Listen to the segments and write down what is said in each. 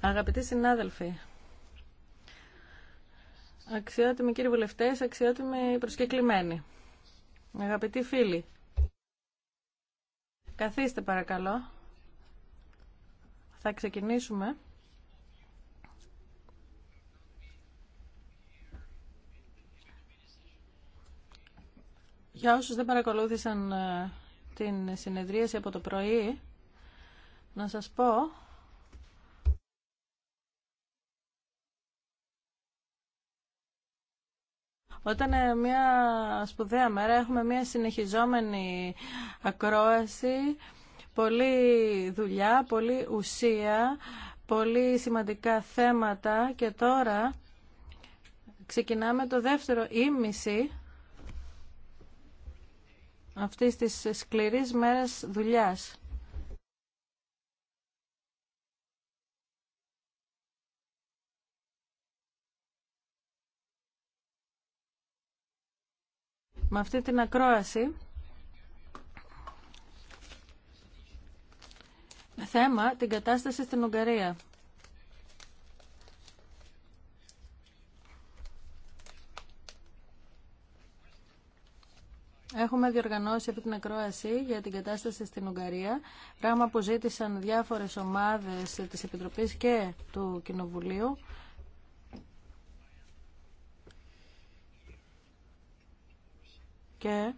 Αγαπητοί συνάδελφοι, αξιότιμοι κύριοι βουλευτές, αξιότιμοι προσκεκλημένοι, αγαπητοί φίλοι, καθίστε παρακαλώ. Θα ξεκινήσουμε. Για όσους δεν παρακολούθησαν ε, την συνεδρίαση από το πρωί, να σας πω Όταν μια σπουδαία μέρα έχουμε μια συνεχιζόμενη ακρόαση, πολλή δουλειά, πολλή ουσία, πολύ σημαντικά θέματα και τώρα ξεκινάμε το δεύτερο ήμιση αυτής της σκληρής μέρας δουλειάς. Με αυτή την ακρόαση θέμα την κατάσταση στην Ουγγαρία. Έχουμε διοργανώσει αυτή την ακρόαση για την κατάσταση στην Ουγγαρία, πράγμα που ζήτησαν διάφορες ομάδες της Επιτροπής και του Κοινοβουλίου. Και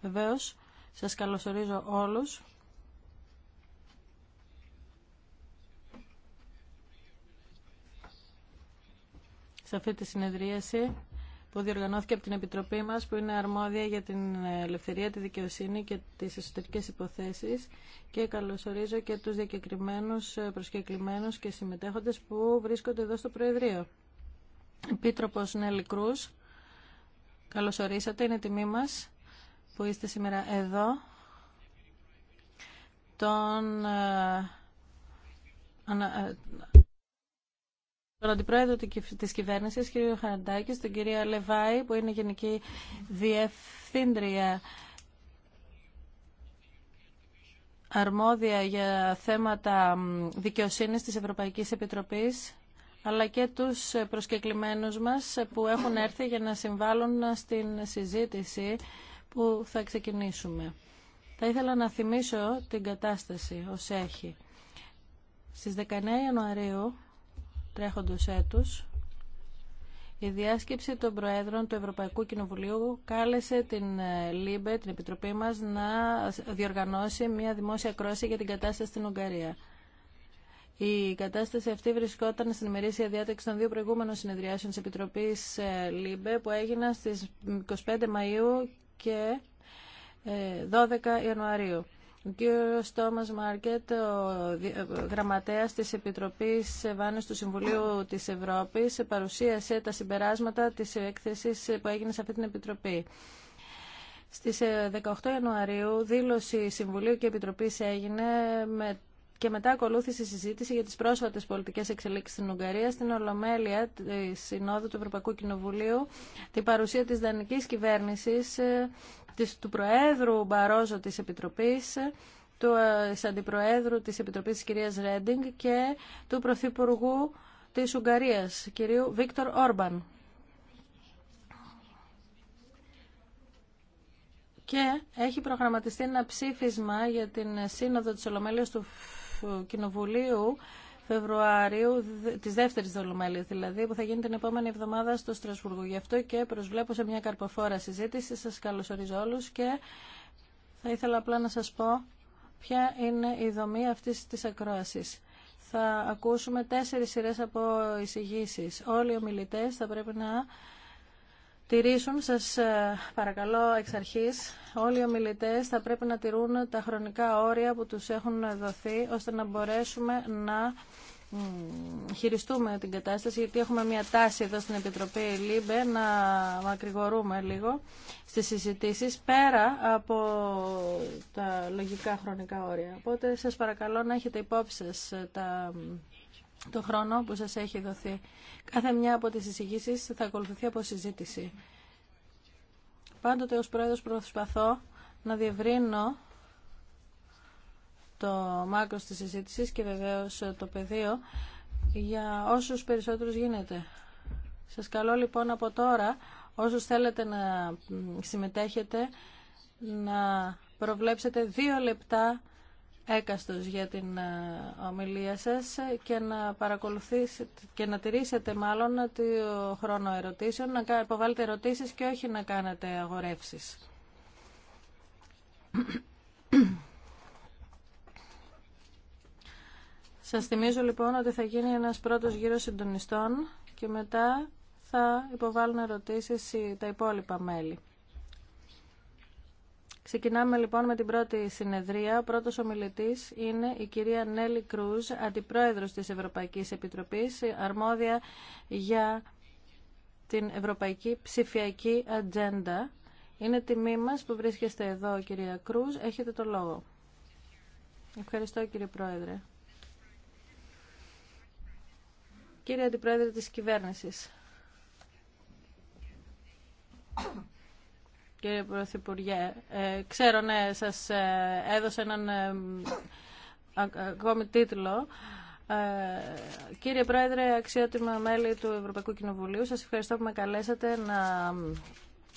βεβαίως σας καλωσορίζω όλους. σε αυτή τη συνεδρίαση που διοργανώθηκε από την Επιτροπή μας που είναι αρμόδια για την ελευθερία, τη δικαιοσύνη και τις εσωτερικές υποθέσεις και καλωσορίζω και τους διακεκριμένους ε, προσκεκλημένους και συμμετέχοντες που βρίσκονται εδώ στο Προεδρείο. Επίτροπος Νέλη Κρούς, καλωσορίσατε, είναι τιμή μας που είστε σήμερα εδώ. Τον ε, ε, τον αντιπρόεδρο της κυβέρνησης, κύριο Χαραντάκη, τον κυρία Λεβάη, που είναι γενική διευθύντρια αρμόδια για θέματα δικαιοσύνης της Ευρωπαϊκής Επιτροπής, αλλά και τους προσκεκλημένους μας που έχουν έρθει για να συμβάλλουν στην συζήτηση που θα ξεκινήσουμε. Θα ήθελα να θυμίσω την κατάσταση ως έχει. Στις 19 Ιανουαρίου τρέχοντος έτους, η διάσκεψη των Προέδρων του Ευρωπαϊκού Κοινοβουλίου κάλεσε την ε, ΛΥΜΠΕ, την Επιτροπή μας, να διοργανώσει μια δημόσια κρόση για την κατάσταση στην Ουγγαρία. Η κατάσταση αυτή βρισκόταν στην ημερήσια διάταξη των δύο προηγούμενων συνεδριάσεων της Επιτροπής ε, ΛΥΜΠΕ που έγιναν στις 25 Μαΐου και 12 ε, Ιανουαρίου. Ο κύριος Τόμας Μάρκετ, ο γραμματέας της Επιτροπής βάνος του Συμβουλίου της Ευρώπης, παρουσίασε τα συμπεράσματα της έκθεσης που έγινε σε αυτή την Επιτροπή. Στις 18 ε, Ιανουαρίου δήλωση Συμβουλίου και Επιτροπής έγινε με και μετά ακολούθησε η συζήτηση για τις πρόσφατες πολιτικές εξελίξεις στην Ουγγαρία, στην Ολομέλεια τη Συνόδου του Ευρωπαϊκού Κοινοβουλίου, την παρουσία της δανικής κυβέρνησης ε, της, του Προέδρου Μπαρόζο της Επιτροπής, του ε, Αντιπροέδρου της Επιτροπής κυρίας Ρέντινγκ και του Πρωθυπουργού της Ουγγαρίας, κυρίου Βίκτορ Όρμπαν. Και έχει προγραμματιστεί ένα ψήφισμα για την Σύνοδο της Ολομέλειας του Κοινοβουλίου Φεβρουαρίου, της δεύτερης δολομέλεια δηλαδή, που θα γίνει την επόμενη εβδομάδα στο Στρασβούργο. Γι' αυτό και προσβλέπω σε μια καρποφόρα συζήτηση. σα καλωσορίζω όλου, και θα ήθελα απλά να σα πω ποια είναι η δομή αυτή τη ακρόαση. Θα ακούσουμε τέσσερι σειρέ από εισηγήσει. Όλοι οι ομιλητέ θα πρέπει να τηρήσουν, σας ε, παρακαλώ εξ αρχής, όλοι οι ομιλητές θα πρέπει να τηρούν τα χρονικά όρια που τους έχουν δοθεί, ώστε να μπορέσουμε να χειριστούμε την κατάσταση, γιατί έχουμε μια τάση εδώ στην Επιτροπή ΛΥΜΠΕ να μακρηγορούμε λίγο στις συζητήσεις, πέρα από τα λογικά χρονικά όρια. Οπότε σας παρακαλώ να έχετε υπόψη σας τα το χρόνο που σας έχει δοθεί. Κάθε μια από τις εισηγήσεις θα ακολουθηθεί από συζήτηση. Πάντοτε ως πρόεδρος προσπαθώ να διευρύνω το μάκρος της συζήτηση και βεβαίως το πεδίο για όσους περισσότερους γίνεται. Σας καλώ λοιπόν από τώρα όσους θέλετε να συμμετέχετε να προβλέψετε δύο λεπτά έκαστος για την ε, ομιλία σας και να παρακολουθήσετε και να τηρήσετε μάλλον το χρόνο ερωτήσεων, να υποβάλλετε ερωτήσεις και όχι να κάνετε αγορεύσεις. Σας θυμίζω λοιπόν ότι θα γίνει ένας πρώτος γύρος συντονιστών και μετά θα υποβάλουν ερωτήσεις τα υπόλοιπα μέλη. Ξεκινάμε λοιπόν με την πρώτη συνεδρία. Ο πρώτος ομιλητής είναι η κυρία Νέλη Κρούζ, Αντιπρόεδρος της Ευρωπαϊκής Επιτροπής, αρμόδια για την Ευρωπαϊκή Ψηφιακή Ατζέντα. Είναι τιμή μας που βρίσκεστε εδώ, κυρία Κρούζ. Έχετε το λόγο. Ευχαριστώ, κύριε Πρόεδρε. Κύριε Αντιπρόεδρε της Κυβέρνησης κύριε Πρωθυπουργέ. Ε, ξέρω, ναι, σας ε, έδωσε έναν ε, ακόμη τίτλο. κύριε Πρόεδρε, αξιότιμα μέλη του Ευρωπαϊκού Κοινοβουλίου, σας ευχαριστώ που με καλέσατε να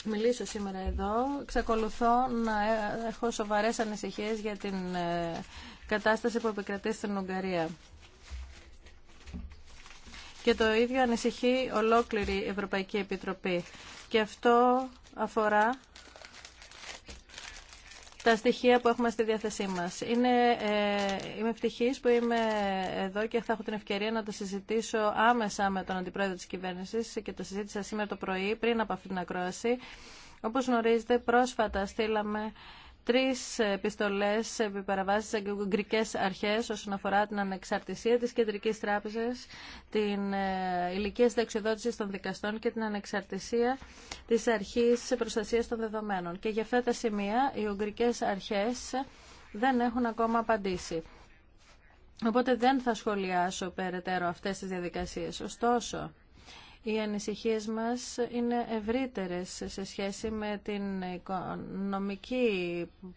μιλήσω σήμερα εδώ. Ξεκολουθώ να έχω σοβαρές ανησυχίες για την κατάσταση που επικρατεί στην Ουγγαρία. Και το ίδιο ανησυχεί ολόκληρη η Ευρωπαϊκή Επιτροπή. Και αυτό αφορά τα στοιχεία που έχουμε στη διάθεσή μας. Είναι, ε, είμαι ευτυχής που είμαι εδώ και θα έχω την ευκαιρία να το συζητήσω άμεσα με τον Αντιπρόεδρο της Κυβέρνησης και το συζήτησα σήμερα το πρωί πριν από αυτή την ακρόαση. Όπως γνωρίζετε, πρόσφατα στείλαμε τρεις επιστολές επί παραβάσεις γκρικές αρχές όσον αφορά την ανεξαρτησία της Κεντρικής Τράπεζας, την ε, ηλικία συνταξιοδότηση των δικαστών και την ανεξαρτησία της αρχής προστασίας των δεδομένων. Και για αυτά τα σημεία οι ουγγρικές αρχές δεν έχουν ακόμα απαντήσει. Οπότε δεν θα σχολιάσω περαιτέρω αυτές τις διαδικασίες. Ωστόσο, οι ανησυχίες μας είναι ευρύτερες σε σχέση με την οικονομική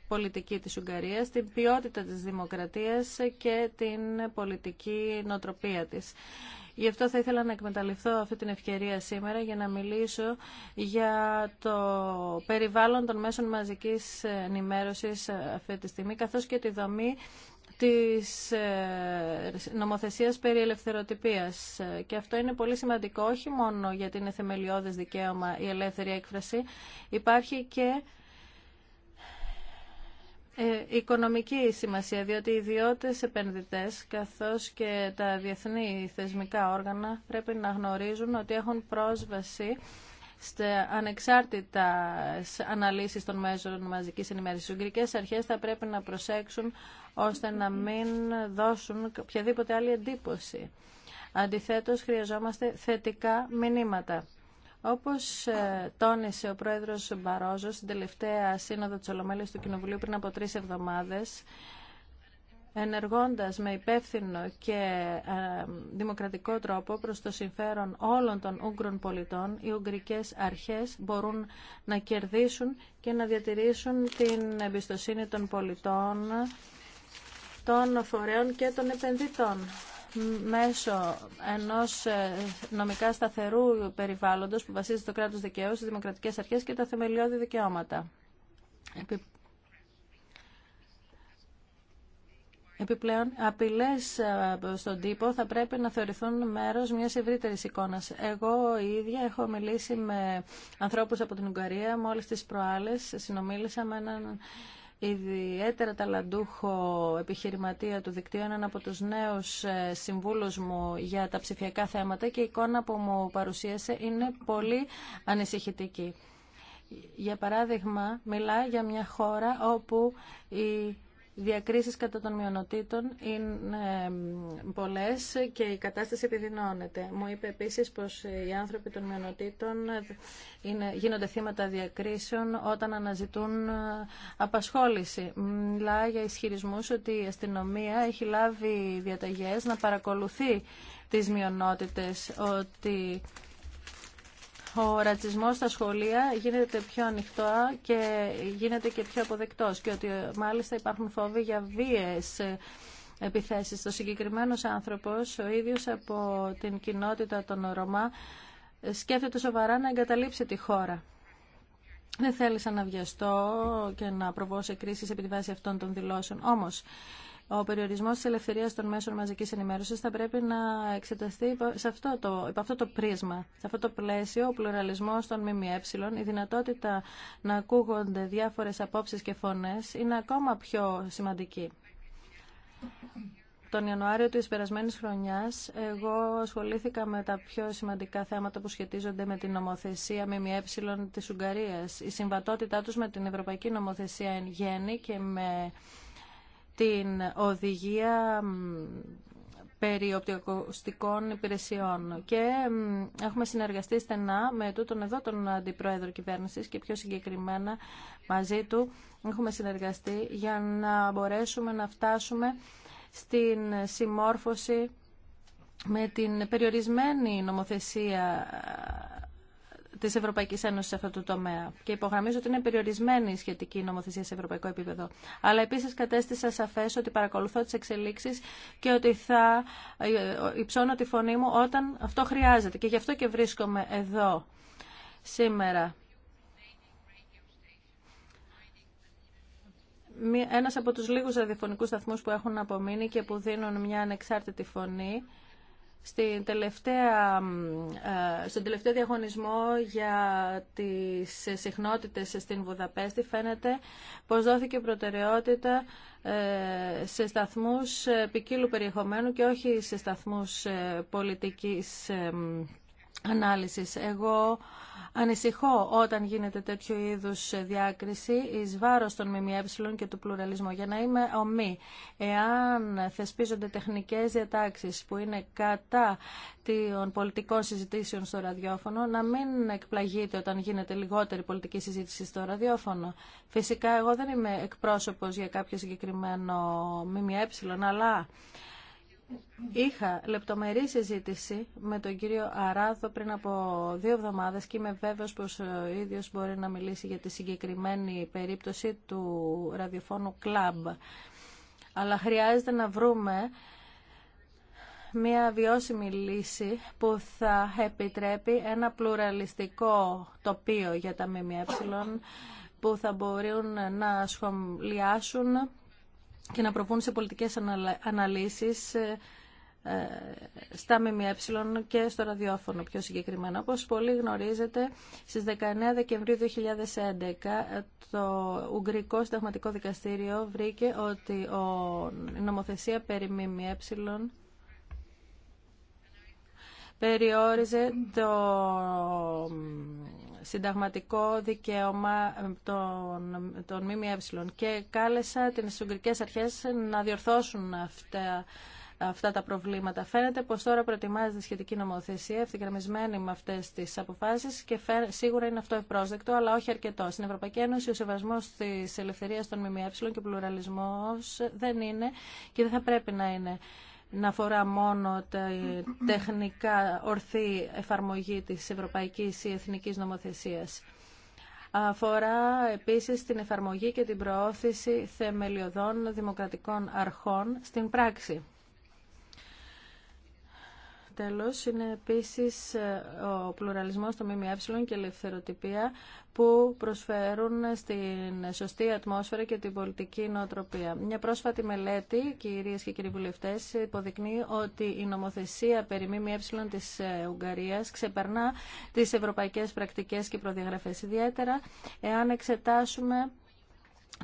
πολιτική της Ουγγαρίας, την ποιότητα της δημοκρατίας και την πολιτική νοτροπία της. Γι' αυτό θα ήθελα να εκμεταλλευτώ αυτή την ευκαιρία σήμερα για να μιλήσω για το περιβάλλον των μέσων μαζικής ενημέρωσης αυτή τη στιγμή, καθώς και τη δομή της ε, νομοθεσίας περί ελευθεροτυπίας. Ε, και αυτό είναι πολύ σημαντικό, όχι μόνο γιατί είναι θεμελιώδες δικαίωμα η ελεύθερη έκφραση. Υπάρχει και ε, οικονομική σημασία, διότι οι ιδιώτες επενδυτές καθώς και τα διεθνή θεσμικά όργανα πρέπει να γνωρίζουν ότι έχουν πρόσβαση στα ανεξάρτητα αναλύσει των μέσων μαζικής ενημέρωση. Οι Ουγγρικέ αρχέ θα πρέπει να προσέξουν ώστε να μην δώσουν οποιαδήποτε άλλη εντύπωση. Αντιθέτως, χρειαζόμαστε θετικά μηνύματα. Όπως ε, τόνισε ο πρόεδρος Μπαρόζο στην τελευταία σύνοδο τη Ολομέλεια του Κοινοβουλίου πριν από τρεις εβδομάδες, ενεργώντας με υπεύθυνο και ε, δημοκρατικό τρόπο προς το συμφέρον όλων των Ούγγρων πολιτών, οι Ουγγρικές αρχές μπορούν να κερδίσουν και να διατηρήσουν την εμπιστοσύνη των πολιτών, των φορέων και των επενδυτών μέσω ενός ε, νομικά σταθερού περιβάλλοντος που βασίζεται στο κράτος δικαίου, στις δημοκρατικές αρχές και τα θεμελιώδη δικαιώματα. Επιπλέον, απειλέ ε, στον τύπο θα πρέπει να θεωρηθούν μέρο μια ευρύτερη εικόνα. Εγώ η ίδια έχω μιλήσει με ανθρώπου από την Ουγγαρία. Μόλι τι προάλλε συνομίλησα με έναν ιδιαίτερα ταλαντούχο επιχειρηματία του δικτύου, έναν από τους νέους ε, συμβούλους μου για τα ψηφιακά θέματα και η εικόνα που μου παρουσίασε είναι πολύ ανησυχητική. Για παράδειγμα, μιλά για μια χώρα όπου διακρίσεις κατά των μειονοτήτων είναι πολλές και η κατάσταση επιδεινώνεται. Μου είπε επίσης πως οι άνθρωποι των μειονοτήτων είναι, γίνονται θύματα διακρίσεων όταν αναζητούν ε, απασχόληση. Μιλά για ισχυρισμούς ότι η αστυνομία έχει λάβει διαταγές να παρακολουθεί τις μειονότητες, ότι ο ρατσισμός στα σχολεία γίνεται πιο ανοιχτό και γίνεται και πιο αποδεκτός και ότι μάλιστα υπάρχουν φόβοι για βίες επιθέσεις. Το συγκεκριμένος άνθρωπος, ο ίδιος από την κοινότητα των Ρωμά, σκέφτεται σοβαρά να εγκαταλείψει τη χώρα. Δεν θέλησα να βιαστώ και να προβώ σε κρίσεις επί τη βάση αυτών των δηλώσεων. Όμως, ο περιορισμό τη ελευθερία των μέσων μαζική ενημέρωση θα πρέπει να εξεταστεί σε αυτό το, υπό αυτό το πρίσμα. Σε αυτό το πλαίσιο, ο πλουραλισμό των ΜΜΕ, η δυνατότητα να ακούγονται διάφορε απόψει και φωνέ είναι ακόμα πιο σημαντική. Τον Ιανουάριο της περασμένης χρονιά, εγώ ασχολήθηκα με τα πιο σημαντικά θέματα που σχετίζονται με την νομοθεσία ΜΜΕ της Ουγγαρίας. Η συμβατότητά τους με την Ευρωπαϊκή Νομοθεσία εν γέννη και με την οδηγία περί υπηρεσιών. Και έχουμε συνεργαστεί στενά με τούτον εδώ τον Αντιπρόεδρο Κυβέρνησης και πιο συγκεκριμένα μαζί του έχουμε συνεργαστεί για να μπορέσουμε να φτάσουμε στην συμμόρφωση με την περιορισμένη νομοθεσία της Ευρωπαϊκής Ένωση σε αυτό το τομέα. Και υπογραμμίζω ότι είναι περιορισμένη η σχετική νομοθεσία σε ευρωπαϊκό επίπεδο. Αλλά επίσης κατέστησα σαφές ότι παρακολουθώ τις εξελίξεις και ότι θα ε, ε, υψώνω τη φωνή μου όταν αυτό χρειάζεται. Και γι' αυτό και βρίσκομαι εδώ σήμερα. Ένας από τους λίγους ραδιοφωνικούς σταθμούς που έχουν απομείνει και που δίνουν μια ανεξάρτητη φωνή στην τελευταία, ε, στον τελευταίο διαγωνισμό για τις συχνότητες στην Βουδαπέστη φαίνεται πως δόθηκε προτεραιότητα ε, σε σταθμούς ποικίλου περιεχομένου και όχι σε σταθμούς ε, πολιτικής ανάλυσης. Εγώ Ανησυχώ όταν γίνεται τέτοιο είδου διάκριση ει βάρο των ΜΜΕ και του πλουραλισμού. Για να είμαι ομή, εάν θεσπίζονται τεχνικές διατάξεις που είναι κατά των πολιτικών συζητήσεων στο ραδιόφωνο, να μην εκπλαγείτε όταν γίνεται λιγότερη πολιτική συζήτηση στο ραδιόφωνο. Φυσικά εγώ δεν είμαι εκπρόσωπο για κάποιο συγκεκριμένο ΜΜΕ, αλλά Είχα λεπτομερή συζήτηση με τον κύριο Αράδο πριν από δύο εβδομάδες και είμαι βέβαιος πως ο ίδιος μπορεί να μιλήσει για τη συγκεκριμένη περίπτωση του ραδιοφώνου κλαμπ. Αλλά χρειάζεται να βρούμε μια βιώσιμη λύση που θα επιτρέπει ένα πλουραλιστικό τοπίο για τα ΜΜΕ που θα μπορούν να σχολιάσουν και να προβούν σε πολιτικές αναλύσεις ε, ε, στα ΜΜΕ και στο ραδιόφωνο πιο συγκεκριμένα. Όπως πολύ γνωρίζετε, στις 19 Δεκεμβρίου 2011 ε, το Ουγγρικό Συνταγματικό Δικαστήριο βρήκε ότι η νομοθεσία περί ΜΜΕ περιόριζε το συνταγματικό δικαίωμα των, των ΜΜΕ και κάλεσα τις ουγγρικές αρχές να διορθώσουν αυτά αυτά τα προβλήματα. Φαίνεται πως τώρα προετοιμάζεται σχετική νομοθεσία ευθυγραμμισμένη με αυτές τις αποφάσεις και σίγουρα είναι αυτό ευπρόσδεκτο, αλλά όχι αρκετό. Στην Ευρωπαϊκή Ένωση ο σεβασμός της ελευθερίας των ΜΜΕ και ο πλουραλισμός δεν είναι και δεν θα πρέπει να είναι να αφορά μόνο τα τεχνικά ορθή εφαρμογή της ευρωπαϊκής ή εθνικής νομοθεσίας. Αφορά επίσης την εφαρμογή και την προώθηση θεμελιωδών δημοκρατικών αρχών στην πράξη. Τέλος, είναι επίσης ε, ο πλουραλισμός των ΜΜΕ και η ελευθεροτυπία που προσφέρουν στην σωστή ατμόσφαιρα και την πολιτική νοοτροπία. Μια πρόσφατη μελέτη, κυρίες και κύριοι βουλευτές, υποδεικνύει ότι η νομοθεσία περί ΜΜΕ της ε, Ουγγαρίας ξεπερνά τις ευρωπαϊκές πρακτικές και προδιαγραφές, ιδιαίτερα εάν εξετάσουμε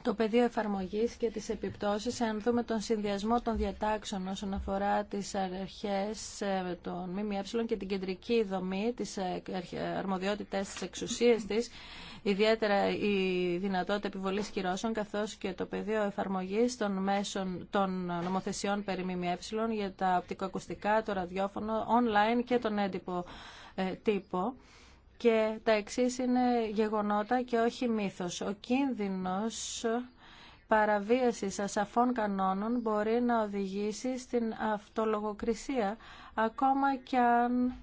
το πεδίο εφαρμογής και τις επιπτώσεις, αν δούμε τον συνδυασμό των διατάξεων όσον αφορά τις αρχές ε, των ΜΜΕ και την κεντρική δομή, τις ε, αρμοδιότητες της εξουσίας της, ιδιαίτερα η δυνατότητα επιβολής κυρώσεων, καθώς και το πεδίο εφαρμογής των, μέσων, των νομοθεσιών περί ΜΜΕ για τα οπτικοακουστικά, το ραδιόφωνο, online και τον έντυπο ε, τύπο και τα εξή είναι γεγονότα και όχι μύθος. Ο κίνδυνος παραβίασης ασαφών κανόνων μπορεί να οδηγήσει στην αυτολογοκρισία, ακόμα και αν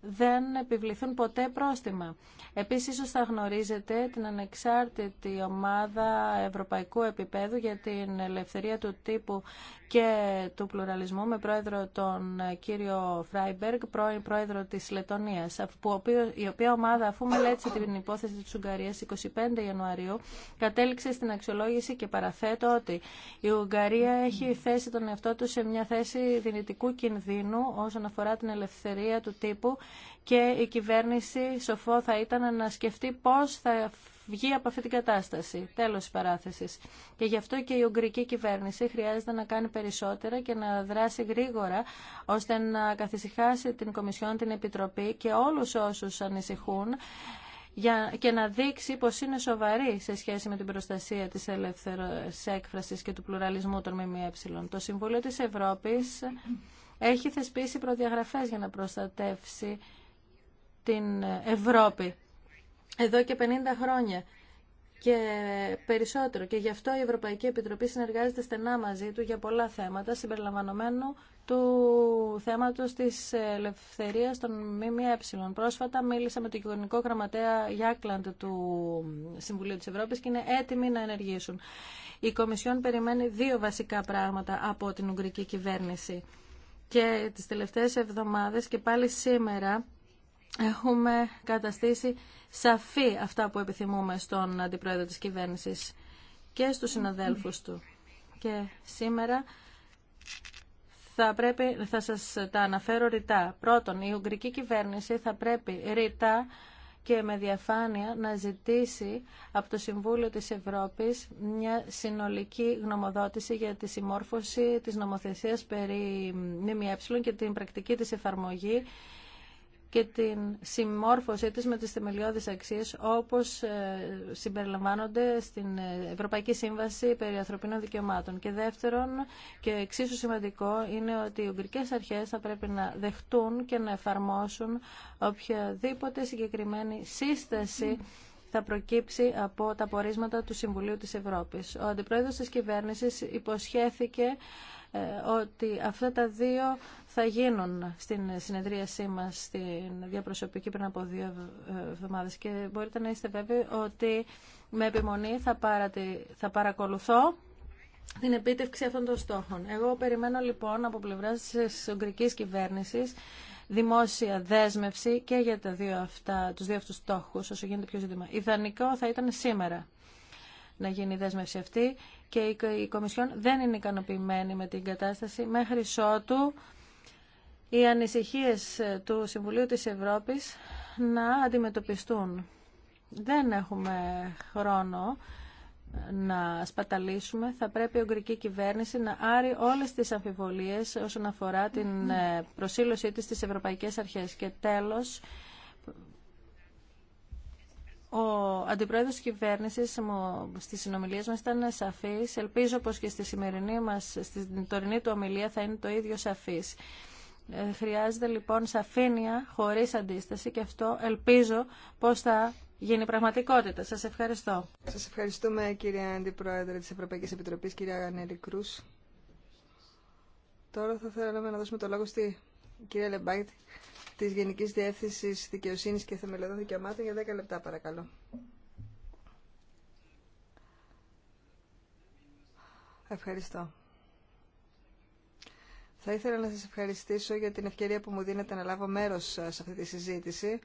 δεν επιβληθούν ποτέ πρόστιμα. Επίσης, ίσως θα γνωρίζετε την ανεξάρτητη ομάδα ευρωπαϊκού επίπεδου για την ελευθερία του τύπου και του πλουραλισμού με πρόεδρο τον ε, κύριο Φράιμπεργκ, πρώην πρόεδρο της Λετωνίας, η οποία ομάδα αφού μελέτησε την υπόθεση της Ουγγαρίας 25 Ιανουαρίου, κατέληξε στην αξιολόγηση και παραθέτω ότι η Ουγγαρία έχει θέσει τον εαυτό του σε μια θέση δυνητικού κινδύνου όσον αφορά την ελευθερία του τύπου και η κυβέρνηση σοφό θα ήταν να σκεφτεί πώς θα βγει από αυτή την κατάσταση. Τέλος παράθεσης. Και γι' αυτό και η Ουγγρική κυβέρνηση χρειάζεται να κάνει περισσότερα και να δράσει γρήγορα ώστε να καθησυχάσει την Κομισιόν, την Επιτροπή και όλους όσους ανησυχούν και να δείξει πως είναι σοβαρή σε σχέση με την προστασία της ελεύθερης έκφρασης και του πλουραλισμού των ΜΜΕ. Το Συμβούλιο της Ευρώπης έχει θεσπίσει προδιαγραφές για να προστατεύσει την Ευρώπη εδώ και 50 χρόνια και περισσότερο. Και γι' αυτό η Ευρωπαϊκή Επιτροπή συνεργάζεται στενά μαζί του για πολλά θέματα, συμπεριλαμβανομένου του θέματος της ελευθερίας των ΜΜΕ. Πρόσφατα μίλησα με τον κοινωνικό γραμματέα Γιάκλαντ του Συμβουλίου της Ευρώπης και είναι έτοιμοι να ενεργήσουν. Η Κομισιόν περιμένει δύο βασικά πράγματα από την Ουγγρική κυβέρνηση. Και τις τελευταίες εβδομάδες και πάλι σήμερα έχουμε καταστήσει σαφή αυτά που επιθυμούμε στον αντιπρόεδρο της κυβέρνησης και στους συναδέλφους του. Και σήμερα θα, πρέπει, θα σας τα αναφέρω ρητά. Πρώτον, η Ουγγρική κυβέρνηση θα πρέπει ρητά και με διαφάνεια να ζητήσει από το Συμβούλιο της Ευρώπης μια συνολική γνωμοδότηση για τη συμμόρφωση της νομοθεσίας περί ΜΜΕ και την πρακτική της εφαρμογή και την συμμόρφωσή της με τις θεμελιώδεις αξίες όπως ε, συμπεριλαμβάνονται στην ε, Ευρωπαϊκή Σύμβαση περί ανθρωπίνων δικαιωμάτων. Και δεύτερον και εξίσου σημαντικό είναι ότι οι Ουγγρικές Αρχές θα πρέπει να δεχτούν και να εφαρμόσουν οποιαδήποτε συγκεκριμένη σύσταση θα προκύψει από τα πορίσματα του Συμβουλίου της Ευρώπης. Ο αντιπρόεδρος της κυβέρνησης υποσχέθηκε ε, ότι αυτά τα δύο θα γίνουν στην συνεδρίασή μας στην διαπροσωπική πριν από δύο εβδομάδες και μπορείτε να είστε βέβαιοι ότι με επιμονή θα, παρατη... θα παρακολουθώ την επίτευξη αυτών των στόχων. Εγώ περιμένω λοιπόν από πλευρά τη Ουγγρική κυβέρνηση δημόσια δέσμευση και για τα δύο αυτά, τους δύο αυτούς στόχους, όσο γίνεται πιο ζητήμα. Ιδανικό θα ήταν σήμερα να γίνει η δέσμευση αυτή και η Κομισιόν δεν είναι ικανοποιημένη με την κατάσταση μέχρι ότου οι ανησυχίες του Συμβουλίου της Ευρώπης να αντιμετωπιστούν. Δεν έχουμε χρόνο να σπαταλήσουμε. Θα πρέπει η Ουγγρική κυβέρνηση να άρει όλες τις αμφιβολίες όσον αφορά την ε, προσήλωσή της στις ευρωπαϊκές αρχές. Και τέλος, ο αντιπρόεδρος της κυβέρνησης στις συνομιλίες μας ήταν σαφής. Ελπίζω πως και στη σημερινή μας, στην τωρινή του ομιλία θα είναι το ίδιο σαφής. Ε, χρειάζεται λοιπόν σαφήνεια χωρίς αντίσταση και αυτό ελπίζω πως θα γίνει πραγματικότητα. Σας ευχαριστώ. Σας ευχαριστούμε κυρία Αντιπρόεδρε της Ευρωπαϊκής Επιτροπής, κυρία Γανέλη Κρούς. Τώρα θα θέλαμε να δώσουμε το λόγο στη κυρία Λεμπάιτ της Γενικής Διεύθυνσης Δικαιοσύνης και Θεμελιωδών Δικαιωμάτων για 10 λεπτά παρακαλώ. Ευχαριστώ. Θα ήθελα να σας ευχαριστήσω για την ευκαιρία που μου δίνετε να λάβω μέρος σε αυτή τη συζήτηση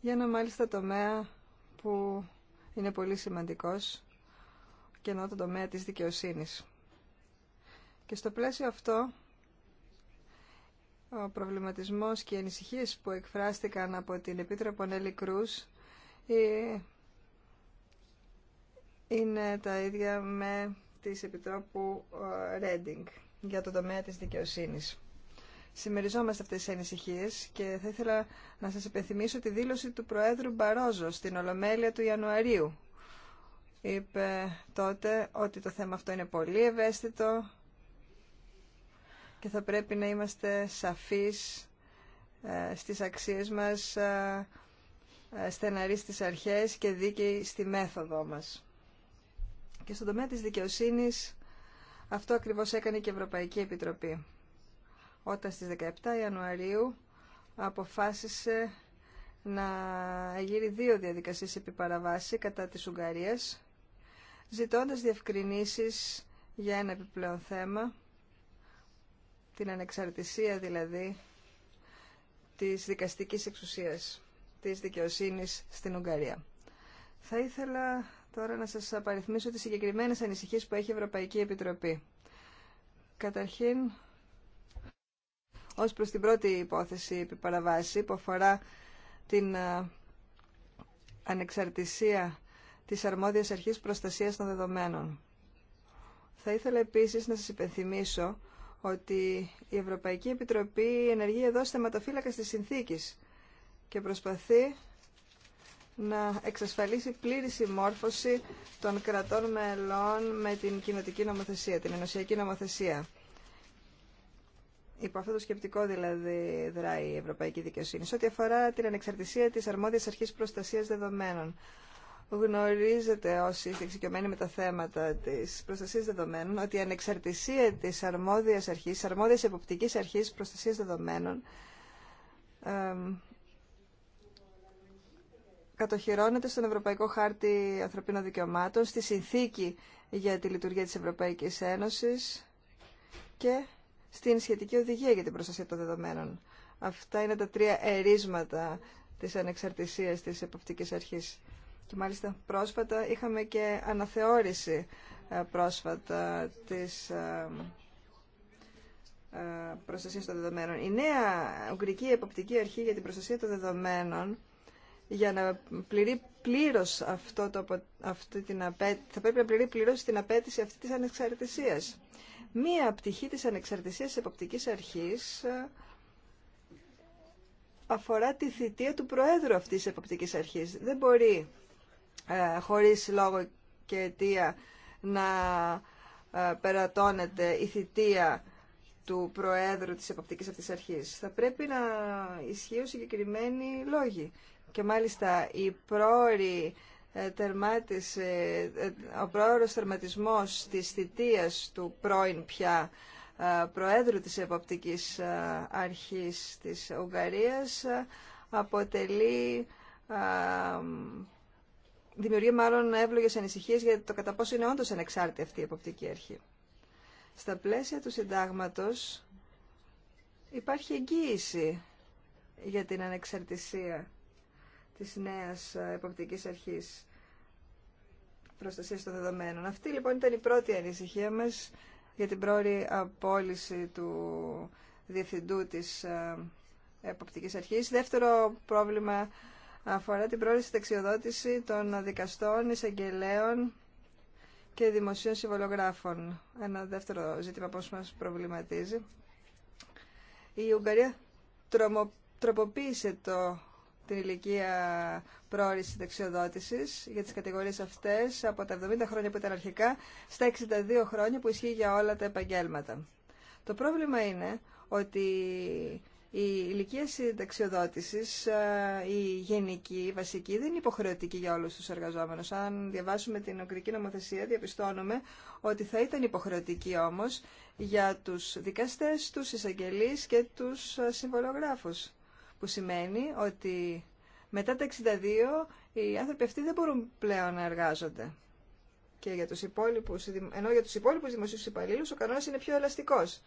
για ένα μάλιστα τομέα που είναι πολύ σημαντικός και ενώ το τομέα της δικαιοσύνης. Και στο πλαίσιο αυτό, ο προβληματισμός και οι ανησυχίες που εκφράστηκαν από την Επίτροπο Νέλη Κρούς ε, είναι τα ίδια με της Επιτρόπου ε, Ρέντινγκ για το τομέα της δικαιοσύνης. Συμμεριζόμαστε αυτές τις ανησυχίες και θα ήθελα να σας υπενθυμίσω τη δήλωση του Προέδρου Μπαρόζο στην Ολομέλεια του Ιανουαρίου. Είπε τότε ότι το θέμα αυτό είναι πολύ ευαίσθητο και θα πρέπει να είμαστε σαφείς ε, στις αξίες μας, ε, ε, στεναροί στις αρχές και δίκαιοι στη μέθοδό μας. Και στον τομέα της δικαιοσύνης αυτό ακριβώς έκανε και η Ευρωπαϊκή Επιτροπή όταν στις 17 Ιανουαρίου αποφάσισε να γύρει δύο διαδικασίες επί παραβάση κατά της Ουγγαρίας ζητώντας διευκρινήσεις για ένα επιπλέον θέμα την ανεξαρτησία δηλαδή της δικαστικής εξουσίας της δικαιοσύνης στην Ουγγαρία. Θα ήθελα τώρα να σας απαριθμίσω τις συγκεκριμένες ανησυχίες που έχει η Ευρωπαϊκή Επιτροπή. Καταρχήν, ως προς την πρώτη υπόθεση επί παραβάση που αφορά την ε, ανεξαρτησία της αρμόδιας αρχής προστασίας των δεδομένων. Θα ήθελα επίσης να σας υπενθυμίσω ότι η Ευρωπαϊκή Επιτροπή ενεργεί εδώ στεματοφύλακα της συνθήκης και προσπαθεί να εξασφαλίσει πλήρη συμμόρφωση των κρατών μελών με την κοινοτική νομοθεσία, την ενωσιακή νομοθεσία. Υπό αυτό το σκεπτικό δηλαδή δράει η Ευρωπαϊκή Δικαιοσύνη. Σε ό,τι αφορά την ανεξαρτησία της αρμόδιας αρχής προστασίας δεδομένων. Γνωρίζετε όσοι είστε εξοικειωμένοι με τα θέματα της προστασίας δεδομένων ότι η ανεξαρτησία της αρμόδιας αρχής, αρμόδιας εποπτικής αρχής προστασίας δεδομένων κατοχυρώνεται στον Ευρωπαϊκό Χάρτη Ανθρωπίνων Δικαιωμάτων, στη Συνθήκη για τη Λειτουργία της Ευρωπαϊκής Ένωσης και στην σχετική οδηγία για την προστασία των δεδομένων. Αυτά είναι τα τρία ερίσματα της ανεξαρτησίας της εποπτικής αρχής. Και μάλιστα πρόσφατα είχαμε και αναθεώρηση ε, πρόσφατα της ε, ε, προστασίας των δεδομένων. Η νέα Ουγγρική Εποπτική Αρχή για την Προστασία των Δεδομένων για να πληρεί πλήρω αυτό το, αυτή την απέτηση, θα πρέπει να πληρεί πλήρως την απέτηση αυτή της ανεξαρτησίας. Μία πτυχή της ανεξαρτησίας τη εποπτική αρχής ε, αφορά τη θητεία του Προέδρου αυτής της εποπτικής αρχής. Δεν μπορεί ε, χωρίς λόγο και αιτία να ε, περατώνεται η θητεία του Προέδρου της εποπτικής αυτής αρχής. Θα πρέπει να ισχύουν συγκεκριμένοι λόγοι και μάλιστα η ε, ε, ε, ο πρόορος τερματισμός της θητείας του πρώην πια Προέδρου της Εποπτικής Αρχής της Ουγγαρίας αποτελεί δημιουργεί μάλλον εύλογες ανησυχίες για το κατά πόσο είναι όντως ανεξάρτητη αυτή η Εποπτική Αρχή. Στα πλαίσια του συντάγματος υπάρχει εγγύηση για την ανεξαρτησία της νέας ε, εποπτικής αρχής προστασίας των δεδομένων. Αυτή λοιπόν ήταν η πρώτη ανησυχία μας για την πρώτη απόλυση του διευθυντού της ε, εποπτικής αρχής. Δεύτερο πρόβλημα αφορά την πρώτη συνταξιοδότηση των δικαστών, εισαγγελέων και δημοσίων συμβολογράφων. Ένα δεύτερο ζήτημα που μας προβληματίζει. Η Ουγγαρία τροποποίησε το την ηλικία πρόορης δεξιοδότηση για τις κατηγορίες αυτές από τα 70 χρόνια που ήταν αρχικά στα 62 χρόνια που ισχύει για όλα τα επαγγέλματα. Το πρόβλημα είναι ότι η ηλικία συνταξιοδότηση, ε, η γενική, η βασική, δεν είναι υποχρεωτική για όλου του εργαζόμενου. Αν διαβάσουμε την Ουγγρική νομοθεσία, διαπιστώνουμε ότι θα ήταν υποχρεωτική όμω για του δικαστέ, του εισαγγελεί και του ε, συμβολογράφου που σημαίνει ότι μετά τα 62 οι άνθρωποι αυτοί δεν μπορούν πλέον να εργάζονται. Και για τους υπόλοιπους, ενώ για τους υπόλοιπους δημοσίους υπαλλήλους ο κανόνας είναι πιο ελαστικός.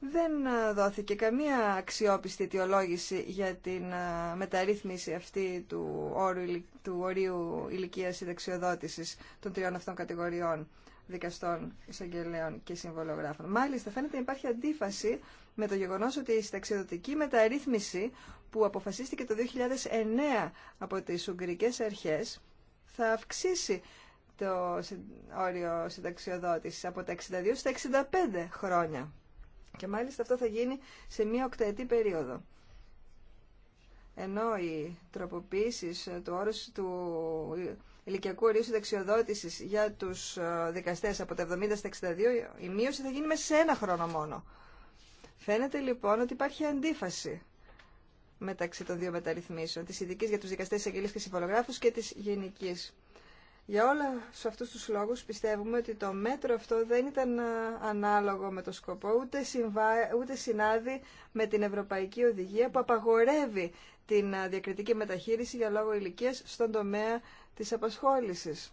Δεν ε, δόθηκε καμία αξιόπιστη αιτιολόγηση για την ε, μεταρρύθμιση αυτή του, όρου, του ορίου ηλικίας συνταξιοδότησης των τριών αυτών κατηγοριών δικαστών, εισαγγελέων και συμβολογράφων. Μάλιστα, φαίνεται υπάρχει αντίφαση με το γεγονός ότι η συνταξιοδοτική μεταρρύθμιση που αποφασίστηκε το 2009 από τις Ουγγρικές Αρχές θα αυξήσει το όριο συνταξιοδότησης από τα 62 στα 65 χρόνια. Και μάλιστα αυτό θα γίνει σε μία οκταετή περίοδο. Ενώ οι τροποποίησεις του όρου του ηλικιακού ορίου συνταξιοδότηση για του ε, δικαστέ από τα 70 στα 62, η μείωση θα γίνει μέσα σε ένα χρόνο μόνο. Φαίνεται λοιπόν ότι υπάρχει αντίφαση μεταξύ των δύο μεταρρυθμίσεων, τη ειδική για του δικαστέ εισαγγελεί και συμβολογράφου και τη γενική. Για όλα σε αυτούς τους λόγους πιστεύουμε ότι το μέτρο αυτό δεν ήταν ε, ανάλογο με το σκοπό, ούτε, συνάδει με την Ευρωπαϊκή Οδηγία που απαγορεύει την ε, διακριτική μεταχείριση για λόγο ηλικίας στον τομέα της απασχόλησης.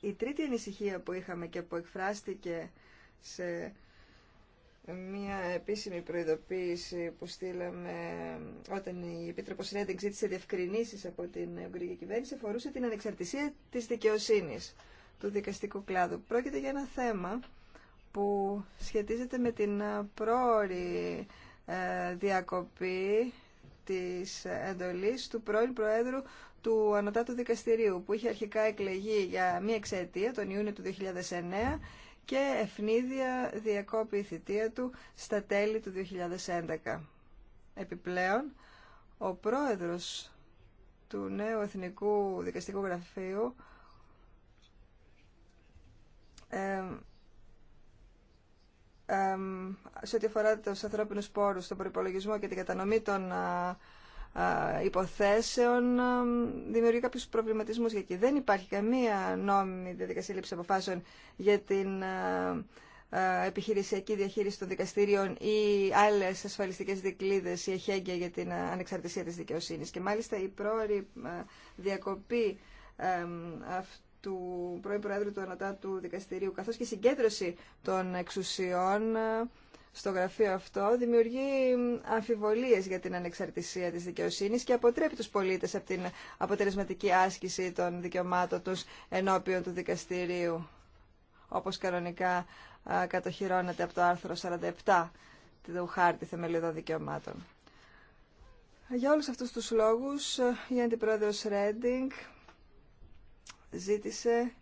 Η τρίτη ανησυχία που είχαμε και που εκφράστηκε σε μια επίσημη προειδοποίηση που στείλαμε όταν η Επίτροπος Ρέντινγκ ζήτησε διευκρινήσεις από την Ουγγρική κυβέρνηση αφορούσε την ανεξαρτησία της δικαιοσύνης του δικαστικού κλάδου. Πρόκειται για ένα θέμα που σχετίζεται με την πρόορη ε, διακοπή της εντολής του πρώην Προέδρου του Ανωτάτου Δικαστηρίου που είχε αρχικά εκλεγεί για μία εξαιτία, τον Ιούνιο του 2009 και ευνίδια διακόπη η θητεία του στα τέλη του 2011. Επιπλέον, ο πρόεδρος του νέου Εθνικού Δικαστικού Γραφείου ε, ε, σε ό,τι αφορά τους ανθρώπινους πόρους, τον προπολογισμό και την κατανομή των υποθέσεων δημιουργεί κάποιου προβληματισμού για εκεί. Δεν υπάρχει καμία νόμιμη διαδικασία λήψη αποφάσεων για την επιχειρησιακή διαχείριση των δικαστηρίων ή άλλε ασφαλιστικές δικλείδε ή εχέγγυα για την ανεξαρτησία της δικαιοσύνης Και μάλιστα η πρόορη διακοπή του πρώην Προέδρου του Ανατάτου Δικαστηρίου καθώς και η συγκέντρωση των εξουσιών στο γραφείο αυτό δημιουργεί αμφιβολίες για την ανεξαρτησία της δικαιοσύνης και αποτρέπει τους πολίτες από την αποτελεσματική άσκηση των δικαιωμάτων τους ενώπιον του δικαστηρίου, όπως κανονικά κατοχυρώνεται από το άρθρο 47 του Χάρτη Θεμελιωδών Δικαιωμάτων. Για όλους αυτούς τους λόγους, η Αντιπρόεδρος Ρέντινγκ ζήτησε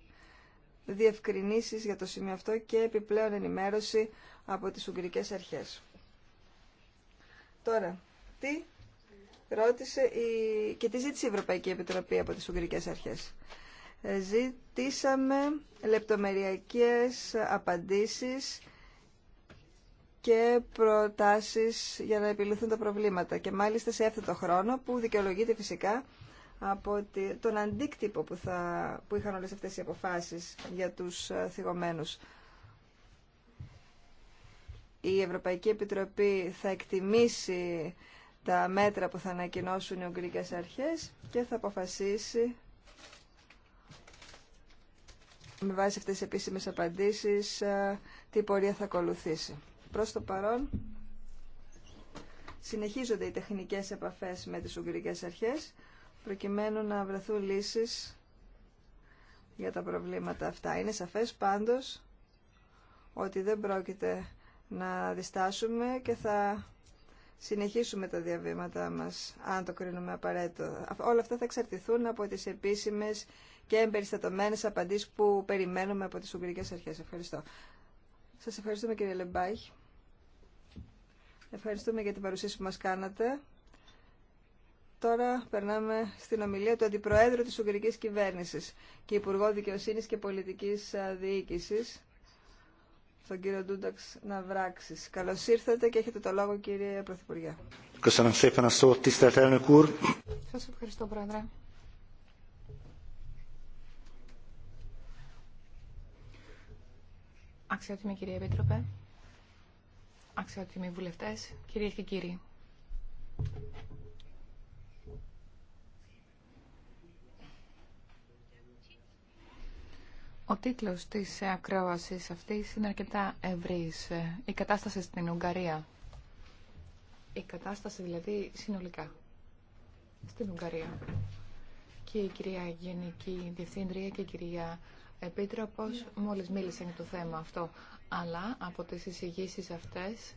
διευκρινήσεις για το σημείο αυτό και επιπλέον ενημέρωση από τις Ουγγρικές Αρχές. Τώρα, τι ρώτησε η... και τι ζήτησε η Ευρωπαϊκή Επιτροπή από τις Ουγγρικές Αρχές. Ε, Ζήτησαμε λεπτομεριακές απαντήσεις και προτάσεις για να επιλυθούν τα προβλήματα και μάλιστα σε το χρόνο που δικαιολογείται φυσικά από τον αντίκτυπο που, θα, που είχαν όλες αυτές οι αποφάσεις για τους ε, θυγωμένους η Ευρωπαϊκή Επιτροπή θα εκτιμήσει τα μέτρα που θα ανακοινώσουν οι Ουγγρικές Αρχές και θα αποφασίσει με βάση αυτές τις επίσημες απαντήσεις ε, τι πορεία θα ακολουθήσει. Προς το παρόν συνεχίζονται οι τεχνικές επαφές με τις Ουγγρικές Αρχές προκειμένου να βρεθούν λύσεις για τα προβλήματα αυτά. Είναι σαφές πάντως ότι δεν πρόκειται να διστάσουμε και θα συνεχίσουμε τα διαβήματά μας, αν το κρίνουμε απαραίτητο. Όλα αυτά θα εξαρτηθούν από τις επίσημες και εμπεριστατωμένες απαντήσεις που περιμένουμε από τις Ουγγρικές Αρχές. Ευχαριστώ. Σας ευχαριστούμε κύριε Λεμπάχη. Ευχαριστούμε για την παρουσίαση που μας κάνατε. Τώρα περνάμε στην ομιλία του Αντιπροέδρου της Ουγγρικής Κυβέρνησης και Υπουργό Δικαιοσύνης και Πολιτικής Διοίκησης, τον κύριο Ντούνταξ να βράξει. Καλώ ήρθατε και έχετε το λόγο, κύριε Πρωθυπουργέ. Σα ευχαριστώ, Πρόεδρε. Αξιότιμη κυρία Επίτροπε, αξιότιμοι βουλευτές, κυρίες και κύριοι. Ο τίτλος της ακρόασης αυτής είναι αρκετά ευρύς. Η κατάσταση στην Ουγγαρία. Η κατάσταση δηλαδή συνολικά στην Ουγγαρία. Και η κυρία Γενική Διευθύντρια και η κυρία Επίτροπος μόλις μίλησαν για το θέμα αυτό. Αλλά από τις εισηγήσεις αυτές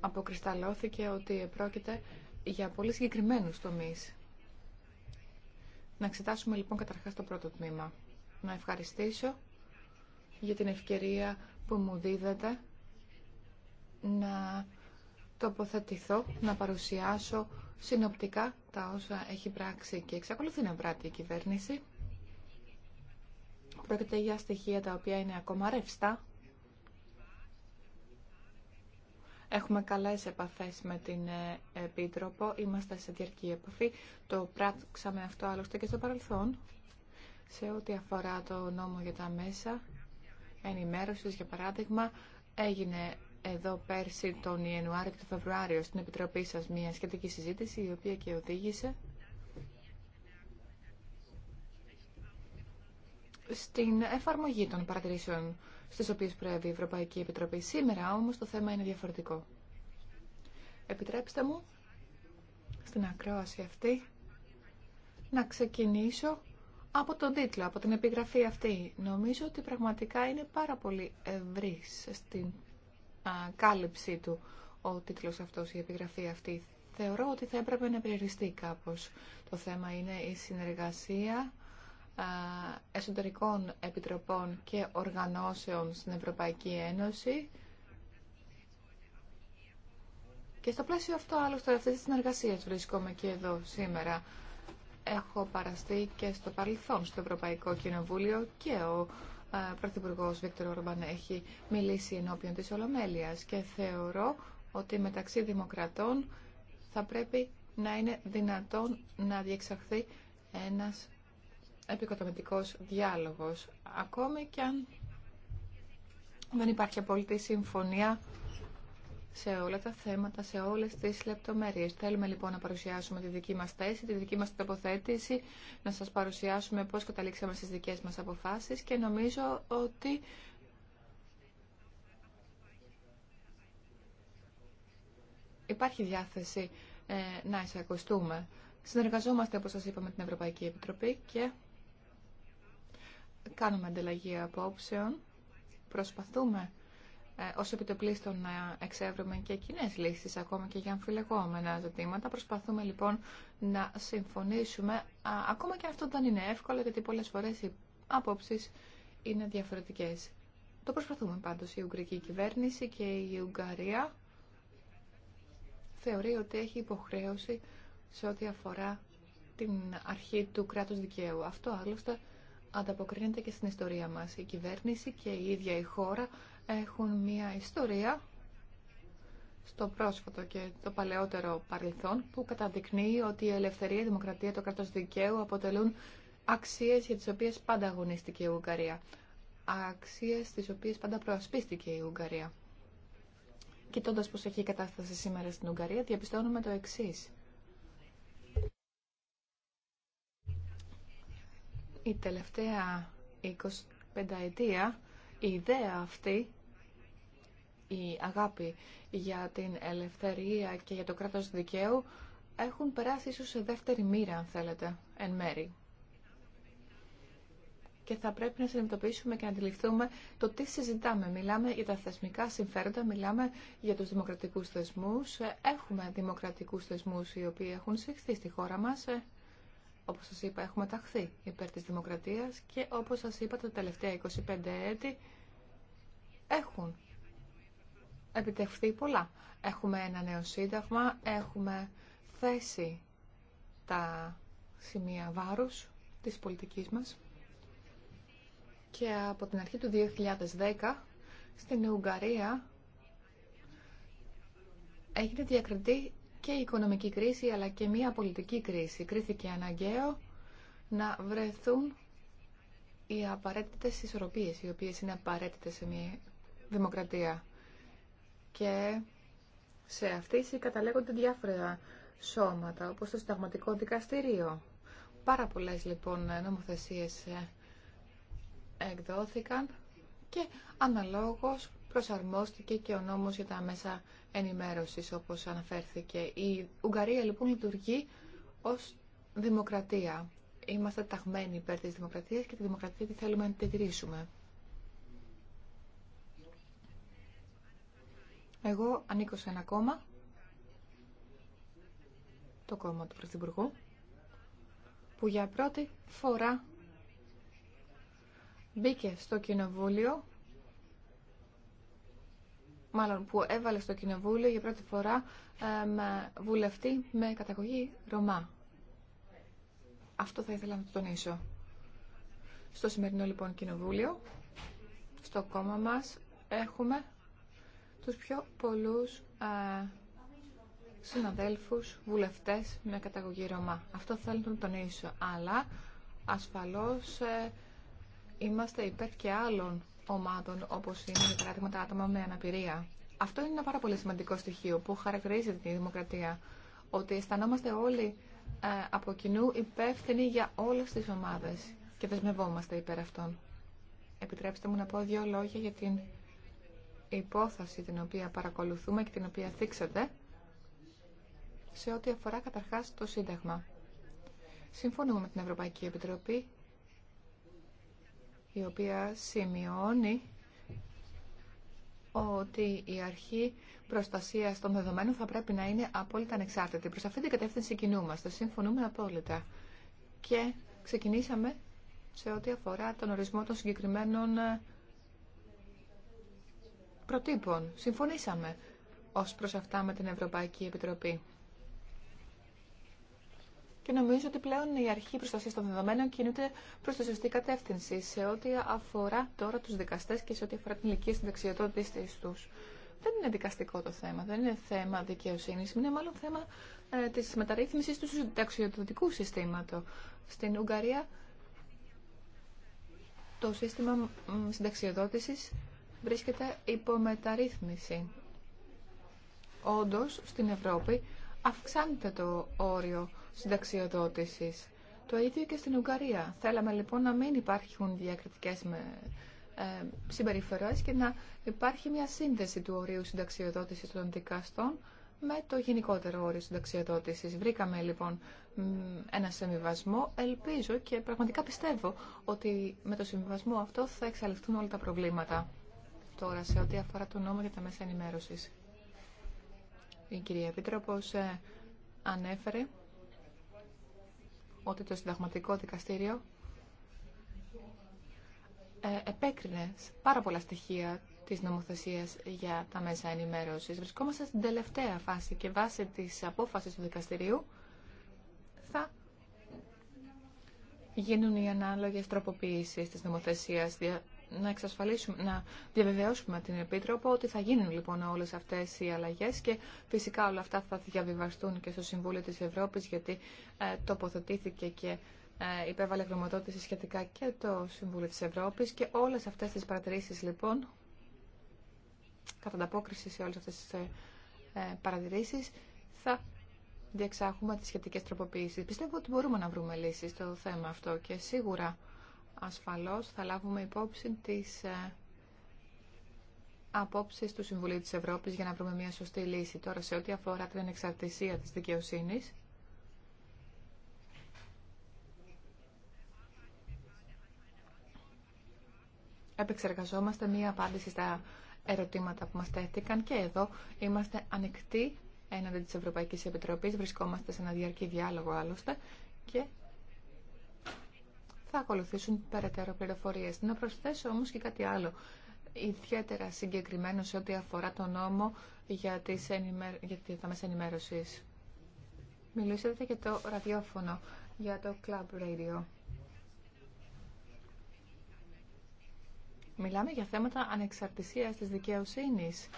αποκρισταλώθηκε ότι πρόκειται για πολύ συγκεκριμένους τομείς. Να εξετάσουμε λοιπόν καταρχάς το πρώτο τμήμα να ευχαριστήσω για την ευκαιρία που μου δίδεται να τοποθετηθώ, να παρουσιάσω συνοπτικά τα όσα έχει πράξει και εξακολουθεί να πράττει η κυβέρνηση. Πρόκειται για στοιχεία τα οποία είναι ακόμα ρευστά. Έχουμε καλές επαφές με την ε, Επίτροπο, είμαστε σε διαρκή επαφή. Το πράξαμε αυτό άλλωστε και στο παρελθόν σε ό,τι αφορά το νόμο για τα μέσα ενημέρωσης, για παράδειγμα, έγινε εδώ πέρσι τον Ιανουάριο και τον Φεβρουάριο στην Επιτροπή σας μια σχετική συζήτηση, η οποία και οδήγησε στην εφαρμογή των παρατηρήσεων στις οποίες προέβη η Ευρωπαϊκή Επιτροπή. Σήμερα όμως το θέμα είναι διαφορετικό. Επιτρέψτε μου στην ακρόαση αυτή να ξεκινήσω από τον τίτλο, από την επιγραφή αυτή. Νομίζω ότι πραγματικά είναι πάρα πολύ ευρύ στην κάλυψή του ο τίτλος αυτός, η επιγραφή αυτή. Θεωρώ ότι θα έπρεπε να περιοριστεί κάπως. Το θέμα είναι η συνεργασία α, εσωτερικών επιτροπών και οργανώσεων στην Ευρωπαϊκή Ένωση και στο πλαίσιο αυτό, άλλωστε, αυτή τη συνεργασία βρίσκομαι και εδώ σήμερα έχω παραστεί και στο παρελθόν στο Ευρωπαϊκό Κοινοβούλιο και ο ε, Πρωθυπουργό Βίκτορ Ορμπαν έχει μιλήσει ενώπιον της Ολομέλειας και θεωρώ ότι μεταξύ δημοκρατών θα πρέπει να είναι δυνατόν να διεξαχθεί ένας επικοδομητικός διάλογος, ακόμη και αν δεν υπάρχει απόλυτη συμφωνία σε όλα τα θέματα, σε όλες τις λεπτομέρειες. Θέλουμε λοιπόν να παρουσιάσουμε τη δική μας θέση, τη δική μας τοποθέτηση, να σας παρουσιάσουμε πώς καταλήξαμε στι δικές μας αποφάσεις και νομίζω ότι υπάρχει διάθεση ε, να εισακουστούμε. Συνεργαζόμαστε, όπως σας είπαμε, την Ευρωπαϊκή Επιτροπή και κάνουμε ανταλλαγή απόψεων. Προσπαθούμε ε, ως επιτοπλίστων να ε, εξεύρουμε και κοινέ λύσεις ακόμα και για αμφιλεγόμενα ζητήματα. Προσπαθούμε λοιπόν να συμφωνήσουμε, ακόμα και αυτό δεν είναι εύκολο γιατί πολλές φορές οι απόψεις είναι διαφορετικές. Το προσπαθούμε πάντως η Ουγγρική κυβέρνηση και η Ουγγαρία θεωρεί ότι έχει υποχρέωση σε ό,τι αφορά την αρχή του κράτους δικαίου. Αυτό άλλωστε ανταποκρίνεται και στην ιστορία μας. Η κυβέρνηση και η ίδια η χώρα έχουν μια ιστορία στο πρόσφατο και το παλαιότερο παρελθόν που καταδεικνύει ότι η ελευθερία, η δημοκρατία, το κράτος δικαίου αποτελούν αξίες για τις οποίες πάντα αγωνίστηκε η Ουγγαρία. Αξίες τις οποίες πάντα προασπίστηκε η Ουγγαρία. Κοιτώντα πώς έχει η κατάσταση σήμερα στην Ουγγαρία, διαπιστώνουμε το εξή. Η τελευταία 25 ετία η ιδέα αυτή η αγάπη για την ελευθερία και για το κράτος δικαίου έχουν περάσει ίσως σε δεύτερη μοίρα, αν θέλετε, εν μέρη. Και θα πρέπει να συνειδητοποιήσουμε και να αντιληφθούμε το τι συζητάμε. Μιλάμε για τα θεσμικά συμφέροντα, μιλάμε για τους δημοκρατικούς θεσμούς. Έχουμε δημοκρατικούς θεσμούς οι οποίοι έχουν συχθεί στη χώρα μας. Όπως σας είπα, έχουμε ταχθεί υπέρ της δημοκρατίας και όπως σας είπα, τα τελευταία 25 έτη έχουν επιτευχθεί πολλά. Έχουμε ένα νέο σύνταγμα, έχουμε θέσει τα σημεία βάρους της πολιτικής μας και από την αρχή του 2010 στην Ουγγαρία έγινε διακριτή και η οικονομική κρίση αλλά και μια πολιτική κρίση. Κρίθηκε αναγκαίο να βρεθούν οι απαραίτητες ισορροπίες, οι οποίες είναι απαραίτητες σε μια δημοκρατία και σε αυτή συγκαταλέγονται διάφορα σώματα, όπως το Συνταγματικό Δικαστηρίο. Πάρα πολλές λοιπόν νομοθεσίες ε, εκδόθηκαν και αναλόγως προσαρμόστηκε και ο νόμος για τα μέσα ενημέρωσης όπως αναφέρθηκε. Η Ουγγαρία λοιπόν λειτουργεί ως δημοκρατία. Είμαστε ταγμένοι υπέρ της δημοκρατίας και τη δημοκρατία τη θέλουμε να τη τηρήσουμε. Εγώ ανήκω σε ένα κόμμα, το κόμμα του Πρωθυπουργού, που για πρώτη φορά μπήκε στο κοινοβούλιο, μάλλον που έβαλε στο κοινοβούλιο για πρώτη φορά με βουλευτή με καταγωγή Ρωμά. Αυτό θα ήθελα να το τονίσω. Στο σημερινό λοιπόν κοινοβούλιο, στο κόμμα μας, έχουμε τους πιο πολλούς ε, συναδέλφους, βουλευτές με καταγωγή Ρωμά. Αυτό θέλω να τον τονίσω, αλλά ασφαλώς ε, είμαστε υπέρ και άλλων ομάδων, όπως είναι για παράδειγμα τα άτομα με αναπηρία. Αυτό είναι ένα πάρα πολύ σημαντικό στοιχείο που χαρακτηρίζει τη δημοκρατία, ότι αισθανόμαστε όλοι ε, από κοινού υπεύθυνοι για όλες τις ομάδες και δεσμευόμαστε υπέρ αυτών. Επιτρέψτε μου να πω δύο λόγια για την υπόθεση την οποία παρακολουθούμε και την οποία θίξατε σε ό,τι αφορά καταρχάς το Σύνταγμα. Συμφωνούμε με την Ευρωπαϊκή Επιτροπή η οποία σημειώνει ότι η αρχή προστασία των δεδομένων θα πρέπει να είναι απόλυτα ανεξάρτητη. Προς αυτήν την κατεύθυνση κινούμαστε. Συμφωνούμε απόλυτα. Και ξεκινήσαμε σε ό,τι αφορά τον ορισμό των συγκεκριμένων προτύπων. Συμφωνήσαμε ως προς αυτά με την Ευρωπαϊκή Επιτροπή. Και νομίζω ότι πλέον η αρχή προστασία των δεδομένων κινούνται προ τη σωστή κατεύθυνση σε ό,τι αφορά τώρα του δικαστέ και σε ό,τι αφορά την ηλικία συνταξιοδότησή του. Δεν είναι δικαστικό το θέμα, δεν είναι θέμα δικαιοσύνη, είναι μάλλον θέμα ε, τη μεταρρύθμιση του συνταξιοδοτικού συστήματο. Στην Ουγγαρία το σύστημα συνταξιοδότηση βρίσκεται υπό μεταρρύθμιση. Όντως, στην Ευρώπη αυξάνεται το όριο συνταξιοδότησης. Το ίδιο και στην Ουγγαρία. Θέλαμε λοιπόν να μην υπάρχουν διακριτικές με, ε, συμπεριφορές και να υπάρχει μια σύνδεση του ορίου συνταξιοδότησης των δικαστών με το γενικότερο όριο συνταξιοδότηση. Βρήκαμε λοιπόν ένα συμβιβασμό. Ελπίζω και πραγματικά πιστεύω ότι με το συμβιβασμό αυτό θα εξαλειφθούν όλα τα προβλήματα τώρα σε ό,τι αφορά το νόμο για τα μέσα ενημέρωσης. Η κυρία Επίτροπος ε, ανέφερε ότι το συνταγματικό δικαστήριο ε, επέκρινε πάρα πολλά στοιχεία της νομοθεσίας για τα μέσα ενημέρωσης. Βρισκόμαστε στην τελευταία φάση και βάσει της απόφασης του δικαστηρίου θα γίνουν οι ανάλογες τροποποιήσεις της νομοθεσίας να εξασφαλίσουμε, να διαβεβαιώσουμε την Επίτροπο ότι θα γίνουν λοιπόν όλες αυτές οι αλλαγές και φυσικά όλα αυτά θα διαβιβαστούν και στο Συμβούλιο της Ευρώπης γιατί ε, τοποθετήθηκε και ε, υπέβαλε γνωμοδότηση σχετικά και το Συμβούλιο της Ευρώπης και όλες αυτές τις παρατηρήσεις λοιπόν κατά ανταπόκριση σε όλες αυτές τις ε, παρατηρήσεις θα διεξάγουμε τις σχετικές τροποποιήσεις. Πιστεύω ότι μπορούμε να βρούμε λύσεις στο θέμα αυτό και σίγουρα ασφαλώς θα λάβουμε υπόψη τις ε, απόψεις του Συμβουλίου της Ευρώπης για να βρούμε μια σωστή λύση. Τώρα σε ό,τι αφορά την εξαρτησία της δικαιοσύνης, επεξεργαζόμαστε μία απάντηση στα ερωτήματα που μας τέθηκαν και εδώ είμαστε ανοιχτοί έναντι της Ευρωπαϊκής Επιτροπής, βρισκόμαστε σε ένα διαρκή διάλογο άλλωστε και θα ακολουθήσουν περαιτέρω πληροφορίε. Να προσθέσω όμω και κάτι άλλο, ιδιαίτερα συγκεκριμένο σε ό,τι αφορά τον νόμο για, τις ενημερ... για μέσα ενημέρωση. Μιλήσατε για το ραδιόφωνο για το Club Radio. Μιλάμε για θέματα ανεξαρτησίας της δικαιοσύνης.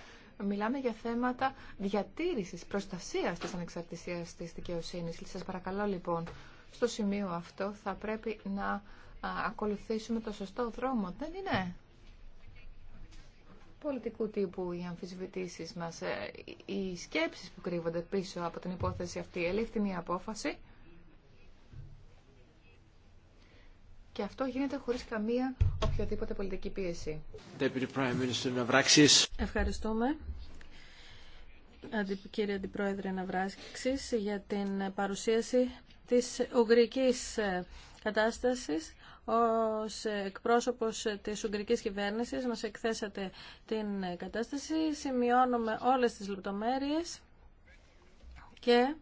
Μιλάμε για θέματα διατήρησης, προστασίας της ανεξαρτησίας της δικαιοσύνη. Σας παρακαλώ λοιπόν στο σημείο αυτό θα πρέπει να ακολουθήσουμε το σωστό δρόμο, δεν είναι πολιτικού τύπου οι αμφισβητήσεις μας, ε, οι σκέψεις που κρύβονται πίσω από την υπόθεση αυτή. Ελήφθη μια απόφαση και αυτό γίνεται χωρίς καμία οποιαδήποτε πολιτική πίεση. Ευχαριστούμε. Κύριε Αντιπρόεδρε Ναυράξης για την παρουσίαση της ουγγρικής ε, κατάστασης. Ως εκπρόσωπος της Ουγγρικής Κυβέρνησης μας εκθέσατε την κατάσταση. Σημειώνουμε όλες τις λεπτομέρειες και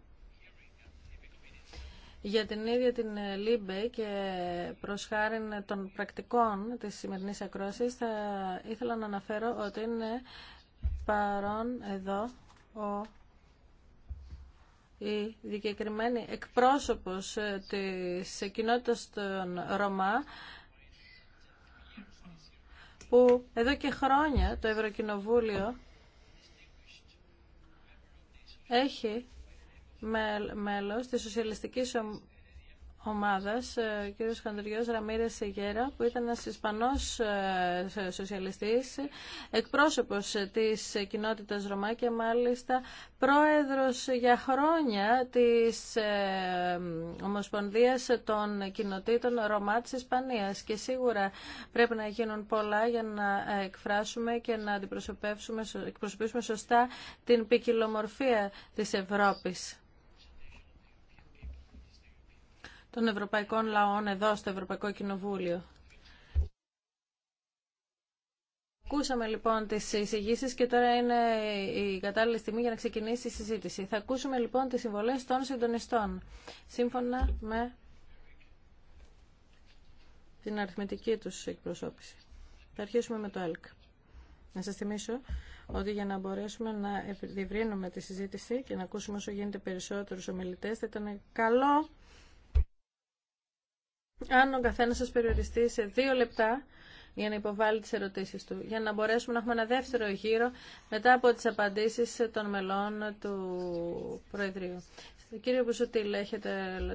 για την ίδια την ε, ΛΥΜΠΕ και προς χάρη των πρακτικών της σημερινής ακρόσης θα ήθελα να αναφέρω ότι είναι παρόν εδώ ο η δικαιοκριμένη εκπρόσωπος ε, της κοινότητας των Ρωμά που εδώ και χρόνια το Ευρωκοινοβούλιο έχει μέλος της Σοσιαλιστικής ο ε, κ. Χαντριό Ραμίρε Σεγέρα, που ήταν ένα Ισπανό ε, σοσιαλιστή, εκπρόσωπο της κοινότητας Ρωμά και μάλιστα πρόεδρο για χρόνια της ε, ομοσπονδία των Κοινοτήτων Ρωμά τη Ισπανία. Και σίγουρα πρέπει να γίνουν πολλά για να εκφράσουμε και να αντιπροσωπεύσουμε, εκπροσωπήσουμε σωστά την ποικιλομορφία τη Ευρώπη. των ευρωπαϊκών λαών εδώ στο Ευρωπαϊκό Κοινοβούλιο. Ακούσαμε λοιπόν τι εισηγήσει και τώρα είναι η κατάλληλη στιγμή για να ξεκινήσει η συζήτηση. Θα ακούσουμε λοιπόν τι συμβολέ των συντονιστών. Σύμφωνα με την αριθμητική του εκπροσώπηση. Θα αρχίσουμε με το ΕΛΚ. Να σα θυμίσω ότι για να μπορέσουμε να διευρύνουμε τη συζήτηση και να ακούσουμε όσο γίνεται περισσότερου ομιλητέ, θα ήταν καλό αν ο καθένα σα περιοριστεί σε δύο λεπτά για να υποβάλει τις ερωτήσεις του, για να μπορέσουμε να έχουμε ένα δεύτερο γύρο μετά από τις απαντήσεις των μελών του Προεδρείου. Κύριε Μπουζουτήλ, έχετε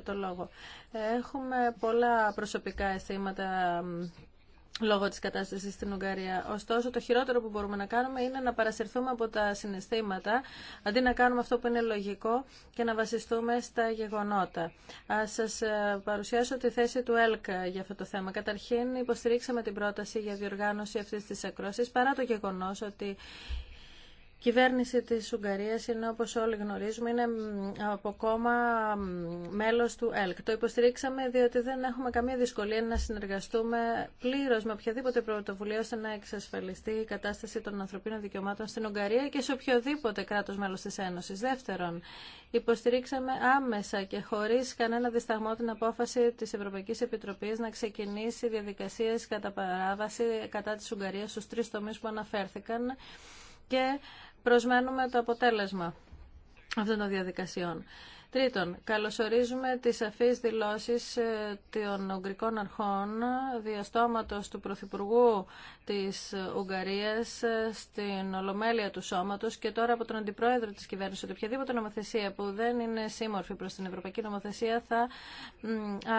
το λόγο. Έχουμε πολλά προσωπικά αισθήματα λόγω της κατάστασης στην Ουγγαρία. Ωστόσο, το χειρότερο που μπορούμε να κάνουμε είναι να παρασυρθούμε από τα συναισθήματα, αντί να κάνουμε αυτό που είναι λογικό και να βασιστούμε στα γεγονότα. Ας σας ε, παρουσιάσω τη θέση του ΕΛΚΑ για αυτό το θέμα. Καταρχήν, υποστηρίξαμε την πρόταση για διοργάνωση αυτής της ακρόσης, παρά το γεγονός ότι κυβέρνηση τη Ουγγαρίας είναι όπως όλοι γνωρίζουμε είναι από κόμμα μέλος του ΕΛΚ. Το υποστηρίξαμε διότι δεν έχουμε καμία δυσκολία να συνεργαστούμε πλήρως με οποιαδήποτε πρωτοβουλία ώστε να εξασφαλιστεί η κατάσταση των ανθρωπίνων δικαιωμάτων στην Ουγγαρία και σε οποιοδήποτε κράτος μέλος της Ένωσης. Δεύτερον, υποστηρίξαμε άμεσα και χωρίς κανένα δισταγμό την απόφαση της Ευρωπαϊκής Επιτροπής να ξεκινήσει διαδικασίες κατά παράβαση κατά της Ουγγαρία στους τρει τομείς που αναφέρθηκαν και προσμένουμε το αποτέλεσμα αυτών των διαδικασιών. Τρίτον, καλωσορίζουμε τις σαφείς δηλώσεις ε, των Ουγγρικών Αρχών διαστόματος του Πρωθυπουργού της Ουγγαρίας ε, στην Ολομέλεια του Σώματος και τώρα από τον Αντιπρόεδρο της Κυβέρνησης ότι οποιαδήποτε νομοθεσία που δεν είναι σύμμορφη προς την Ευρωπαϊκή Νομοθεσία θα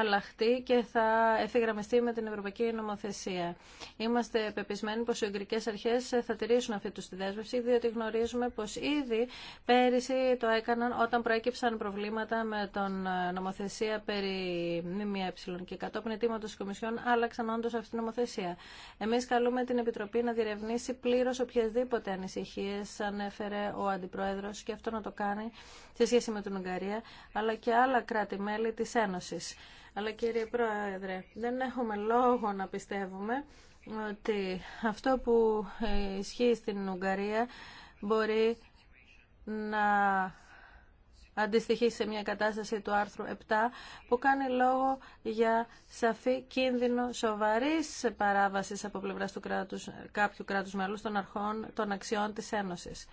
αλλάχτεί και θα εφηγραμμιστεί με την Ευρωπαϊκή Νομοθεσία. Είμαστε πεπισμένοι πως οι Ουγγρικές Αρχές θα τηρήσουν αυτή τους τη δέσμευση διότι γνωρίζουμε πως ήδη πέρυσι το έκαναν όταν προέκυψαν προβλήματα προβλήματα με τον ε, νομοθεσία περί ΜΜΕ και κατόπιν αιτήματο τη Κομισιόν άλλαξαν όντω αυτή την νομοθεσία. Εμεί καλούμε την Επιτροπή να διερευνήσει πλήρω οποιασδήποτε ανησυχίε ανέφερε ο Αντιπρόεδρο και αυτό να το κάνει σε σχέση με την Ουγγαρία, αλλά και άλλα κράτη-μέλη τη Ένωση. Αλλά κύριε Πρόεδρε, δεν έχουμε λόγο να πιστεύουμε ότι αυτό που ε, ισχύει στην Ουγγαρία μπορεί να αντιστοιχεί σε μια κατάσταση του άρθρου 7 που κάνει λόγο για σαφή κίνδυνο σοβαρής παράβασης από πλευράς του κράτους, κάποιου κράτους μέλους των αρχών των αξιών της Ένωσης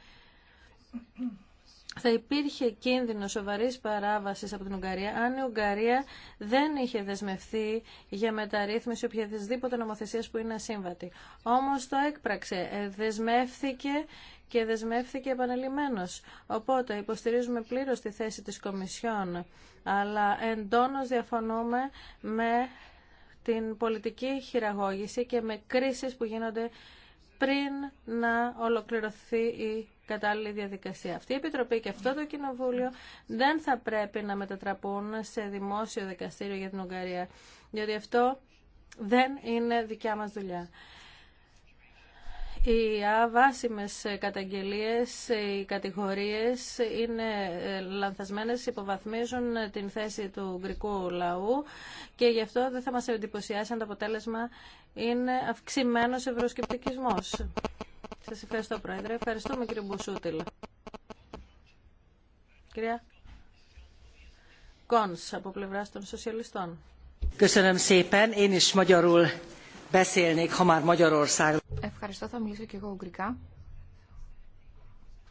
θα υπήρχε κίνδυνο σοβαρής παράβασης από την Ουγγαρία αν η Ουγγαρία δεν είχε δεσμευθεί για μεταρρύθμιση οποιαδήποτε νομοθεσία που είναι ασύμβατη. Όμως το έκπραξε, ε, δεσμεύθηκε και δεσμεύθηκε επανελειμμένος. Οπότε υποστηρίζουμε πλήρως τη θέση της Κομισιόν, αλλά εντόνως διαφωνούμε με την πολιτική χειραγώγηση και με κρίσεις που γίνονται πριν να ολοκληρωθεί η κατάλληλη διαδικασία. Αυτή η Επιτροπή και αυτό το Κοινοβούλιο δεν θα πρέπει να μετατραπούν σε δημόσιο δικαστήριο για την Ουγγαρία, διότι αυτό δεν είναι δικιά μας δουλειά. Οι αβάσιμες καταγγελίες, οι κατηγορίες είναι ε, λανθασμένες, υποβαθμίζουν την θέση του γκρικού λαού και γι' αυτό δεν θα μας εντυπωσιάσει αν το αποτέλεσμα είναι αυξημένος ευρωσκεπτικισμός. Σα ευχαριστώ, Πρόεδρε. Ευχαριστούμε, κύριε Μπουσούτιλ. Κυρία Κόνς, από πλευρά των Σοσιαλιστών. Ευχαριστώ, θα μιλήσω και εγώ ουγγρικά,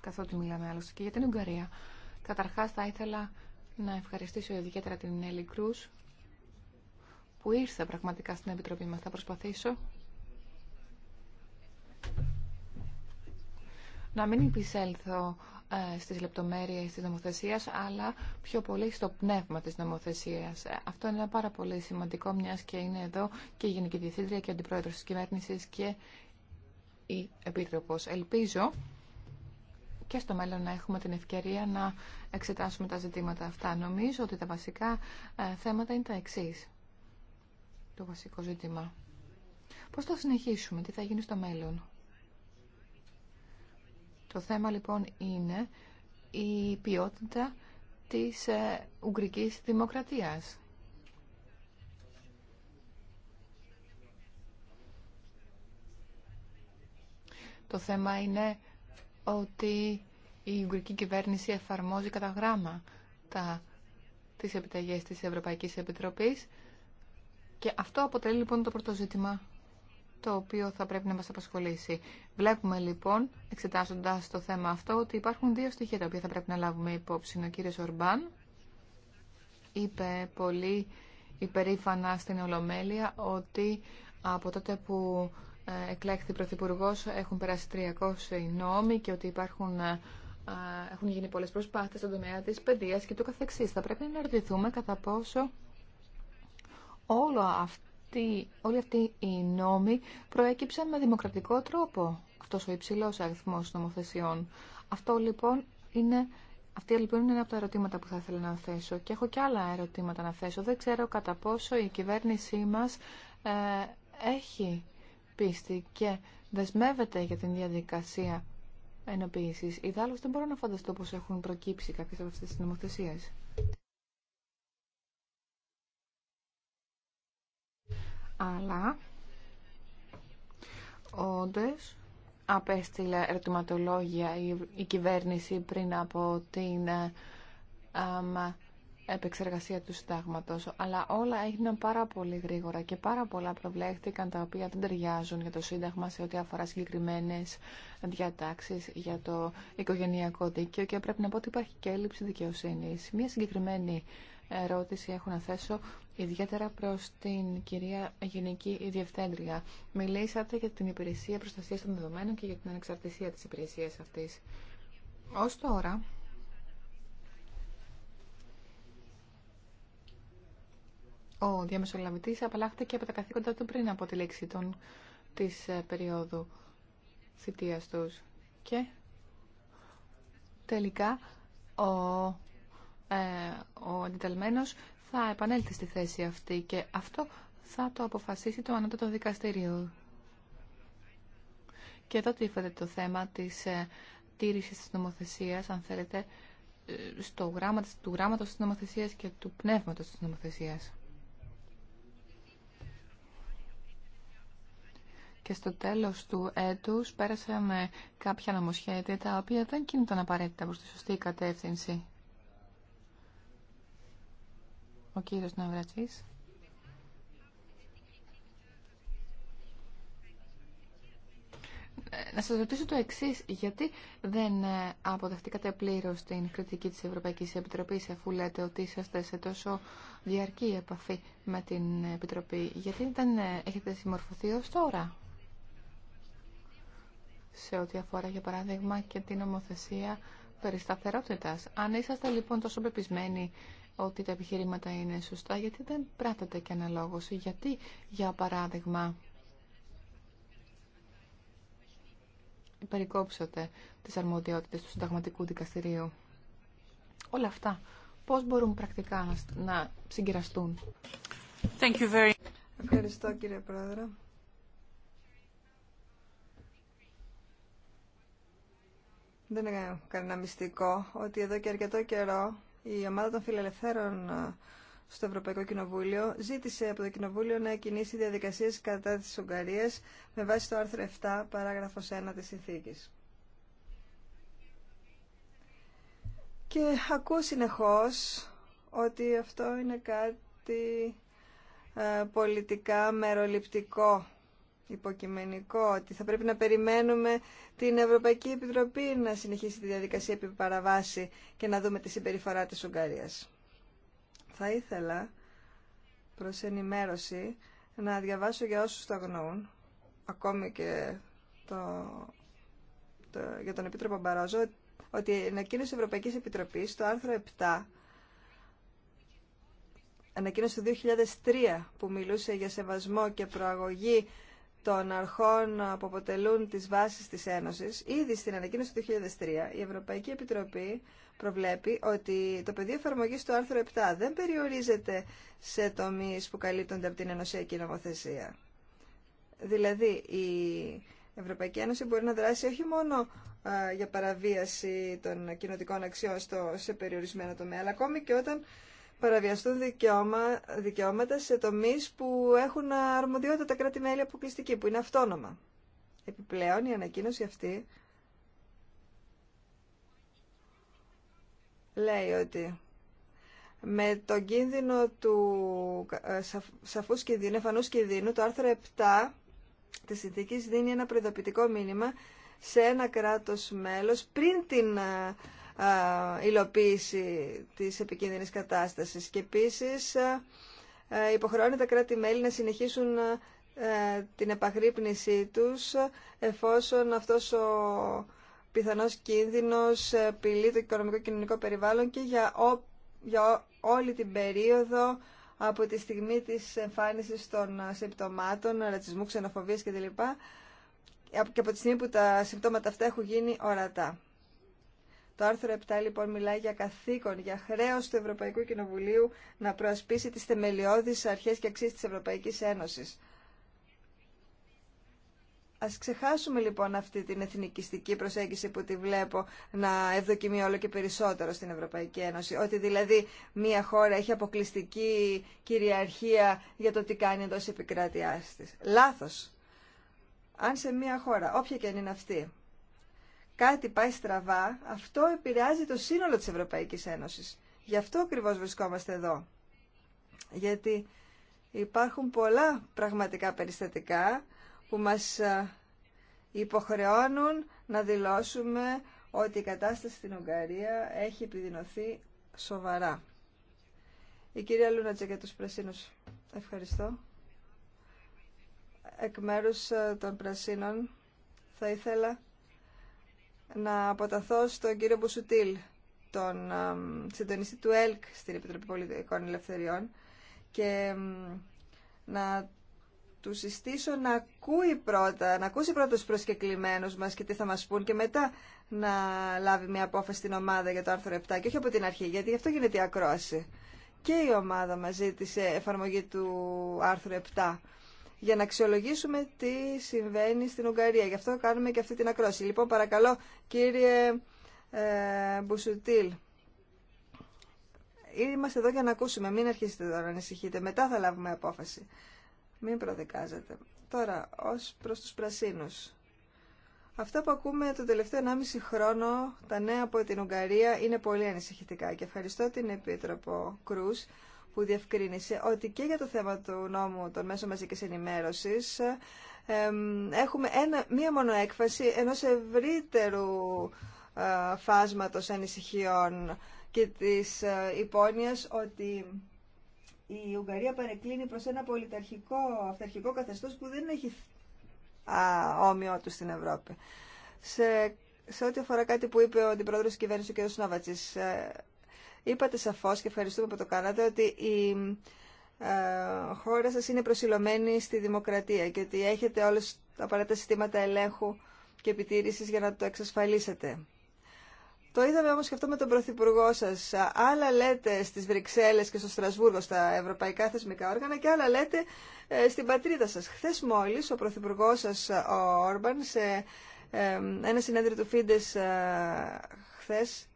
καθότι μιλάμε άλλωστε και για την Ουγγαρία. Καταρχά θα ήθελα να ευχαριστήσω ιδιαίτερα την Έλλη Κρούς, που ήρθε πραγματικά στην Επιτροπή μας. Θα προσπαθήσω να μην επισέλθω ε, στις λεπτομέρειες της νομοθεσίας, αλλά πιο πολύ στο πνεύμα της νομοθεσίας. Ε, αυτό είναι ένα πάρα πολύ σημαντικό, μιας και είναι εδώ και η Γενική Διευθύντρια και ο Αντιπρόεδρος της Κυβέρνησης και η Επίτροπος. Ελπίζω και στο μέλλον να έχουμε την ευκαιρία να εξετάσουμε τα ζητήματα αυτά. Νομίζω ότι τα βασικά ε, θέματα είναι τα εξή. Το βασικό ζήτημα. Πώς θα συνεχίσουμε, τι θα γίνει στο μέλλον. Το θέμα λοιπόν είναι η ποιότητα της ε, Ουγγρικής Δημοκρατίας. Το θέμα είναι ότι η Ουγγρική κυβέρνηση εφαρμόζει κατά γράμμα τα, τις επιταγές της Ευρωπαϊκής Επιτροπής και αυτό αποτελεί λοιπόν το πρώτο ζήτημα το οποίο θα πρέπει να μας απασχολήσει. Βλέπουμε λοιπόν, εξετάζοντας το θέμα αυτό, ότι υπάρχουν δύο στοιχεία τα οποία θα πρέπει να λάβουμε υπόψη. Ο κύριος Ορμπάν είπε πολύ υπερήφανα στην Ολομέλεια ότι από τότε που ε, εκλέχθη Πρωθυπουργό έχουν περάσει 300 νόμοι και ότι υπάρχουν, ε, ε, έχουν γίνει πολλές προσπάθειες στον τομέα της παιδείας και του καθεξής. Θα πρέπει να ρωτηθούμε κατά πόσο όλο αυτό όλοι αυτοί οι νόμοι προέκυψαν με δημοκρατικό τρόπο αυτός ο υψηλός αριθμός νομοθεσιών. Αυτό λοιπόν είναι, αυτή λοιπόν είναι ένα από τα ερωτήματα που θα ήθελα να θέσω και έχω και άλλα ερωτήματα να θέσω. Δεν ξέρω κατά πόσο η κυβέρνησή μας ε, έχει πίστη και δεσμεύεται για την διαδικασία ενοποίησης. Ιδάλλως δεν μπορώ να φανταστώ πως έχουν προκύψει κάποιες από αυτές τις νομοθεσίες. αλλά όντως απέστειλε ερωτηματολόγια η, κυβέρνηση πριν από την ε, επεξεργασία του συντάγματος. Αλλά όλα έγιναν πάρα πολύ γρήγορα και πάρα πολλά προβλέχτηκαν τα οποία δεν ταιριάζουν για το σύνταγμα σε ό,τι αφορά συγκεκριμένε διατάξεις για το οικογενειακό δίκαιο και πρέπει να πω ότι υπάρχει και έλλειψη δικαιοσύνης. Μία συγκεκριμένη ερώτηση έχω να θέσω ιδιαίτερα προς την κυρία Γενική Διευθέντρια. Μιλήσατε για την υπηρεσία προστασίας των δεδομένων και για την ανεξαρτησία της υπηρεσίας αυτής. Ως τώρα, ο διαμεσολαβητής απαλλάχθηκε από τα καθήκοντα του πριν από τη λήξη των, της ε, περίοδου θητείας τους. Και τελικά ο, ε, ο θα επανέλθει στη θέση αυτή και αυτό θα το αποφασίσει το Ανώτατο Δικαστήριο. Και εδώ τύφεται το θέμα της ε, τήρησης της νομοθεσίας, αν θέλετε, ε, στο γράμμα, του γράμματος της νομοθεσίας και του πνεύματος της νομοθεσίας. Και στο τέλος του έτους πέρασαμε κάποια νομοσχέδια τα οποία δεν κινούνταν απαραίτητα προς τη σωστή κατεύθυνση. Ο κύριος Ναυρατσής. Ε, να σας ρωτήσω το εξής, γιατί δεν ε, αποδεχτήκατε πλήρως την κριτική της Ευρωπαϊκής Επιτροπής αφού λέτε ότι είσαστε σε τόσο διαρκή επαφή με την Επιτροπή. Γιατί δεν ε, έχετε συμμορφωθεί ως τώρα σε ό,τι αφορά για παράδειγμα και την νομοθεσία περισταθερότητας. Αν είσαστε λοιπόν τόσο πεπισμένοι ότι τα επιχειρήματα είναι σωστά, γιατί δεν πράτεται και αναλόγως. Γιατί, για παράδειγμα, περικόψατε τις αρμοδιότητες του συνταγματικού δικαστηρίου. Όλα αυτά πώς μπορούν πρακτικά να συγκυραστούν. Thank you very... Ευχαριστώ κύριε Πρόεδρε. Δεν είναι κανένα μυστικό ότι εδώ και αρκετό καιρό η ομάδα των φιλελευθέρων ε, στο Ευρωπαϊκό Κοινοβούλιο ζήτησε από το Κοινοβούλιο να κινήσει διαδικασίες κατά τη Ουγγαρία με βάση το άρθρο 7 παράγραφος 1 της συνθήκης. Και ακούω συνεχώ ότι αυτό είναι κάτι ε, πολιτικά μεροληπτικό υποκειμενικό, ότι θα πρέπει να περιμένουμε την Ευρωπαϊκή Επιτροπή να συνεχίσει τη διαδικασία επί παραβάση και να δούμε τη συμπεριφορά της Ουγγαρίας. Θα ήθελα προς ενημέρωση να διαβάσω για όσους το γνωρούν ακόμη και το, το, για τον Επίτροπο Μπαρόζο, ότι η ανακοίνωση Ευρωπαϊκής Επιτροπής, το άρθρο 7, ανακοίνωση του 2003 που μιλούσε για σεβασμό και προαγωγή των αρχών που αποτελούν τις βάσεις της Ένωσης, ήδη στην ανακοίνωση του 2003, η Ευρωπαϊκή Επιτροπή προβλέπει ότι το πεδίο εφαρμογής του άρθρου 7 δεν περιορίζεται σε τομείς που καλύπτονται από την Ενωσιακή Νομοθεσία. Δηλαδή, η Ευρωπαϊκή Ένωση μπορεί να δράσει όχι μόνο για παραβίαση των κοινοτικών αξιών στο, σε περιορισμένο τομέα, αλλά ακόμη και όταν παραβιαστούν δικαιώμα, δικαιώματα σε τομεί που έχουν αρμοδιότητα τα κράτη-μέλη αποκλειστική, που είναι αυτόνομα. Επιπλέον, η ανακοίνωση αυτή λέει ότι με τον κίνδυνο του ε, σαφούς κινδύνου, εφανούς κινδύνου, το άρθρο 7 της συνθήκης δίνει ένα προειδοποιητικό μήνυμα σε ένα κράτος μέλος πριν την ε, υλοποίηση της επικίνδυνης κατάστασης. Και επίσης υποχρεώνει τα κράτη-μέλη να συνεχίσουν την επαγρύπνησή τους εφόσον αυτός ο πιθανός κίνδυνος πηλεί το οικονομικό κοινωνικό περιβάλλον και για, όλη την περίοδο από τη στιγμή της εμφάνισης των συμπτωμάτων, ρατσισμού, ξενοφοβίας κλπ. Και από τη στιγμή που τα συμπτώματα αυτά έχουν γίνει ορατά. Το άρθρο 7 λοιπόν μιλάει για καθήκον, για χρέο του Ευρωπαϊκού Κοινοβουλίου να προασπίσει τι θεμελιώδει αρχέ και αξίε τη Ευρωπαϊκή Ένωση. Ας ξεχάσουμε λοιπόν αυτή την εθνικιστική προσέγγιση που τη βλέπω να ευδοκιμεί όλο και περισσότερο στην Ευρωπαϊκή Ένωση. Ότι δηλαδή μια χώρα έχει αποκλειστική κυριαρχία για το τι κάνει εντό επικράτειάς της. Λάθος. Αν σε μια χώρα, όποια και αν είναι αυτή, κάτι πάει στραβά, αυτό επηρεάζει το σύνολο της Ευρωπαϊκής Ένωσης. Γι' αυτό ακριβώς βρισκόμαστε εδώ. Γιατί υπάρχουν πολλά πραγματικά περιστατικά που μας ε, υποχρεώνουν να δηλώσουμε ότι η κατάσταση στην Ουγγαρία έχει επιδεινωθεί σοβαρά. Η κυρία Λούνατζε για τους Πρασίνους. Ευχαριστώ. Εκ μέρους ε, των Πρασίνων θα ήθελα να αποταθώ στον κύριο Μπουσουτήλ, τον συντονιστή του ΕΛΚ στην Επιτροπή Πολιτικών Ελευθεριών και να του συστήσω να ακούει πρώτα, να ακούσει πρώτα τους προσκεκλημένους μας και τι θα μας πούν και μετά να λάβει μια απόφαση στην ομάδα για το άρθρο 7 και όχι από την αρχή, γιατί γι' αυτό γίνεται η ακρόαση. Και η ομάδα μας ζήτησε εφαρμογή του άρθρου 7 για να αξιολογήσουμε τι συμβαίνει στην Ουγγαρία. Γι' αυτό κάνουμε και αυτή την ακρόση. Λοιπόν, παρακαλώ, κύριε ε, Μπουσουτήλ. Είμαστε εδώ για να ακούσουμε. Μην αρχίσετε τώρα να ανησυχείτε. Μετά θα λάβουμε απόφαση. Μην προδικάζετε. Τώρα, ως προς τους πρασίνους. Αυτά που ακούμε το τελευταίο 1,5 χρόνο, τα νέα από την Ουγγαρία, είναι πολύ ανησυχητικά και ευχαριστώ την Επίτροπο Κρούς που διευκρίνησε ότι και για το θέμα του νόμου των μέσων μαζικής ενημέρωσης έχουμε ένα, μία μόνο έκφαση ενός ευρύτερου ε, φάσματος ανησυχιών και της ε, υπόνοιας ότι η Ουγγαρία παρεκκλίνει προς ένα πολιταρχικό, αυταρχικό καθεστώς που δεν έχει α, όμοιό του στην Ευρώπη. Σε, σε ό,τι αφορά κάτι που είπε ο αντιπρόεδρος της κυβέρνησης, ο κ. Σνόβατσης, ε, Είπατε σαφώς και ευχαριστούμε που το κάνατε ότι η ε, χώρα σας είναι προσιλωμένη στη δημοκρατία και ότι έχετε όλε τα απαραίτητα συστήματα ελέγχου και επιτήρηση για να το εξασφαλίσετε. Το είδαμε όμως και αυτό με τον Πρωθυπουργό σας. Άλλα λέτε στις Βρυξέλλες και στο Στρασβούργο, στα ευρωπαϊκά θεσμικά όργανα και άλλα λέτε ε, στην πατρίδα σα. Χθε μόλι ο Πρωθυπουργό σα, ε, ο Όρμπαν, σε ένα συνέδριο του Φίντες χθες,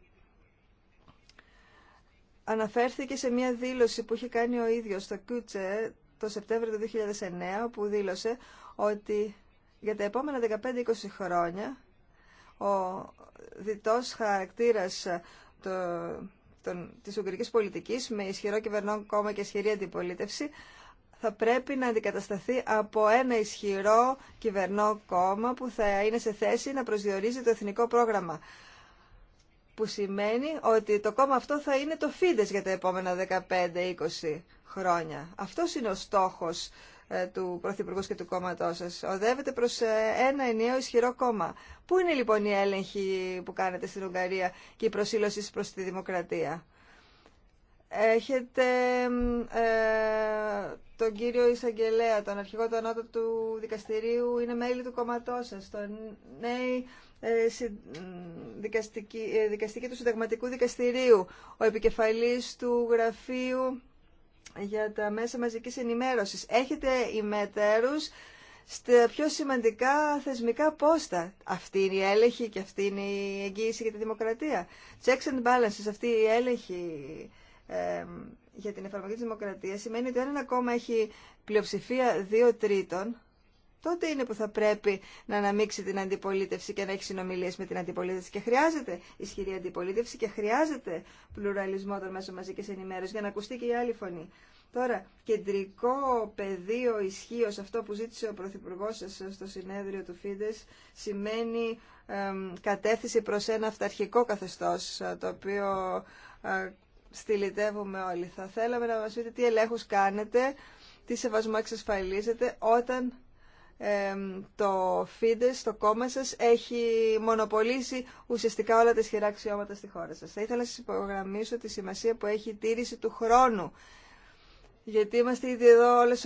αναφέρθηκε σε μια δήλωση που είχε κάνει ο ίδιος στο Κούτσε το Σεπτέμβριο του 2009 που δήλωσε ότι για τα επόμενα 15-20 χρόνια ο διτός χαρακτήρας το, τον, της ουγγρικής πολιτικής με ισχυρό κυβερνών κόμμα και ισχυρή αντιπολίτευση θα πρέπει να αντικατασταθεί από ένα ισχυρό κυβερνό κόμμα που θα είναι σε θέση να προσδιορίζει το εθνικό πρόγραμμα που σημαίνει ότι το κόμμα αυτό θα είναι το φίδες για τα επόμενα 15-20 χρόνια. Αυτός είναι ο στόχος ε, του Πρωθυπουργού και του κόμματό σας. Οδεύεται προ ε, ένα ενιαίο ισχυρό κόμμα. Πού είναι λοιπόν η έλεγχη που κάνετε στην Ουγγαρία και η προσήλωση προς τη δημοκρατία. Έχετε ε, τον κύριο Ισαγγελέα, τον αρχηγό του ανώτατου δικαστηρίου, είναι μέλη του κόμματό σα. Το νέοι ε, δικαστική, ε, δικαστική του Συνταγματικού Δικαστηρίου, ο επικεφαλής του Γραφείου για τα Μέσα Μαζικής Ενημέρωσης. Έχετε ημετέρους στα πιο σημαντικά θεσμικά πόστα. Αυτή είναι η έλεγχη και αυτή είναι η εγγύηση για τη δημοκρατία. Checks and balances, αυτή η έλεγχη ε, για την εφαρμογή της δημοκρατίας σημαίνει ότι αν ένα κόμμα έχει πλειοψηφία δύο τρίτων, τότε είναι που θα πρέπει να αναμίξει την αντιπολίτευση και να έχει συνομιλίες με την αντιπολίτευση. Και χρειάζεται ισχυρή αντιπολίτευση και χρειάζεται πλουραλισμό των μέσων μαζικής ενημέρωσης για να ακουστεί και η άλλη φωνή. Τώρα, κεντρικό πεδίο ισχύω αυτό που ζήτησε ο Πρωθυπουργό σα στο συνέδριο του ΦΙΔΕΣ σημαίνει ε, κατεύθυνση προ ένα αυταρχικό καθεστώ, ε, το οποίο ε, στυλιτεύουμε όλοι. Θα θέλαμε να μα πείτε τι ελέγχου κάνετε, τι σεβασμό εξασφαλίζετε όταν το ΦΙΔΕΣ, το κόμμα σας, έχει μονοπολίσει ουσιαστικά όλα τα ισχυρά αξιώματα στη χώρα σας. Θα ήθελα να σας υπογραμμίσω τη σημασία που έχει η τήρηση του χρόνου. Γιατί είμαστε ήδη εδώ όλες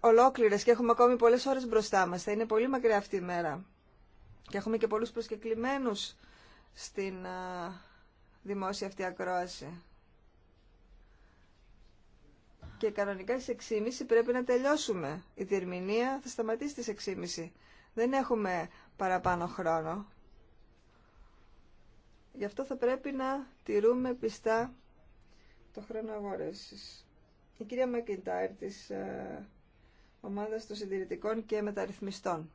ολόκληρες και έχουμε ακόμη πολλές ώρες μπροστά μας. Θα είναι πολύ μακριά αυτή η μέρα. Και έχουμε και πολλούς προσκεκλημένους στην δημόσια αυτή ακρόαση και κανονικά στις 6.30 πρέπει να τελειώσουμε. Η διερμηνία θα σταματήσει στις 6.30. Δεν έχουμε παραπάνω χρόνο. Γι' αυτό θα πρέπει να τηρούμε πιστά το χρόνο αγόρευσης. Η κυρία Μακιντάιρ της ε, ομάδας των συντηρητικών και μεταρρυθμιστών.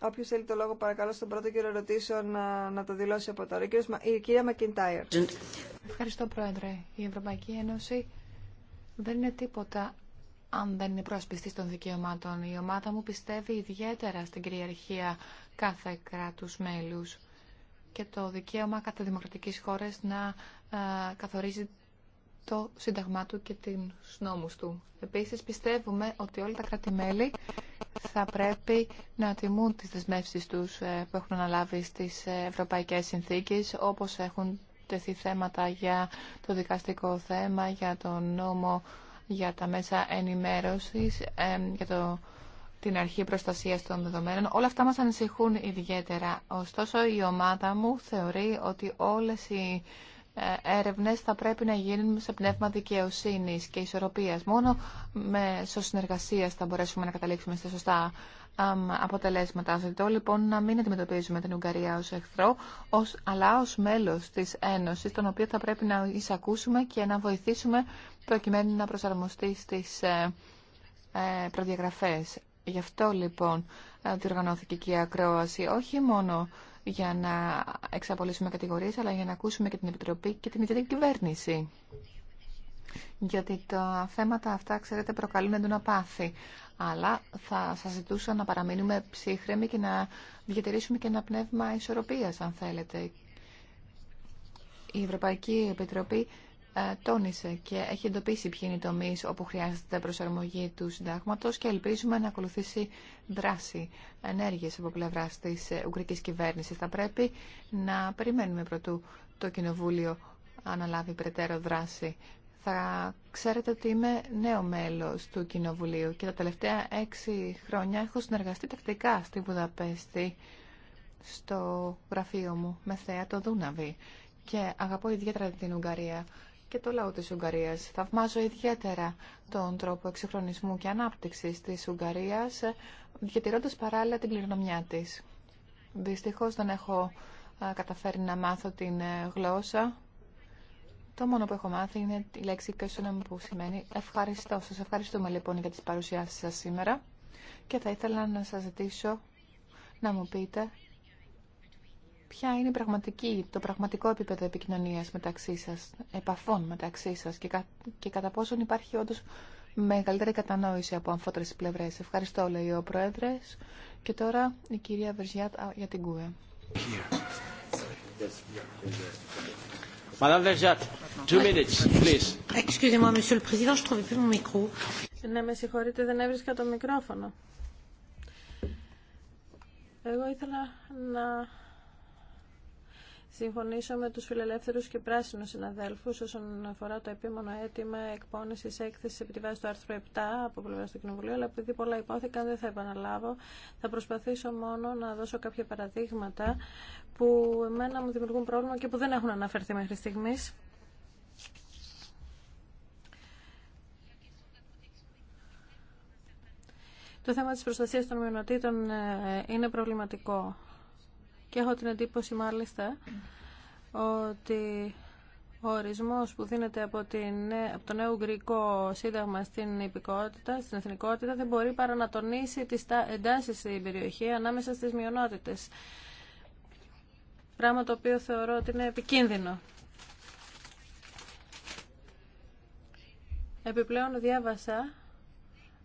Όποιο θέλει το λόγο, παρακαλώ, στον πρώτο κύριο ερωτήσεων να, να το δηλώσει από τώρα. Η κυρία Μακιντάιρ. Ευχαριστώ, Πρόεδρε. Η Ευρωπαϊκή Ένωση δεν είναι τίποτα αν δεν είναι προασπιστή των δικαιωμάτων. Η ομάδα μου πιστεύει ιδιαίτερα στην κυριαρχία κάθε κράτου μέλου και το δικαίωμα κάθε δημοκρατική χώρας να καθορίζει το σύνταγμά του και του νόμους του. Επίσης πιστεύουμε ότι όλα τα κράτη-μέλη θα πρέπει να τιμούν τις δεσμεύσεις τους ε, που έχουν αναλάβει στις ε, ευρωπαϊκές συνθήκες, όπως έχουν τεθεί θέματα για το δικαστικό θέμα, για το νόμο, για τα μέσα ενημέρωσης, ε, για το, την αρχή προστασίας των δεδομένων. Όλα αυτά μας ανησυχούν ιδιαίτερα. Ωστόσο, η ομάδα μου θεωρεί ότι όλες οι ε, έρευνε θα πρέπει να γίνουν σε πνεύμα δικαιοσύνη και ισορροπία. Μόνο με συνεργασία θα μπορέσουμε να καταλήξουμε στα σωστά αποτελέσματα. Ζητώ λοιπόν να μην αντιμετωπίζουμε την Ουγγαρία ω εχθρό, ως, αλλά ω μέλος της Ένωσης, τον οποίο θα πρέπει να εισακούσουμε και να βοηθήσουμε προκειμένου να προσαρμοστεί στις ε, ε, προδιαγραφέ. Γι' αυτό λοιπόν διοργανώθηκε και η ακρόαση, όχι μόνο για να εξαπολύσουμε κατηγορίες, αλλά για να ακούσουμε και την Επιτροπή και την ίδια κυβέρνηση. Γιατί τα θέματα αυτά, ξέρετε, προκαλούν έντονα πάθη. Αλλά θα σας ζητούσα να παραμείνουμε ψύχρεμοι και να διατηρήσουμε και ένα πνεύμα ισορροπίας, αν θέλετε. Η Ευρωπαϊκή Επιτροπή ε, τόνισε και έχει εντοπίσει ποιοι είναι οι τομεί όπου χρειάζεται προσαρμογή του συντάγματο και ελπίζουμε να ακολουθήσει δράση, ενέργεια από πλευρά τη ε, Ουγγρική κυβέρνηση. Θα πρέπει να περιμένουμε πρωτού το Κοινοβούλιο αναλάβει περαιτέρω δράση. Θα ξέρετε ότι είμαι νέο μέλο του Κοινοβουλίου και τα τελευταία έξι χρόνια έχω συνεργαστεί τακτικά στη Βουδαπέστη στο γραφείο μου με θέα το Δούναβη και αγαπώ ιδιαίτερα την Ουγγαρία και το λαό της Ουγγαρίας. Θαυμάζω ιδιαίτερα τον τρόπο εξυγχρονισμού και ανάπτυξης της Ουγγαρίας, διατηρώντας παράλληλα την κληρονομιά της. Δυστυχώς δεν έχω καταφέρει να μάθω την ε, γλώσσα. Το μόνο που έχω μάθει είναι τη λέξη «κέσονα» που σημαίνει «ευχαριστώ». Σας ευχαριστούμε λοιπόν για τις παρουσιάσεις σας σήμερα και θα ήθελα να σας ζητήσω να μου πείτε ποια είναι πραγματική, το πραγματικό επίπεδο επικοινωνίας μεταξύ σας, επαφών μεταξύ σας και, κα, και κατά πόσον υπάρχει όντως μεγαλύτερη κατανόηση από αμφότερες πλευρές. Ευχαριστώ, λέει ο Πρόεδρες. Και τώρα η κυρία Βερζιάτ για την ΚΟΕ. Ναι, με συγχωρείτε, δεν έβρισκα το μικρόφωνο. Εγώ ήθελα να συμφωνήσω με τους φιλελεύθερους και πράσινους συναδέλφους όσον αφορά το επίμονο αίτημα εκπόνηση έκθεσης επί τη βάση του άρθρου 7 από πλευρά του Κοινοβουλίου, αλλά επειδή πολλά υπόθηκαν δεν θα επαναλάβω. Θα προσπαθήσω μόνο να δώσω κάποια παραδείγματα που εμένα μου δημιουργούν πρόβλημα και που δεν έχουν αναφερθεί μέχρι στιγμής. Το θέμα της προστασίας των μειονοτήτων ε, είναι προβληματικό. Και έχω την εντύπωση μάλιστα ότι ο ορισμός που δίνεται από, την, από το νέο Ουγγρικό Σύνταγμα στην υπηκότητα, στην εθνικότητα, δεν μπορεί παρά να τονίσει τις εντάσεις στην περιοχή ανάμεσα στις μειονότητες. Πράγμα το οποίο θεωρώ ότι είναι επικίνδυνο. Επιπλέον διάβασα,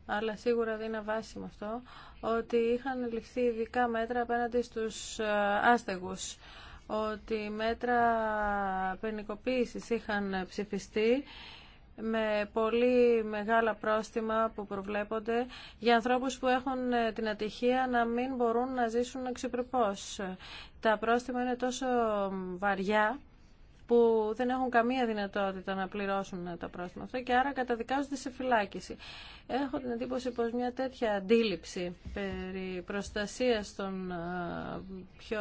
αλλά σίγουρα δεν είναι βάσιμο αυτό, ότι είχαν ληφθεί ειδικά μέτρα απέναντι στους ε, άστεγους ότι μέτρα ποινικοποίησης είχαν ψηφιστεί με πολύ μεγάλα πρόστιμα που προβλέπονται για ανθρώπους που έχουν ε, την ατυχία να μην μπορούν να ζήσουν εξυπροπώ. Τα πρόστιμα είναι τόσο βαριά που δεν έχουν καμία δυνατότητα να πληρώσουν τα πρόστιμα αυτά και άρα καταδικάζονται σε φυλάκιση. Έχω την εντύπωση πως μια τέτοια αντίληψη περί προστασίας των ε, πιο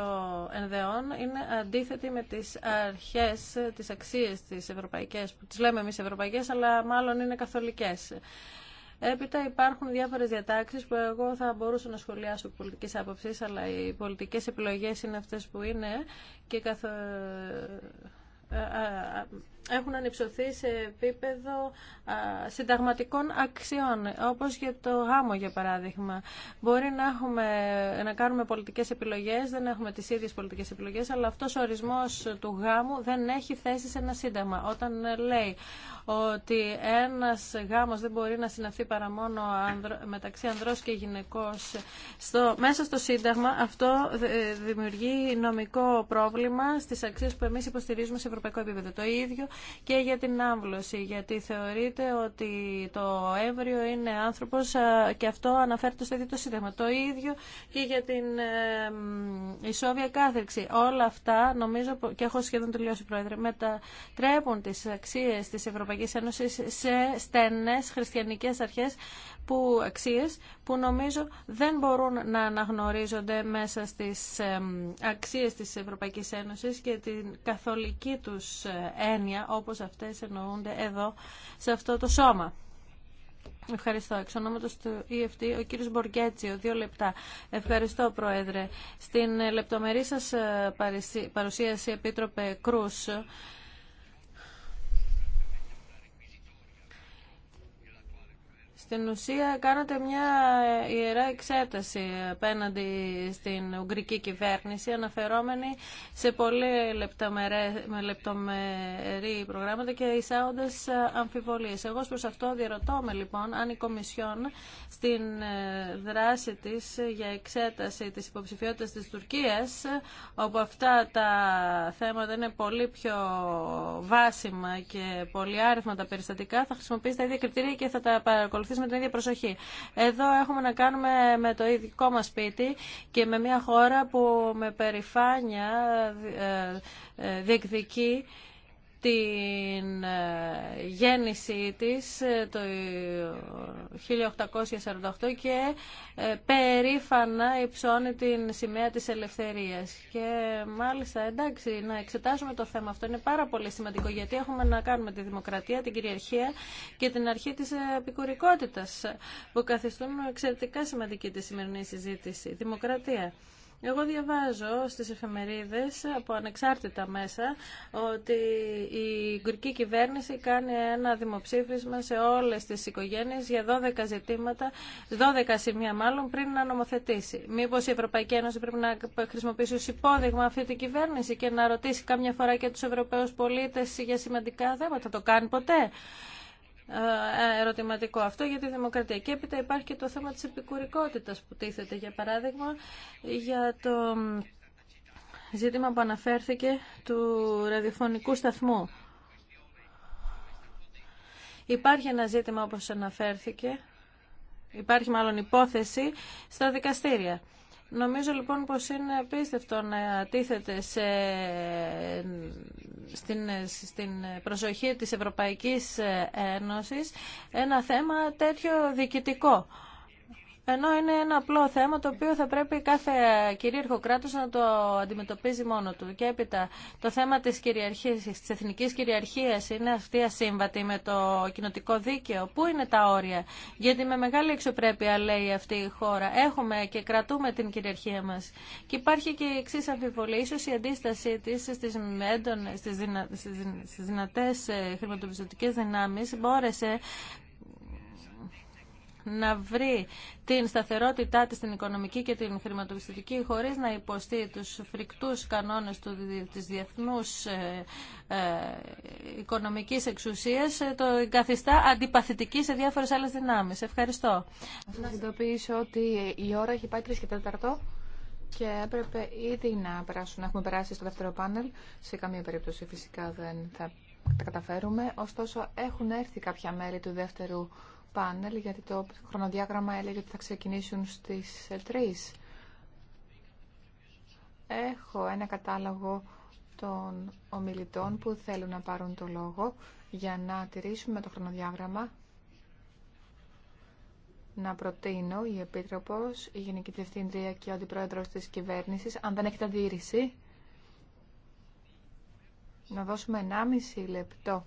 ενδεών είναι αντίθετη με τις αρχές, ε, τις αξίες της ευρωπαϊκές, που τις λέμε εμείς ευρωπαϊκές, αλλά μάλλον είναι καθολικές. Έπειτα υπάρχουν διάφορε διατάξει που εγώ θα μπορούσα να σχολιάσω από πολιτική άποψη, αλλά οι πολιτικέ επιλογέ είναι αυτέ που είναι και καθο α ε, α ε, έχουν ανυψωθεί σε επίπεδο συνταγματικών αξιών, όπως για το γάμο για παράδειγμα. Μπορεί να, έχουμε, να κάνουμε πολιτικές επιλογές, δεν έχουμε τις ίδιες πολιτικές επιλογές, αλλά αυτός ο ορισμός του γάμου δεν έχει θέση σε ένα σύνταγμα. Όταν λέει ότι ένας γάμος δεν μπορεί να συναυθεί παρά μόνο μεταξύ ανδρός και γυναικός στο, μέσα στο σύνταγμα, αυτό ε, δημιουργεί νομικό πρόβλημα στις αξίες που εμείς υποστηρίζουμε σε ευρωπαϊκό επίπεδο. Το ίδιο και για την άμβλωση, γιατί θεωρείται ότι το έμβριο είναι άνθρωπος και αυτό αναφέρεται στο ίδιο το σύνταγμα. Το ίδιο και για την ισόβια κάθεξη. Όλα αυτά, νομίζω, και έχω σχεδόν τελειώσει, Πρόεδρε, μετατρέπουν τις αξίες της Ευρωπαϊκής Ένωσης σε στενές χριστιανικές αρχές που, αξίες που νομίζω δεν μπορούν να αναγνωρίζονται μέσα στις αξίες της Ευρωπαϊκής Ένωσης και την καθολική τους ε, έννοια όπως αυτές εννοούνται εδώ σε αυτό το σώμα. Ευχαριστώ. Εξ ονόματος του EFT, ο κύριος ο δύο λεπτά. Ευχαριστώ, Πρόεδρε. Στην ε, λεπτομερή σας ε, παρουσίαση, Επίτροπε Κρούς, στην ουσία κάνατε μια ιερά εξέταση απέναντι στην Ουγγρική κυβέρνηση αναφερόμενη σε πολύ με λεπτομερή προγράμματα και εισάγοντας αμφιβολίες. Εγώ προς αυτό διαρωτώ με λοιπόν αν η Κομισιόν στην ε, δράση της για εξέταση της υποψηφιότητας της Τουρκίας όπου αυτά τα θέματα είναι πολύ πιο βάσιμα και πολύ άριθμα τα περιστατικά θα χρησιμοποιήσει τα ίδια κριτήρια και θα τα παρακολουθήσει με την ίδια προσοχή. Εδώ έχουμε να κάνουμε με το ειδικό μας σπίτι και με μια χώρα που με περηφάνεια ε, ε, διεκδικεί την ε, γέννησή της ε, το 1848 και ε, περήφανα υψώνει την σημαία της ελευθερίας. Και μάλιστα εντάξει να εξετάσουμε το θέμα αυτό είναι πάρα πολύ σημαντικό γιατί έχουμε να κάνουμε τη δημοκρατία, την κυριαρχία και την αρχή της επικουρικότητας που καθιστούν εξαιρετικά σημαντική τη σημερινή συζήτηση. Δημοκρατία. Εγώ διαβάζω στις εφημερίδες από ανεξάρτητα μέσα ότι η γκουρική κυβέρνηση κάνει ένα δημοψήφισμα σε όλες τις οικογένειες για 12 ζητήματα, 12 σημεία μάλλον, πριν να νομοθετήσει. Μήπως η Ευρωπαϊκή Ένωση πρέπει να χρησιμοποιήσει ως υπόδειγμα αυτή την κυβέρνηση και να ρωτήσει κάμια φορά και τους Ευρωπαίους πολίτες για σημαντικά θέματα. Το κάνει ποτέ. Ε, ε, ερωτηματικό αυτό για τη δημοκρατία. Και έπειτα υπάρχει και το θέμα της επικουρικότητας που τίθεται, για παράδειγμα, για το ζήτημα που αναφέρθηκε του ραδιοφωνικού σταθμού. Υπάρχει ένα ζήτημα όπως αναφέρθηκε, υπάρχει μάλλον υπόθεση στα δικαστήρια. Νομίζω λοιπόν πως είναι απίστευτο να τίθεται σε, στην, στην προσοχή της Ευρωπαϊκής Ένωσης ένα θέμα τέτοιο διοικητικό ενώ είναι ένα απλό θέμα το οποίο θα πρέπει κάθε κυρίαρχο κράτο να το αντιμετωπίζει μόνο του. Και έπειτα το θέμα της, κυριαρχίας, τη εθνικής κυριαρχίας είναι αυτή ασύμβατη με το κοινοτικό δίκαιο. Πού είναι τα όρια. Γιατί με μεγάλη εξωπρέπεια λέει αυτή η χώρα. Έχουμε και κρατούμε την κυριαρχία μας. Και υπάρχει και η εξή αμφιβολία. Ίσως η αντίστασή τη στι δυνατέ δυνάμει μπόρεσε να βρει την σταθερότητά της στην οικονομική και την χρηματοπιστωτική χωρίς να υποστεί τους φρικτούς κανόνες του, της διεθνούς ε, ε, οικονομικής εξουσίας ε, το καθιστά αντιπαθητική σε διάφορες άλλες δυνάμεις. Ευχαριστώ. Θα σας ειδοποιήσω ότι η ώρα έχει πάει 3 και 4 και έπρεπε ήδη να περάσουν, έχουμε περάσει στο δεύτερο πάνελ. Σε καμία περίπτωση φυσικά δεν θα τα καταφέρουμε. Ωστόσο έχουν έρθει κάποια μέλη του δεύτερου πάνελ, γιατί το χρονοδιάγραμμα έλεγε ότι θα ξεκινήσουν στις 3. Ε, Έχω ένα κατάλογο των ομιλητών που θέλουν να πάρουν το λόγο για να τηρήσουμε το χρονοδιάγραμμα. Να προτείνω η Επίτροπος, η Γενική Διευθύντρια και ο Αντιπρόεδρος της Κυβέρνησης, αν δεν έχετε αντίρρηση, να δώσουμε 1,5 λεπτό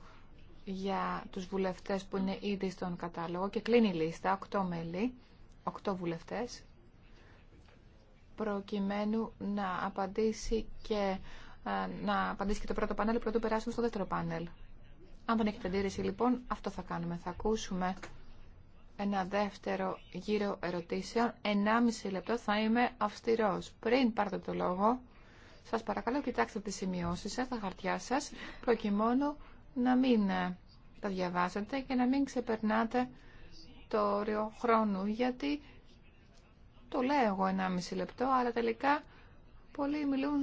για τους βουλευτές που είναι ήδη στον κατάλογο και κλείνει η λίστα, 8 μέλη, 8 βουλευτές, προκειμένου να απαντήσει και, ε, να απαντήσει το πρώτο πάνελ, πρωτού περάσουμε στο δεύτερο πάνελ. Αν δεν έχετε αντίρρηση λοιπόν, αυτό θα κάνουμε. Θα ακούσουμε ένα δεύτερο γύρο ερωτήσεων. 1,5 λεπτό θα είμαι αυστηρός. Πριν πάρετε το λόγο, σας παρακαλώ κοιτάξτε τις σημειώσεις σας, τα χαρτιά σας, προκειμένου να μην ε, τα διαβάσετε και να μην ξεπερνάτε το όριο χρόνου, γιατί το λέω εγώ 1,5 λεπτό, αλλά τελικά πολλοί μιλούν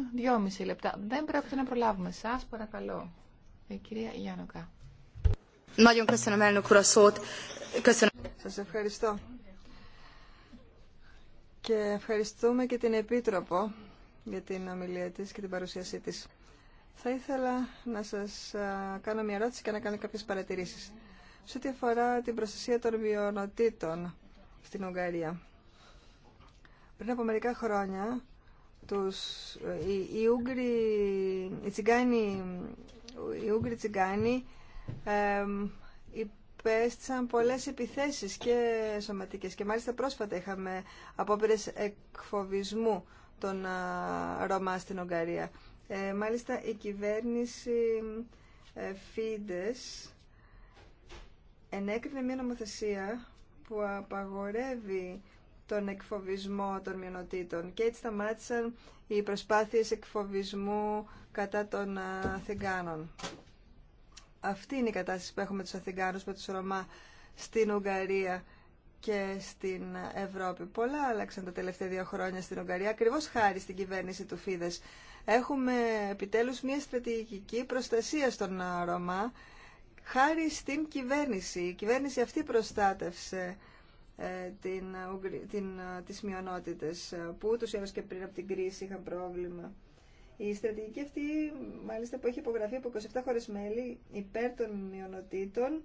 2,5 λεπτά. Δεν πρέπει να προλάβουμε. Σας παρακαλώ. Η κυρία Γιάννοκα. Σας ευχαριστώ. Και ευχαριστούμε και την Επίτροπο για την ομιλία της και την παρουσίασή της. Θα ήθελα να σας κάνω μια ερώτηση και να κάνω κάποιες παρατηρήσεις. Σε ό,τι αφορά την προστασία των μειονοτήτων στην Ουγγαρία. Πριν από μερικά χρόνια, τους, οι, Ούγγροι, οι, τσιγκάνοι, οι υπέστησαν πολλές επιθέσεις και σωματικές και μάλιστα πρόσφατα είχαμε απόπειρες εκφοβισμού των Ρωμά στην Ουγγαρία. Ε, μάλιστα η κυβέρνηση ε, Φίντες ενέκρινε μια νομοθεσία που απαγορεύει τον εκφοβισμό των μειονοτήτων και έτσι σταμάτησαν οι προσπάθειες εκφοβισμού κατά των ε, Αθηγάνων. Αυτή είναι η κατάσταση που έχουμε τους Αθηγάνους με τους Ρωμά στην Ουγγαρία και στην Ευρώπη. Πολλά άλλαξαν τα τελευταία δύο χρόνια στην Ουγγαρία, ακριβώς χάρη στην κυβέρνηση του Φίδες έχουμε επιτέλους μια στρατηγική προστασία στον Ρώμα χάρη στην κυβέρνηση. Η κυβέρνηση αυτή προστάτευσε ε, την, την, ε, τις μειονότητες ε, που ούτως έως και πριν από την κρίση είχαν πρόβλημα. Η στρατηγική αυτή, μάλιστα που έχει υπογραφεί από 27 χώρες μέλη υπέρ των μειονοτήτων,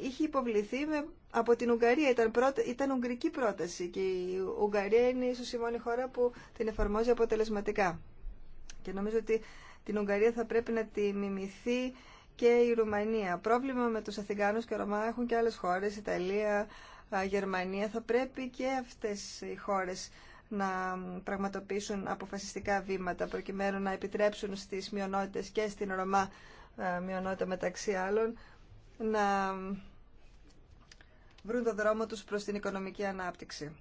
είχε υποβληθεί με, από την Ουγγαρία. Ήταν, ήταν ουγγρική πρόταση και η Ουγγαρία είναι ίσως η μόνη χώρα που την εφαρμόζει αποτελεσματικά. Και νομίζω ότι την Ουγγαρία θα πρέπει να τη μιμηθεί και η Ρουμανία. Πρόβλημα με τους Αθηγάνους και Ρωμά έχουν και άλλες χώρες, Ιταλία, Γερμανία. Θα πρέπει και αυτές οι χώρες να πραγματοποιήσουν αποφασιστικά βήματα προκειμένου να επιτρέψουν στις μειονότητες και στην Ρωμά μειονότητα μεταξύ άλλων να βρουν το δρόμο τους προς την οικονομική ανάπτυξη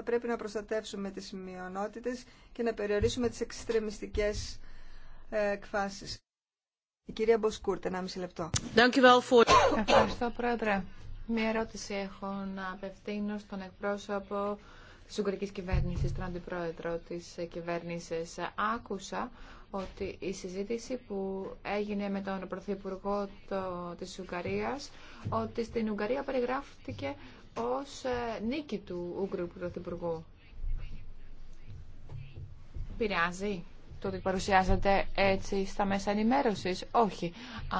θα πρέπει να προστατεύσουμε τις μειονότητες και να περιορίσουμε τις εξτρεμιστικές ε, εκφάσεις. Η κυρία Μποσκούρτ, 1,5 λεπτό. Ευχαριστώ, Πρόεδρε. Μία ερώτηση έχω να απευθύνω στον εκπρόσωπο της Ουγγρικής Κυβέρνησης, τον Αντιπρόεδρο της Κυβέρνησης. Άκουσα ότι η συζήτηση που έγινε με τον Πρωθυπουργό το, της Ουγγαρίας, ότι στην Ουγγαρία περιγράφηκε ως ε, νίκη του Ουγγρου Πρωθυπουργού. Πειράζει το ότι παρουσιάζεται έτσι στα μέσα ενημέρωσης. Όχι.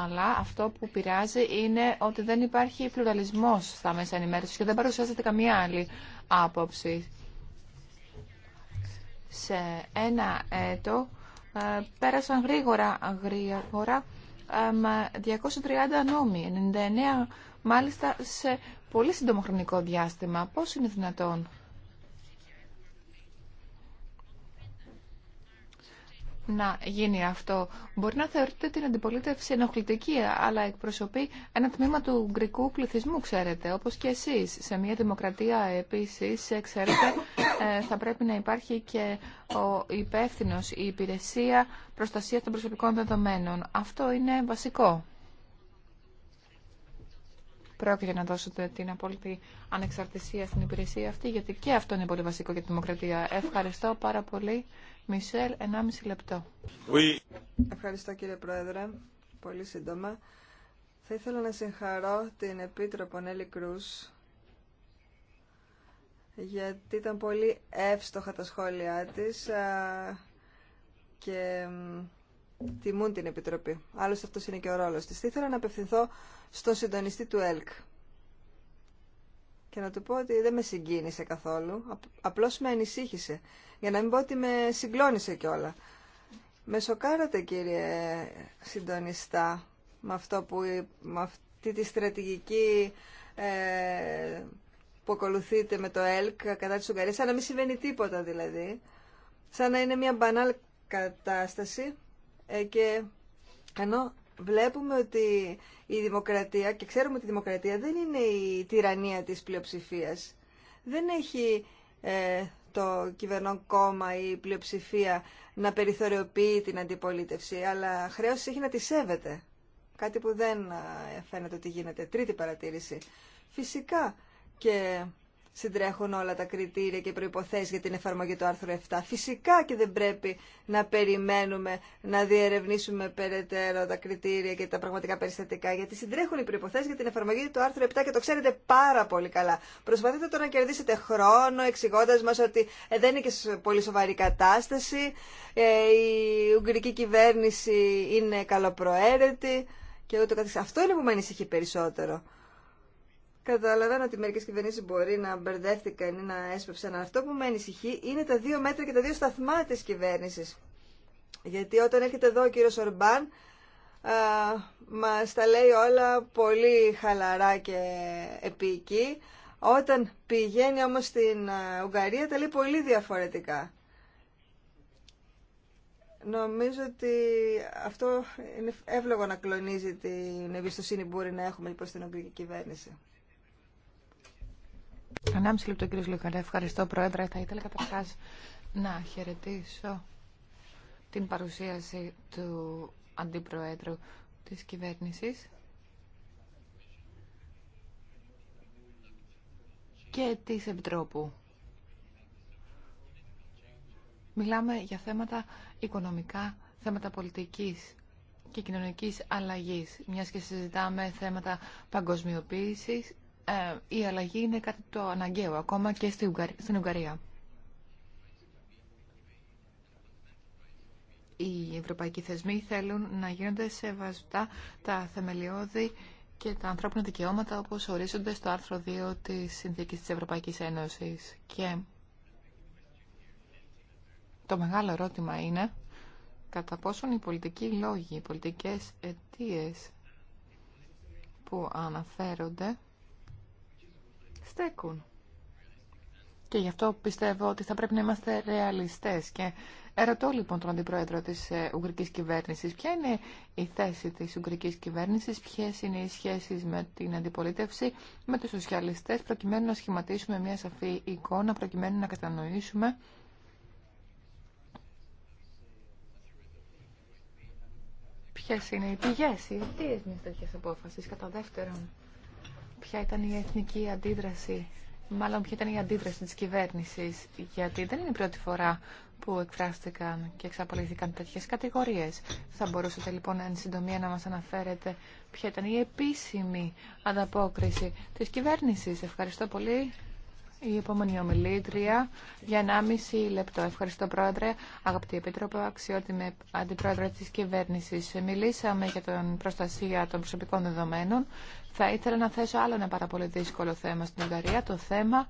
Αλλά αυτό που πειράζει είναι ότι δεν υπάρχει πλουραλισμός στα μέσα ενημέρωσης και δεν παρουσιάζεται καμία άλλη άποψη. Σε ένα έτο ε, πέρασαν γρήγορα, γρήγορα 230 ε, νόμοι, 99 μάλιστα σε πολύ σύντομο χρονικό διάστημα. Πώς είναι δυνατόν να γίνει αυτό. Μπορεί να θεωρείτε την αντιπολίτευση ενοχλητική, αλλά εκπροσωπεί ένα τμήμα του γκρικού πληθυσμού, ξέρετε, όπως και εσείς. Σε μια δημοκρατία, επίσης, ξέρετε, ε, θα πρέπει να υπάρχει και ο υπεύθυνο η υπηρεσία προστασία των προσωπικών δεδομένων. Αυτό είναι βασικό πρόκειται να δώσετε την απόλυτη ανεξαρτησία στην υπηρεσία αυτή, γιατί και αυτό είναι πολύ βασικό για τη δημοκρατία. Ευχαριστώ πάρα πολύ. Μισελ, 1,5 λεπτό. Oui. Ευχαριστώ κύριε Πρόεδρε. Πολύ σύντομα. Θα ήθελα να συγχαρώ την Επίτροπο Νέλη Κρούς γιατί ήταν πολύ εύστοχα τα σχόλιά της ε, και τιμούν την Επιτροπή. Άλλωστε αυτός είναι και ο ρόλος της. Ήθελα να απευθυνθώ στον συντονιστή του ΕΛΚ. Και να του πω ότι δεν με συγκίνησε καθόλου, απλώς με ανησύχησε. Για να μην πω ότι με συγκλώνησε κιόλα. Με σοκάρατε κύριε συντονιστά με, αυτό που, με αυτή τη στρατηγική ε, που ακολουθείτε με το ΕΛΚ κατά της Ουγγαρίας, σαν να μην συμβαίνει τίποτα δηλαδή, σαν να είναι μια μπανάλ κατάσταση ε, και ενώ βλέπουμε ότι η δημοκρατία, και ξέρουμε ότι η δημοκρατία δεν είναι η τυραννία της πλειοψηφίας, δεν έχει ε, το κυβερνών κόμμα ή η πλειοψηφία να περιθωριοποιεί την αντιπολίτευση, αλλά χρέος έχει να τη σέβεται. Κάτι που δεν ε, φαίνεται ότι γίνεται. Τρίτη παρατήρηση. Φυσικά και συντρέχουν όλα τα κριτήρια και προϋποθέσεις για την εφαρμογή του άρθρου 7. Φυσικά και δεν πρέπει να περιμένουμε να διερευνήσουμε περαιτέρω τα κριτήρια και τα πραγματικά περιστατικά, γιατί συντρέχουν οι προϋποθέσεις για την εφαρμογή του άρθρου 7 και το ξέρετε πάρα πολύ καλά. Προσπαθείτε τώρα να κερδίσετε χρόνο εξηγώντα μας ότι ε, δεν είναι και πολύ σοβαρή κατάσταση, ε, η Ουγγρική κυβέρνηση είναι καλοπροαίρετη και ούτω καθώς. Αυτό είναι που με ανησυχεί περισσότερο. Καταλαβαίνω ότι μερικέ κυβερνήσει μπορεί να μπερδεύτηκαν ή να έσπευσαν. Αυτό που με ανησυχεί είναι τα δύο μέτρα και τα δύο σταθμά τη κυβέρνηση. Γιατί όταν έρχεται εδώ ο κύριο Ορμπάν, μα τα λέει όλα πολύ χαλαρά και επίκη. Όταν πηγαίνει όμως στην Ουγγαρία τα λέει πολύ διαφορετικά. Νομίζω ότι αυτό είναι εύλογο να κλονίζει την εμπιστοσύνη που μπορεί να έχουμε προς λοιπόν την Ουγγρική κυβέρνηση. Ανάμιση λεπτό κύριε Λουκαρέ. Ευχαριστώ Πρόεδρε. Θα ήθελα καταρχά να χαιρετήσω την παρουσίαση του Αντιπροέδρου της κυβέρνησης και της Επιτρόπου. Μιλάμε για θέματα οικονομικά, θέματα πολιτικής και κοινωνικής αλλαγής, μιας και συζητάμε θέματα παγκοσμιοποίησης ε, η αλλαγή είναι κάτι το αναγκαίο, ακόμα και στην Ουγγαρία. Οι ευρωπαϊκοί θεσμοί θέλουν να γίνονται σεβαστά τα θεμελιώδη και τα ανθρώπινα δικαιώματα όπως ορίζονται στο άρθρο 2 της Συνθήκης της Ευρωπαϊκής Ένωσης. Και το μεγάλο ερώτημα είναι κατά πόσον οι πολιτικοί λόγοι, οι πολιτικές αιτίες που αναφέρονται στέκουν. Και γι' αυτό πιστεύω ότι θα πρέπει να είμαστε ρεαλιστές και Ερωτώ λοιπόν τον Αντιπρόεδρο της ε, Ουγγρικής Κυβέρνησης. Ποια είναι η θέση της Ουγγρικής Κυβέρνησης, ποιες είναι οι σχέσεις με την αντιπολίτευση, με τους σοσιαλιστές, προκειμένου να σχηματίσουμε μια σαφή εικόνα, προκειμένου να κατανοήσουμε ποιες είναι οι πηγές, οι αιτίες μιας τέτοιας απόφασης. Κατά δεύτερον, ποια ήταν η εθνική αντίδραση, μάλλον ποια ήταν η αντίδραση της κυβέρνησης, γιατί δεν είναι η πρώτη φορά που εκφράστηκαν και εξαπολύθηκαν τέτοιες κατηγορίες. Θα μπορούσατε λοιπόν εν συντομία να μας αναφέρετε ποια ήταν η επίσημη ανταπόκριση της κυβέρνησης. Ευχαριστώ πολύ. Η επόμενη ομιλήτρια για 1,5 λεπτό. Ευχαριστώ Πρόεδρε, αγαπητή Επίτροπο, αξιότιμη Αντιπρόεδρε τη κυβέρνηση. Μιλήσαμε για την προστασία των προσωπικών δεδομένων. Θα ήθελα να θέσω άλλο ένα πάρα πολύ δύσκολο θέμα στην Ουγγαρία, το θέμα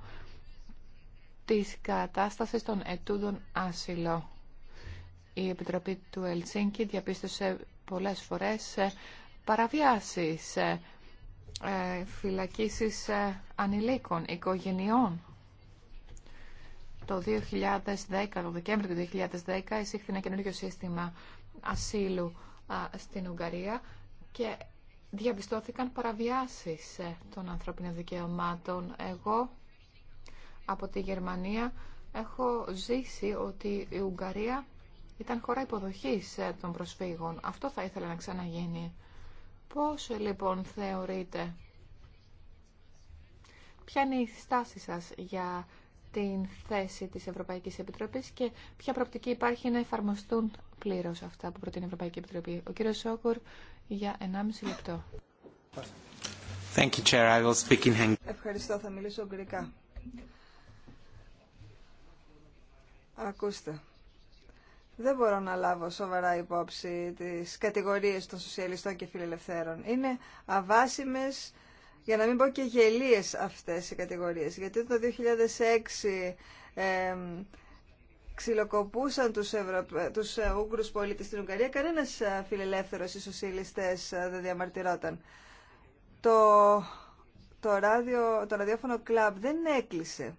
της κατάστασης των ετούντων άσυλο. Η Επιτροπή του Ελσίνκη διαπίστωσε πολλές φορές παραβιάσεις ε, φυλακίσεις ε, ανηλίκων, οικογενειών. Το 2010, το Δεκέμβριο του 2010, εισήχθη ένα καινούριο σύστημα ασύλου στην Ουγγαρία και διαπιστώθηκαν παραβιάσεις ε, των ανθρώπινων δικαιωμάτων. Εγώ από τη Γερμανία έχω ζήσει ότι η Ουγγαρία ήταν χώρα υποδοχής ε, των προσφύγων. Αυτό θα ήθελα να ξαναγίνει. Πώς λοιπόν θεωρείτε, ποια είναι η στάση σας για την θέση της Ευρωπαϊκής Επιτροπής και ποια προοπτική υπάρχει να εφαρμοστούν πλήρως αυτά που προτείνει η Ευρωπαϊκή Επιτροπή. Ο κύριος Σόκουρ για 1,5 λεπτό. Ευχαριστώ, θα μιλήσω γκρικά. Ακούστε δεν μπορώ να λάβω σοβαρά υπόψη τις κατηγορίες των σοσιαλιστών και φιλελευθέρων. Είναι αβάσιμες, για να μην πω και γελίες αυτές οι κατηγορίες. Γιατί το 2006 ε, ξυλοκοπούσαν τους, Ευρωπα... τους ε, Ούγγρους πολίτες στην Ουγγαρία, κανένας ε, φιλελεύθερος ή σοσιαλιστές ε, δεν διαμαρτυρόταν. Το, το, ράδιο, το ραδιόφωνο κλαμπ δεν έκλεισε.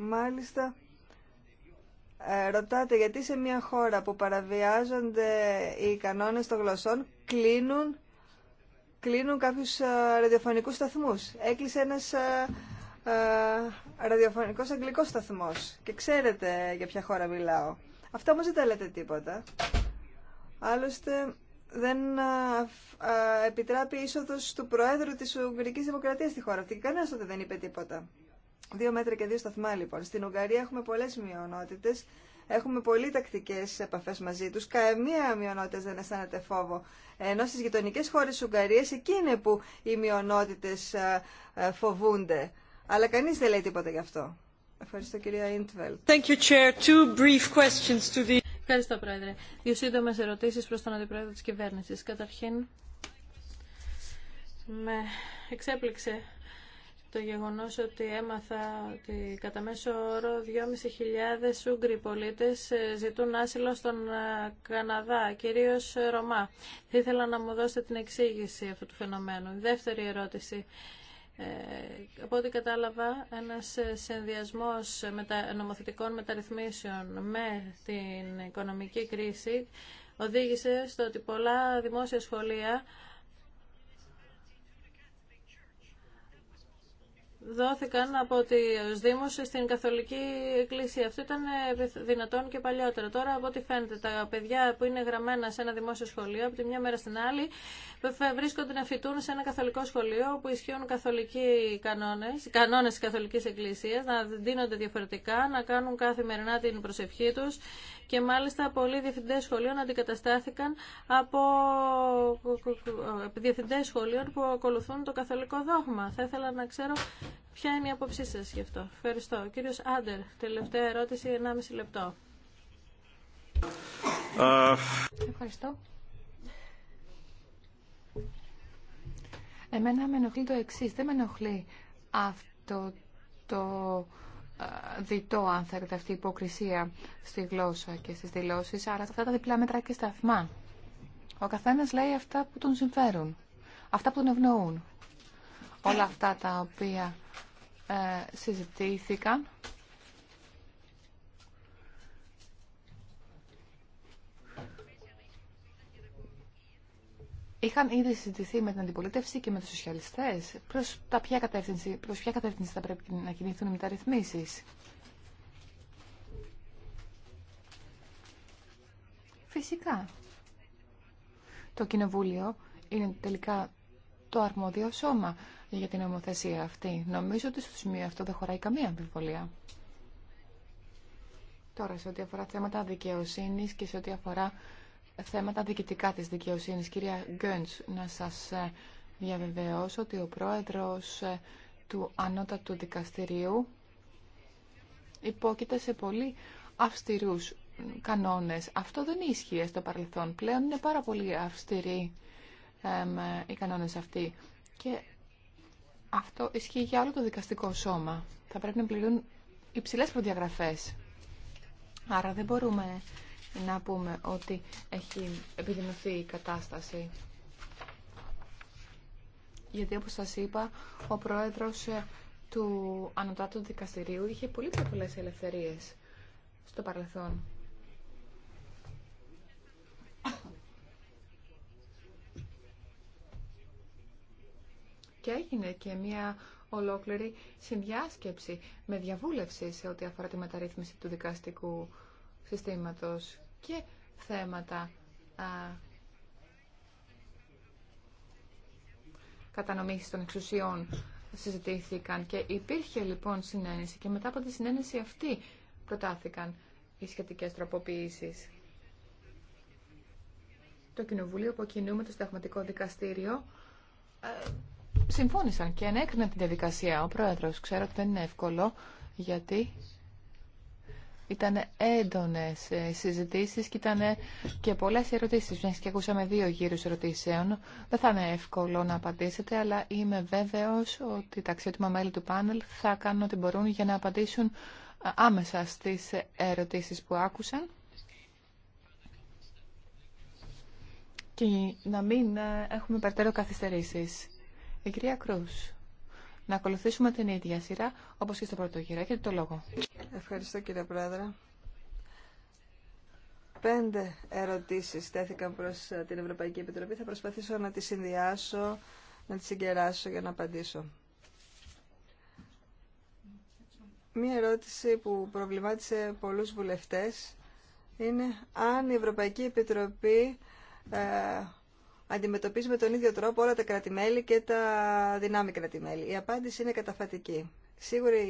Μάλιστα, ε, ρωτάτε γιατί σε μια χώρα που παραβιάζονται οι κανόνες των γλωσσών κλείνουν, κλείνουν κάποιους ε, ραδιοφωνικούς σταθμούς. Έκλεισε ένας ε, ραδιοφωνικός αγγλικός σταθμός και ξέρετε για ποια χώρα μιλάω. Αυτό όμως δεν τα λέτε τίποτα. Άλλωστε δεν επιτράπει είσοδος του Προέδρου της Ουγγρικής Δημοκρατίας στη χώρα αυτή και κανένας τότε δεν είπε τίποτα. Δύο μέτρα και δύο σταθμά λοιπόν. Στην Ουγγαρία έχουμε πολλέ μειονότητε. έχουμε πολύ τακτικέ επαφέ μαζί του. Καμία μειονότητα δεν αισθάνεται φόβο. Ενώ στι γειτονικέ χώρε της Ουγγαρίας εκεί είναι που οι μειονότητε ε, ε, φοβούνται. Αλλά κανεί δεν λέει τίποτα γι' αυτό. Ευχαριστώ κυρία Ιντβελ. The... Ευχαριστώ πρόεδρε. Δύο σύντομε ερωτήσει προ τον αντιπρόεδρο τη κυβέρνηση. Καταρχήν, με εξέπληξε το γεγονός ότι έμαθα ότι κατά μέσο όρο 2.500 Ούγγροι πολίτες ε, ζητούν άσυλο στον ε, Καναδά, κυρίως Ρωμά. Θα ήθελα να μου δώσετε την εξήγηση αυτού του φαινομένου. Δεύτερη ερώτηση. Ε, από ό,τι κατάλαβα, ένας ε, συνδυασμός μετα... νομοθετικών μεταρρυθμίσεων με την οικονομική κρίση οδήγησε στο ότι πολλά δημόσια σχολεία δόθηκαν από τους Δήμους στην Καθολική Εκκλησία. Αυτό ήταν ε, δυνατόν και παλιότερο. Τώρα, από ό,τι φαίνεται, τα παιδιά που είναι γραμμένα σε ένα δημόσιο σχολείο, από τη μια μέρα στην άλλη, βρίσκονται να φοιτούν σε ένα καθολικό σχολείο όπου ισχύουν καθολικοί κανόνες, κανόνες της Καθολικής Εκκλησίας, να δίνονται διαφορετικά, να κάνουν καθημερινά την προσευχή τους και μάλιστα πολλοί διευθυντέ σχολείων αντικαταστάθηκαν από διευθυντέ σχολείων που ακολουθούν το καθολικό δόγμα. Θα ήθελα να ξέρω ποια είναι η άποψή σα γι' αυτό. Ευχαριστώ. Κύριος Άντερ, τελευταία ερώτηση, 1,5 λεπτό. Ευχαριστώ. Εμένα με ενοχλεί το εξή. Δεν με ενοχλεί αυτό το διτό, αν θέλετε, αυτή η υποκρισία στη γλώσσα και στις δηλώσεις. Άρα αυτά τα διπλά μέτρα και σταθμά. Ο καθένας λέει αυτά που τον συμφέρουν, αυτά που τον ευνοούν. Όλα αυτά τα οποία ε, συζητήθηκαν είχαν ήδη συζητηθεί με την αντιπολίτευση και με τους σοσιαλιστές προς, τα ποια κατεύθυνση, προς ποια κατεύθυνση θα πρέπει να κινηθούν οι μεταρρυθμίσει. Φυσικά. Το Κοινοβούλιο είναι τελικά το αρμόδιο σώμα για την νομοθεσία αυτή. Νομίζω ότι στο σημείο αυτό δεν χωράει καμία αμφιβολία. Τώρα, σε ό,τι αφορά θέματα δικαιοσύνη και σε ό,τι αφορά θέματα διοικητικά της δικαιοσύνης. Κυρία Γκέντς, να σας ε, διαβεβαιώσω ότι ο πρόεδρος ε, του Ανώτατου Δικαστηρίου υπόκειται σε πολύ αυστηρούς κανόνες. Αυτό δεν ίσχυε στο παρελθόν. Πλέον είναι πάρα πολύ αυστηροί οι κανόνες αυτοί. Και αυτό ισχύει για όλο το δικαστικό σώμα. Θα πρέπει να πληρούν υψηλές προδιαγραφές. Άρα δεν μπορούμε να πούμε ότι έχει επιδεινωθεί η κατάσταση. Γιατί όπως σας είπα, ο πρόεδρος του Ανωτάτου Δικαστηρίου είχε πολύ πιο πολλές ελευθερίες στο παρελθόν. Και έγινε και μια ολόκληρη συνδιάσκεψη με διαβούλευση σε ό,τι αφορά τη μεταρρύθμιση του δικαστικού συστήματος και θέματα α, κατανομής των εξουσιών συζητήθηκαν και υπήρχε λοιπόν συνένεση και μετά από τη συνένεση αυτή προτάθηκαν οι σχετικές τροποποιήσεις. Το Κοινοβούλιο που κινούμε το Συνταγματικό Δικαστήριο ε, συμφώνησαν και ανέκριναν την διαδικασία. Ο Πρόεδρος ξέρω ότι δεν είναι εύκολο γιατί ήταν έντονε ε, οι συζητήσει και ήταν ε, και πολλέ ερωτήσει. Μια και ακούσαμε δύο γύρου ερωτήσεων. Δεν θα είναι εύκολο να απαντήσετε, αλλά είμαι βέβαιο ότι τα αξιότιμα μέλη του πάνελ θα κάνουν ό,τι μπορούν για να απαντήσουν ε, άμεσα στι ερωτήσει που άκουσαν. Και να μην έχουμε περαιτέρω καθυστερήσει. Η κυρία Κρούς να ακολουθήσουμε την ίδια σειρά όπως και στο πρώτο γύρο. Έχετε το λόγο. Ευχαριστώ κύριε Πρόεδρε. Πέντε ερωτήσεις τέθηκαν προς ε, την Ευρωπαϊκή Επιτροπή. Θα προσπαθήσω να τις συνδυάσω, να τις συγκεράσω για να απαντήσω. Μία ερώτηση που προβλημάτισε πολλούς βουλευτές είναι αν η Ευρωπαϊκή Επιτροπή ε, αντιμετωπίζει με τον ίδιο τρόπο όλα τα κρατημέλη και τα δυναμει κρατημέλη. Η απάντηση είναι καταφατική. Σίγουρη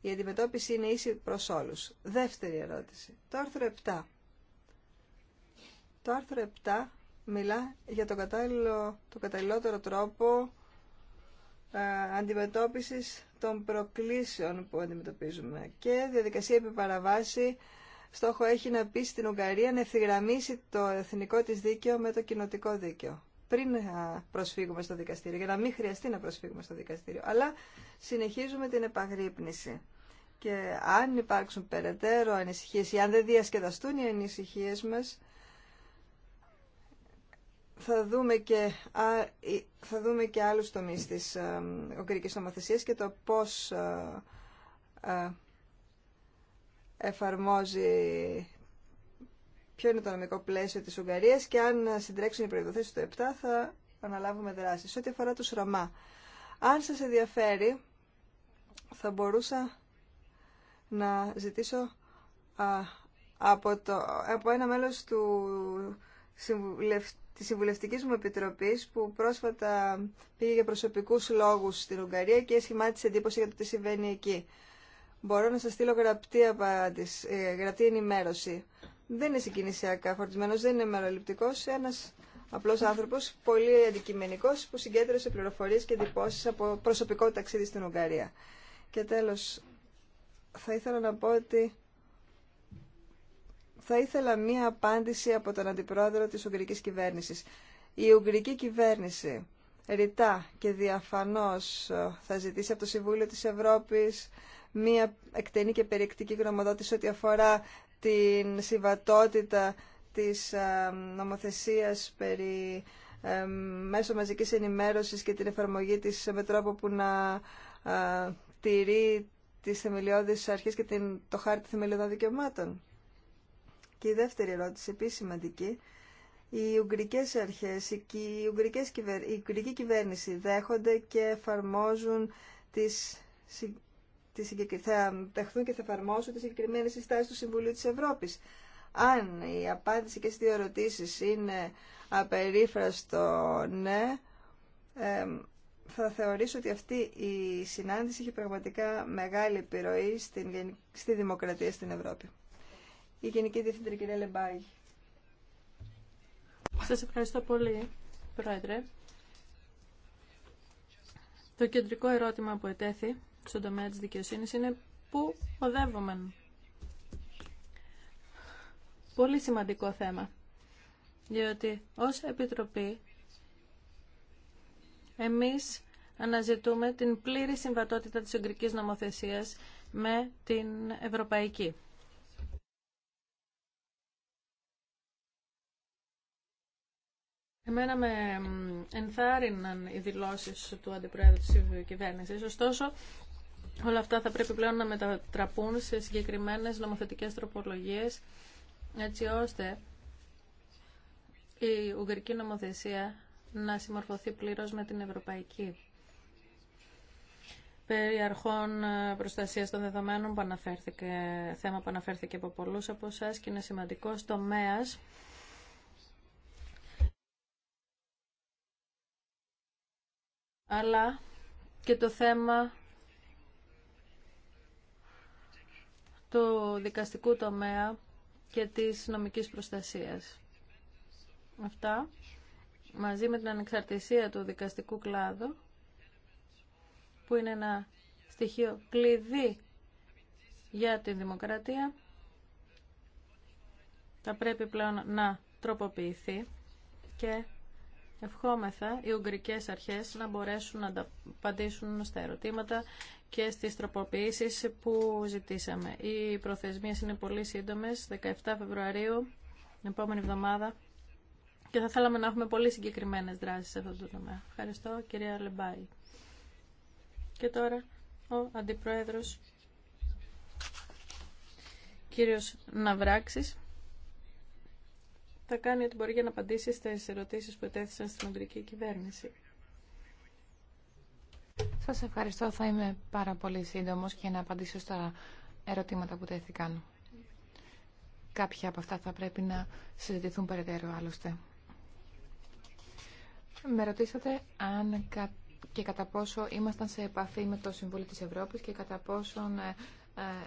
η αντιμετώπιση είναι ίση προς όλους. Δεύτερη ερώτηση. Το άρθρο 7. Το άρθρο 7 μιλά για τον, κατάλληλο, καταλληλότερο τρόπο ε, αντιμετώπισης των προκλήσεων που αντιμετωπίζουμε και διαδικασία επιπαραβάση στόχο έχει να πει στην Ουγγαρία να ευθυγραμμίσει το εθνικό της δίκαιο με το κοινοτικό δίκαιο πριν να προσφύγουμε στο δικαστήριο, για να μην χρειαστεί να προσφύγουμε στο δικαστήριο. Αλλά συνεχίζουμε την επαγρύπνηση. Και αν υπάρξουν περαιτέρω ανησυχίες ή αν δεν διασκεδαστούν οι ανησυχίες μας, θα δούμε και, θα δούμε και άλλους τομείς της ε, νομοθεσίας και το πώς ε, ε, εφαρμόζει ποιο είναι το νομικό πλαίσιο της Ουγγαρίας και αν συντρέξουν οι προϋποθέσεις του 7 θα αναλάβουμε δράση. Σε ό,τι αφορά τους Ρωμά. Αν σας ενδιαφέρει θα μπορούσα να ζητήσω από, το, από ένα μέλος του της Συμβουλευτικής μου Επιτροπής που πρόσφατα πήγε για προσωπικούς λόγους στην Ουγγαρία και σχημάτισε εντύπωση για το τι συμβαίνει εκεί. Μπορώ να σα στείλω γραπτή, απάντηση, ε, γραπτή ενημέρωση. Δεν είναι συγκινησιακά φορτισμένο, δεν είναι μεροληπτικό. Ένα απλό άνθρωπο, πολύ αντικειμενικός, που συγκέντρωσε πληροφορίε και εντυπώσει από προσωπικό ταξίδι στην Ουγγαρία. Και τέλο θα ήθελα να πω ότι θα ήθελα μία απάντηση από τον Αντιπρόεδρο της Ουγγρικής Κυβέρνησης. Η Ουγγρική Κυβέρνηση ρητά και διαφανώς ε, θα ζητήσει από το Συμβούλιο της Ευρώπης μία εκτενή και περιεκτική γνωμοδότηση ό,τι αφορά την συμβατότητα της ε, νομοθεσίας περί ε, μέσω μαζικής ενημέρωσης και την εφαρμογή της με τρόπο που να ε, τηρεί τις θεμελιώδεις αρχές και την, το χάρτη θεμελιωδών δικαιωμάτων. Και η δεύτερη ερώτηση, επίσης σημαντική, οι ουγγρικές αρχές, η, ουγγρικές η ουγγρική κυβέρνηση δέχονται και εφαρμόζουν τις θα δεχθούν και θα εφαρμόσουν τις συγκεκριμένε συστάσει του Συμβουλίου της Ευρώπης. Αν η απάντηση και στις δύο ερωτήσεις είναι απερίφραστο ναι, θα θεωρήσω ότι αυτή η συνάντηση έχει πραγματικά μεγάλη επιρροή στη δημοκρατία στην Ευρώπη. Η Γενική Διευθύντρια κυρία Λεμπάγη. Σας ευχαριστώ πολύ, Πρόεδρε. Το κεντρικό ερώτημα που ετέθη στον τομέα της δικαιοσύνης είναι πού οδεύομαι. Πολύ σημαντικό θέμα. Διότι ως Επιτροπή εμείς αναζητούμε την πλήρη συμβατότητα της εγκρικής νομοθεσίας με την ευρωπαϊκή. Εμένα με ενθάρρυναν οι δηλώσεις του Αντιπρόεδρου της Κυβέρνησης, ωστόσο Όλα αυτά θα πρέπει πλέον να μετατραπούν σε συγκεκριμένες νομοθετικές τροπολογίες έτσι ώστε η ουγγρική νομοθεσία να συμμορφωθεί πλήρως με την ευρωπαϊκή περί αρχών ε, προστασίας των δεδομένων που αναφέρθηκε, θέμα που αναφέρθηκε από πολλούς από εσά και είναι σημαντικό τομέα. αλλά και το θέμα του δικαστικού τομέα και της νομικής προστασίας. Αυτά, μαζί με την ανεξαρτησία του δικαστικού κλάδου, που είναι ένα στοιχείο κλειδί για τη δημοκρατία, θα πρέπει πλέον να τροποποιηθεί και ευχόμεθα οι ουγγρικές αρχές να μπορέσουν να απαντήσουν στα ερωτήματα και στις τροποποιήσεις που ζητήσαμε. Οι προθεσμίες είναι πολύ σύντομες, 17 Φεβρουαρίου, την επόμενη εβδομάδα. Και θα θέλαμε να έχουμε πολύ συγκεκριμένες δράσεις σε αυτό το τομέα. Ευχαριστώ, κυρία Λεμπάη. Και τώρα ο Αντιπρόεδρος, κύριος Ναυράξης, θα κάνει ό,τι μπορεί για να απαντήσει στις ερωτήσεις που ετέθησαν στην Ουγγρική κυβέρνηση. Σας ευχαριστώ. Θα είμαι πάρα πολύ σύντομος και να απαντήσω στα ερωτήματα που τέθηκαν. Κάποια από αυτά θα πρέπει να συζητηθούν περαιτέρω άλλωστε. Με ρωτήσατε αν και κατά πόσο ήμασταν σε επαφή με το Συμβούλιο της Ευρώπης και κατά πόσον ε, ε,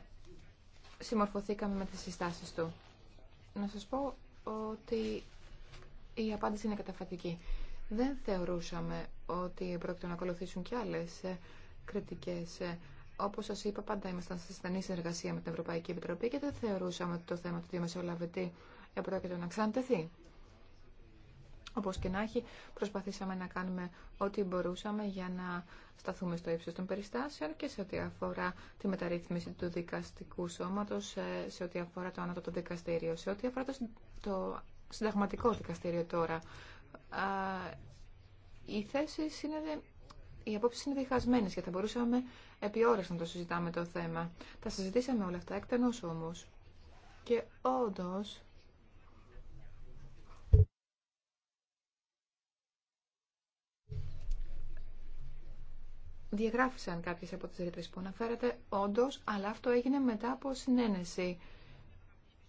συμμορφωθήκαμε με τις συστάσεις του. Να σας πω ότι η απάντηση είναι καταφατική. Δεν θεωρούσαμε ότι πρόκειται να ακολουθήσουν και άλλε κριτικέ, ε, όπω σα είπα, πάντα ήμασταν σε στενή συνεργασία με την Ευρωπαϊκή Επιτροπή και δεν θεωρούσαμε ότι το θέμα του διαμεσολαβητή πρόκειται να ξανατεθεί. Όπω και να έχει, προσπαθήσαμε να κάνουμε ό,τι μπορούσαμε για να σταθούμε στο ύψο των περιστάσεων και σε ό,τι αφορά τη μεταρρύθμιση του δικαστικού σώματο, ε, σε ό,τι αφορά το ανώτατο δικαστήριο, σε ό,τι αφορά το συνταγματικό δικαστήριο τώρα. Οι θέσει είναι. Οι απόψει είναι διχασμένε και θα μπορούσαμε επί ώρες να το συζητάμε το θέμα. Τα συζητήσαμε όλα αυτά εκτενώ όμω. Και όντω. Διαγράφησαν κάποιες από τις ρήτρες που αναφέρατε, όντως, αλλά αυτό έγινε μετά από συνένεση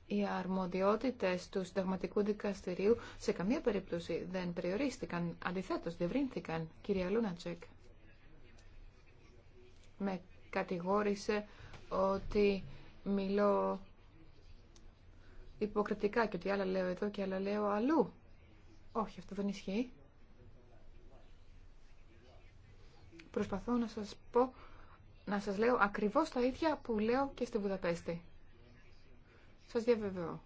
οι αρμοδιότητες του συνταγματικού δικαστηρίου σε καμία περίπτωση δεν περιορίστηκαν, αντιθέτως διευρύνθηκαν, κυρία Λούνατσεκ. Με κατηγόρησε ότι μιλώ υποκριτικά και ότι άλλα λέω εδώ και άλλα λέω αλλού. Όχι, αυτό δεν ισχύει. Προσπαθώ να σας πω, να σας λέω ακριβώς τα ίδια που λέω και στη Βουδαπέστη. Σας διαβεβαιώ.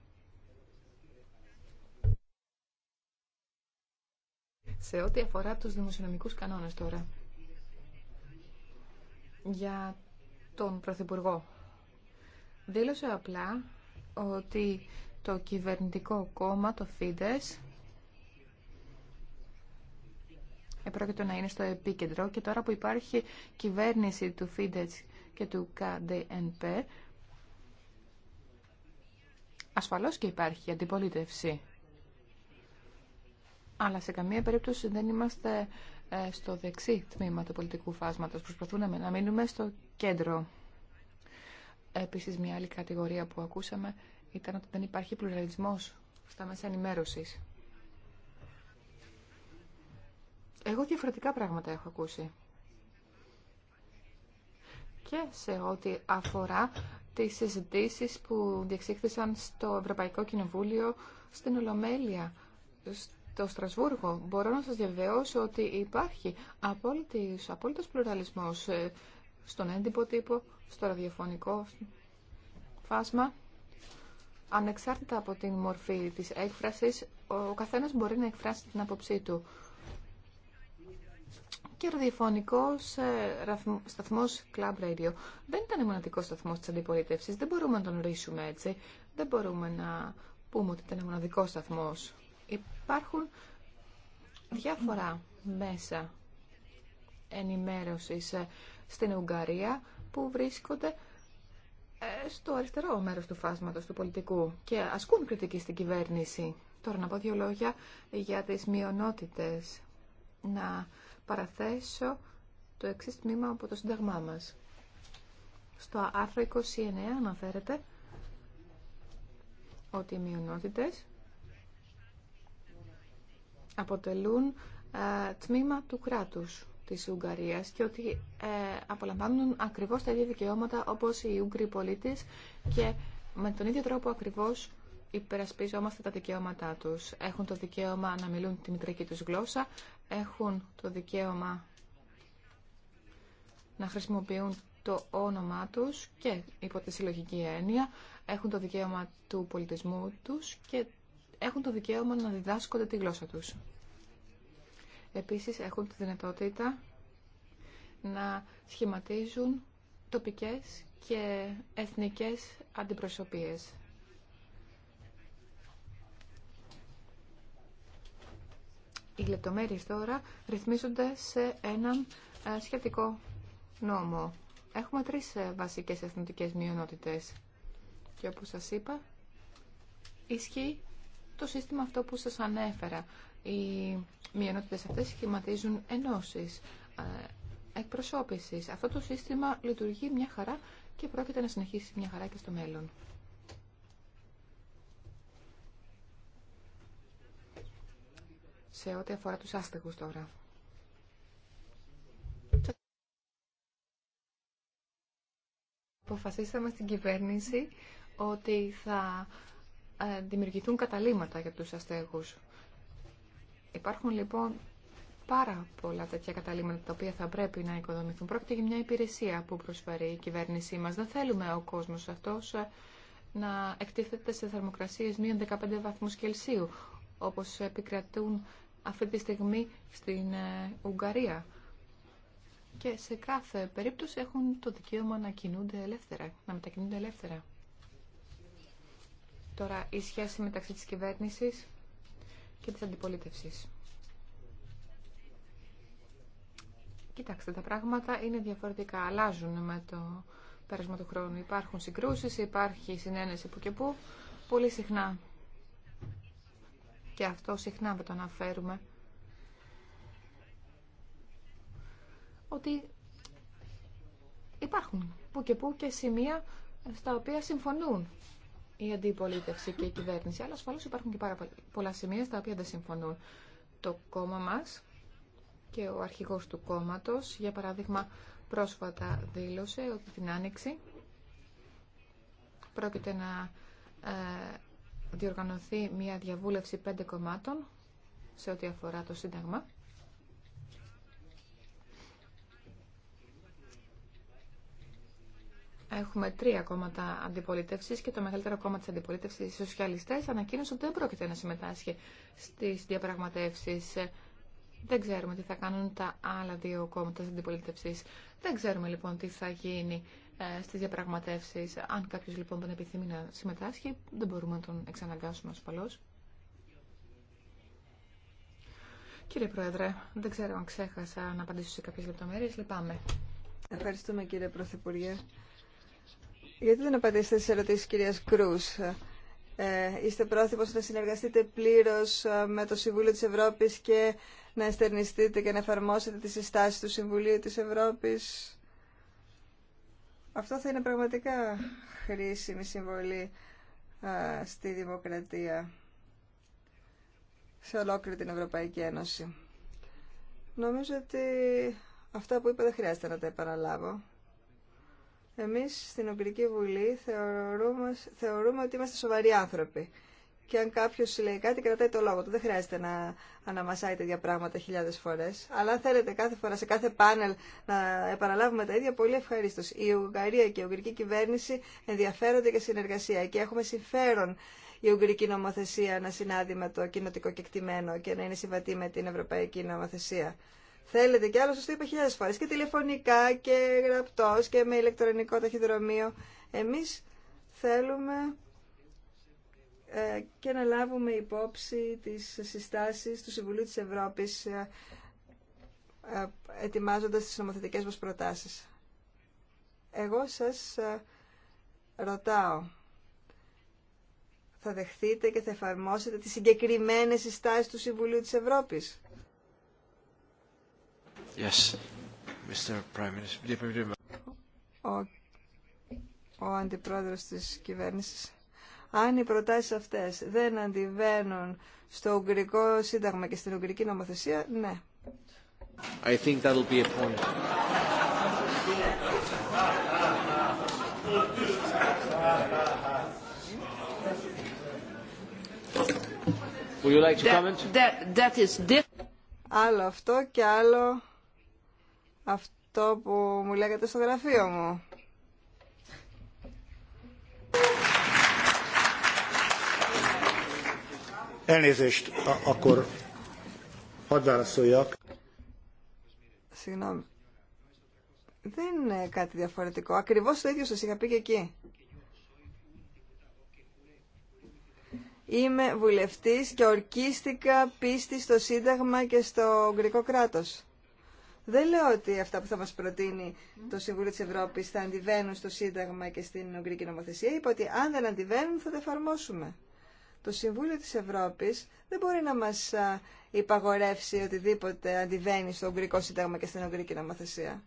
Σε ό,τι αφορά τους δημοσιονομικούς κανόνες τώρα. Για τον Πρωθυπουργό. Δήλωσε απλά ότι το κυβερνητικό κόμμα, το ΦΙΔΕΣ, επρόκειτο να είναι στο επίκεντρο και τώρα που υπάρχει κυβέρνηση του ΦΙΔΕΣ και του KDNP, Ασφαλώς και υπάρχει αντιπολίτευση. Αλλά σε καμία περίπτωση δεν είμαστε ε, στο δεξί τμήμα του πολιτικού φάσματος. Προσπαθούμε να μείνουμε στο κέντρο. Επίσης, μια άλλη κατηγορία που ακούσαμε ήταν ότι δεν υπάρχει πλουραλισμός στα μέσα ενημέρωσης. Εγώ διαφορετικά πράγματα έχω ακούσει. Και σε ό,τι αφορά τις συζητήσεις που διεξήχθησαν στο Ευρωπαϊκό Κοινοβούλιο στην Ολομέλεια, στο Στρασβούργο. Μπορώ να σας διαβεβαιώσω ότι υπάρχει απόλυτο απόλυτος πλουραλισμός ε, στον έντυπο τύπο, στο ραδιοφωνικό φάσμα. Ανεξάρτητα από την μορφή της έκφρασης, ο καθένας μπορεί να εκφράσει την άποψή του και ραδιοφωνικός ε, σταθμός Club Radio. Δεν ήταν μοναδικός σταθμός της αντιπολίτευσης, δεν μπορούμε να τον ρίσουμε έτσι, δεν μπορούμε να πούμε ότι ήταν μοναδικός σταθμός. Υπάρχουν διάφορα μέσα ενημέρωσης ε, στην Ουγγαρία που βρίσκονται ε, στο αριστερό μέρος του φάσματος του πολιτικού και ασκούν κριτική στην κυβέρνηση. Τώρα να πω δύο λόγια για τις μειονότητες. Να παραθέσω το εξής τμήμα από το Σύνταγμά μας. Στο άρθρο 29 αναφέρεται ότι οι μειονότητες αποτελούν ε, τμήμα του κράτους της Ουγγαρίας και ότι ε, απολαμβάνουν ακριβώς τα ίδια δικαιώματα όπως οι Ούγγροι πολίτες και με τον ίδιο τρόπο ακριβώς υπερασπίζομαστε τα δικαιώματά τους. Έχουν το δικαίωμα να μιλούν τη μητρική τους γλώσσα, έχουν το δικαίωμα να χρησιμοποιούν το όνομά τους και υπό τη συλλογική έννοια έχουν το δικαίωμα του πολιτισμού τους και έχουν το δικαίωμα να διδάσκονται τη γλώσσα τους. Επίσης έχουν τη δυνατότητα να σχηματίζουν τοπικές και εθνικές αντιπροσωπείες. Οι λεπτομέρειες τώρα ρυθμίζονται σε έναν ε, σχετικό νόμο. Έχουμε τρεις ε, βασικές εθνικές μειονότητες. Και όπως σας είπα, ισχύει το σύστημα αυτό που σας ανέφερα. Οι μειονότητες αυτές σχηματίζουν ενώσεις ε, εκπροσώπησης. Αυτό το σύστημα λειτουργεί μια χαρά και πρόκειται να συνεχίσει μια χαρά και στο μέλλον. σε ό,τι αφορά τους άστεγους τώρα. Αποφασίσαμε στην κυβέρνηση ότι θα ε, δημιουργηθούν καταλήμματα για τους αστέγους. Υπάρχουν λοιπόν πάρα πολλά τέτοια καταλήμματα τα οποία θα πρέπει να οικοδομηθούν. Πρόκειται για μια υπηρεσία που προσφέρει η κυβέρνησή μας. Δεν θέλουμε ο κόσμος αυτός ε, να εκτίθεται σε θερμοκρασίες μείον 15 βαθμούς Κελσίου, όπως επικρατούν αυτή τη στιγμή στην ε, Ουγγαρία. Και σε κάθε περίπτωση έχουν το δικαίωμα να κινούνται ελεύθερα, να μετακινούνται ελεύθερα. Τώρα, η σχέση μεταξύ της κυβέρνησης και της αντιπολίτευσης. Κοιτάξτε, τα πράγματα είναι διαφορετικά, αλλάζουν με το πέρασμα του χρόνου. Υπάρχουν συγκρούσεις, υπάρχει συνένεση που και που, πολύ συχνά και αυτό συχνά με το αναφέρουμε, ότι υπάρχουν που και που και σημεία στα οποία συμφωνούν η αντιπολίτευση και η κυβέρνηση. Αλλά ασφαλώς υπάρχουν και πάρα πολλά σημεία στα οποία δεν συμφωνούν. Το κόμμα μας και ο αρχηγός του κόμματος, για παράδειγμα, πρόσφατα δήλωσε ότι την Άνοιξη πρόκειται να ε, διοργανωθεί μια διαβούλευση πέντε κομμάτων σε ό,τι αφορά το Σύνταγμα. Έχουμε τρία κόμματα αντιπολίτευση και το μεγαλύτερο κόμμα τη αντιπολίτευση, οι σοσιαλιστέ, ανακοίνωσε ότι δεν πρόκειται να συμμετάσχει στι διαπραγματεύσει. Δεν ξέρουμε τι θα κάνουν τα άλλα δύο κόμματα τη αντιπολίτευση. Δεν ξέρουμε λοιπόν τι θα γίνει ε, στι διαπραγματεύσει. Αν κάποιο λοιπόν δεν επιθυμεί να συμμετάσχει, δεν μπορούμε να τον εξαναγκάσουμε ασφαλώ. Κύριε Πρόεδρε, δεν ξέρω αν ξέχασα να απαντήσω σε κάποιε λεπτομέρειε. Λυπάμαι. Ευχαριστούμε κύριε Πρωθυπουργέ. Γιατί δεν απαντήσετε στι ερωτήσει τη κυρία Κρού. Ε, είστε πρόθυμο να συνεργαστείτε πλήρω ε, με το Συμβούλιο τη Ευρώπη και να εστερνιστείτε και να εφαρμόσετε τι συστάσει του Συμβουλίου τη Ευρώπη. Αυτό θα είναι πραγματικά χρήσιμη συμβολή στη δημοκρατία σε ολόκληρη την Ευρωπαϊκή Ένωση. Νομίζω ότι αυτά που είπα δεν χρειάζεται να τα επαναλάβω. Εμείς στην Ουγγρική Βουλή θεωρούμε, θεωρούμε ότι είμαστε σοβαροί άνθρωποι και αν κάποιο λέει κάτι, κρατάει το λόγο του. Δεν χρειάζεται να αναμασάει τα πράγματα χιλιάδε φορέ. Αλλά αν θέλετε κάθε φορά σε κάθε πάνελ να επαναλάβουμε τα ίδια, πολύ ευχαρίστω. Η Ουγγαρία και η Ουγγρική κυβέρνηση ενδιαφέρονται για συνεργασία και έχουμε συμφέρον η Ουγγρική νομοθεσία να συνάδει με το κοινοτικό κεκτημένο και να είναι συμβατή με την Ευρωπαϊκή νομοθεσία. Θέλετε κι άλλο, σα το είπα χιλιάδε φορέ και τηλεφωνικά και γραπτό και με ηλεκτρονικό ταχυδρομείο. Εμεί θέλουμε ε, και να λάβουμε υπόψη τις συστάσεις του Συμβουλίου της Ευρώπης ε, ε, ετοιμάζοντας τις νομοθετικές μας προτάσεις. Εγώ σας ρωτάω, θα δεχθείτε και θα εφαρμόσετε τις συγκεκριμένες συστάσεις του Συμβουλίου της Ευρώπης. Yes, Mr. Prime Minister. Ο, ο αντιπρόεδρος της κυβέρνησης αν οι προτάσεις αυτές δεν αντιβαίνουν στο Ουγγρικό Σύνταγμα και στην Ουγγρική νομοθεσία, ναι. I think that'll be a point. Would you like to comment? that, is άλλο αυτό και άλλο αυτό που μου λέγατε στο γραφείο μου. Συγγνώμη. Δεν είναι κάτι διαφορετικό. Ακριβώς το ίδιο σας είχα πει και εκεί. Είμαι βουλευτής και ορκίστηκα πίστη στο Σύνταγμα και στο Ουγγρικό κράτος. Δεν λέω ότι αυτά που θα μας προτείνει το Συμβούλιο της Ευρώπης θα αντιβαίνουν στο Σύνταγμα και στην Ουγγρική νομοθεσία. Είπα ότι αν δεν αντιβαίνουν θα τα εφαρμόσουμε το Συμβούλιο της Ευρώπης δεν μπορεί να μας υπαγορεύσει οτιδήποτε αντιβαίνει στο Ουγγρικό Σύνταγμα και στην Ουγγρική νομοθεσία.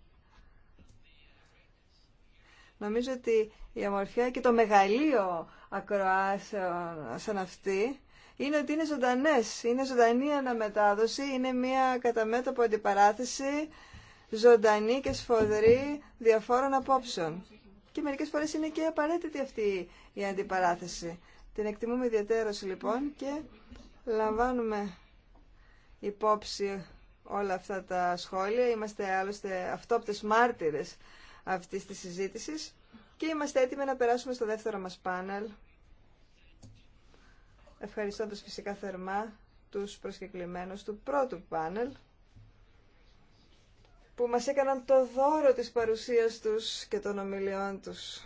Νομίζω ότι η αμορφιά και το μεγαλείο ακροάσεων σαν αυτή είναι ότι είναι ζωντανές, είναι ζωντανή αναμετάδοση, είναι μια κατά μέτωπο αντιπαράθεση ζωντανή και σφοδρή διαφόρων απόψεων. Και μερικές φορές είναι και απαραίτητη αυτή η αντιπαράθεση. Την εκτιμούμε ιδιαίτερως λοιπόν και λαμβάνουμε υπόψη όλα αυτά τα σχόλια. Είμαστε άλλωστε αυτόπτες μάρτυρες αυτής της συζήτησης και είμαστε έτοιμοι να περάσουμε στο δεύτερο μας πάνελ. Ευχαριστώντας φυσικά θερμά τους προσκεκλημένους του πρώτου πάνελ που μας έκαναν το δώρο της παρουσίας τους και των ομιλιών τους.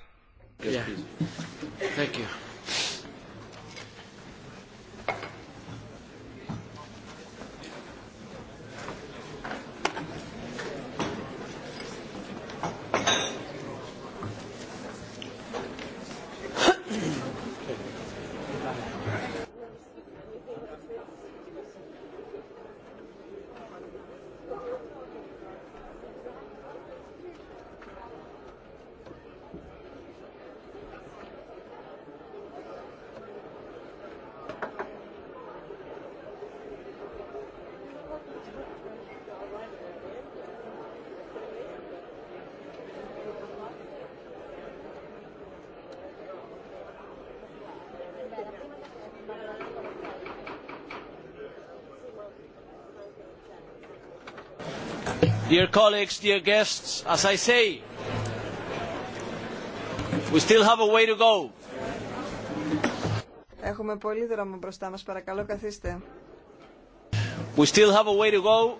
colleagues, dear guests, as I say, we still have a way to go. Έχουμε πολύ δρόμο μπροστά μας, παρακαλώ καθίστε. We still have a way to go.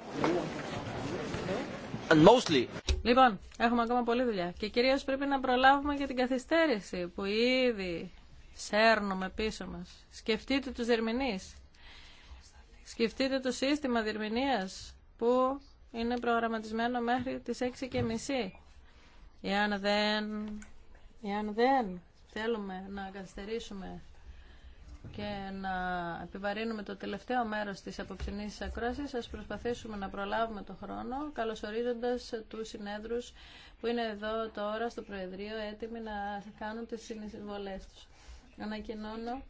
And mostly. Λοιπόν, έχουμε ακόμα πολύ δουλειά και κυρίως πρέπει να προλάβουμε και την καθυστέρηση που ήδη σέρνουμε πίσω μας. Σκεφτείτε τους δερμηνείς. Σκεφτείτε το σύστημα δερμηνίας που είναι προγραμματισμένο μέχρι τις μισή. Εάν δεν, εάν δεν θέλουμε να καθυστερήσουμε και να επιβαρύνουμε το τελευταίο μέρος της απόψινής ακρόασης, ας προσπαθήσουμε να προλάβουμε το χρόνο, καλωσορίζοντας τους συνέδρους που είναι εδώ τώρα στο Προεδρείο έτοιμοι να κάνουν τις συνεισβολές τους. Ανακοινώνω.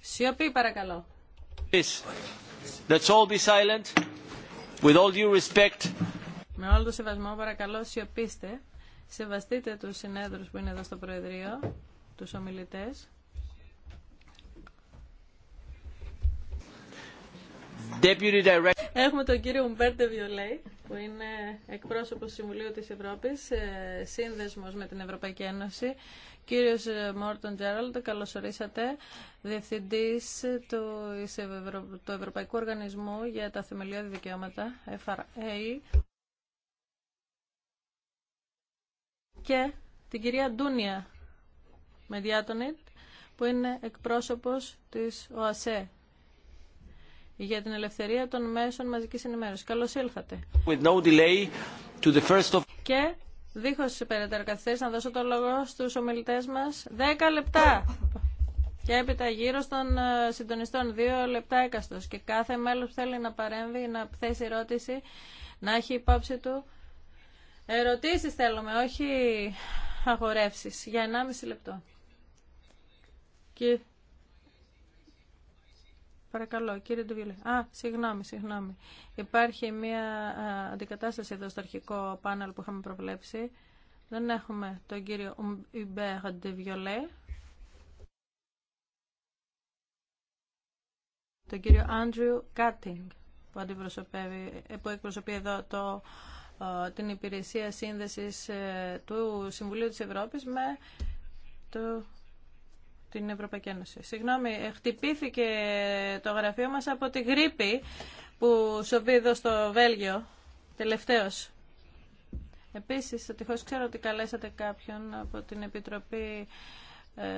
Σιωπή παρακαλώ all be With all respect. Με όλο το σεβασμό παρακαλώ σιωπήστε. Σεβαστείτε του συνέδρους που είναι εδώ στο Προεδρείο, τους ομιλητές. Έχουμε τον κύριο Ουμπέρτε Βιολέη, που είναι εκπρόσωπος του Συμβουλίου της Ευρώπης, ε, σύνδεσμος με την Ευρωπαϊκή Ένωση Κύριος ε, Μόρτον Τζέραλντ, καλώς ορίσατε, Διευθυντής του, του Ευρωπαϊκού Οργανισμού για τα Θεμελιώδη Δικαιώματα, FRA, και την κυρία Ντούνια Μεδιάτονιτ, που είναι εκπρόσωπος της ΟΑΣΕ για την ελευθερία των μέσων μαζικής ενημέρωσης. Καλώς ήλθατε. With no delay to the first of... Και δίχως περαιτέρω καθυστέρηση να δώσω το λόγο στους ομιλητές μας. 10 λεπτά! Και έπειτα γύρω στον ε, συντονιστών, δύο λεπτά έκαστος. Και κάθε μέλος που θέλει να παρέμβει, να θέσει ερώτηση, να έχει υπόψη του. Ερωτήσεις θέλουμε, όχι αγορεύσεις. Για 1,5 λεπτό. Και... Παρακαλώ, κύριε Ντουβιλέ. Α, συγγνώμη, συγγνώμη. Υπάρχει μια αντικατάσταση εδώ στο αρχικό πάνελ που είχαμε προβλέψει. Δεν έχουμε τον κύριο Ιμπέρ Ντεβιολέ. Τον κύριο Άντριου Κάτινγκ που, που εκπροσωπεί εδώ το, την υπηρεσία σύνδεσης ε, του Συμβουλίου της Ευρώπης με το την Ευρωπαϊκή Ένωση. Συγγνώμη, χτυπήθηκε το γραφείο μας από τη γρήπη που σοβίδω στο Βέλγιο τελευταίος. Επίσης, τυχώς ξέρω ότι καλέσατε κάποιον από την Επιτροπή ε,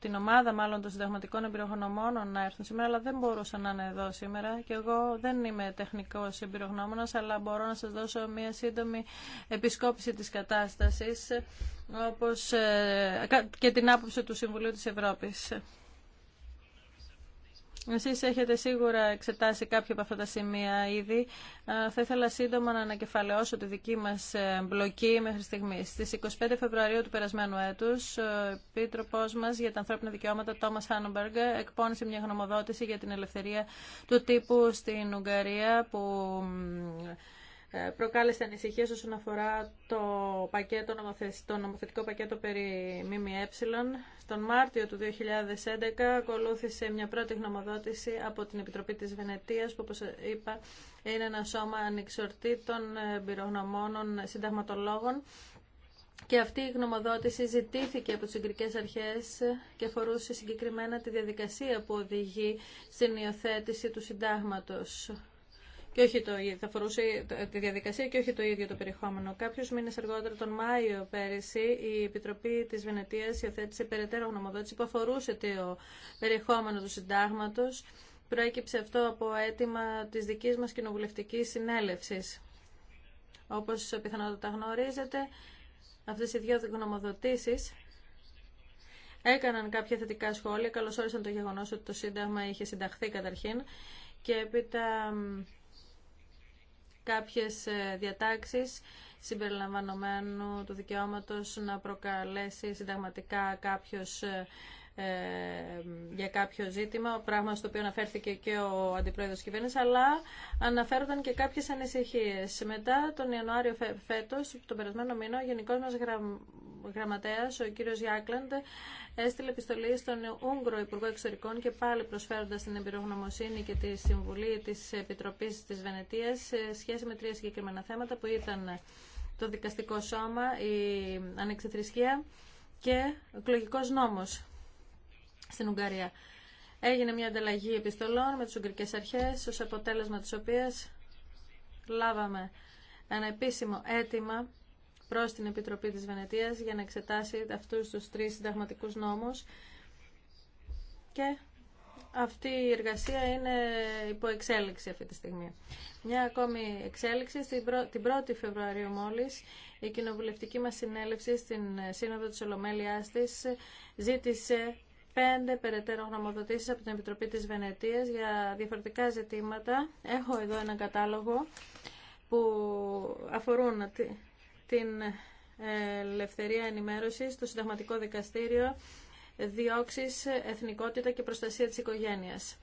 την ομάδα μάλλον των συνταγματικών εμπειρογνωμόνων να έρθουν σήμερα, αλλά δεν μπορούσαν να είναι εδώ σήμερα και εγώ δεν είμαι τεχνικός εμπειρογνώμονα, αλλά μπορώ να σας δώσω μια σύντομη επισκόπηση της κατάστασης όπως, ε, και την άποψη του Συμβουλίου της Ευρώπης. Εσείς έχετε σίγουρα εξετάσει κάποια από αυτά τα σημεία ήδη. Θα ήθελα σύντομα να ανακεφαλαιώσω τη δική μας ε, μπλοκή μέχρι στιγμή. Στις 25 Φεβρουαρίου του περασμένου έτους, ο Επίτροπός μας για τα ανθρώπινα δικαιώματα, Τόμας Χάνομπεργκ, εκπώνησε μια γνωμοδότηση για την ελευθερία του τύπου στην Ουγγαρία, που ε, προκάλεσε ανησυχίες όσον αφορά το, πακέτο, το νομοθετικό πακέτο περί ΜΜΕ. Στον Μάρτιο του 2011 ακολούθησε μια πρώτη γνωμοδότηση από την Επιτροπή της Βενετίας που όπως είπα είναι ένα σώμα ανεξορτήτων ε, πυρογνωμόνων συνταγματολόγων και αυτή η γνωμοδότηση ζητήθηκε από τις εγκρικές αρχές και φορούσε συγκεκριμένα τη διαδικασία που οδηγεί στην υιοθέτηση του συντάγματος και όχι το ίδιο, θα αφορούσε τη διαδικασία και όχι το ίδιο το περιεχόμενο. Κάποιου μήνε αργότερα, τον Μάιο πέρυσι, η Επιτροπή τη Βενετία υιοθέτησε περαιτέρω γνωμοδότηση που αφορούσε το περιεχόμενο του συντάγματο. Προέκυψε αυτό από αίτημα τη δική μα κοινοβουλευτική συνέλευση. Όπω πιθανότατα γνωρίζετε, αυτέ οι δύο γνωμοδοτήσει έκαναν κάποια θετικά σχόλια. Καλωσόρισαν το γεγονό ότι το Σύνταγμα είχε συνταχθεί καταρχήν και έπειτα κάποιες ε, διατάξεις συμπεριλαμβανομένου του δικαιώματος να προκαλέσει συνταγματικά κάποιος ε, ε, για κάποιο ζήτημα, πράγμα στο οποίο αναφέρθηκε και ο αντιπρόεδρος Κυβέρνησης, αλλά αναφέρονταν και κάποιες ανησυχίες. Μετά τον Ιανουάριο φέτος, τον περασμένο μήνα, ο Γενικός μας ο κύριο Γιάκλαντ, έστειλε επιστολή στον Ούγγρο Υπουργό Εξωτερικών και πάλι προσφέροντας την εμπειρογνωμοσύνη και τη συμβουλή της Επιτροπής της Βενετίας σε σχέση με τρία συγκεκριμένα θέματα που ήταν το δικαστικό σώμα, η ανεξιθρησκεία και ο εκλογικό νόμος στην Ουγγαρία. Έγινε μια ανταλλαγή επιστολών με τι ουγγρικέ αρχέ, ω αποτέλεσμα τη οποία λάβαμε ένα επίσημο αίτημα προς την Επιτροπή της Βενετίας για να εξετάσει αυτούς τους τρεις συνταγματικού νόμους και αυτή η εργασία είναι υπό εξέλιξη αυτή τη στιγμή. Μια ακόμη εξέλιξη, την 1η Φεβρουαρίου μόλις, η κοινοβουλευτική μας συνέλευση στην Σύνοδο της Ολομέλειάς της ζήτησε πέντε περαιτέρω γνωμοδοτήσεις από την Επιτροπή της Βενετίας για διαφορετικά ζητήματα. Έχω εδώ ένα κατάλογο που αφορούν την ε, ελευθερία ενημέρωσης, το συνταγματικό δικαστήριο, Διώξει εθνικότητα και προστασία της οικογένειας.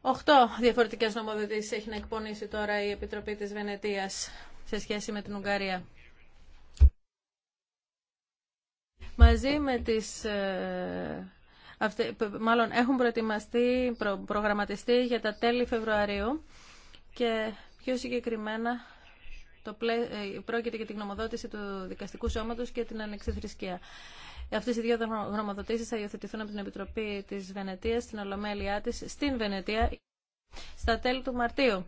Οχτώ διαφορετικές νομοθετήσεις έχει να εκπονήσει τώρα η Επιτροπή της Βενετίας σε σχέση με την Ουγγαρία. Μαζί με τις ε, μάλλον έχουν προετοιμαστεί, προγραμματιστεί για τα τέλη Φεβρουαρίου και πιο συγκεκριμένα το ε, πρόκειται για την γνωμοδότηση του δικαστικού σώματος και την ανεξιθρησκεία. Αυτέ οι δύο γνωμοδοτήσει θα υιοθετηθούν από την Επιτροπή τη Βενετία στην Ολομέλειά τη στην Βενετία στα τέλη του Μαρτίου.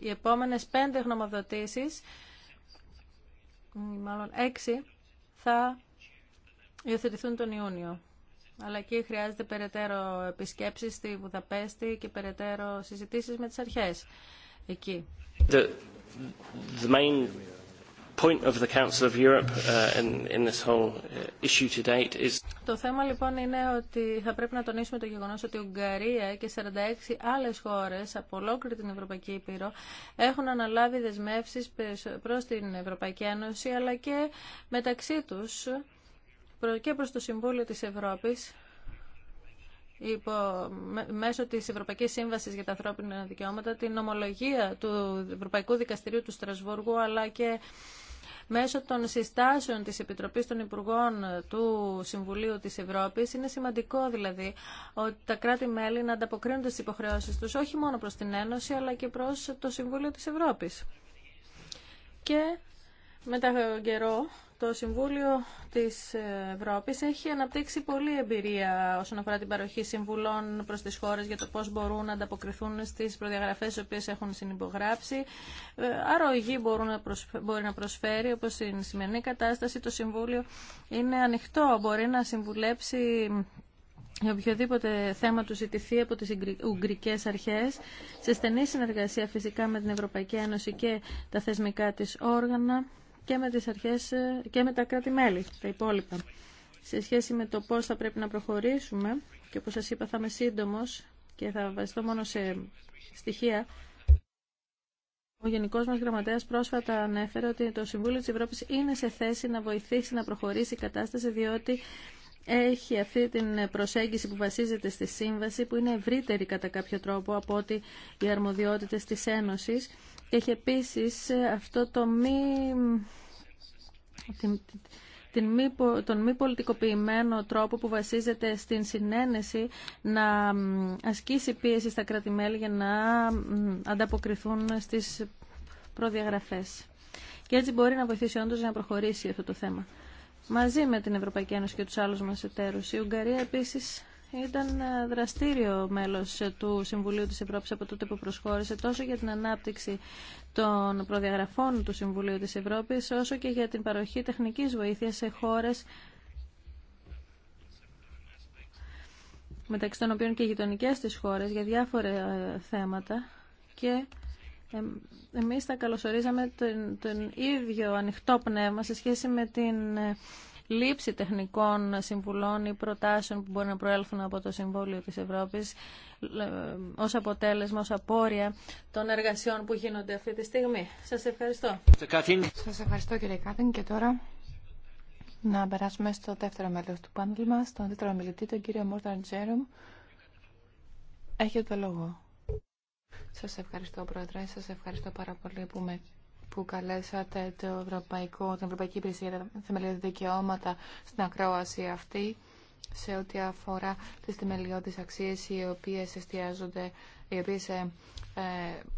Οι επόμενε πέντε γνωμοδοτήσει, μάλλον έξι, θα υιοθετηθούν τον Ιούνιο. Αλλά εκεί χρειάζεται περαιτέρω επισκέψει στη Βουδαπέστη και περαιτέρω συζητήσει με τι αρχέ. εκεί. Το θέμα λοιπόν είναι ότι θα πρέπει να τονίσουμε το γεγονό ότι η Ουγγαρία και 46 άλλε χώρε από ολόκληρη την Ευρωπαϊκή Ήπειρο έχουν αναλάβει δεσμεύσει προ την Ευρωπαϊκή Ένωση αλλά και μεταξύ του, και προ το Συμβούλιο τη Ευρώπη υπό, μέσω της Ευρωπαϊκής Σύμβασης για τα Ανθρώπινα Δικαιώματα, την ομολογία του Ευρωπαϊκού Δικαστηρίου του Στρασβούργου, αλλά και μέσω των συστάσεων της Επιτροπής των Υπουργών του Συμβουλίου της Ευρώπης. Είναι σημαντικό δηλαδή ότι τα κράτη-μέλη να ανταποκρίνονται στις υποχρεώσεις τους όχι μόνο προς την Ένωση αλλά και προς το Συμβούλιο της Ευρώπης. Και με τον καιρό το Συμβούλιο της Ευρώπης έχει αναπτύξει πολλή εμπειρία όσον αφορά την παροχή συμβουλών προς τις χώρες για το πώς μπορούν να ανταποκριθούν στις προδιαγραφές οι οποίες έχουν συνυπογράψει. Ε, αρρωγή μπορούν να μπορεί να προσφέρει, όπως στην σημερινή κατάσταση το Συμβούλιο είναι ανοιχτό, μπορεί να συμβουλέψει οποιοδήποτε θέμα του ζητηθεί από τις Ουγγρικές Αρχές, σε στενή συνεργασία φυσικά με την Ευρωπαϊκή Ένωση και τα θεσμικά της όργανα και με τις αρχές ε, και με τα κράτη-μέλη, τα υπόλοιπα. Σε σχέση με το πώς θα πρέπει να προχωρήσουμε και όπως σας είπα θα είμαι σύντομος και θα βασιστώ μόνο σε στοιχεία. Ο Γενικός μας Γραμματέας πρόσφατα ανέφερε ότι το Συμβούλιο της Ευρώπης είναι σε θέση να βοηθήσει να προχωρήσει η κατάσταση διότι έχει αυτή την προσέγγιση που βασίζεται στη σύμβαση που είναι ευρύτερη κατά κάποιο τρόπο από ότι οι αρμοδιότητες της Ένωσης και έχει επίση ε, αυτό το μη, την, μη, τον μη πολιτικοποιημένο τρόπο που βασίζεται στην συνένεση να ασκήσει πίεση στα κράτη-μέλη για να ανταποκριθούν στις προδιαγραφές. Και έτσι μπορεί να βοηθήσει όντως να προχωρήσει αυτό το θέμα. Μαζί με την Ευρωπαϊκή Ένωση και τους άλλους μας εταίρους. Η Ουγγαρία επίσης ήταν δραστήριο μέλος του Συμβουλίου της Ευρώπης από τότε που προσχώρησε τόσο για την ανάπτυξη των προδιαγραφών του Συμβουλίου της Ευρώπης όσο και για την παροχή τεχνικής βοήθειας σε χώρες μεταξύ των οποίων και οι γειτονικέ της χώρες για διάφορα ε, θέματα και εμείς θα καλωσορίζαμε τον, τον ίδιο ανοιχτό πνεύμα σε σχέση με την ε, λήψη τεχνικών συμβουλών ή προτάσεων που μπορεί να προέλθουν από το Συμβούλιο της Ευρώπης ως αποτέλεσμα, ως απόρρια των εργασιών που γίνονται αυτή τη στιγμή. Σας ευχαριστώ. Σας ευχαριστώ κύριε Κάθιν και τώρα... Να περάσουμε στο δεύτερο μέλος του πάνελ μας, Στον δεύτερο μιλητή, τον κύριο Μόρταν Τζέρομ. Έχετε το λόγο. Σας ευχαριστώ, Πρόεδρε. Σας ευχαριστώ πάρα πολύ που με που καλέσατε το Ευρωπαϊκό, την Ευρωπαϊκή Υπηρεσία για τα Θεμελιώδη Δικαιώματα στην ακρόαση αυτή σε ό,τι αφορά τις θεμελιώδεις αξίες οι οποίες εστιάζονται, οι οποίες ε, ε,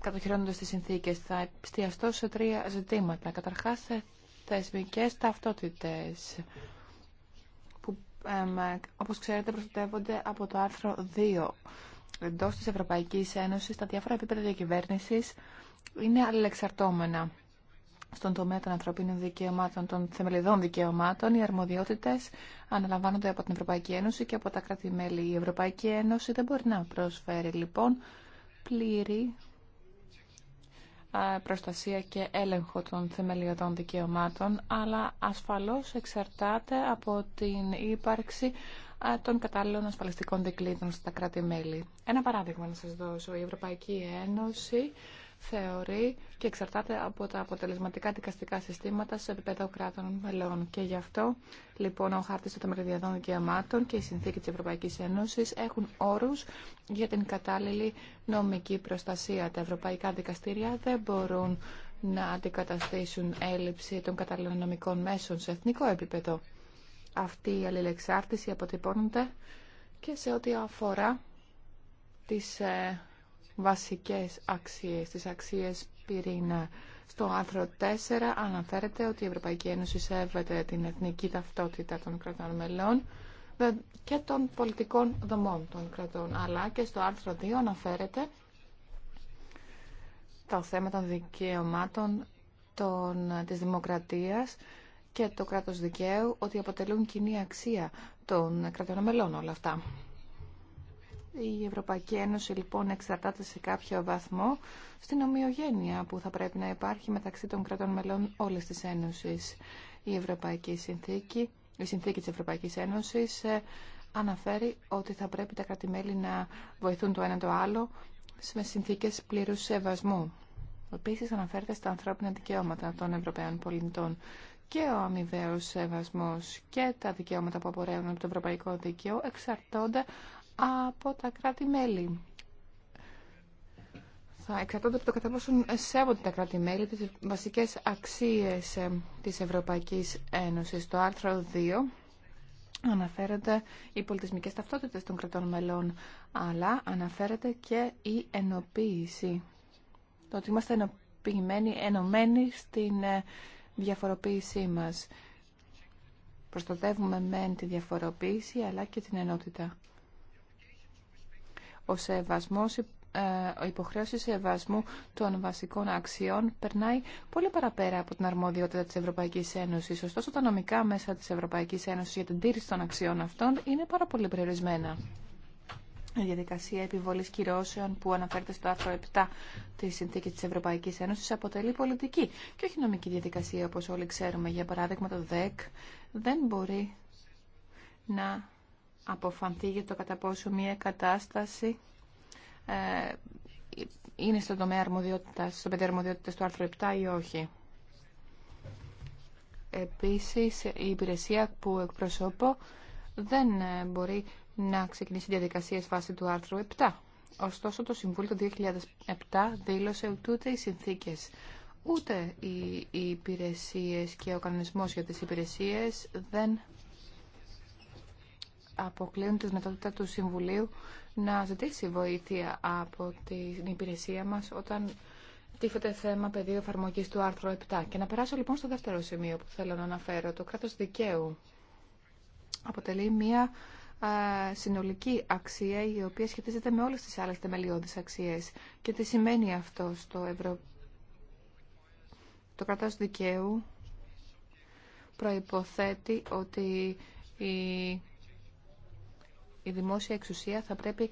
κατοχυρώνονται στις συνθήκες. Θα εστιαστώ σε τρία ζητήματα. Καταρχάς, σε θεσμικές ταυτότητες που, ε, όπως ξέρετε, προστατεύονται από το άρθρο 2 εντός της Ευρωπαϊκής Ένωσης στα διάφορα επίπεδα διακυβέρνησης είναι αλληλεξαρτώμενα. Στον τομέα των ανθρωπίνων δικαιωμάτων, των θεμελιδών δικαιωμάτων, οι αρμοδιότητε αναλαμβάνονται από την Ευρωπαϊκή Ένωση και από τα κράτη-μέλη. Η Ευρωπαϊκή Ένωση δεν μπορεί να προσφέρει λοιπόν πλήρη προστασία και έλεγχο των θεμελιωδών δικαιωμάτων, αλλά ασφαλώς εξαρτάται από την ύπαρξη των κατάλληλων ασφαλιστικών δικλείδων στα κράτη-μέλη. Ένα παράδειγμα να σας δώσω. Η Ευρωπαϊκή Ένωση θεωρεί και εξαρτάται από τα αποτελεσματικά δικαστικά συστήματα σε επίπεδο κράτων μελών. Και γι' αυτό, λοιπόν, ο χάρτη των μεριδιανών δικαιωμάτων και η συνθήκη τη Ευρωπαϊκή Ένωση έχουν όρου για την κατάλληλη νομική προστασία. Τα ευρωπαϊκά δικαστήρια δεν μπορούν να αντικαταστήσουν έλλειψη των κατάλληλων νομικών μέσων σε εθνικό επίπεδο. Αυτή η αλληλεξάρτηση αποτυπώνεται και σε ό,τι αφορά τις ε, βασικές αξίες, τις αξίες πυρήνα. Στο άρθρο 4 αναφέρεται ότι η Ευρωπαϊκή Ένωση σέβεται την εθνική ταυτότητα των κρατών μελών και των πολιτικών δομών των κρατών. Αλλά και στο άρθρο 2 αναφέρεται το θέμα των δικαιωμάτων των, της δημοκρατίας και το κράτος δικαίου ότι αποτελούν κοινή αξία των κρατών μελών όλα αυτά. Η Ευρωπαϊκή Ένωση λοιπόν εξαρτάται σε κάποιο βαθμό στην ομοιογένεια που θα πρέπει να υπάρχει μεταξύ των κρατών μελών όλες της Ένωσης. Η Ευρωπαϊκή Συνθήκη, η Συνθήκη της Ευρωπαϊκής Ένωσης ε, αναφέρει ότι θα πρέπει τα κρατημέλη να βοηθούν το ένα το άλλο με συνθήκες πλήρους σεβασμού. Επίση αναφέρεται στα ανθρώπινα δικαιώματα των Ευρωπαίων πολιτών και ο αμοιβαίο σεβασμός και τα δικαιώματα που απορρέουν από το ευρωπαϊκό δίκαιο εξαρτώνται από τα κράτη-μέλη. Θα εξαρτώνται από το κατά πόσο σέβονται τα κράτη-μέλη τις βασικές αξίες ε, της Ευρωπαϊκής Ένωσης. Το άρθρο 2 αναφέρονται οι πολιτισμικές ταυτότητες των κρατών μελών, αλλά αναφέρεται και η ενοποίηση. Το ότι είμαστε ενοποιημένοι, ενωμένοι στην ε, διαφοροποίησή μας. Προστατεύουμε μεν τη διαφοροποίηση, αλλά και την ενότητα ο σεβασμός η ε, υποχρέωση σεβασμού των βασικών αξιών περνάει πολύ παραπέρα από την αρμοδιότητα της Ευρωπαϊκής Ένωσης. Ωστόσο, τα νομικά μέσα της Ευρωπαϊκής Ένωσης για την τήρηση των αξιών αυτών είναι πάρα πολύ περιορισμένα. Η διαδικασία επιβολής κυρώσεων που αναφέρεται στο άρθρο 7 της Συνθήκης της Ευρωπαϊκής Ένωσης αποτελεί πολιτική και όχι νομική διαδικασία όπως όλοι ξέρουμε. Για παράδειγμα το ΔΕΚ δεν μπορεί να αποφανθεί για το κατά πόσο μια κατάσταση ε, είναι στον τομέα αρμοδιότητας, στον πέντε αρμοδιότητας του άρθρου 7 ή όχι. Επίσης, η υπηρεσία που εκπροσώπω δεν ε, μπορεί να ξεκινήσει διαδικασίες βάσει του άρθρου 7. Ωστόσο, το Συμβούλιο το 2007 δήλωσε ούτε οι συνθήκες, ούτε οι υπηρεσίες και ο κανονισμός για τις υπηρεσίες δεν αποκλείουν τη δυνατότητα του Συμβουλίου να ζητήσει βοήθεια από την υπηρεσία μας όταν τίθεται θέμα πεδίο εφαρμογή του άρθρου 7. Και να περάσω λοιπόν στο δεύτερο σημείο που θέλω να αναφέρω. Το κράτος δικαίου αποτελεί μία συνολική αξία η οποία σχετίζεται με όλες τις άλλες θεμελιώδεις αξίες. Και τι σημαίνει αυτό στο Ευρω... Το κράτος δικαίου προϋποθέτει ότι η η δημόσια εξουσία θα πρέπει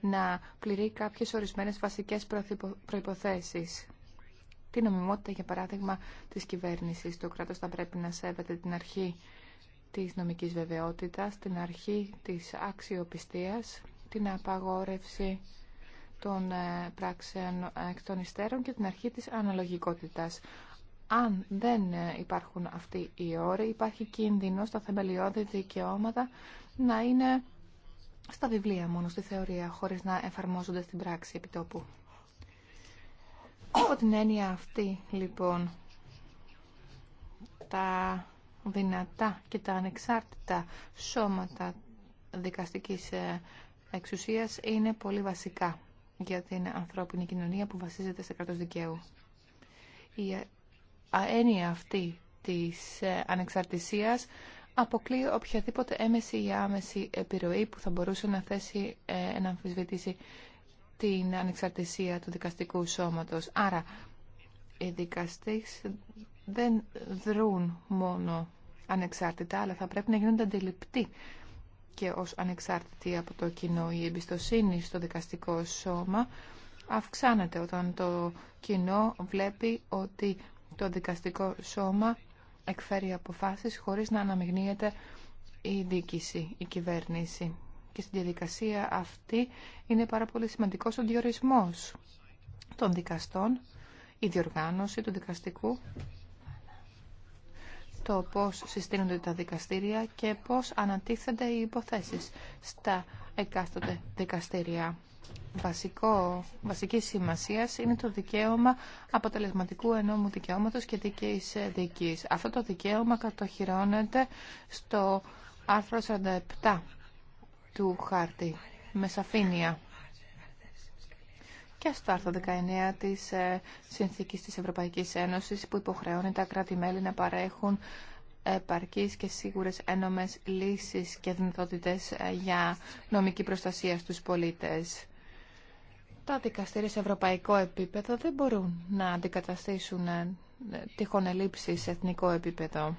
να πληρεί κάποιες ορισμένες βασικές προϋποθέσεις. Την νομιμότητα, για παράδειγμα, της κυβέρνησης. Το κράτος θα πρέπει να σέβεται την αρχή της νομικής βεβαιότητας, την αρχή της αξιοπιστίας, την απαγόρευση των ε, πράξεων ε, εκ των υστέρων και την αρχή της αναλογικότητας αν δεν ε, υπάρχουν αυτοί οι όροι, υπάρχει κίνδυνο στα θεμελιώδη δικαιώματα να είναι στα βιβλία μόνο, στη θεωρία, χωρίς να εφαρμόζονται στην πράξη επιτόπου. Από την έννοια αυτή, λοιπόν, τα δυνατά και τα ανεξάρτητα σώματα δικαστικής ε, εξουσίας είναι πολύ βασικά για την ανθρώπινη κοινωνία που βασίζεται σε κράτος δικαίου έννοια αυτή της ε, ανεξαρτησίας αποκλείει οποιαδήποτε έμεση ή άμεση επιρροή που θα μπορούσε να θέσει ε, να αμφισβητήσει την ανεξαρτησία του δικαστικού σώματος. Άρα, οι δικαστές δεν δρούν μόνο ανεξάρτητα, αλλά θα πρέπει να γίνονται αντιληπτοί και ως ανεξάρτητοι από το κοινό. Η εμπιστοσύνη στο δικαστικό σώμα αυξάνεται όταν το κοινό βλέπει ότι το δικαστικό σώμα εκφέρει αποφάσεις χωρίς να αναμειγνύεται η διοίκηση, η κυβέρνηση. Και στη διαδικασία αυτή είναι πάρα πολύ σημαντικός ο διορισμός των δικαστών, η διοργάνωση του δικαστικού, το πώς συστήνονται τα δικαστήρια και πώς ανατίθενται οι υποθέσεις στα εκάστοτε δικαστήρια βασικό, βασική σημασίας είναι το δικαίωμα αποτελεσματικού ενόμου δικαιώματος και δικής δικής. Αυτό το δικαίωμα κατοχυρώνεται στο άρθρο 47 του χάρτη με σαφήνεια και στο άρθρο 19 της ε, Συνθήκης της Ευρωπαϊκής Ένωσης που υποχρεώνει τα κράτη-μέλη να παρέχουν επαρκείς και σίγουρες ένομες λύσεις και δυνατότητες ε, για νομική προστασία στους πολίτες τα δικαστήρια σε ευρωπαϊκό επίπεδο δεν μπορούν να αντικαταστήσουν ε, τυχόν ελλείψεις σε εθνικό επίπεδο.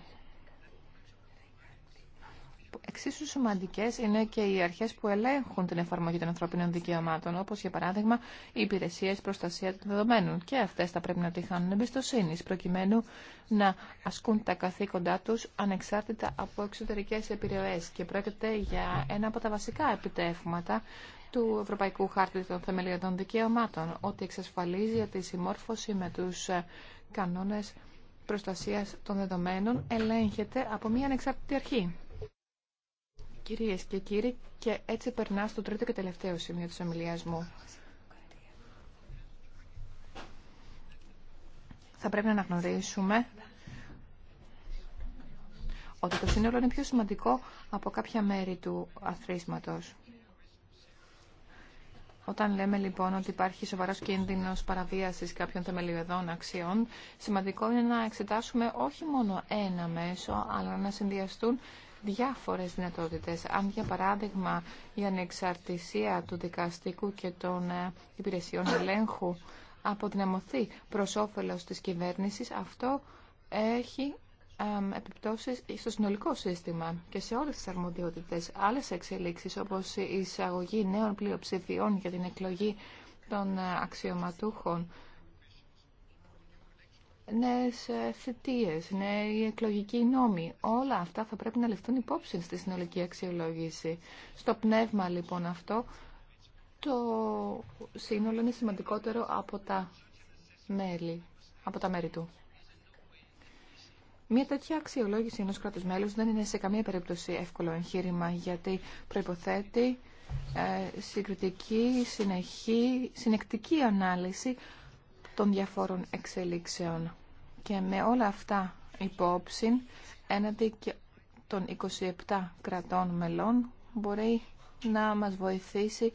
Εξίσου σημαντικέ είναι και οι αρχέ που ελέγχουν την εφαρμογή των ανθρωπίνων δικαιωμάτων, όπω για παράδειγμα οι υπηρεσίε προστασία των δεδομένων. Και αυτέ θα πρέπει να τη εμπιστοσύνη, προκειμένου να ασκούν τα καθήκοντά του ανεξάρτητα από εξωτερικέ επιρροέ. Και πρόκειται για ένα από τα βασικά επιτεύγματα του Ευρωπαϊκού Χάρτη των Θεμελιωδών Δικαιωμάτων, ότι εξασφαλίζει τη συμμόρφωση με τους ε, κανόνες προστασίας των δεδομένων ελέγχεται από μια ανεξάρτητη αρχή. Κυρίες και κύριοι, και έτσι περνά στο τρίτο και τελευταίο σημείο της ομιλίας μου. Θα πρέπει να αναγνωρίσουμε ότι το σύνολο είναι πιο σημαντικό από κάποια μέρη του αθροίσματος. Όταν λέμε λοιπόν ότι υπάρχει σοβαρό κίνδυνο παραβίαση κάποιων θεμελιωδών αξιών, σημαντικό είναι να εξετάσουμε όχι μόνο ένα μέσο, αλλά να συνδυαστούν διάφορε δυνατότητε. Αν για παράδειγμα η ανεξαρτησία του δικαστικού και των ε, υπηρεσιών ελέγχου αποδυναμωθεί προ όφελο τη κυβέρνηση, αυτό έχει επιπτώσεις στο συνολικό σύστημα και σε όλες τις αρμοδιότητες. άλλε εξελίξεις όπως η εισαγωγή νέων πλειοψηφιών για την εκλογή των ε, αξιωματούχων, νέε θητείε, νέοι εκλογικοί νόμοι, όλα αυτά θα πρέπει να ληφθούν υπόψη στη συνολική αξιολόγηση. Στο πνεύμα λοιπόν αυτό το σύνολο είναι σημαντικότερο από τα μέλη, από τα μέρη του. Μια τέτοια αξιολόγηση ενός κράτους μέλους δεν είναι σε καμία περίπτωση εύκολο εγχείρημα γιατί προϋποθέτει ε, συγκριτική, συνεχή, συνεκτική ανάλυση των διαφόρων εξελίξεων. Και με όλα αυτά υπόψη, έναντι και των 27 κρατών μελών, μπορεί να μας βοηθήσει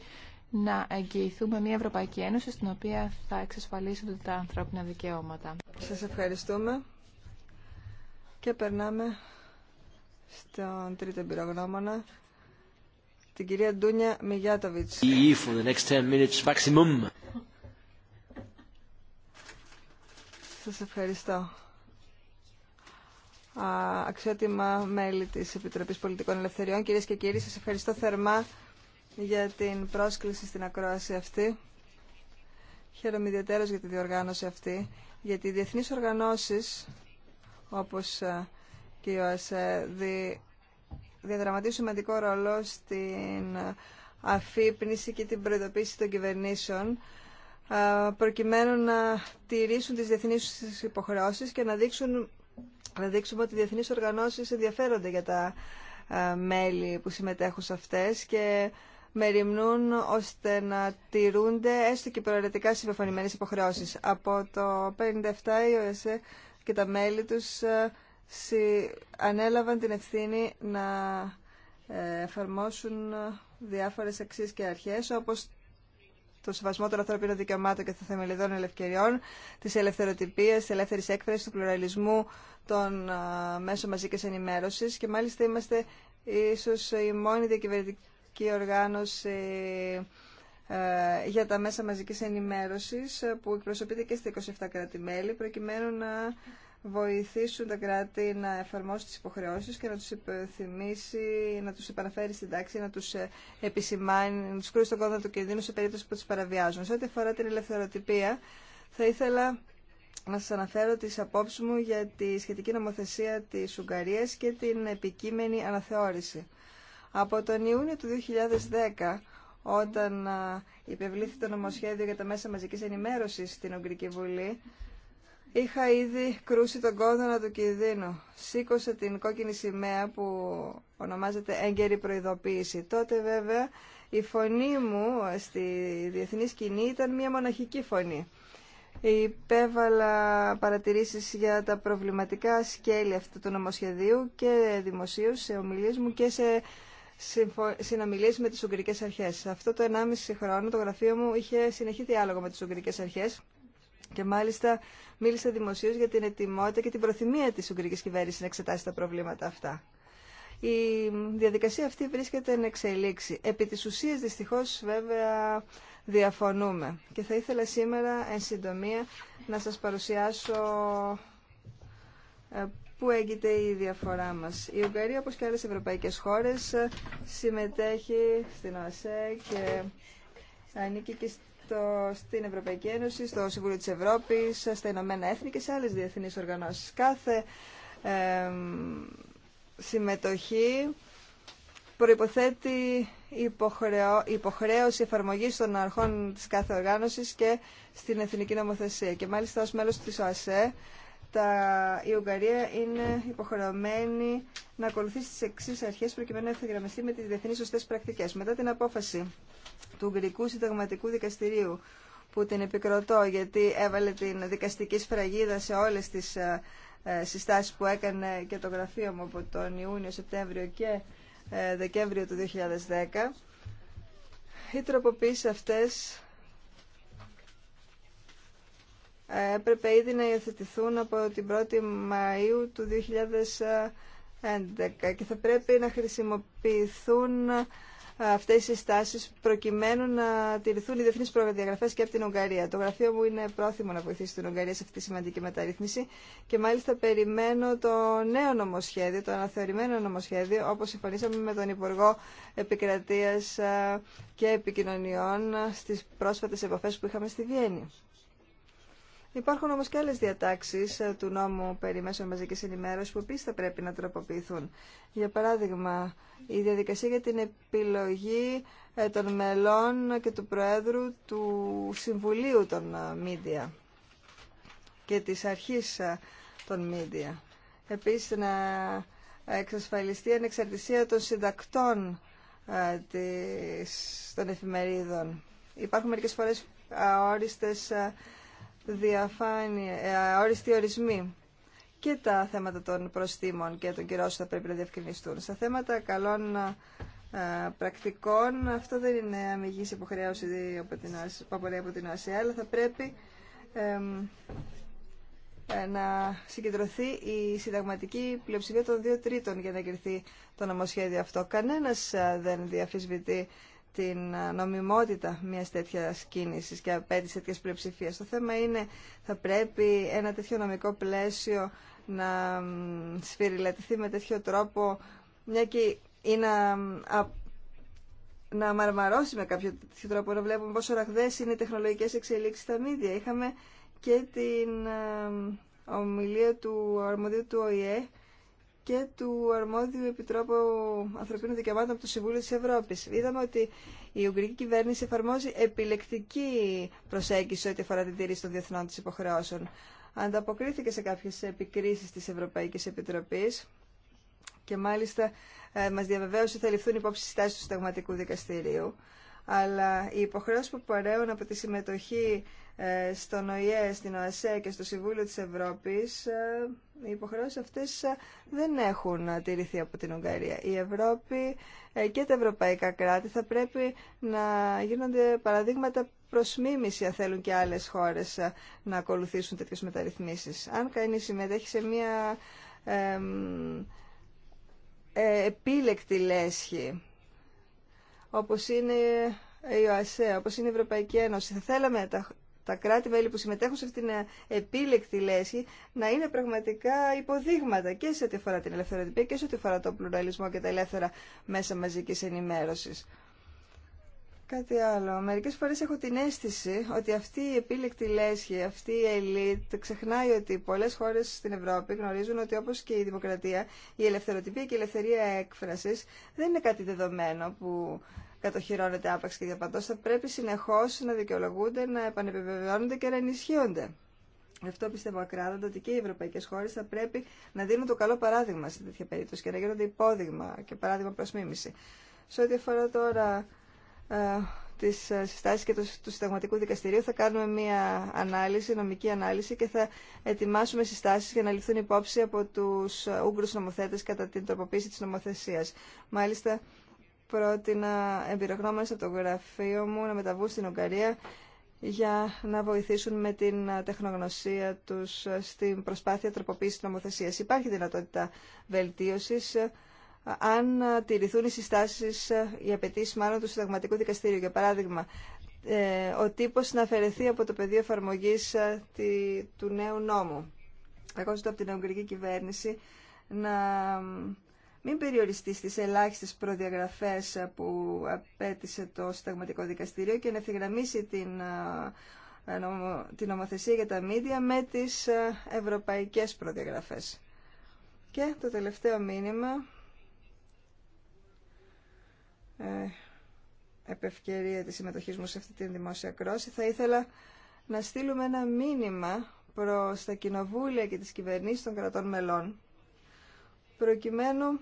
να εγγυηθούμε μια Ευρωπαϊκή Ένωση στην οποία θα εξασφαλίζονται τα ανθρώπινα δικαιώματα. Σας ευχαριστούμε. Και περνάμε στον τρίτο εμπειρογνώμονα, την κυρία Ντούνια Μιγιάτοβιτς. For the next 10 Σας ευχαριστώ. Αξιότιμα μέλη της Επιτροπής Πολιτικών Ελευθεριών, κυρίες και κύριοι, σας ευχαριστώ θερμά για την πρόσκληση στην ακρόαση αυτή. Χαίρομαι ιδιαίτερως για τη διοργάνωση αυτή, γιατί οι διεθνείς οργανώσεις όπως ε, και η ΟΑΣΕ δι, διαδραματίζουν σημαντικό ρόλο στην ε, αφύπνιση και την προειδοποίηση των κυβερνήσεων ε, προκειμένου να τηρήσουν τις διεθνείς υποχρεώσεις και να, δείξουν, να δείξουμε ότι οι διεθνείς οργανώσεις ενδιαφέρονται για τα μέλη που συμμετέχουν σε αυτές και μεριμνούν ώστε να τηρούνται έστω και προαιρετικά συμπεφωνημένες υποχρεώσεις. Από το 1957 η ΟΕΣΕ και τα μέλη τους ε, ανέλαβαν την ευθύνη να ε, εφαρμόσουν ε, διάφορες αξίες και αρχές όπως το σεβασμό των ανθρώπινων δικαιωμάτων και των θεμελιδών ελευκαιριών, της ελευθεροτυπίας, της ελεύθερης έκφρασης, του πλουραλισμού των μέσων μαζικής ενημέρωσης. Και μάλιστα είμαστε ίσως η μόνη διακυβερνητική οργάνωση ε, για τα μέσα μαζικής ενημέρωσης ε, που εκπροσωπείται και στα 27 κράτη-μέλη προκειμένου να βοηθήσουν τα κράτη να εφαρμόσουν τις υποχρεώσεις και να τους υπενθυμίσει, να τους επαναφέρει στην τάξη, να τους ε, επισημάνει, να τους κρούσει τον κόδωνα του κινδύνου σε περίπτωση που τους παραβιάζουν. Σε ό,τι αφορά την ελευθεροτυπία, θα ήθελα να σας αναφέρω τις απόψεις μου για τη σχετική νομοθεσία της Ουγγαρίας και την επικείμενη αναθεώρηση. Από τον Ιούνιο του 2010 όταν ε, υπευλήθη το νομοσχέδιο για τα μέσα μαζικής ενημέρωσης στην Ουγγρική Βουλή, είχα ήδη κρούσει τον κόδωνα του κινδύνου. Σήκωσε την κόκκινη σημαία που ονομάζεται έγκαιρη προειδοποίηση. Τότε βέβαια η φωνή μου στη διεθνή σκηνή ήταν μια μοναχική φωνή. Υπέβαλα παρατηρήσεις για τα προβληματικά σκέλη αυτού του νομοσχεδίου και δημοσίου σε ομιλίες μου και σε συνομιλίες με τις Ουγγρικές Αρχές. Αυτό το 1,5 χρόνο το γραφείο μου είχε συνεχή διάλογο με τις Ουγγρικές Αρχές και μάλιστα μίλησα δημοσίω για την ετοιμότητα και την προθυμία της Ουγγρικής Κυβέρνησης να εξετάσει τα προβλήματα αυτά. Η διαδικασία αυτή βρίσκεται εν εξελίξη. Επί της ουσίας δυστυχώς βέβαια διαφωνούμε. Και θα ήθελα σήμερα εν συντομία να σας παρουσιάσω ε, Πού έγκυται η διαφορά μας. Η Ουγγαρία, όπως και άλλες ευρωπαϊκές χώρες, συμμετέχει στην ΟΑΣΕ και ανήκει και στο, στην Ευρωπαϊκή Ένωση, στο Συμβούλιο της Ευρώπης, στα Ηνωμένα Έθνη και σε άλλες διεθνείς οργανώσεις. Κάθε συμμετοχή προϋποθέτει υποχρεώ, υποχρέωση εφαρμογής των αρχών της κάθε οργάνωσης και στην εθνική νομοθεσία. Και μάλιστα ως μέλος της ΟΑΣΕ τα, η Ουγγαρία είναι υποχρεωμένη να ακολουθήσει τι εξή αρχέ προκειμένου να ευθυγραμμιστεί με τι διεθνεί σωστέ πρακτικέ. Μετά την απόφαση του Ουγγρικού Συνταγματικού Δικαστηρίου που την επικροτώ γιατί έβαλε την δικαστική σφραγίδα σε όλε τι ε, ε, συστάσει που έκανε και το γραφείο μου από τον Ιούνιο, Σεπτέμβριο και ε, Δεκέμβριο του 2010. Οι τροποποίηση αυτές έπρεπε ήδη να υιοθετηθούν από την 1η Μαΐου του 2011 και θα πρέπει να χρησιμοποιηθούν ε, αυτές οι συστάσεις προκειμένου να τηρηθούν οι διεθνείς προδιαγραφές και από την Ουγγαρία. Το γραφείο μου είναι πρόθυμο να βοηθήσει την Ουγγαρία σε αυτή τη σημαντική μεταρρύθμιση και μάλιστα περιμένω το νέο νομοσχέδιο, το αναθεωρημένο νομοσχέδιο, όπως συμφωνήσαμε με τον Υπουργό Επικρατείας ε, και Επικοινωνιών στις πρόσφατες επαφές που είχαμε στη Βιέννη. Υπάρχουν όμως και άλλε διατάξει ε, του νόμου περί μέσων μαζικής ενημέρωσης που επίση θα πρέπει να τροποποιηθούν. Για παράδειγμα, η διαδικασία για την επιλογή ε, των μελών και του Προέδρου του Συμβουλίου των ε, Μίντια και της αρχής των Μίντια. Επίσης, να εξασφαλιστεί η ανεξαρτησία των συντακτών των εφημερίδων. Υπάρχουν μερικές φορές αόριστες διαφάνεια, όριστοι ε, ορισμοί και τα θέματα των προστήμων και των κυρώσεων θα πρέπει να διευκρινιστούν. Στα θέματα καλών ε, πρακτικών, αυτό δεν είναι αμυγής υποχρέωση που απορρέει από την ΟΑΣΕ, αλλά θα πρέπει ε, να συγκεντρωθεί η συνταγματική πλειοψηφία των δύο τρίτων για να κριθεί το νομοσχέδιο αυτό. Κανένας δεν διαφυσβητεί την νομιμότητα μια τέτοια κίνηση και απέτηση τέτοια πλειοψηφία. Το θέμα είναι θα πρέπει ένα τέτοιο νομικό πλαίσιο να σφυριλατηθεί με τέτοιο τρόπο μια και, ή να, να μαρμαρώσει με κάποιο τέτοιο τρόπο να βλέπουμε πόσο ραγδαίες είναι οι τεχνολογικές εξελίξεις στα μίδια. Είχαμε και την ε, ομιλία του αρμοδίου του ΟΗΕ και του αρμόδιου Επιτρόπου Ανθρωπίνων Δικαιωμάτων από το Συμβούλιο της Ευρώπης. Είδαμε ότι η Ουγγρική κυβέρνηση εφαρμόζει επιλεκτική προσέγγιση ό,τι αφορά την τήρηση των διεθνών της υποχρεώσεων. Ανταποκρίθηκε σε κάποιες επικρίσεις της Ευρωπαϊκής Επιτροπής και μάλιστα ε, μας διαβεβαίωσε θα ληφθούν υπόψη στάσει του Συνταγματικού Δικαστηρίου. Αλλά οι υποχρεώσει που παρέουν από τη συμμετοχή ε, στον ΟΗΕ, στην ΟΑΣΕ και στο Συμβούλιο της Ευρώπης ε, οι υποχρεώσεις αυτές ε, δεν έχουν ε, τηρηθεί από την Ουγγαρία. Η Ευρώπη ε, και τα ευρωπαϊκά κράτη θα πρέπει να γίνονται παραδείγματα προς μίμηση αν θέλουν και άλλες χώρες να ακολουθήσουν τέτοιες μεταρρυθμίσεις. Αν κανείς συμμετέχει σε μια ε, επίλεκτη λέσχη όπως είναι η ΟΑΣΕ, όπως είναι η Ευρωπαϊκή Ένωση. Θα θέλαμε τα τα κράτη-μέλη που συμμετέχουν σε αυτήν την ε, επίλεκτη λέσχη να είναι πραγματικά υποδείγματα και σε ό,τι αφορά την ελευθεροτυπία και σε ό,τι αφορά τον πλουραλισμό και τα ελεύθερα μέσα μαζική ενημέρωση. Κάτι άλλο. Μερικέ φορέ έχω την αίσθηση ότι αυτή η επίλεκτη λέσχη, αυτή η ελίτ, ξεχνάει ότι πολλέ χώρε στην Ευρώπη γνωρίζουν ότι όπω και η δημοκρατία, η ελευθεροτυπία και η ελευθερία έκφραση δεν είναι κάτι δεδομένο που κατοχυρώνεται άπαξ και διαπαντός. Θα πρέπει συνεχώ να δικαιολογούνται, να επανεπιβεβαιώνονται και να ενισχύονται. Γι' αυτό πιστεύω ακράδαντα ότι και οι ευρωπαϊκέ χώρε θα πρέπει να δίνουν το καλό παράδειγμα σε τέτοια περίπτωση και να γίνονται υπόδειγμα και παράδειγμα προ μίμηση. Σε ό,τι αφορά τώρα ε, τι ε, συστάσει και το του Συνταγματικού Δικαστηρίου, θα κάνουμε μία ανάλυση, νομική ανάλυση και θα ετοιμάσουμε συστάσει για να ληφθούν υπόψη από του ε, Ούγγρου νομοθέτε κατά την τροποποίηση τη νομοθεσία. Μάλιστα, πρότεινα εμπειρογνώμονες από το γραφείο μου να μεταβούν στην Ουγγαρία για να βοηθήσουν με την τεχνογνωσία τους στην προσπάθεια τροποποίησης νομοθεσίας. Υπάρχει δυνατότητα βελτίωσης αν τηρηθούν οι συστάσεις, οι απαιτήσει μάλλον του Συνταγματικού Δικαστήριου. Για παράδειγμα, ε, ο τύπος να αφαιρεθεί από το πεδίο εφαρμογή ε, του νέου νόμου. Εγώ ζητώ από την Ουγγρική κυβέρνηση να μην περιοριστεί στις ελάχιστες προδιαγραφές που απέτησε το Συνταγματικό Δικαστήριο και να ευθυγραμμίσει την, την νομοθεσία για τα μίδια με τις ευρωπαϊκές προδιαγραφές. Και το τελευταίο μήνυμα ε, ευκαιρία της συμμετοχής μου σε αυτή την δημόσια κρόση θα ήθελα να στείλουμε ένα μήνυμα προς τα κοινοβούλια και τις κυβερνήσεις των κρατών μελών προκειμένου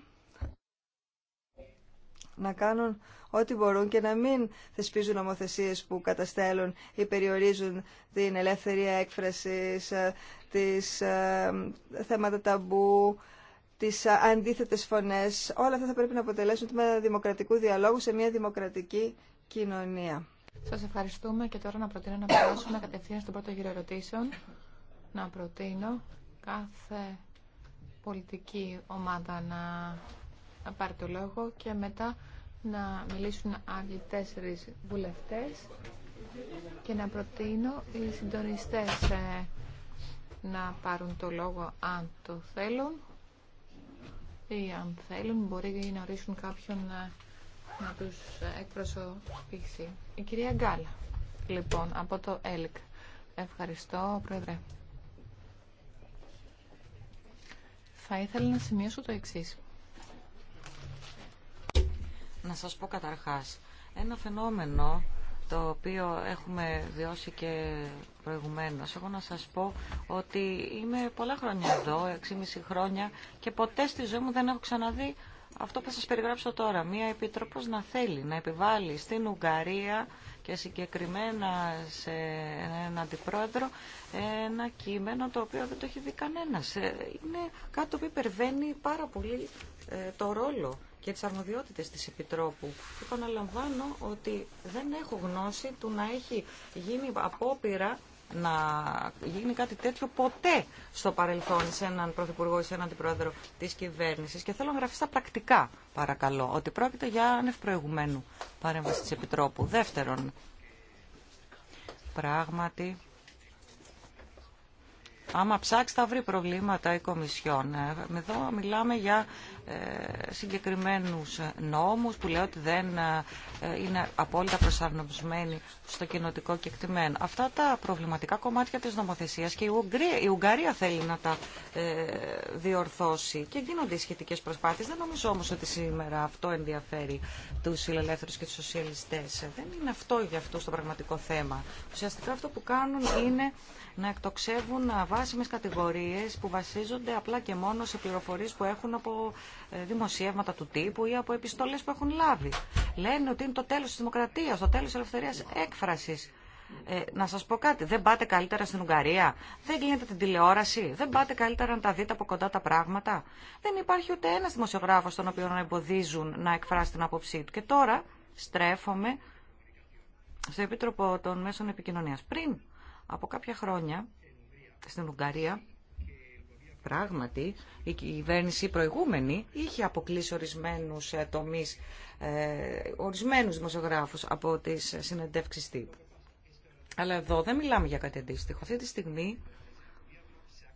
να κάνουν ό,τι μπορούν και να μην θεσπίζουν νομοθεσίες που καταστέλουν ή περιορίζουν την ελεύθερη έκφραση, τις ε, θέματα ταμπού, τις ε, αντίθετες φωνές. Όλα αυτά θα πρέπει να αποτελέσουν τμήμα δημοκρατικού διαλόγου σε μια δημοκρατική κοινωνία. Σας ευχαριστούμε και τώρα να προτείνω να περάσουμε κατευθείαν στον πρώτο γύρο ερωτήσεων. Να προτείνω κάθε πολιτική ομάδα να να πάρει το λόγο και μετά να μιλήσουν άλλοι τέσσερις βουλευτές και να προτείνω οι συντονιστές ε, να πάρουν το λόγο αν το θέλουν ή αν θέλουν μπορεί να ορίσουν κάποιον να, ε, να τους εκπροσωπήσει. Η κυρία Γκάλα, λοιπόν, από το ΕΛΚ. Ευχαριστώ, Πρόεδρε. Θα ήθελα να σημειώσω το εξής. Να σας πω καταρχάς, ένα φαινόμενο το οποίο έχουμε βιώσει και προηγουμένως. Εγώ να σας πω ότι είμαι πολλά χρόνια εδώ, 6,5 χρόνια και ποτέ στη ζωή μου δεν έχω ξαναδεί αυτό που θα σας περιγράψω τώρα. Μία επιτρόπος να θέλει να επιβάλλει στην Ουγγαρία και συγκεκριμένα σε έναν αντιπρόεδρο ένα κείμενο το οποίο δεν το έχει δει κανένας. Ε, είναι κάτι που υπερβαίνει πάρα πολύ ε, το ρόλο και τις αρμοδιότητες της Επιτρόπου. Επαναλαμβάνω ότι δεν έχω γνώση του να έχει γίνει απόπειρα να γίνει κάτι τέτοιο ποτέ στο παρελθόν σε έναν πρωθυπουργό ή σε έναν αντιπρόεδρο της κυβέρνησης και θέλω να γραφεί στα πρακτικά παρακαλώ ότι πρόκειται για ανευπροηγουμένου παρέμβαση της Επιτρόπου. Δεύτερον, πράγματι Άμα ψάξει θα βρει προβλήματα η Κομισιόν. Ε, εδώ μιλάμε για ε, συγκεκριμένους ε, νόμους που λέω ότι δεν είναι απόλυτα προσαρμοσμένοι στο κοινοτικό κεκτημένο. Αυτά τα προβληματικά κομμάτια της νομοθεσίας και η Ουγγαρία, θέλει να τα διορθώσει και γίνονται οι σχετικές προσπάθειες. Δεν νομίζω όμως ότι σήμερα αυτό ενδιαφέρει τους ελεύθερους και τους σοσιαλιστές. Δεν είναι αυτό για αυτούς το πραγματικό θέμα. Ουσιαστικά αυτό που κάνουν είναι να εκτοξεύουν προσβάσιμες κατηγορίες που βασίζονται απλά και μόνο σε πληροφορίες που έχουν από ε, δημοσιεύματα του τύπου ή από επιστολές που έχουν λάβει. Λένε ότι είναι το τέλος της δημοκρατίας, το τέλος της ελευθερίας έκφρασης. Ε, να σας πω κάτι, δεν πάτε καλύτερα στην Ουγγαρία, δεν κλείνετε την τηλεόραση, δεν πάτε καλύτερα να τα δείτε από κοντά τα πράγματα. Δεν υπάρχει ούτε ένας δημοσιογράφος τον οποίο να εμποδίζουν να εκφράσει την άποψή του. Και τώρα στρέφομαι στο Επίτροπο των Μέσων Επικοινωνίας. Πριν από κάποια χρόνια στην Ουγγαρία, πράγματι η κυβέρνηση προηγούμενη είχε αποκλείσει ορισμένους ε, τομείς, ε, ορισμένους δημοσιογράφους από τις συνεντεύξεις τύπου. Αλλά εδώ δεν μιλάμε για κάτι αντίστοιχο. Αυτή τη στιγμή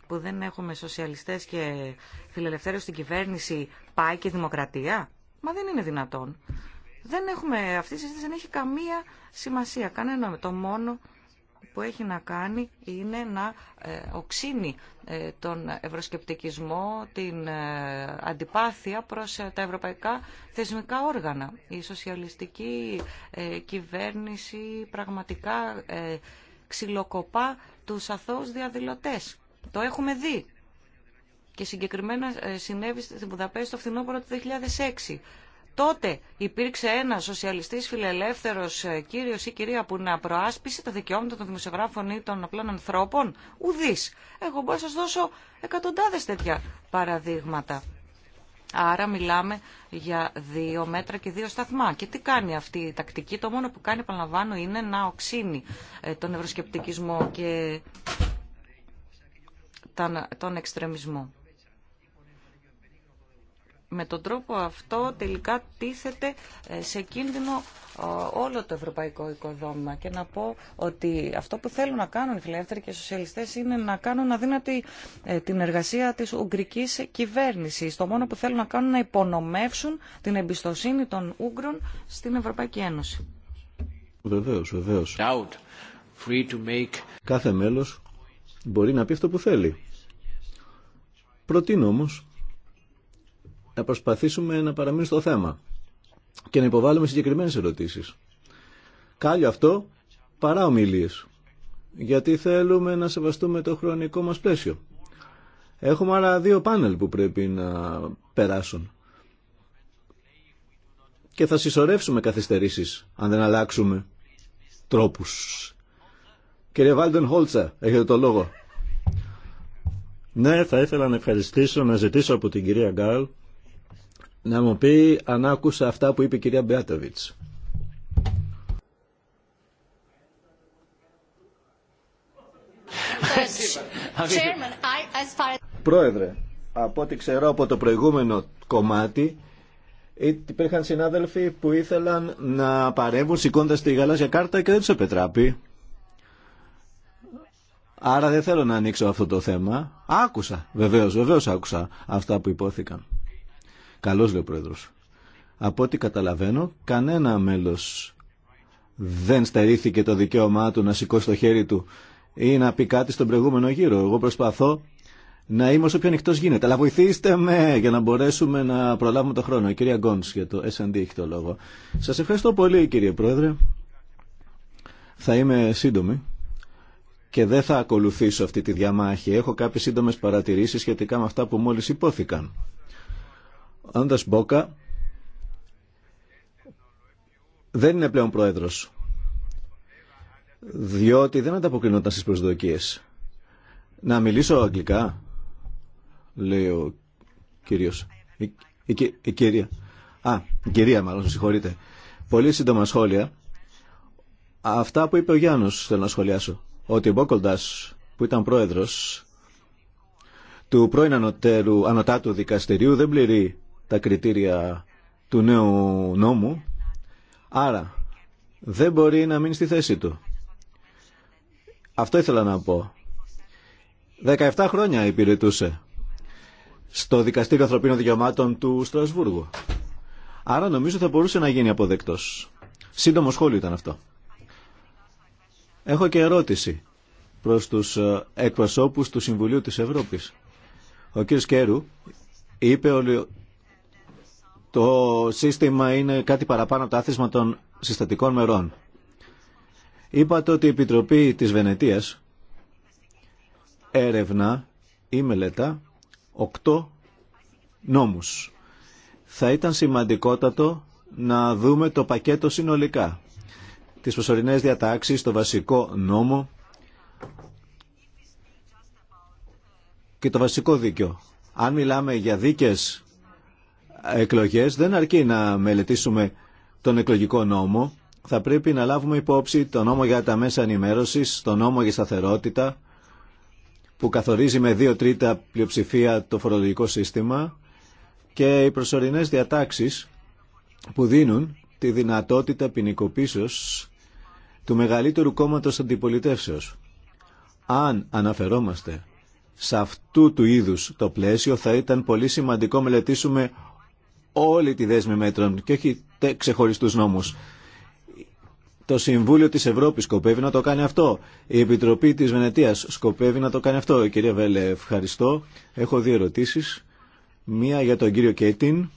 που δεν έχουμε σοσιαλιστές και φιλελευθέρους στην κυβέρνηση πάει και δημοκρατία. Μα δεν είναι δυνατόν. Δεν έχουμε, αυτή η συζήτηση δεν έχει καμία σημασία, κανένα το μόνο που έχει να κάνει είναι να ε, οξύνει ε, τον ευρωσκεπτικισμό, την ε, αντιπάθεια προς τα ευρωπαϊκά θεσμικά όργανα. Η σοσιαλιστική κυβέρνηση πραγματικά ξυλοκοπά τους αθώους διαδηλωτές. Το έχουμε δει. Και συγκεκριμένα συνέβη στην Βουδαπέστη το φθινόπωρο του 2006 τότε υπήρξε ένα σοσιαλιστής φιλελεύθερος ε, κύριος ή κυρία που να προάσπισε τα δικαιώματα των δημοσιογράφων ή των απλών ανθρώπων. Ουδής. Εγώ μπορώ να σας δώσω εκατοντάδες τέτοια παραδείγματα. Άρα μιλάμε για δύο μέτρα και δύο σταθμά. Και τι κάνει αυτή η τακτική. Το μόνο που κάνει, επαναλαμβάνω, είναι να οξύνει ε, τον ευρωσκεπτικισμό και τον εξτρεμισμό με τον τρόπο αυτό τελικά τίθεται ε, σε κίνδυνο ε, όλο το ευρωπαϊκό οικοδόμημα και να πω ότι αυτό που θέλουν να κάνουν οι φιλελεύθεροι και οι σοσιαλιστές είναι να κάνουν αδύνατη ε, την εργασία της ουγγρικής κυβέρνησης. Το μόνο που θέλουν να κάνουν είναι να υπονομεύσουν την εμπιστοσύνη των Ούγγρων στην Ευρωπαϊκή Ένωση. Βεβαίως, βεβαίως. make... Κάθε μέλος μπορεί να πει αυτό που θέλει. Προτείνω όμως να προσπαθήσουμε να παραμείνουμε στο θέμα και να υποβάλουμε συγκεκριμένες ερωτήσεις. Κάλιο αυτό παρά ομιλίες, γιατί θέλουμε να σεβαστούμε το χρονικό μας πλαίσιο. Έχουμε άρα δύο πάνελ που πρέπει να περάσουν και θα συσσωρεύσουμε καθυστερήσεις αν δεν αλλάξουμε τρόπους. Κύριε Βάλτεν Χόλτσα, έχετε το λόγο. Ναι, θα ήθελα να ευχαριστήσω, να ζητήσω από την κυρία Γκάλ να μου πει αν άκουσα αυτά που είπε η κυρία Μπεάτοβιτς. Πρόεδρε, από ό,τι ξέρω από το προηγούμενο κομμάτι, υπήρχαν συνάδελφοι που ήθελαν να παρέμβουν σηκώντα τη γαλάζια κάρτα και δεν του επιτράπει. Άρα δεν θέλω να ανοίξω αυτό το θέμα. Άκουσα, βεβαίως, βεβαίως άκουσα αυτά που υπόθηκαν. Καλώς λέει ο πρόεδρο. Από ό,τι καταλαβαίνω, κανένα μέλο δεν στερήθηκε το δικαίωμά του να σηκώσει το χέρι του ή να πει κάτι στον προηγούμενο γύρο. Εγώ προσπαθώ να είμαι όσο πιο ανοιχτό γίνεται. Αλλά βοηθήστε με για να μπορέσουμε να προλάβουμε το χρόνο. Η κυρία Γκόντ για το SD έχει το λόγο. Σα ευχαριστώ πολύ, κύριε Πρόεδρε. Θα είμαι σύντομη και δεν θα ακολουθήσω αυτή τη διαμάχη. Έχω κάποιες σύντομε παρατηρήσει σχετικά με αυτά που μόλι υπόθηκαν. Άντας Μπόκα δεν είναι πλέον πρόεδρος διότι δεν ανταποκρινόταν στις προσδοκίες. Να μιλήσω αγγλικά, λέει ο κύριος. Η, η, κυρία. Α, η κυρία μάλλον, συγχωρείτε. Πολύ σύντομα σχόλια. Αυτά που είπε ο Γιάννος θέλω να σχολιάσω. Ότι ο Μπόκολντας που ήταν πρόεδρος του πρώην ανωτέρου, ανωτάτου δικαστηρίου δεν πληρεί τα κριτήρια του νέου νόμου, άρα δεν μπορεί να μείνει στη θέση του. Αυτό ήθελα να πω. 17 χρόνια υπηρετούσε στο Δικαστήριο Ανθρωπίνων Δικαιωμάτων του Στρασβούργου. Άρα νομίζω θα μπορούσε να γίνει αποδεκτός. Σύντομο σχόλιο ήταν αυτό. Έχω και ερώτηση προς τους ε, εκπροσώπους του Συμβουλίου της Ευρώπης. Ο κ. Κέρου είπε το σύστημα είναι κάτι παραπάνω από το άθισμα των συστατικών μερών. Είπατε ότι η Επιτροπή της Βενετίας έρευνα ή μελέτα οκτώ νόμους. Θα ήταν σημαντικότατο να δούμε το πακέτο συνολικά. Τις προσωρινές διατάξεις, το βασικό νόμο και το βασικό δίκαιο. Αν μιλάμε για δίκες εκλογές δεν αρκεί να μελετήσουμε τον εκλογικό νόμο. Θα πρέπει να λάβουμε υπόψη τον νόμο για τα μέσα ενημέρωσης, τον νόμο για σταθερότητα που καθορίζει με δύο τρίτα πλειοψηφία το φορολογικό σύστημα και οι προσωρινές διατάξεις που δίνουν τη δυνατότητα ποινικοποίησεως του μεγαλύτερου κόμματος αντιπολιτεύσεως. Αν αναφερόμαστε σε αυτού του είδους το πλαίσιο θα ήταν πολύ σημαντικό μελετήσουμε όλη τη δέσμη μέτρων και όχι ξεχωριστούς νόμους. Το Συμβούλιο της Ευρώπης σκοπεύει να το κάνει αυτό. Η Επιτροπή της Βενετίας σκοπεύει να το κάνει αυτό. κυρία Βέλε, ευχαριστώ. Έχω δύο ερωτήσεις. Μία για τον κύριο Κέτιν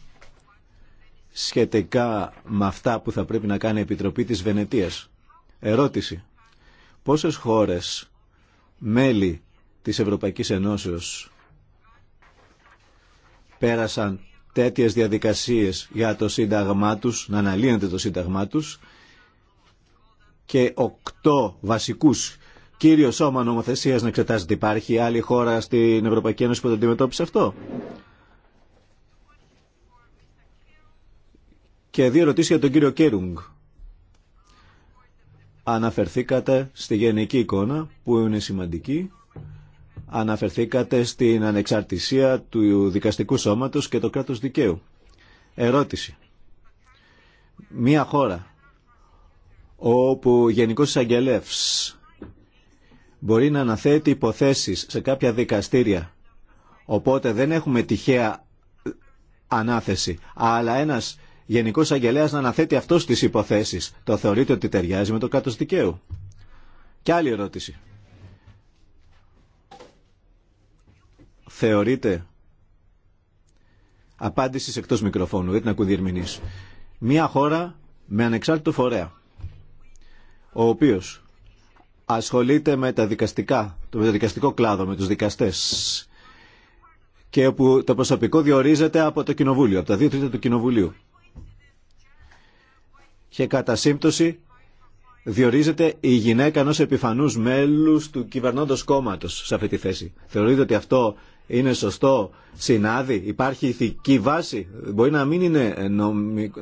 σχετικά με αυτά που θα πρέπει να κάνει η Επιτροπή της Βενετίας. Ερώτηση. Πόσες χώρες μέλη της Ευρωπαϊκής Ενώσεως πέρασαν Τέτοιε διαδικασίες για το σύνταγμά του, να αναλύνεται το σύνταγμά του. και οκτώ βασικούς κύριο σώμα νομοθεσία να εξετάζεται. Υπάρχει άλλη χώρα στην Ευρωπαϊκή Ένωση που το αντιμετώπισε αυτό. Και δύο ερωτήσει για τον κύριο Κέρουγκ. Αναφερθήκατε στη γενική εικόνα που είναι σημαντική Αναφερθήκατε στην ανεξαρτησία του δικαστικού σώματος και το κράτος δικαίου. Ερώτηση. Μία χώρα όπου γενικός εισαγγελεύς μπορεί να αναθέτει υποθέσεις σε κάποια δικαστήρια. Οπότε δεν έχουμε τυχαία ανάθεση. Αλλά ένας γενικός αγγελέας να αναθέτει αυτός τις υποθέσεις. Το θεωρείτε ότι ταιριάζει με το κράτος δικαίου. Και άλλη ερώτηση. θεωρείται απάντηση εκτό μικροφώνου, δεν να ακούει Μία χώρα με ανεξάρτητο φορέα, ο οποίος ασχολείται με τα δικαστικά, το δικαστικό κλάδο, με τους δικαστέ και όπου το προσωπικό διορίζεται από το κοινοβούλιο, από τα δύο τρίτα του κοινοβουλίου. Και κατά σύμπτωση διορίζεται η γυναίκα ενό επιφανούς μέλους του κυβερνώντος κόμματος σε αυτή τη θέση. Θεωρείτε ότι αυτό είναι σωστό, συνάδει, υπάρχει ηθική βάση. Μπορεί να μην είναι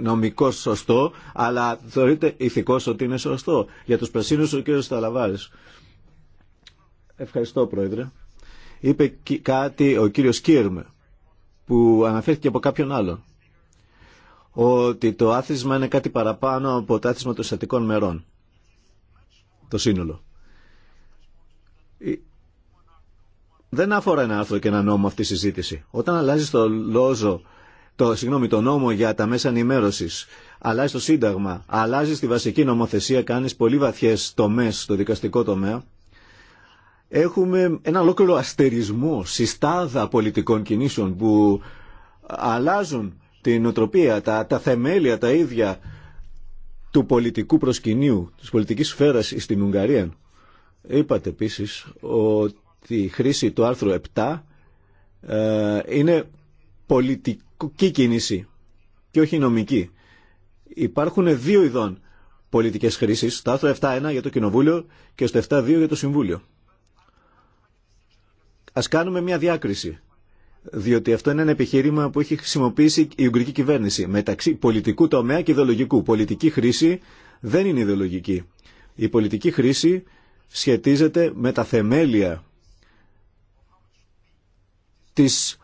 νομικό σωστό, αλλά θεωρείται ηθικό ότι είναι σωστό. Για του πρασίνου ο κ. Σταλαβάρη. Ευχαριστώ, Πρόεδρε. Είπε κάτι ο κύριος Κίρμε, που αναφέρθηκε από κάποιον άλλον, ότι το άθισμα είναι κάτι παραπάνω από το άθισμα των συστατικών μερών, το σύνολο δεν αφορά ένα άρθρο και ένα νόμο αυτή η συζήτηση. Όταν αλλάζει το λόζο, το, συγγνώμη, το νόμο για τα μέσα ενημέρωση, αλλάζει το Σύνταγμα, αλλάζει τη βασική νομοθεσία, κάνει πολύ βαθιέ τομέ στο δικαστικό τομέα, έχουμε ένα ολόκληρο αστερισμό, συστάδα πολιτικών κινήσεων που αλλάζουν την οτροπία, τα, θεμέλια τα ίδια του πολιτικού προσκυνίου, της πολιτικής σφαίρας στην Ουγγαρία. Είπατε επίσης ότι η χρήση του άρθρου 7 ε, είναι πολιτική κίνηση και όχι νομική. Υπάρχουν δύο ειδών πολιτικές χρήσεις, στο άρθρο 7.1 για το Κοινοβούλιο και στο 7.2 για το Συμβούλιο. Ας κάνουμε μια διάκριση, διότι αυτό είναι ένα επιχείρημα που έχει χρησιμοποιήσει η Ουγγρική κυβέρνηση μεταξύ πολιτικού τομέα και ιδεολογικού. Πολιτική χρήση δεν είναι ιδεολογική. Η πολιτική χρήση σχετίζεται με τα θεμέλια της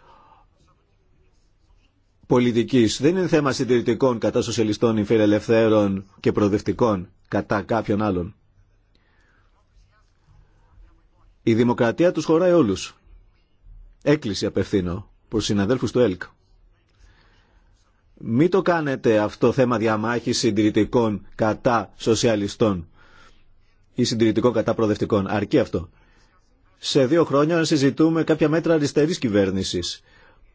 πολιτικής. Δεν είναι θέμα συντηρητικών κατά σοσιαλιστών, υφερελευθέρων και προοδευτικών κατά κάποιον άλλων. Η δημοκρατία τους χωράει όλους. Έκκληση απευθύνω προς συναδέλφους του ΕΛΚ. Μην το κάνετε αυτό θέμα διαμάχης συντηρητικών κατά σοσιαλιστών ή συντηρητικών κατά προοδευτικών. Αρκεί αυτό σε δύο χρόνια να συζητούμε κάποια μέτρα αριστερή κυβέρνηση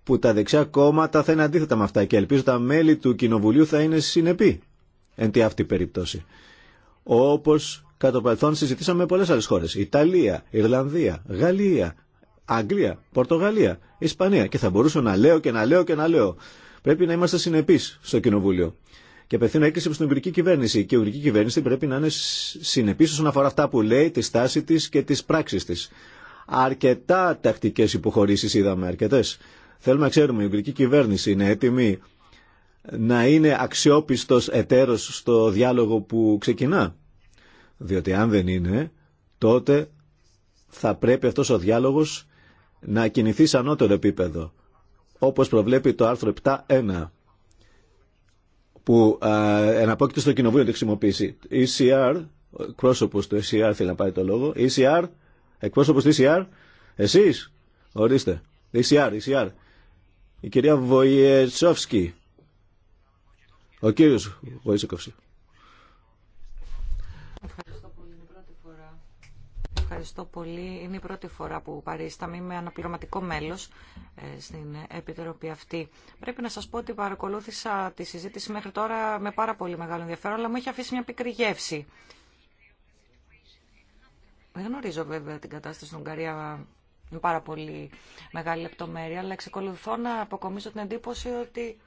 που τα δεξιά κόμματα θα είναι αντίθετα με αυτά και ελπίζω τα μέλη του Κοινοβουλίου θα είναι συνεπή εν τη αυτή περίπτωση. Όπως κατά το παρελθόν συζητήσαμε με πολλές άλλε χώρε. Ιταλία, Ιρλανδία, Γαλλία, Αγγλία, Πορτογαλία, Ισπανία και θα μπορούσα να λέω και να λέω και να λέω. Πρέπει να είμαστε συνεπεί στο Κοινοβούλιο και απευθύνω έκκληση προ την Ουγγρική κυβέρνηση. Και η Ουγγρική κυβέρνηση πρέπει να είναι συνεπή όσον αφορά αυτά που λέει, τη στάση τη και τι πράξει τη. Αρκετά τακτικέ υποχωρήσει είδαμε, αρκετέ. Θέλουμε να ξέρουμε, η Ουγγρική κυβέρνηση είναι έτοιμη να είναι αξιόπιστο εταίρο στο διάλογο που ξεκινά. Διότι αν δεν είναι, τότε θα πρέπει αυτός ο διάλογος να κινηθεί σε ανώτερο επίπεδο, όπως προβλέπει το άρθρο 7.1 που εναπόκειται στο κοινοβούλιο να το χρησιμοποιήσει. ECR, εκπρόσωπο του ECR θέλει να πάρει το λόγο. ECR, εκπρόσωπο του ECR, εσεί, ορίστε. ECR, ECR. Η κυρία Βοητσόφσκι. Ο κύριο Βοητσόφσκι. ευχαριστώ πολύ. Είναι η πρώτη φορά που παρίσταμε. Είμαι αναπληρωματικό μέλος ε, στην Επιτροπή αυτή. Πρέπει να σα πω ότι παρακολούθησα τη συζήτηση μέχρι τώρα με πάρα πολύ μεγάλο ενδιαφέρον, αλλά μου έχει αφήσει μια πικρή γεύση. Δεν γνωρίζω βέβαια την κατάσταση στην Ουγγαρία με πάρα πολύ μεγάλη λεπτομέρεια, αλλά εξακολουθώ να αποκομίσω την εντύπωση ότι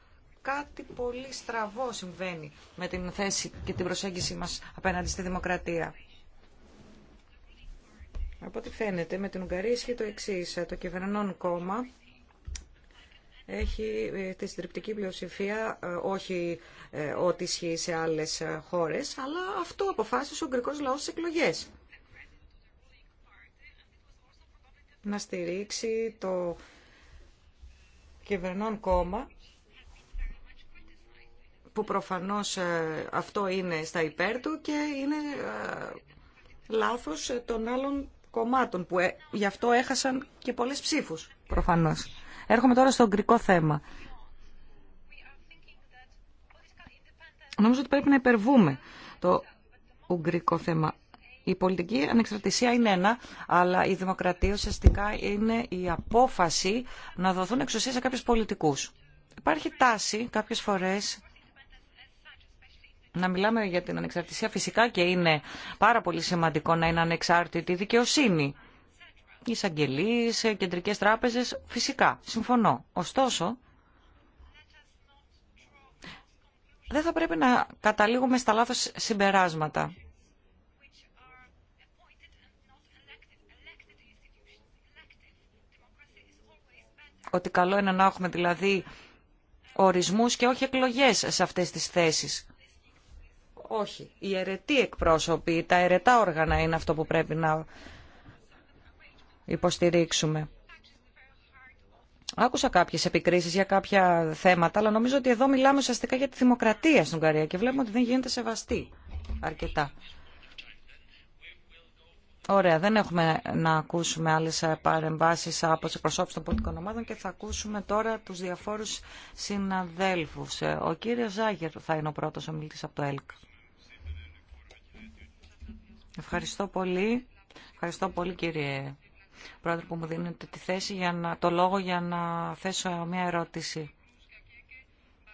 κάτι πολύ στραβό συμβαίνει με την θέση και την προσέγγιση μας απέναντι στη δημοκρατία. Από ό,τι φαίνεται, με την Ουγγαρία ισχύει το εξή. Το κυβερνών κόμμα έχει ε, τη συντριπτική πλειοψηφία, ε, όχι ε, ό,τι ισχύει σε αλλε χωρε αλλά αυτό αποφάσισε ο Ουγγρικό λαο στι εκλογέ. Να στηρίξει το κυβερνών κόμμα που προφανώς αυτό είναι στα υπέρ του και είναι λάθος των άλλων κομμάτων που ε, γι' αυτό έχασαν και πολλές ψήφους προφανώς. Έρχομαι τώρα στο γκρικό θέμα. Νομίζω ότι πρέπει να υπερβούμε το ουγγρικό θέμα. Η πολιτική ανεξαρτησία είναι ένα, αλλά η δημοκρατία ουσιαστικά είναι η απόφαση να δοθούν εξουσίες σε κάποιους πολιτικούς. Υπάρχει τάση κάποιες φορές να μιλάμε για την ανεξαρτησία φυσικά και είναι πάρα πολύ σημαντικό να είναι ανεξάρτητη η δικαιοσύνη. Εισαγγελείς, κεντρικές τράπεζες, φυσικά, συμφωνώ. Ωστόσο, δεν θα πρέπει να καταλήγουμε στα λάθος συμπεράσματα. Ότι καλό είναι να έχουμε δηλαδή ορισμούς και όχι εκλογές σε αυτές τις θέσεις. Όχι. Οι αιρετοί εκπρόσωποι, τα αιρετά όργανα είναι αυτό που πρέπει να υποστηρίξουμε. Άκουσα κάποιε επικρίσει για κάποια θέματα, αλλά νομίζω ότι εδώ μιλάμε ουσιαστικά για τη δημοκρατία στην Ουγγαρία και βλέπουμε ότι δεν γίνεται σεβαστή αρκετά. Ωραία, δεν έχουμε να ακούσουμε άλλε παρεμβάσει από τι προσώπου των πολιτικών ομάδων και θα ακούσουμε τώρα του διαφόρου συναδέλφου. Ο κύριο Ζάγερ θα είναι ο πρώτο ομιλητή από το ΕΛΚ. Ευχαριστώ πολύ. Ευχαριστώ πολύ κύριε Πρόεδρε που μου δίνετε τη θέση για να, το λόγο για να θέσω μια ερώτηση.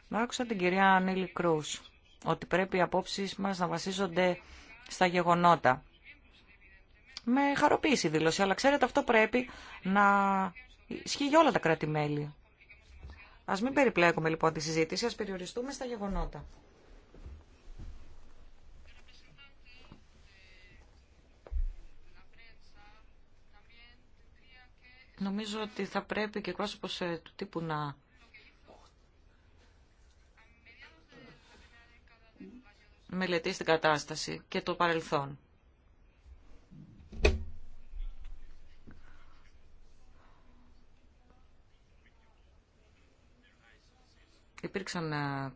Άκουσα την κυρία Ανίλη Κρούς ότι πρέπει οι απόψεις μας να βασίζονται στα γεγονότα. Με χαροποίηση δήλωση, αλλά ξέρετε αυτό πρέπει να ισχύει για όλα τα κράτη-μέλη. Ας μην περιπλέκουμε λοιπόν τη συζήτηση, ας περιοριστούμε στα γεγονότα. Νομίζω ότι θα πρέπει και ε, του τύπου να μελετήσει την κατάσταση και το παρελθόν. Υπήρξαν ε,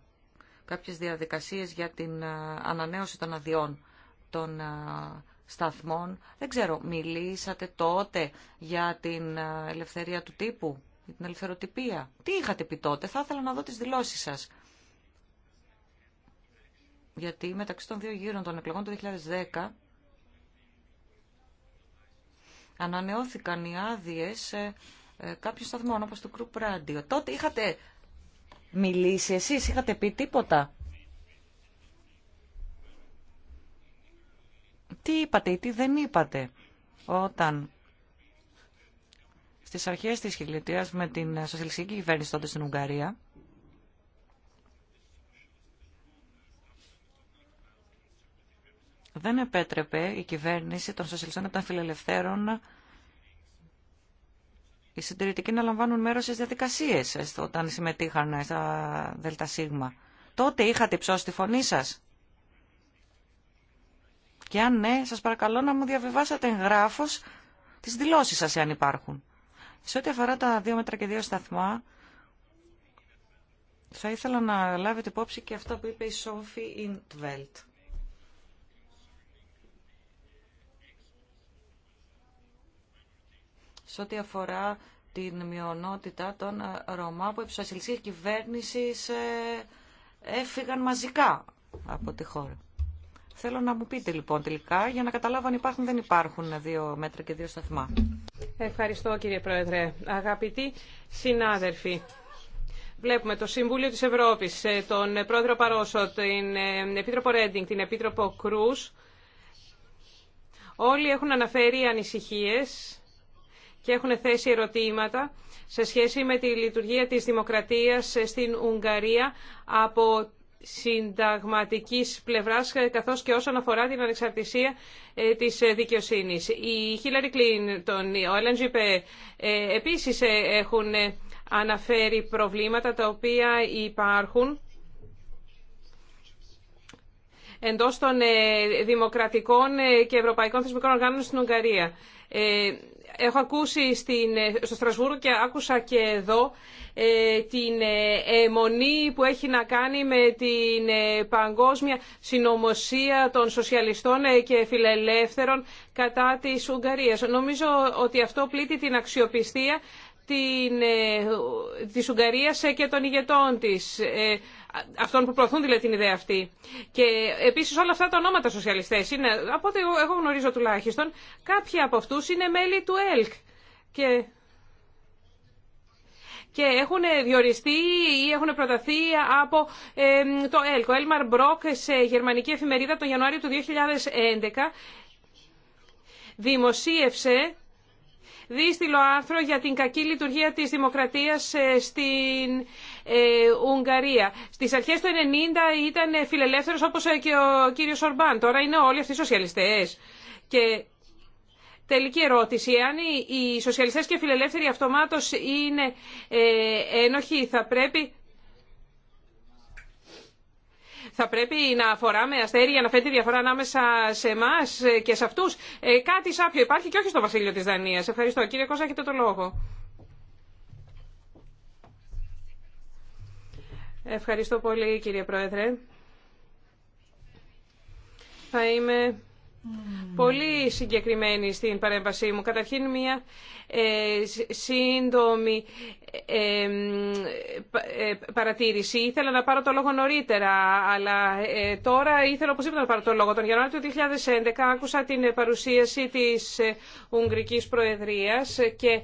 κάποιες διαδικασίες για την ε, ανανέωση των αδειών των ε, σταθμών. Δεν ξέρω, μιλήσατε τότε για την ε, ελευθερία του τύπου, για την ελευθεροτυπία. Τι είχατε πει τότε, θα ήθελα να δω τις δηλώσεις σας. Γιατί μεταξύ των δύο γύρων των εκλογών του 2010 ανανεώθηκαν οι άδειες ε, κάποιων σταθμών όπως του Group Radio. Τότε είχατε μιλήσει εσείς, είχατε πει τίποτα. τι είπατε ή τι δεν είπατε όταν στις αρχές της χιλιετίας με την σοσιαλιστική κυβέρνηση τότε στην Ουγγαρία δεν επέτρεπε η κυβέρνηση των σοσιαλιστών και των φιλελευθέρων οι συντηρητικοί να λαμβάνουν μέρος στις διαδικασίες όταν συμμετείχαν στα ΔΣ. Τότε είχατε υψώσει τη φωνή σας. Και αν ναι, σας παρακαλώ να μου διαβιβάσετε εγγράφος τις δηλώσεις σας, εάν υπάρχουν. Σε ό,τι αφορά τα δύο μέτρα και δύο σταθμά, θα ήθελα να λάβετε υπόψη και αυτό που είπε η Σόφι Ιντβέλτ. Σε ό,τι αφορά την μειονότητα των Ρωμά που επί της κυβέρνησης ε, έφυγαν μαζικά από τη χώρα. Θέλω να μου πείτε λοιπόν τελικά για να καταλάβω αν υπάρχουν δεν υπάρχουν δύο μέτρα και δύο σταθμά. Ευχαριστώ κύριε Πρόεδρε. Αγαπητοί συνάδελφοι, Βλέπουμε το Συμβούλιο της Ευρώπης, ε, τον Πρόεδρο Παρόσο, την ε, Επίτροπο Ρέντινγκ, την Επίτροπο Κρούς. Όλοι έχουν αναφέρει ανησυχίες και έχουν θέσει ερωτήματα σε σχέση με τη λειτουργία της δημοκρατίας ε, στην Ουγγαρία από συνταγματικής πλευράς ε, καθώς και όσον αφορά την ανεξαρτησία ε, της ε, δικαιοσύνης. Η Χίλαρη Κλίντον, ο Έλεν Ζιπέ επίσης έχουν αναφέρει προβλήματα τα οποία υπάρχουν εντός των δημοκρατικών και ευρωπαϊκών θεσμικών οργάνων στην Ουγγαρία. Έχω ακούσει στο Στρασβούργο και άκουσα και εδώ ε, την ε, αιμονή που έχει να κάνει με την ε, παγκόσμια συνωμοσία των σοσιαλιστών και φιλελεύθερων κατά της Ουγγαρίας. Νομίζω ότι αυτό πλήττει την αξιοπιστία την, ε, της Ουγγαρίας και των ηγετών της, ε, αυτών που προωθούν δηλαδή την ιδέα αυτή. Και επίσης όλα αυτά τα ονόματα σοσιαλιστές είναι, από ό,τι εγώ γνωρίζω τουλάχιστον, κάποιοι από αυτούς είναι μέλη του ΕΛΚ. Και και έχουν διοριστεί ή έχουν προταθεί από το ΕΛΚ. Ο Έλμαρ Μπρόκ σε γερμανική εφημερίδα τον Ιανουάριο του 2011 δημοσίευσε δίστηλο άρθρο για την κακή λειτουργία της δημοκρατίας ε, στην ε, Ουγγαρία. Στις αρχές του 90 ήταν φιλελεύθερος όπως ε, και ο κύριος Ορμπάν. Τώρα είναι όλοι αυτοί οι σοσιαλιστές. Και Τελική ερώτηση. Αν οι σοσιαλιστές και οι φιλελεύθεροι αυτομάτως είναι ένοχοι, θα πρέπει θα πρέπει να φοράμε αστέρι για να φέρει τη διαφορά ανάμεσα σε εμά και σε αυτού. Ε, κάτι σάπιο υπάρχει και όχι στο βασίλειο τη Δανία. Ευχαριστώ. Κύριε Κώστα, έχετε το λόγο. Ευχαριστώ πολύ κύριε Πρόεδρε. Θα είμαι Mm. πολύ συγκεκριμένη στην παρέμβασή μου. Καταρχήν μια ε, σύντομη ε, ε, παρατήρηση. Ήθελα να πάρω το λόγο νωρίτερα, αλλά ε, τώρα ήθελα οπωσδήποτε να πάρω το λόγο. Τον Γενάρη του 2011 άκουσα την παρουσίαση της Ουγγρικής Προεδρίας και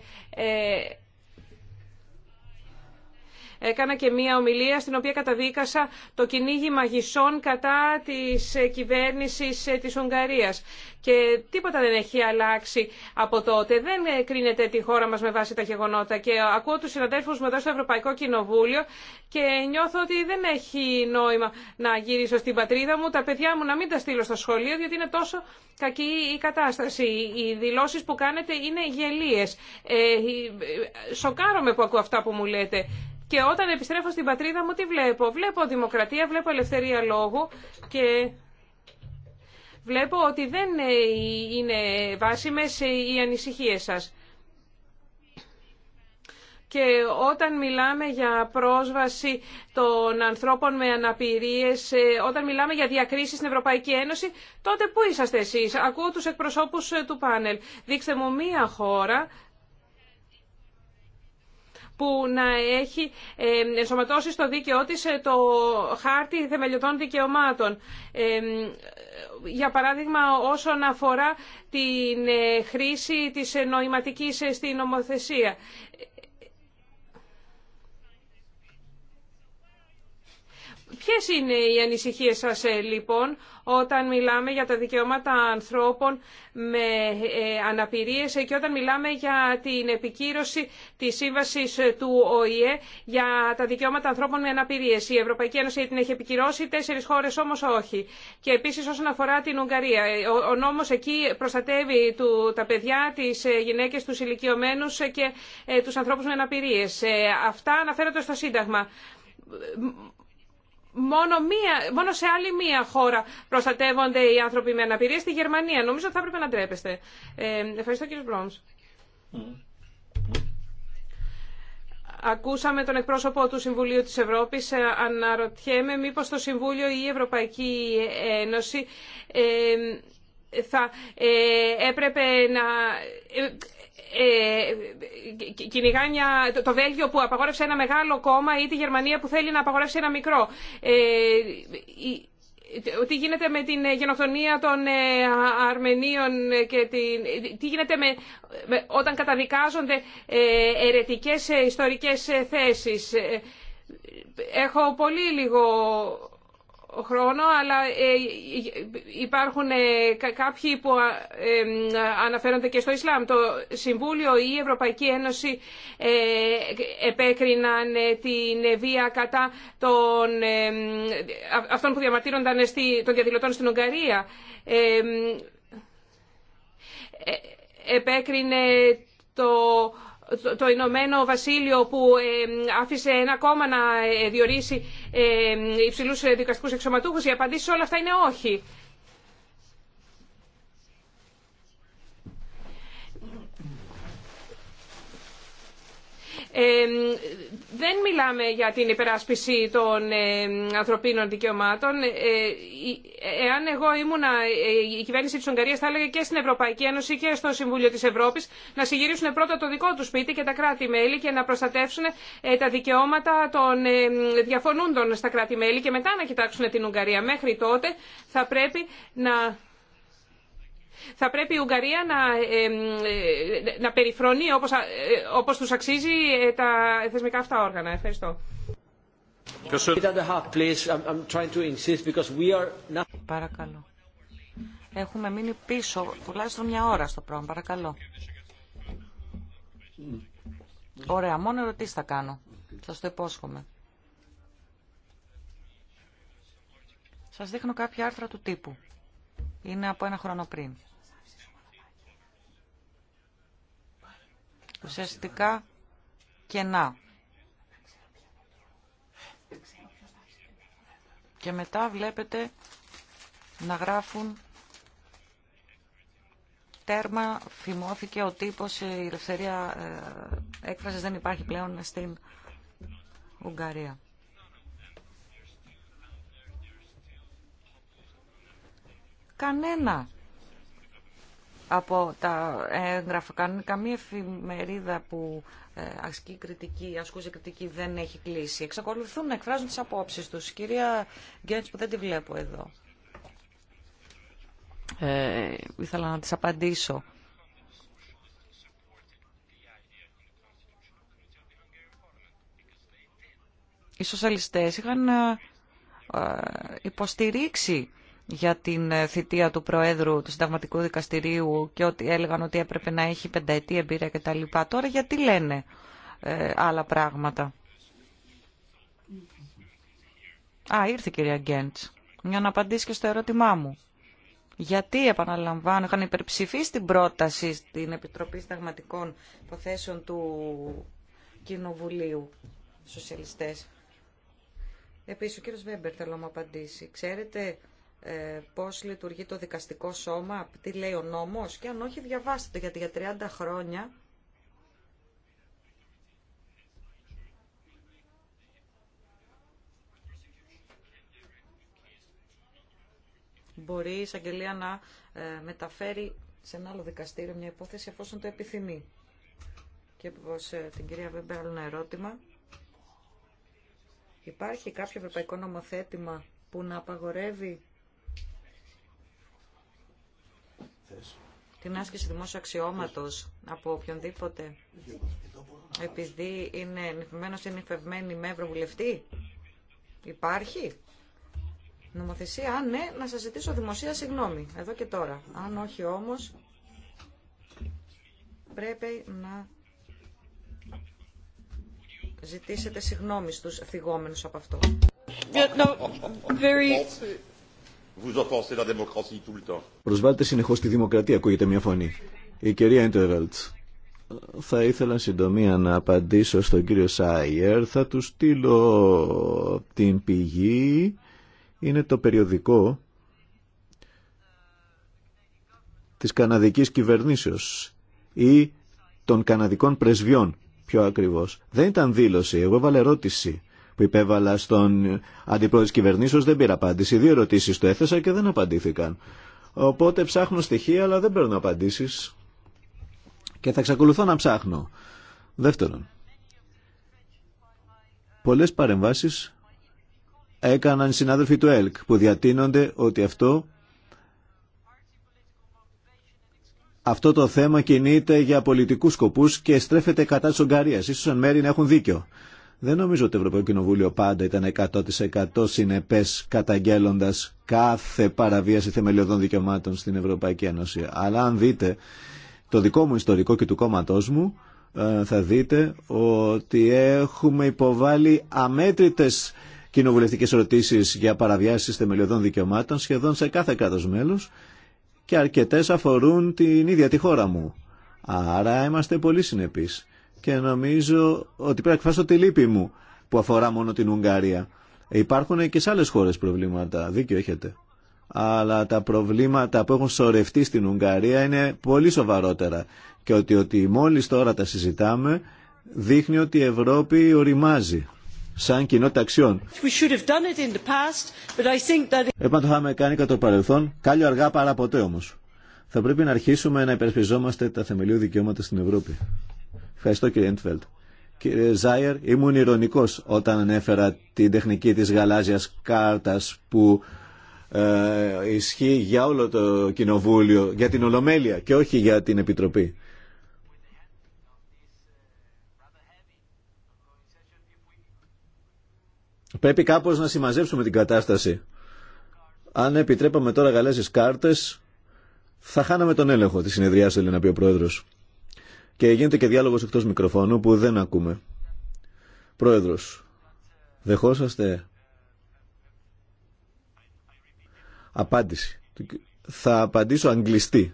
έκανα και μία ομιλία στην οποία καταδίκασα το κυνήγι μαγισσών κατά της κυβέρνησης ε, της Ουγγαρίας. Και τίποτα δεν έχει αλλάξει από τότε. Δεν ε, κρίνεται τη χώρα μας με βάση τα γεγονότα. Και ακούω τους συναδέλφους μου εδώ στο Ευρωπαϊκό Κοινοβούλιο και νιώθω ότι δεν έχει νόημα να γυρίσω στην πατρίδα μου, τα παιδιά μου να μην τα στείλω στο σχολείο, διότι είναι τόσο κακή η κατάσταση. Οι δηλώσεις που κάνετε είναι γελίες. Ε, ε σοκάρομαι που ακούω αυτά που μου λέτε. Και όταν επιστρέφω στην πατρίδα μου, τι βλέπω. Βλέπω δημοκρατία, βλέπω ελευθερία λόγου και βλέπω ότι δεν ε, είναι βάσιμες ε, οι ανησυχίες σας. Και όταν μιλάμε για πρόσβαση των ανθρώπων με αναπηρίες, ε, όταν μιλάμε για διακρίσεις στην Ευρωπαϊκή Ένωση, τότε πού είσαστε εσείς. Ακούω τους εκπροσώπους του πάνελ. Δείξτε μου μία χώρα που να έχει ενσωματώσει στο δίκαιό της ε, το χάρτη θεμελιωτών δικαιωμάτων. Για παράδειγμα, όσον αφορά την ε, χρήση της ε, νοηματικής στην νομοθεσία. Ποιε είναι οι σα, σα, ε, λοιπόν όταν μιλάμε για τα δικαιώματα ανθρώπων με ε, αναπηρίες ε, και όταν μιλάμε για την επικύρωση τη σύμβαση του ΟΗΕ για τα δικαιώματα ανθρώπων με αναπηρίε. Η Ευρωπαϊκή Ένωση την έχει επικυρώσει, τέσσερι χώρε όμω όχι. Και επίση όσον αφορά την Ουγγαρία, ο νόμο εκεί προστατεύει τα παιδιά, τις γυναίκες, τους ηλικιωμένου και του ανθρώπου με αναπηρίες. Αυτά αναφέρονται στο Σύνταγμα μόνο, μία, μόνο σε άλλη μία χώρα προστατεύονται οι άνθρωποι με αναπηρία, στη Γερμανία. Νομίζω ότι θα έπρεπε να ντρέπεστε. Ε, ευχαριστώ κύριε Μπρόμς. Ακούσαμε τον εκπρόσωπο του Συμβουλίου της Ευρώπης. Ε, αναρωτιέμαι μήπως το Συμβούλιο ή η Ευρωπαϊκή Ένωση ε, θα έπρεπε να ε, κυνηγάει το, Βέλγιο που απαγόρευσε ένα μεγάλο κόμμα ή τη Γερμανία που θέλει να απαγορεύσει ένα μικρό. Ε, τι γίνεται με την γενοκτονία των ε, Αρμενίων και την, τι γίνεται με, όταν καταδικάζονται ερετικές ιστορικές θέσεις. Έχω πολύ λίγο χρόνο, αλλά ε, υπάρχουν ε, κάποιοι που ε, αναφέρονται και στο Ισλάμ. Το Συμβούλιο ή η ευρωπαικη Ένωση επέκριναν την βία κατά των, αυτών που διαμαρτύρονταν των διαδηλωτών στην Ουγγαρία. Επέκρινε το το Ηνωμένο Βασίλειο που άφησε ένα κόμμα να ε, διορίσει υψηλούς δικαστικού εξωματούχου. Οι απαντήσεις όλα αυτά είναι όχι. Ε, δεν μιλάμε για την υπεράσπιση των ε, ανθρωπίνων δικαιωμάτων. Ε, ε, εάν εγώ ήμουνα η κυβέρνηση της Ουγγαρίας θα έλεγε και στην Ευρωπαϊκή Ένωση και στο Συμβούλιο της Ευρώπης να συγγυρίσουν πρώτα το δικό του σπίτι και τα κράτη-μέλη και να προστατεύσουν τα δικαιώματα των διαφωνούντων στα κράτη-μέλη και μετά να κοιτάξουν την Ουγγαρία. Μέχρι τότε θα πρέπει να θα πρέπει η Ουγγαρία να, ε, να περιφρονεί όπως, ε, όπως τους αξίζει ε, τα θεσμικά αυτά όργανα. Ευχαριστώ. Παρακαλώ. Έχουμε μείνει πίσω τουλάχιστον μια ώρα στο πρόγραμμα. Παρακαλώ. Ωραία, μόνο ερωτήσει θα κάνω. Σα το υπόσχομαι. Σα δείχνω κάποια άρθρα του τύπου. Είναι από ένα χρόνο πριν. ουσιαστικά κενά. Και μετά βλέπετε να γράφουν τέρμα φημώθηκε ο τύπος, η ελευθερία ε, έκφρασης δεν υπάρχει πλέον στην Ουγγαρία. Κανένα από τα έγγραφα κανούν. Καμία εφημερίδα που ε, ασκεί κριτική, ασκούσε κριτική δεν έχει κλείσει. Εξακολουθούν να εκφράζουν τις απόψει τους. Κυρία Γκέντς που δεν τη βλέπω εδώ. Ε, ήθελα να της απαντήσω. Οι σοσιαλιστές είχαν ε, υποστηρίξει για την ε, θητεία του Προέδρου του Συνταγματικού Δικαστηρίου και ότι έλεγαν ότι έπρεπε να έχει πενταετή εμπειρία κτλ. Τώρα γιατί λένε ε, άλλα πράγματα. Α, ήρθε η κυρία Γκέντς για να απαντήσει και στο ερώτημά μου. Γιατί, επαναλαμβάνω, είχαν υπερψηφίσει την πρόταση στην Επιτροπή Συνταγματικών Υποθέσεων του Κοινοβουλίου Σοσιαλιστές. Επίσης, ο κύριος Βέμπερ θέλω να μου απαντήσει. Ξέρετε ε, πώς λειτουργεί το δικαστικό σώμα, τι λέει ο νόμος και αν όχι διαβάστε το γιατί για 30 χρόνια μπορεί η εισαγγελία να ε, μεταφέρει σε ένα άλλο δικαστήριο μια υπόθεση εφόσον το επιθυμεί. Και όπως ε, την κυρία Βέμπερ άλλο ένα ερώτημα. Υπάρχει κάποιο ευρωπαϊκό νομοθέτημα που να απαγορεύει την άσκηση δημόσιου αξιώματο από οποιονδήποτε επειδή είναι νυφημένο ή νυφευμένη με ευρωβουλευτή. Υπάρχει νομοθεσία. Αν ναι, να σας ζητήσω δημοσία συγγνώμη, εδώ και τώρα. Αν όχι όμως, πρέπει να ζητήσετε συγγνώμη στους θυγόμενους από αυτό. Προσβάλλετε συνεχώ τη δημοκρατία, ακούγεται μια φωνή. Η κυρία Ιντεβέλτ. Θα ήθελα συντομία να απαντήσω στον κύριο Σάιερ. Θα του στείλω την πηγή. Είναι το περιοδικό της καναδικής κυβερνήσεως ή των καναδικών πρεσβειών, πιο ακριβώς. Δεν ήταν δήλωση, εγώ έβαλα ερώτηση που υπέβαλα στον αντιπρόεδρο τη κυβερνήσεω δεν πήρα απάντηση. Δύο ερωτήσει το έθεσα και δεν απαντήθηκαν. Οπότε ψάχνω στοιχεία αλλά δεν παίρνω απαντήσει. Και θα εξακολουθώ να ψάχνω. Δεύτερον, πολλέ παρεμβάσει έκαναν συνάδελφοι του ΕΛΚ που διατείνονται ότι αυτό αυτό το θέμα κινείται για πολιτικούς σκοπούς και στρέφεται κατά της Ουγγαρίας. Ίσως εν μέρη να έχουν δίκιο. Δεν νομίζω ότι το Ευρωπαϊκό Κοινοβούλιο πάντα ήταν 100% συνεπέ καταγγέλλοντα κάθε παραβίαση θεμελιωδών δικαιωμάτων στην Ευρωπαϊκή Ένωση. Αλλά αν δείτε το δικό μου ιστορικό και του κόμματό μου, ε, θα δείτε ότι έχουμε υποβάλει αμέτρητες κοινοβουλευτικές ερωτήσει για παραβιάσεις θεμελιωδών δικαιωμάτων σχεδόν σε κάθε κράτος μέλος και αρκετές αφορούν την ίδια τη χώρα μου. Άρα είμαστε πολύ συνεπείς και νομίζω ότι πρέπει να εκφράσω τη λύπη μου που αφορά μόνο την Ουγγαρία. Υπάρχουν και σε άλλε χώρε προβλήματα, δίκιο έχετε. Αλλά τα προβλήματα που έχουν σωρευτεί στην Ουγγαρία είναι πολύ σοβαρότερα. Και ότι, ότι μόλις τώρα τα συζητάμε δείχνει ότι η Ευρώπη οριμάζει σαν κοινότητα αξιών. Έπρεπε να το είχαμε κάνει κατά το παρελθόν, κάλιο αργά παρά ποτέ όμως. Θα πρέπει να αρχίσουμε να υπερασπιζόμαστε τα θεμελιώδη δικαιώματα στην Ευρώπη. Ευχαριστώ κύριε Εντφέλτ. Κύριε Ζάιερ, ήμουν ηρωνικός όταν ανέφερα την τεχνική της γαλάζιας κάρτας που ε, ισχύει για όλο το κοινοβούλιο, για την Ολομέλεια και όχι για την Επιτροπή. Πρέπει κάπως να συμμαζέψουμε την κατάσταση. Αν επιτρέπαμε τώρα γαλάζιες κάρτες, θα χάναμε τον έλεγχο της συνεδριάς, θέλει να πει ο Πρόεδρος. Και γίνεται και διάλογος εκτός μικροφώνου που δεν ακούμε. Πρόεδρος, δεχόσαστε απάντηση. Θα απαντήσω αγγλιστή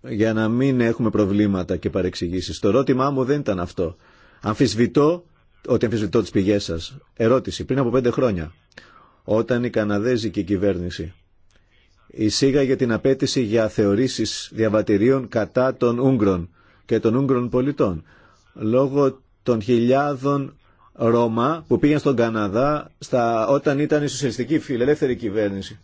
για να μην έχουμε προβλήματα και παρεξηγήσεις. Το ερώτημά μου δεν ήταν αυτό. Αμφισβητώ ότι αμφισβητώ τις πηγές σας. Ερώτηση. Πριν από πέντε χρόνια, όταν η Καναδέζικη κυβέρνηση εισήγαγε την απέτηση για θεωρήσεις διαβατηρίων κατά των Ούγγρων και των Ούγγρων πολιτών λόγω των χιλιάδων Ρώμα που πήγαν στον Καναδά στα, όταν ήταν η σοσιαλιστική φιλελεύθερη κυβέρνηση.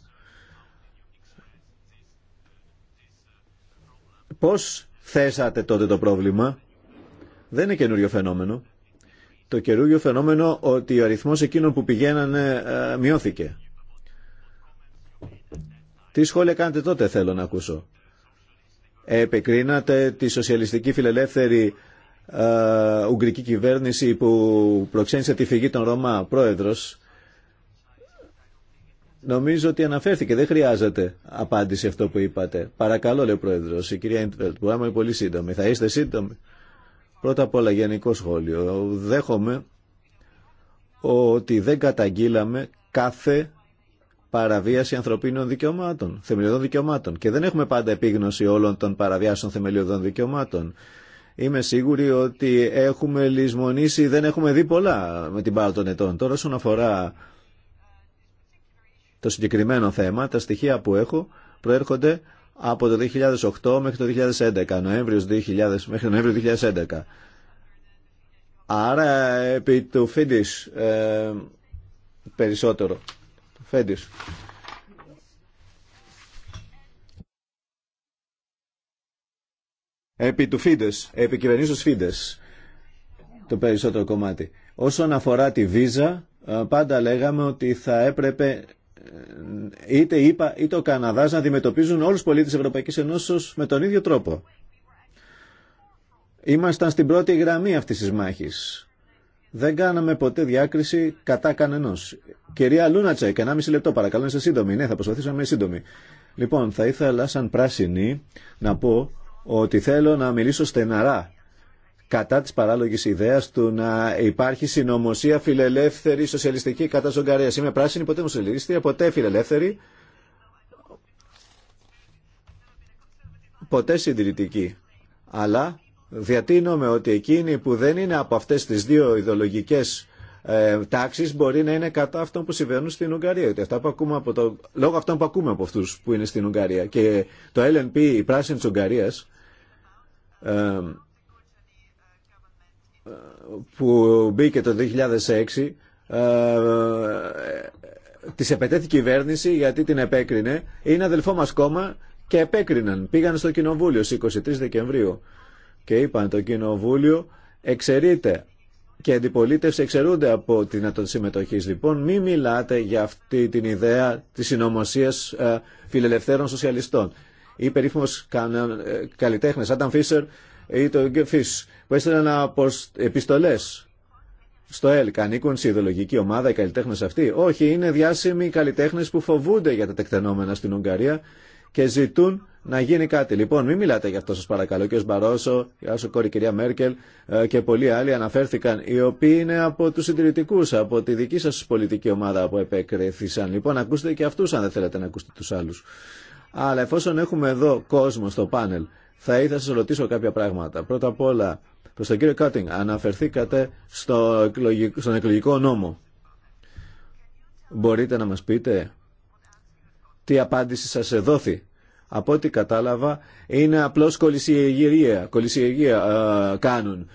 Πώς θέσατε τότε το πρόβλημα. Δεν είναι καινούριο φαινόμενο. Το καινούριο φαινόμενο ότι ο αριθμός εκείνων που πηγαίνανε ε, μειώθηκε. Τι σχόλια κάνετε τότε θέλω να ακούσω. Επεκρίνατε τη σοσιαλιστική φιλελεύθερη ε, ουγγρική κυβέρνηση που προξένησε τη φυγή των Ρωμά πρόεδρος. Νομίζω ότι αναφέρθηκε, δεν χρειάζεται απάντηση αυτό που είπατε. Παρακαλώ, λέει ο πρόεδρο, η κυρία Ιντβελτ, που άμα πολύ σύντομη. Θα είστε σύντομοι. Πρώτα απ' όλα, γενικό σχόλιο. Δέχομαι ότι δεν καταγγείλαμε κάθε παραβίαση ανθρωπίνων δικαιωμάτων, θεμελιωδών δικαιωμάτων. Και δεν έχουμε πάντα επίγνωση όλων των παραβιάσεων θεμελιωδών δικαιωμάτων. Είμαι σίγουρη ότι έχουμε λησμονήσει, δεν έχουμε δει πολλά με την πάρα των ετών. Τώρα όσον αφορά το συγκεκριμένο θέμα, τα στοιχεία που έχω προέρχονται από το 2008 μέχρι το 2011, Νοέμβριο 2000, μέχρι Νοέμβριο 2011. Άρα επί του Φίντις ε, περισσότερο. Φέντης. Επί του Φίντες, επί κυβερνήσεως Φίντες, το περισσότερο κομμάτι. Όσον αφορά τη Βίζα, ε, πάντα λέγαμε ότι θα έπρεπε ε, είτε είπα είτε ο Καναδάς να αντιμετωπίζουν όλους τους πολίτες της Ευρωπαϊκής Ενώσεως με τον ίδιο τρόπο. Ήμασταν στην πρώτη γραμμή αυτής της μάχης δεν κάναμε ποτέ διάκριση κατά κανενό. Κυρία Λούνατσεκ, μισή λεπτό παρακαλώ, είστε σύντομη. Ναι, θα προσπαθήσω να είμαι σύντομη. Λοιπόν, θα ήθελα σαν πράσινη να πω ότι θέλω να μιλήσω στεναρά κατά της παράλογης ιδέας του να υπάρχει συνωμοσία φιλελεύθερη σοσιαλιστική κατά ζωγκαρία. Είμαι πράσινη, ποτέ μου ποτέ φιλελεύθερη, ποτέ συντηρητική. Αλλά διατείνομαι ότι εκείνοι που δεν είναι από αυτές τις δύο ιδεολογικές ε, τάξεις μπορεί να είναι κατά αυτών που συμβαίνουν στην Ουγγαρία. γιατί αυτά από το... Λόγω αυτών που ακούμε από αυτούς που είναι στην Ουγγαρία. Και το LNP, η πράσινη της Ουγγαρίας, ε, που μπήκε το 2006, ε, της η κυβέρνηση γιατί την επέκρινε. Είναι αδελφό μας κόμμα και επέκριναν. Πήγαν στο κοινοβούλιο στις 23 Δεκεμβρίου και είπαν το Κοινοβούλιο εξαιρείται και αντιπολίτευση εξαιρούνται από τη δυνατότητα συμμετοχή. Λοιπόν, μην μιλάτε για αυτή την ιδέα τη συνωμοσία ε, φιλελευθέρων σοσιαλιστών. Ή περίφημο ε, καλλιτέχνε, Άνταν Φίσερ ή το Γκεφι, που έστειλαν επιστολέ στο ΕΛΚ. Ανήκουν σε ιδεολογική ομάδα οι καλλιτέχνε αυτοί. Όχι, είναι διάσημοι καλλιτέχνε που φοβούνται για τα τεκτενόμενα στην Ουγγαρία και ζητούν να γίνει κάτι. Λοιπόν, μην μιλάτε για αυτό σα παρακαλώ. Και ο Μπαρόσο, η Άσο κόρη κυρία Μέρκελ ε, και πολλοί άλλοι αναφέρθηκαν, οι οποίοι είναι από του συντηρητικού, από τη δική σα πολιτική ομάδα που επεκρέθησαν. Λοιπόν, ακούστε και αυτού αν δεν θέλετε να ακούσετε του άλλου. Αλλά εφόσον έχουμε εδώ κόσμο στο πάνελ, θα ήθελα να σα ρωτήσω κάποια πράγματα. Πρώτα απ' όλα, προ τον κύριο Κάτινγκ, αναφερθήκατε στο εκλογικό, στον εκλογικό νόμο. Μπορείτε να μα πείτε τι απάντηση σας εδόθη. Από ό,τι κατάλαβα είναι απλώς κολυσιεργία, κολυσιεργία ε, κάνουν.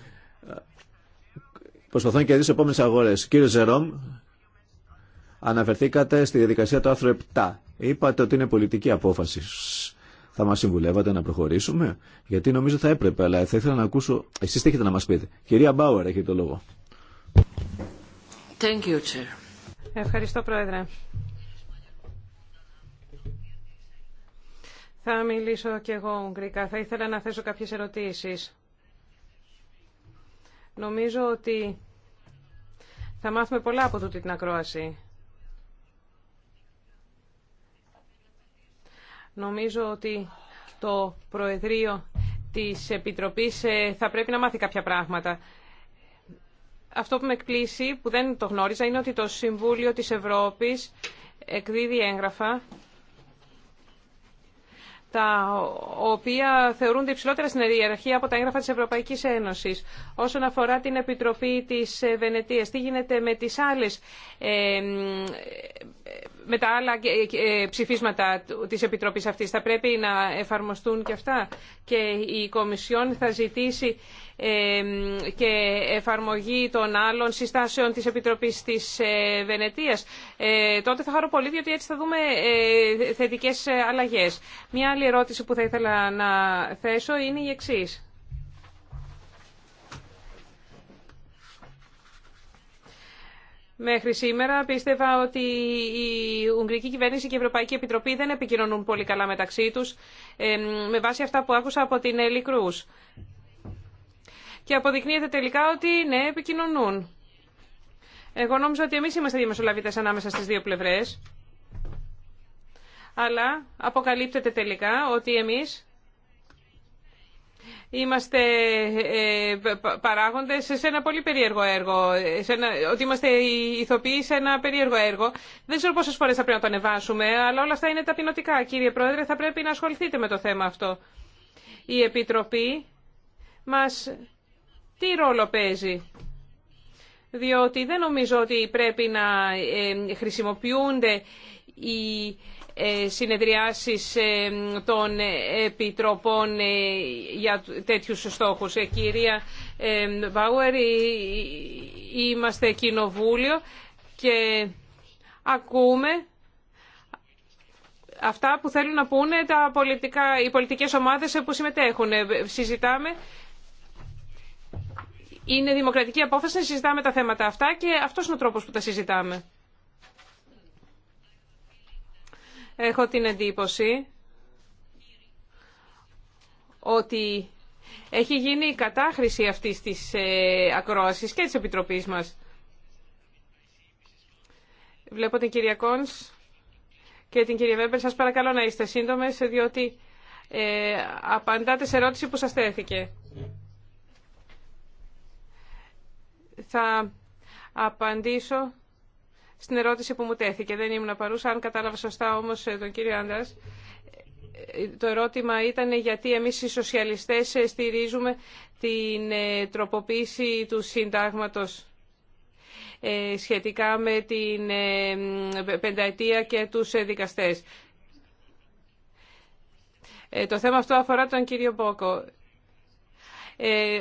Προσπαθούν και δύο επόμενες αγορές. Κύριε Ζερόμ, αναφερθήκατε στη διαδικασία του άρθρου 7. Είπατε ότι είναι πολιτική απόφαση. Θα μας συμβουλεύατε να προχωρήσουμε, γιατί νομίζω θα έπρεπε, αλλά θα ήθελα να ακούσω... Εσείς τι έχετε να μας πείτε. Κυρία Μπάουερ, έχετε το λόγο. Ευχαριστώ, Πρόεδρε. Θα μιλήσω και εγώ ουγγρικά. Θα ήθελα να θέσω κάποιες ερωτήσεις. Νομίζω ότι θα μάθουμε πολλά από τούτη την ακρόαση. Νομίζω ότι το Προεδρείο της Επιτροπής ε, θα πρέπει να μάθει κάποια πράγματα. Αυτό που με εκπλήσει, που δεν το γνώριζα, είναι ότι το Συμβούλιο της Ευρώπης εκδίδει έγγραφα τα οποία θεωρούνται υψηλότερα στην ιεραρχία από τα έγγραφα της Ευρωπαϊκής Ένωσης. Όσον αφορά την Επιτροπή της Βενετίας, τι γίνεται με τις άλλες ε, με τα άλλα ε, ψηφίσματα της Επιτροπής αυτής. Θα πρέπει να εφαρμοστούν και αυτά και η Κομισιόν θα ζητήσει και εφαρμογή των άλλων συστάσεων της Επιτροπής της ε, Βενετίας. Ε, τότε θα χαρώ πολύ διότι έτσι θα δούμε θετικές αλλαγές. Μια άλλη ερώτηση που θα ήθελα να θέσω είναι η εξής. Μέχρι σήμερα πίστευα ότι η Ουγγρική Κυβέρνηση και η Ευρωπαϊκή Επιτροπή δεν επικοινωνούν πολύ καλά μεταξύ τους με βάση αυτά που άκουσα από την Έλλη Κρούς. Και αποδεικνύεται τελικά ότι ναι, επικοινωνούν. Εγώ νόμιζα ότι εμείς είμαστε διαμεσολαβητές ανάμεσα στις δύο πλευρές. Αλλά αποκαλύπτεται τελικά ότι εμείς είμαστε ε, παράγοντες σε ένα πολύ περίεργο έργο, σε ένα, ότι είμαστε ηθοποιοί σε ένα περίεργο έργο. Δεν ξέρω πόσες φορές θα πρέπει να το ανεβάσουμε, αλλά όλα αυτά είναι ταπεινωτικά. Κύριε Πρόεδρε, θα πρέπει να ασχοληθείτε με το θέμα αυτό. Η Επιτροπή μας τι ρόλο παίζει διότι δεν νομίζω ότι πρέπει να ε, χρησιμοποιούνται οι ε, συνεδριάσεις ε, των επιτροπών ε, για τέτοιους στόχους. Κυρία Μπάουερ, είμαστε κοινοβούλιο και ακούμε αυτά που θέλουν να πούνε τα πολιτικά, οι πολιτικές ομάδες που συμμετέχουν. Συζητάμε είναι δημοκρατική απόφαση να συζητάμε τα θέματα αυτά και αυτός είναι ο τρόπος που τα συζητάμε. Έχω την εντύπωση ότι έχει γίνει η κατάχρηση αυτής της ε, ακρόασης και της Επιτροπής μας. Βλέπω την κυρία Κόνς και την κυρία Βέμπερ. Σας παρακαλώ να είστε σύντομες, διότι ε, απαντάτε σε ερώτηση που σας τέθηκε. Θα απαντήσω στην ερώτηση που μου τέθηκε. Δεν ήμουν παρούσα, αν κατάλαβα σωστά όμως ε, τον κύριο Άντρας. Ε, το ερώτημα ήταν γιατί εμείς οι σοσιαλιστές ε, στηρίζουμε την τροποποίηση του συντάγματος σχετικά με την πενταετία και τους δικαστές. Το θέμα αυτό αφορά τον κύριο Μπόκο. Ε,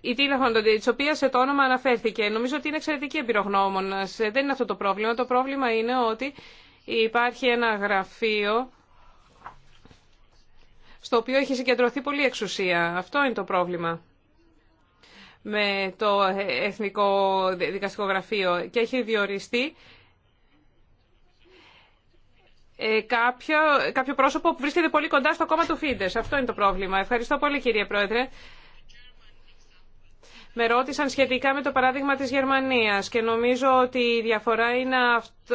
η Τίλα τη οποία το όνομα αναφέρθηκε. Νομίζω ότι είναι εξαιρετική εμπειρογνώμονα. Ε, δεν είναι αυτό το πρόβλημα. Το πρόβλημα είναι ότι υπάρχει ένα γραφείο στο οποίο έχει συγκεντρωθεί πολλή εξουσία. Αυτό είναι το πρόβλημα με το Εθνικό Δικαστικό Γραφείο και έχει διοριστεί ε, κάποιο, κάποιο πρόσωπο που βρίσκεται πολύ κοντά στο κόμμα του Φίντες. Αυτό είναι το πρόβλημα. Ευχαριστώ πολύ κύριε Πρόεδρε με ρώτησαν σχετικά με το παράδειγμα της Γερμανίας και νομίζω ότι η διαφορά είναι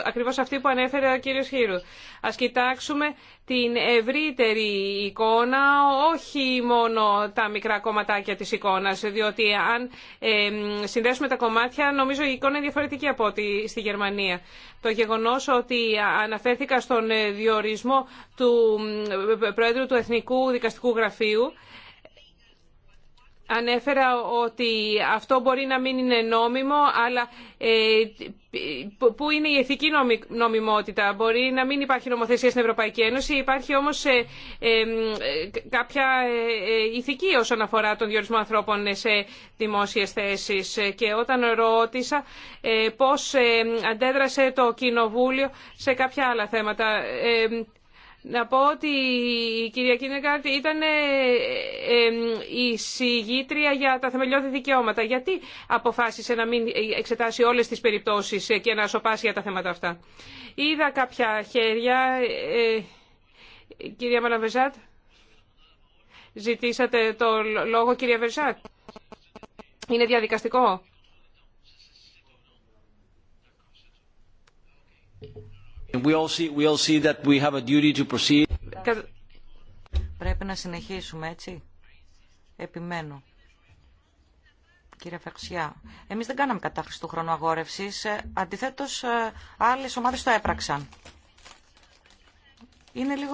ακριβώς αυτή που ανέφερε ο κύριος Χίρου. Ας κοιτάξουμε την ευρύτερη εικόνα, όχι μόνο τα μικρά κομματάκια της εικόνας, διότι αν συνδέσουμε τα κομμάτια νομίζω η εικόνα είναι διαφορετική από ό,τι στη Γερμανία. Το γεγονός ότι αναφέρθηκα στον διορισμό του Πρόεδρου του Εθνικού Δικαστικού Γραφείου Ανέφερα ότι αυτό μπορεί να μην είναι νόμιμο, αλλά ε, πού είναι η ηθική νομιμότητα. Μπορεί να μην υπάρχει νομοθεσία στην Ευρωπαϊκή Ένωση, υπάρχει όμως ε, ε, κάποια ε, ηθική όσον αφορά τον διορισμό ανθρώπων σε δημόσιες θέσεις. Και όταν ρώτησα πώς αντέδρασε το Κοινοβούλιο σε κάποια άλλα θέματα. Να πω ότι η κυρία Κίνεγκαρτ ήταν ε, ε, η συγγήτρια για τα θεμελιώδη δικαιώματα. Γιατί αποφάσισε να μην εξετάσει όλες τις περιπτώσεις ε, και να σοπάσει για τα θέματα αυτά. Είδα κάποια χέρια. Κυρία μαλαβεζάτ; ζητήσατε το λόγο, κυρία βεζάτ; Είναι διαδικαστικό. Πρέπει να συνεχίσουμε, έτσι. Επιμένω. Κύριε Φερξιά, εμείς δεν κάναμε του του αγόρευσης. Ε, αντιθέτως, ε, άλλες ομάδες το έπραξαν. Είναι λίγο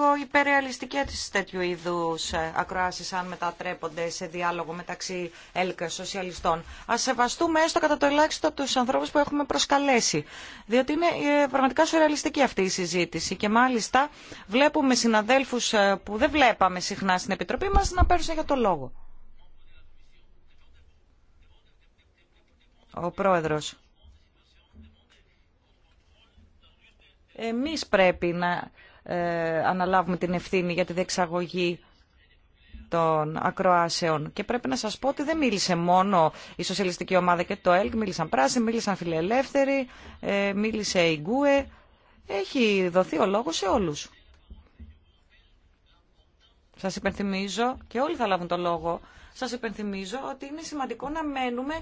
τη τέτοιου είδου ε, ακροάσει, αν μετατρέπονται σε διάλογο μεταξύ ΕΛΚΑ σοσιαλιστών. Α σεβαστούμε έστω κατά το ελάχιστο του ανθρώπου που έχουμε προσκαλέσει. Διότι είναι ε, πραγματικά σουρεαλιστική αυτή η συζήτηση. Και μάλιστα βλέπουμε συναδέλφου ε, που δεν βλέπαμε συχνά στην Επιτροπή μα να παίρνουν για το λόγο. Ο πρόεδρος. Εμείς πρέπει να ε, αναλάβουμε την ευθύνη για τη δεξαγωγή των ακροάσεων. Και πρέπει να σας πω ότι δεν μίλησε μόνο η Σοσιαλιστική Ομάδα και το ΕΛΚ, μίλησαν πράσινοι, μίλησαν φιλελεύθεροι, ε, μίλησε η Γκούε. Έχει δοθεί ο λόγος σε όλους. Σας υπενθυμίζω, και όλοι θα λάβουν το λόγο, σας υπενθυμίζω ότι είναι σημαντικό να μένουμε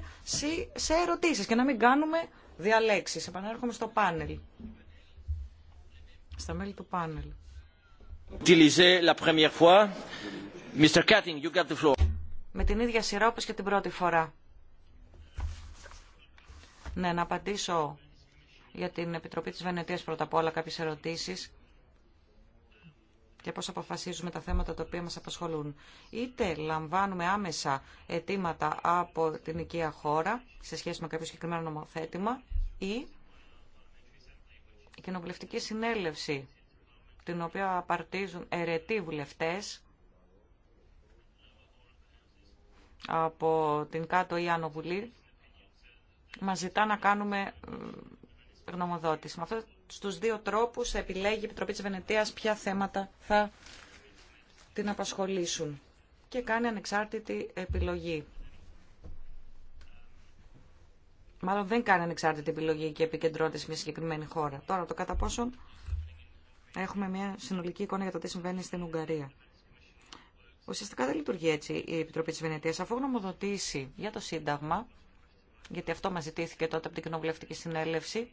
σε ερωτήσεις και να μην κάνουμε διαλέξεις. Επανέρχομαι στο πάνελ στα μέλη του πάνελ. Με την ίδια σειρά όπως και την πρώτη φορά. Ναι, να απαντήσω για την Επιτροπή της Βενετίας πρώτα απ' όλα κάποιες ερωτήσεις και πώς αποφασίζουμε τα θέματα τα οποία μας απασχολούν. Είτε λαμβάνουμε άμεσα αιτήματα από την οικία χώρα σε σχέση με κάποιο συγκεκριμένο νομοθέτημα ή η κοινοβουλευτική συνέλευση, την οποία απαρτίζουν αιρετοί βουλευτές από την κάτω ή άνω βουλή, μας ζητά να κάνουμε ε, γνωμοδότηση. Με αυτό στους δύο τρόπους επιλέγει η Επιτροπή της Βενετίας ποια θέματα θα την απασχολήσουν και κάνει ανεξάρτητη επιλογή μάλλον δεν κάνει ανεξάρτητη επιλογή και επικεντρώνεται σε μια συγκεκριμένη χώρα. Τώρα το κατά πόσον έχουμε μια συνολική εικόνα για το τι συμβαίνει στην Ουγγαρία. Ουσιαστικά δεν λειτουργεί έτσι η Επιτροπή της Βενετίας. Αφού γνωμοδοτήσει για το Σύνταγμα, γιατί αυτό μα ζητήθηκε τότε από την Κοινοβουλευτική Συνέλευση,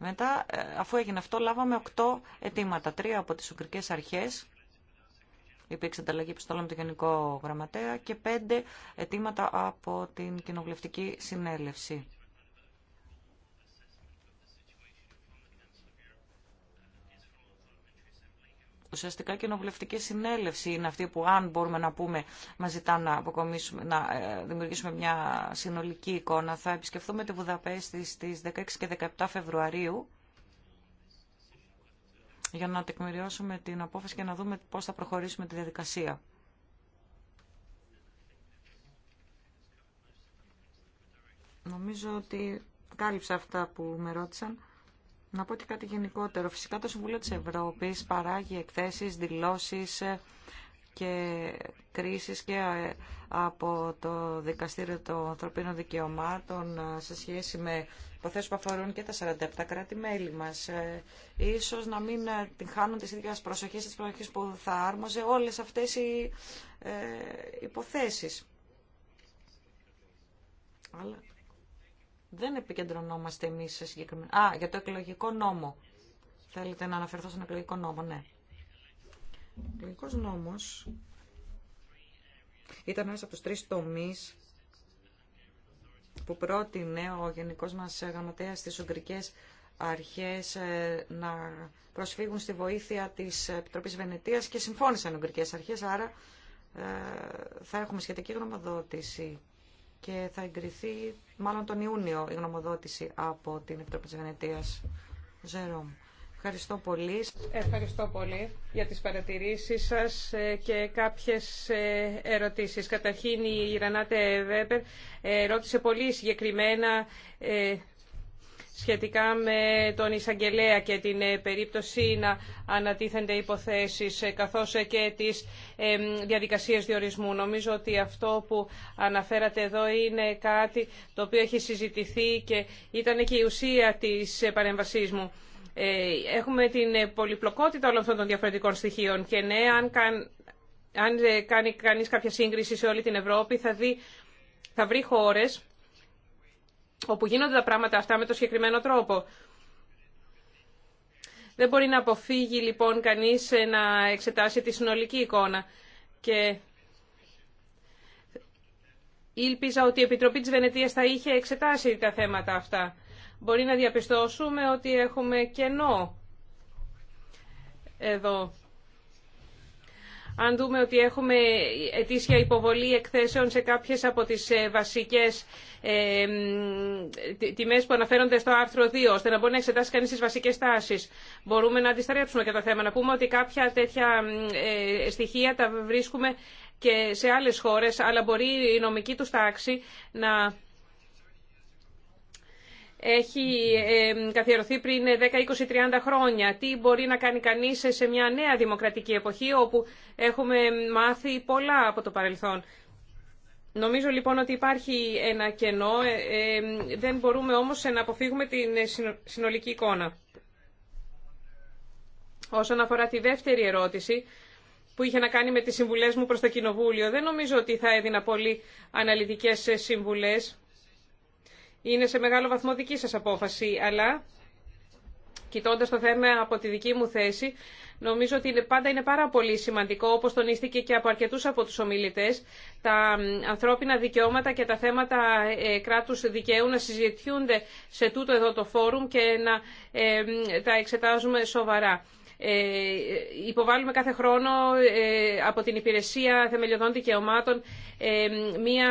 μετά, ε, αφού έγινε αυτό, λάβαμε οκτώ αιτήματα. Τρία από τι Ουγγρικέ αρχέ υπήρξε ανταλλαγή επιστολών με το Γενικό Γραμματέα και πέντε αιτήματα από την Κοινοβουλευτική Συνέλευση. ουσιαστικά κοινοβουλευτική συνέλευση είναι αυτή που αν μπορούμε να πούμε μας ζητά να, αποκομίσουμε, να ε, δημιουργήσουμε μια συνολική εικόνα. Θα επισκεφθούμε τη Βουδαπέστη στις 16 και 17 Φεβρουαρίου για να τεκμηριώσουμε την απόφαση και να δούμε πώς θα προχωρήσουμε τη διαδικασία. Νομίζω ότι κάλυψα αυτά που με ρώτησαν. Να πω και κάτι γενικότερο. Φυσικά το Συμβούλιο της Ευρώπης παράγει εκθέσεις, δηλώσεις ε, και κρίσεις και ε, από το Δικαστήριο των Ανθρωπίνων Δικαιωμάτων ε, σε σχέση με υποθέσει που αφορούν και τα 47 κράτη-μέλη μας. Ε, ίσως να μην ε, την χάνουν τις ίδιες προσοχές, τις προσοχές που θα άρμοζε όλες αυτές οι ε, υποθέσεις. Αλλά δεν επικεντρωνόμαστε εμείς σε συγκεκριμένα... Α, για το εκλογικό νόμο. Θέλετε να αναφερθώ στον εκλογικό νόμο, ναι. Ο εκλογικός νόμος ήταν ένας από τους τρεις τομείς που πρότεινε ο Γενικός μας γραμματέα στι Ουγγρικές Αρχές ε, να προσφύγουν στη βοήθεια της Επιτροπή Βενετίας και συμφώνησαν οι Ουγγρικέ Αρχές, άρα ε, θα έχουμε σχετική γνωμοδότηση και θα εγκριθεί μάλλον τον Ιούνιο η γνωμοδότηση από την Επιτροπή της Βενετίας. Ζερόμ. Ευχαριστώ πολύ. Ευχαριστώ πολύ για τις παρατηρήσεις σας ε, και κάποιες ε, ερωτήσεις. Καταρχήν η Ρανάτε Βέμπερ ε, ρώτησε πολύ συγκεκριμένα σχετικά με τον Ισαγγελέα και την περίπτωση να ανατίθενται υποθέσεις καθώς και τις διαδικασίες διορισμού. Νομίζω ότι αυτό που αναφέρατε εδώ είναι κάτι το οποίο έχει συζητηθεί και ήταν και η ουσία της παρέμβασής μου. Ε, έχουμε την ε, πολυπλοκότητα όλων αυτών των διαφορετικών στοιχείων και ναι, αν, καν, ε, κάνει κανείς κάποια σύγκριση σε όλη την Ευρώπη θα, δει, θα βρει χώρες όπου γίνονται τα πράγματα αυτά με το συγκεκριμένο τρόπο. Δεν μπορεί να αποφύγει λοιπόν κανείς να εξετάσει τη συνολική εικόνα. Και ήλπιζα ότι η Επιτροπή της Βενετίας θα είχε εξετάσει τα θέματα αυτά μπορεί να διαπιστώσουμε ότι έχουμε κενό εδώ. Αν δούμε ότι έχουμε ετήσια υποβολή εκθέσεων σε κάποιες από τις ε, βασικές ε, τιμές που αναφέρονται στο άρθρο 2, ώστε να μπορεί να εξετάσει κανείς τις βασικές τάσεις. Μπορούμε να αντιστρέψουμε και τα θέματα. να πούμε ότι κάποια τέτοια ε, στοιχεία τα βρίσκουμε και σε άλλες χώρες, αλλά μπορεί η νομική του τάξη να έχει καθιερωθεί πριν 10, 20, 30 χρόνια. Τι μπορεί να κάνει κανείς σε μια νέα δημοκρατική εποχή όπου έχουμε μάθει πολλά από το παρελθόν. Νομίζω λοιπόν ότι υπάρχει ένα κενό, ε, δεν μπορούμε όμως να αποφύγουμε την συνολική εικόνα. Όσον αφορά τη δεύτερη ερώτηση, που είχε να κάνει με τις συμβουλές μου προς το Κοινοβούλιο, δεν νομίζω ότι θα έδινα πολύ αναλυτικές ε, συμβουλές είναι σε μεγάλο βαθμό δική σας απόφαση, αλλά κοιτώντας το θέμα από τη δική μου θέση, νομίζω ότι είναι, πάντα είναι πάρα πολύ σημαντικό, όπως τονίστηκε και από αρκετούς από τους ομιλητές, τα ανθρώπινα δικαιώματα και τα θέματα ε, κράτους δικαίου να συζητιούνται σε τούτο εδώ το φόρουμ και να ε, τα εξετάζουμε σοβαρά. Ε, υποβάλλουμε κάθε χρόνο ε, από την Υπηρεσία Θεμελιωδών Δικαιωμάτων ε, μία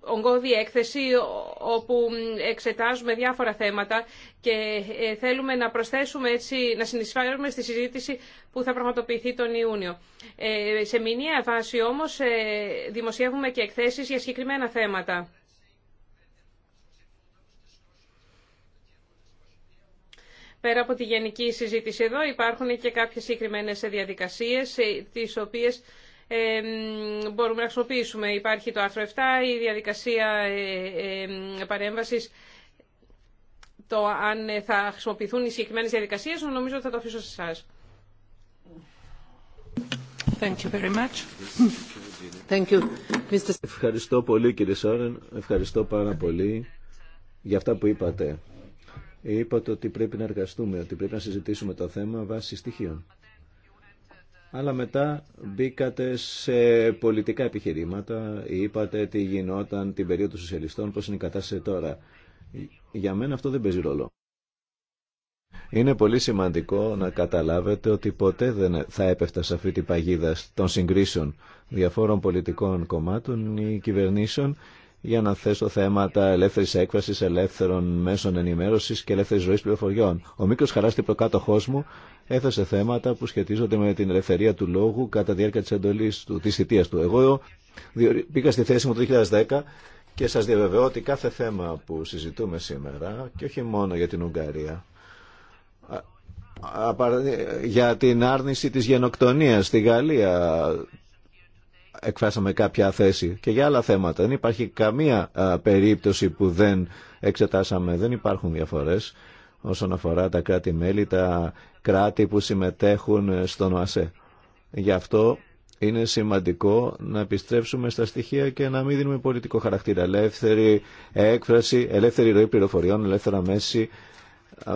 ογκώδη έκθεση όπου εξετάζουμε διάφορα θέματα και θέλουμε να προσθέσουμε έτσι, να συνεισφέρουμε στη συζήτηση που θα πραγματοποιηθεί τον Ιούνιο. Σε μηνιαία βάση όμως δημοσιεύουμε και εκθέσεις για συγκεκριμένα θέματα. Πέρα από τη γενική συζήτηση εδώ υπάρχουν και κάποιες συγκεκριμένε διαδικασίες ε, τις οποίες μπορούμε να χρησιμοποιήσουμε. Υπάρχει το άρθρο 7, η διαδικασία ε, παρέμβασης το αν ε, θα χρησιμοποιηθούν οι συγκεκριμένε διαδικασίες, νομίζω ότι θα το αφήσω σε εσά. Ευχαριστώ πολύ κύριε Σόρεν, ευχαριστώ πάρα πολύ για αυτά που είπατε. Είπατε ότι πρέπει να εργαστούμε, ότι πρέπει να συζητήσουμε το θέμα βάσει στοιχείων. Αλλά μετά μπήκατε σε πολιτικά επιχειρήματα, είπατε τι γινόταν την περίοδο των σοσιαλιστών, πώς είναι η κατάσταση τώρα. Για μένα αυτό δεν παίζει ρόλο. Είναι πολύ σημαντικό να καταλάβετε ότι ποτέ δεν θα έπεφτα σε αυτή την παγίδα των συγκρίσεων διαφόρων πολιτικών κομμάτων ή κυβερνήσεων για να θέσω θέματα ελεύθερης έκφρασης, ελεύθερων μέσων ενημέρωσης και ελεύθερη ροής πληροφοριών. Ο Μίκρος Χαράστη, προκατοχό μου, έθεσε θέματα που σχετίζονται με την ελευθερία του λόγου κατά διάρκεια της εντολή του, της θητεία του. Εγώ πήγα στη θέση μου το 2010 και σας διαβεβαιώ ότι κάθε θέμα που συζητούμε σήμερα, και όχι μόνο για την Ουγγαρία, για την άρνηση της γενοκτονίας στη Γαλλία, εκφράσαμε κάποια θέση και για άλλα θέματα. Δεν υπάρχει καμία περίπτωση που δεν εξετάσαμε. Δεν υπάρχουν διαφορές όσον αφορά τα κράτη-μέλη, τα κράτη που συμμετέχουν ε, στον ΟΑΣΕ. Γι' αυτό είναι σημαντικό να επιστρέψουμε στα στοιχεία και να μην δίνουμε πολιτικό χαρακτήρα. Ελεύθερη έκφραση, ελεύθερη ροή πληροφοριών, ελεύθερα μέση,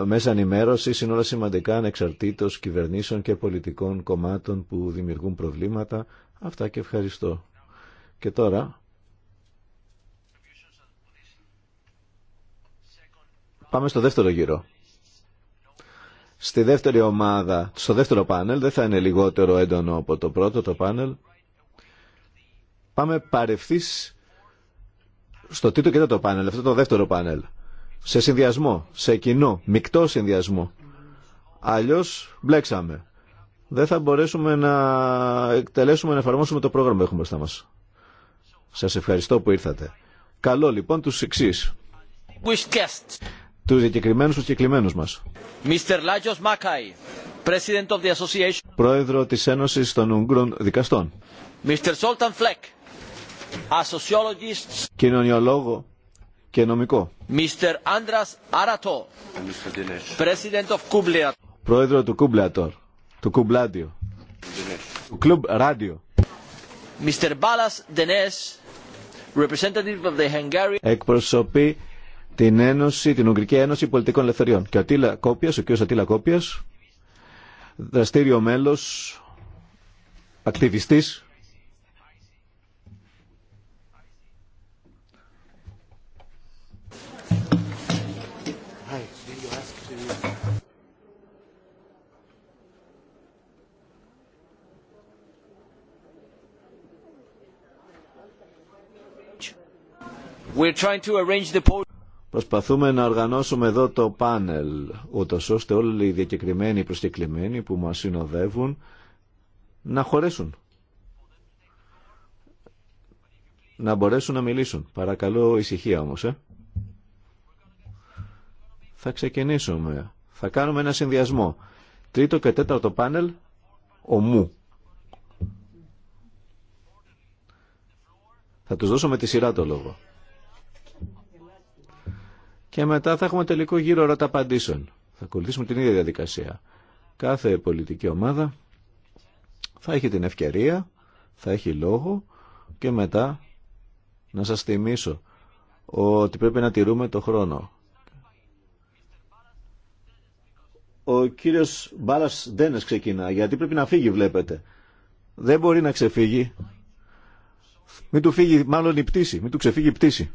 μέσα ενημέρωση είναι όλα σημαντικά ανεξαρτήτως κυβερνήσεων και πολιτικών κομμάτων που δημιουργούν προβλήματα Αυτά και ευχαριστώ. Και τώρα πάμε στο δεύτερο γύρο. Στη δεύτερη ομάδα, στο δεύτερο πάνελ, δεν θα είναι λιγότερο έντονο από το πρώτο το πάνελ. Πάμε παρευθύς στο τρίτο και τέταρτο πάνελ, αυτό το δεύτερο πάνελ. Σε συνδυασμό, σε κοινό, μεικτό συνδυασμό. Αλλιώς μπλέξαμε δεν θα μπορέσουμε να εκτελέσουμε να εφαρμόσουμε το πρόγραμμα που έχουμε μπροστά μας. Σας ευχαριστώ που ήρθατε. Καλό λοιπόν τους εξή. Τους διακεκριμένους τους κεκλημένους μας. Mr. Lajos Association. Πρόεδρο της Ένωσης των Ουγγρών Δικαστών. Mr. Sultan sociologist. Κοινωνιολόγο και νομικό. Mr. Andras Arato, ναι. President of Πρόεδρο του Κουμπλεατόρ του Κουμπ Ράδιο. Του Κλουμπ Ράδιο. Mr. Balas Denes, representative of the Hungarian... Εκπροσωπεί την Ένωση, την Ουγγρική Ένωση Πολιτικών Ελευθεριών. Και ο Τίλα Κόπιας, ο κ. Ατήλα Κόπιας, δραστήριο μέλος, ακτιβιστής Προσπαθούμε να οργανώσουμε εδώ το πάνελ, ούτω ώστε όλοι οι διακεκριμένοι προσκεκλημένοι που μας συνοδεύουν να χωρέσουν. Να μπορέσουν να μιλήσουν. Παρακαλώ ησυχία όμως, ε. Θα ξεκινήσουμε. Θα κάνουμε ένα συνδυασμό. Τρίτο και τέταρτο πάνελ, ομού. Θα τους δώσω με τη σειρά το λόγο και μετά θα έχουμε τελικό γύρο ρώτα απαντήσεων. Θα ακολουθήσουμε την ίδια διαδικασία. Κάθε πολιτική ομάδα θα έχει την ευκαιρία, θα έχει λόγο και μετά να σας θυμίσω ότι πρέπει να τηρούμε το χρόνο. Ο κύριος Μπάλας δεν ξεκινά, γιατί πρέπει να φύγει βλέπετε. Δεν μπορεί να ξεφύγει. Μην του φύγει μάλλον η πτήση, μην του ξεφύγει η πτήση.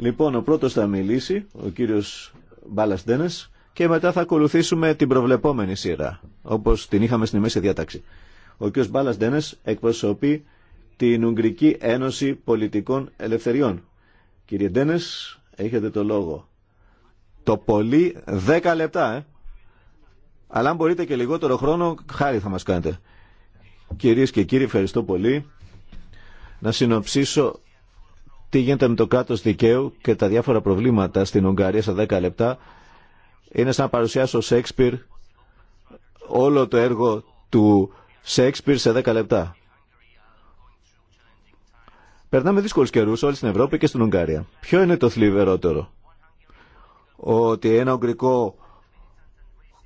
Λοιπόν, ο πρώτος θα μιλήσει, ο κύριος Μπάλας Ντένες, και μετά θα ακολουθήσουμε την προβλεπόμενη σειρά, όπως την είχαμε στην μέση διάταξη. Ο κύριος Μπάλας Ντένες εκπροσωπεί την Ουγγρική Ένωση Πολιτικών Ελευθεριών. Κύριε Ντένες, έχετε το λόγο. Το πολύ δέκα λεπτά, ε. Αλλά αν μπορείτε και λιγότερο χρόνο, χάρη θα μας κάνετε. Κυρίες και κύριοι, ευχαριστώ πολύ. Να συνοψίσω τι γίνεται με το κράτο δικαίου και τα διάφορα προβλήματα στην Ουγγαρία σε 10 λεπτά είναι σαν να παρουσιάσω Σέξπιρ όλο το έργο του Σέξπιρ σε 10 λεπτά. Περνάμε δύσκολου καιρού όλη στην Ευρώπη και στην Ουγγαρία. Ποιο είναι το θλιβερότερο. Ότι ένα ογκρικό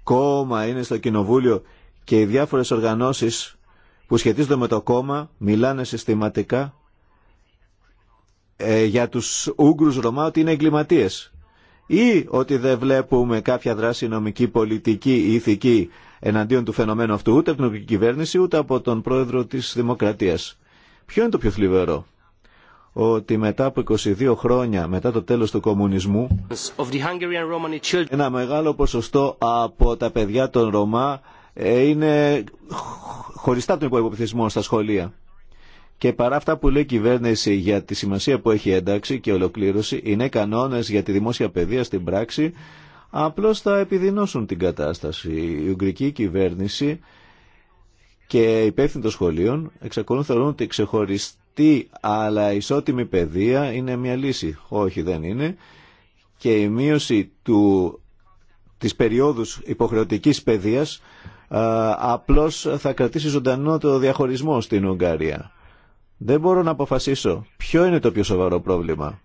κόμμα είναι στο κοινοβούλιο και οι διάφορε οργανώσει που σχετίζονται με το κόμμα μιλάνε συστηματικά ε, για τους Ούγγρους Ρωμά ότι είναι εγκληματίες ή ότι δεν βλέπουμε κάποια δράση νομική, πολιτική ή ηθική εναντίον του φαινομένου αυτού ούτε από την Ουγγρική κυβέρνηση ούτε από τον πρόεδρο της Δημοκρατίας. Ποιο είναι το πιο θλιβερό ότι μετά από 22 χρόνια μετά το τέλος του κομμουνισμού ένα μεγάλο ποσοστό από τα παιδιά των Ρωμά ε, είναι χωριστά από τον στα σχολεία. Και παρά αυτά που λέει η κυβέρνηση για τη σημασία που έχει ένταξη και ολοκλήρωση, είναι κανόνε για τη δημόσια παιδεία στην πράξη απλώ θα επιδεινώσουν την κατάσταση. Η Ουγγρική κυβέρνηση και υπεύθυνοι των σχολείων εξακολουθούν θεωρούν ότι ξεχωριστή αλλά ισότιμη παιδεία είναι μια λύση. Όχι, δεν είναι. Και η μείωση του, της περίοδους υποχρεωτικής παιδείας απλώς θα κρατήσει ζωντανό το διαχωρισμό στην Ουγγαρία. Δεν μπορώ να αποφασίσω ποιο είναι το πιο σοβαρό πρόβλημα.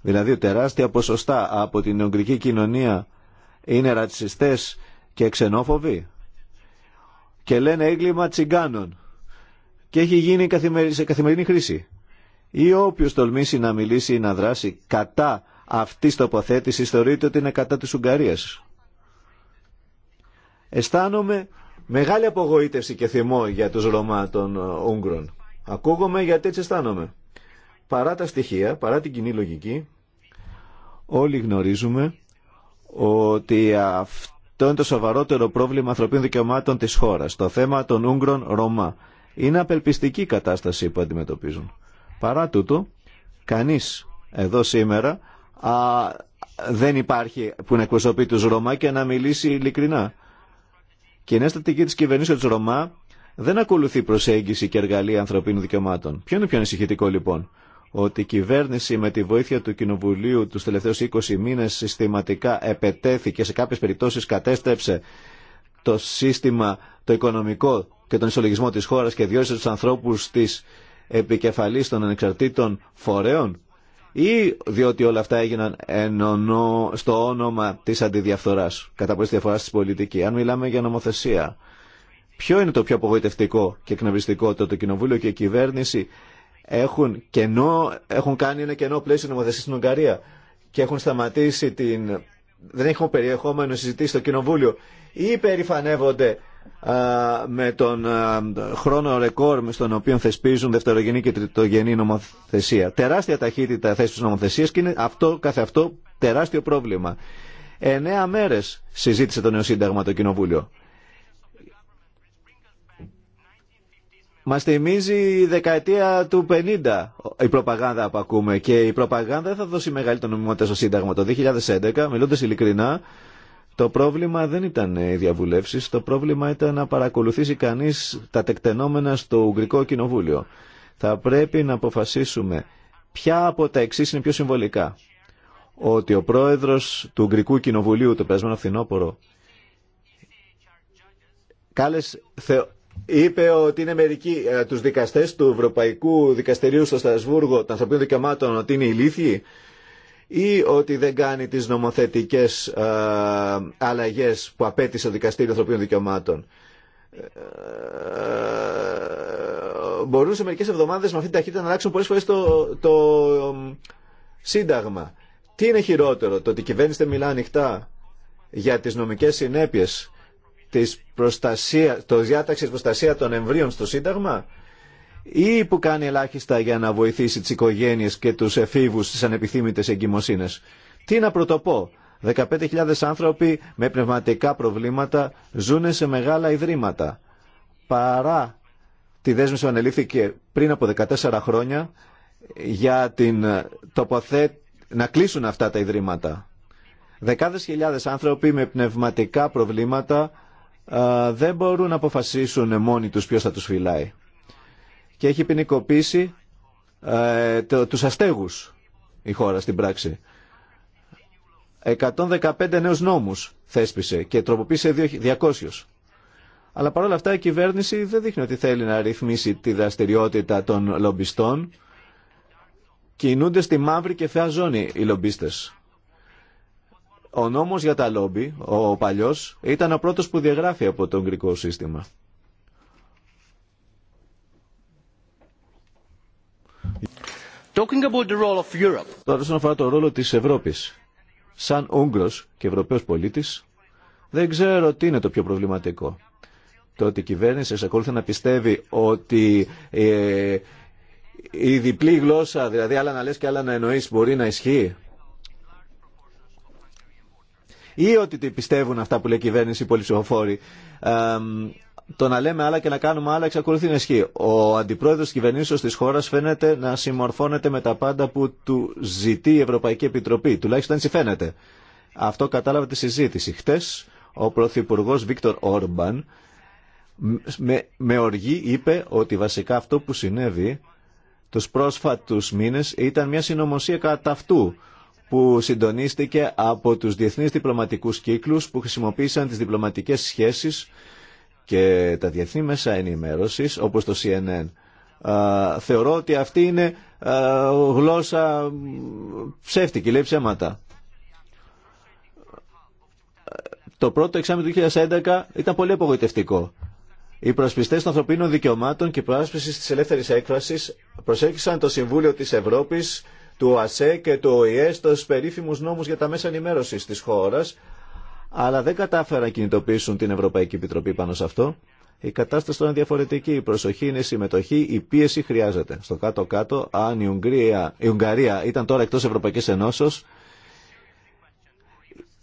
Δηλαδή τεράστια ποσοστά από την Ουγγρική κοινωνία είναι ρατσιστές και ξενόφοβοι και λένε έγκλημα τσιγκάνων και έχει γίνει σε καθημερινή χρήση. Ή όποιος τολμήσει να μιλήσει ή να δράσει κατά αυτής τοποθέτησης θεωρείται ότι είναι κατά της Ουγγαρίας. Αισθάνομαι μεγάλη απογοήτευση και θυμό για τους Ρωμά των ε, Ούγγρων. Ακούγομαι γιατί έτσι αισθάνομαι. Παρά τα στοιχεία, παρά την κοινή λογική, όλοι γνωρίζουμε ότι αυτό είναι το σοβαρότερο πρόβλημα ανθρωπίνων δικαιωμάτων της χώρας. Το θέμα των Ούγγρων Ρωμά. Είναι απελπιστική κατάσταση που αντιμετωπίζουν. Παρά τούτο, κανείς εδώ σήμερα α, δεν υπάρχει που να εκπροσωπεί τους Ρωμά και να μιλήσει ειλικρινά. Και η νέα στρατηγική της κυβερνήσεως Ρωμά δεν ακολουθεί προσέγγιση και εργαλεία ανθρωπίνων δικαιωμάτων. Ποιο είναι πιο ανησυχητικό λοιπόν, ότι η κυβέρνηση με τη βοήθεια του Κοινοβουλίου του τελευταίους 20 μήνες συστηματικά επετέθηκε, σε κάποιες περιπτώσεις κατέστρεψε το σύστημα, το οικονομικό και τον ισολογισμό της χώρας και διόρισε τους ανθρώπους της επικεφαλής των ανεξαρτήτων φορέων ή διότι όλα αυτά έγιναν στο όνομα της αντιδιαφθοράς, κατά πολλής διαφορά τη πολιτική. Αν μιλάμε για νομοθεσία, Ποιο είναι το πιο απογοητευτικό και εκνευριστικό το, το Κοινοβούλιο και η κυβέρνηση έχουν, κενό, έχουν κάνει ένα κενό πλαίσιο νομοθεσία στην Ουγγαρία και έχουν σταματήσει την... δεν έχουν περιεχόμενο συζητήσει στο Κοινοβούλιο ή περηφανεύονται με τον χρόνο ρεκόρ με τον οποίο θεσπίζουν δευτερογενή και τριτογενή νομοθεσία. Τεράστια ταχύτητα θέση τη νομοθεσία και είναι αυτό, καθε αυτό τεράστιο πρόβλημα. Εννέα μέρε συζήτησε το νέο σύνταγμα το Κοινοβούλιο. Μας θυμίζει η δεκαετία του 50 η προπαγάνδα που ακούμε και η προπαγάνδα θα δώσει μεγαλύτερη νομιμότητα στο Σύνταγμα. Το 2011, μιλώντα ειλικρινά, το πρόβλημα δεν ήταν οι διαβουλευσει, το πρόβλημα ήταν να παρακολουθήσει κανείς τα τεκτενόμενα στο Ουγγρικό Κοινοβούλιο. Θα πρέπει να αποφασίσουμε ποια από τα εξή είναι πιο συμβολικά. Ότι ο πρόεδρο του Ουγγρικού Κοινοβουλίου το περασμένο φθινόπωρο κάλεσε είπε ότι είναι μερικοί ε, τους δικαστές του Ευρωπαϊκού Δικαστηρίου στο Στασβούργο των ανθρωπίνων δικαιωμάτων ότι είναι ηλίθιοι ή ότι δεν κάνει τις νομοθετικές ε, αλλαγές που απέτησε το Δικαστήριο Ανθρωπίνων Δικαιωμάτων. Ε, μπορούν σε μερικές εβδομάδες με αυτή την ταχύτητα να αλλάξουν πολλές φορές το, το ε, Σύνταγμα. Τι είναι χειρότερο, το ότι κυβερνηση δεν μιλά ανοιχτά για τις νομικές συνέπειες της προστασίας, το διάταξη προστασία των εμβρίων στο Σύνταγμα ή που κάνει ελάχιστα για να βοηθήσει τις οικογένειες και τους εφήβους στις ανεπιθύμητες εγκυμοσύνες. Τι να πρωτοπώ. 15.000 άνθρωποι με πνευματικά προβλήματα ζουν σε μεγάλα ιδρύματα. Παρά τη δέσμευση που ανελήφθηκε πριν από 14 χρόνια για την να κλείσουν αυτά τα ιδρύματα. Δεκάδες χιλιάδες άνθρωποι με πνευματικά προβλήματα δεν μπορούν να αποφασίσουν μόνοι τους ποιος θα τους φυλάει. Και έχει ποινικοποίησει ε, το, τους αστέγους η χώρα στην πράξη. 115 νέους νόμους θέσπισε και τροποποίησε 200. Αλλά παρόλα αυτά η κυβέρνηση δεν δείχνει ότι θέλει να ρυθμίσει τη δραστηριότητα των λομπιστών. Κινούνται στη μαύρη και φαιά οι λομπίστες. Ο νόμος για τα λόμπι, ο παλιός, ήταν ο πρώτος που διαγράφει από το γκρικό σύστημα. Talking about the role of Europe. Τώρα όσον αφορά το ρόλο της Ευρώπης, σαν Ούγγρος και Ευρωπαίος πολίτης, δεν ξέρω τι είναι το πιο προβληματικό. Το ότι η κυβέρνηση εξακολουθεί να πιστεύει ότι ε, η διπλή γλώσσα, δηλαδή άλλα να λες και άλλα να εννοείς, μπορεί να ισχύει ή ότι τι πιστεύουν αυτά που λέει η οτι πιστευουν αυτα που λεει η κυβερνηση οι πολυψηφοφόροι. Ε, το να λέμε άλλα και να κάνουμε άλλα εξακολουθεί να ισχύει. Ο αντιπρόεδρο τη κυβερνήσεω τη χώρα φαίνεται να συμμορφώνεται με τα πάντα που του ζητεί η Ευρωπαϊκή Επιτροπή. Τουλάχιστον έτσι φαίνεται. Αυτό κατάλαβε τη συζήτηση. Χτε ο πρωθυπουργό Βίκτορ Όρμπαν με, με οργή είπε ότι βασικά αυτό που συνέβη του πρόσφατου μήνε ήταν μια συνωμοσία κατά αυτού που συντονίστηκε από τους διεθνείς διπλωματικούς κύκλους που χρησιμοποίησαν τις διπλωματικές σχέσεις και τα διεθνή μέσα ενημέρωσης όπως το CNN. Θεωρώ ότι αυτή είναι γλώσσα ψεύτικη, λέει ψέματα. Το πρώτο εξάμεινο του 2011 ήταν πολύ απογοητευτικό. Οι προσπιστέ των ανθρωπίνων δικαιωμάτων και η προάσπιση τη ελεύθερη έκφραση το Συμβούλιο τη Ευρώπη του ΑΣΕ και του ΟΗΕ στους περίφημους νόμους για τα μέσα ενημέρωσης της χώρας, αλλά δεν κατάφεραν να κινητοποιήσουν την Ευρωπαϊκή Επιτροπή πάνω σε αυτό. Η κατάσταση τώρα είναι διαφορετική. Η προσοχή είναι η συμμετοχή, η πίεση χρειάζεται. Στο κάτω-κάτω, αν η, η Ουγγαρία ήταν τώρα εκτός Ευρωπαϊκής Ενώσεως,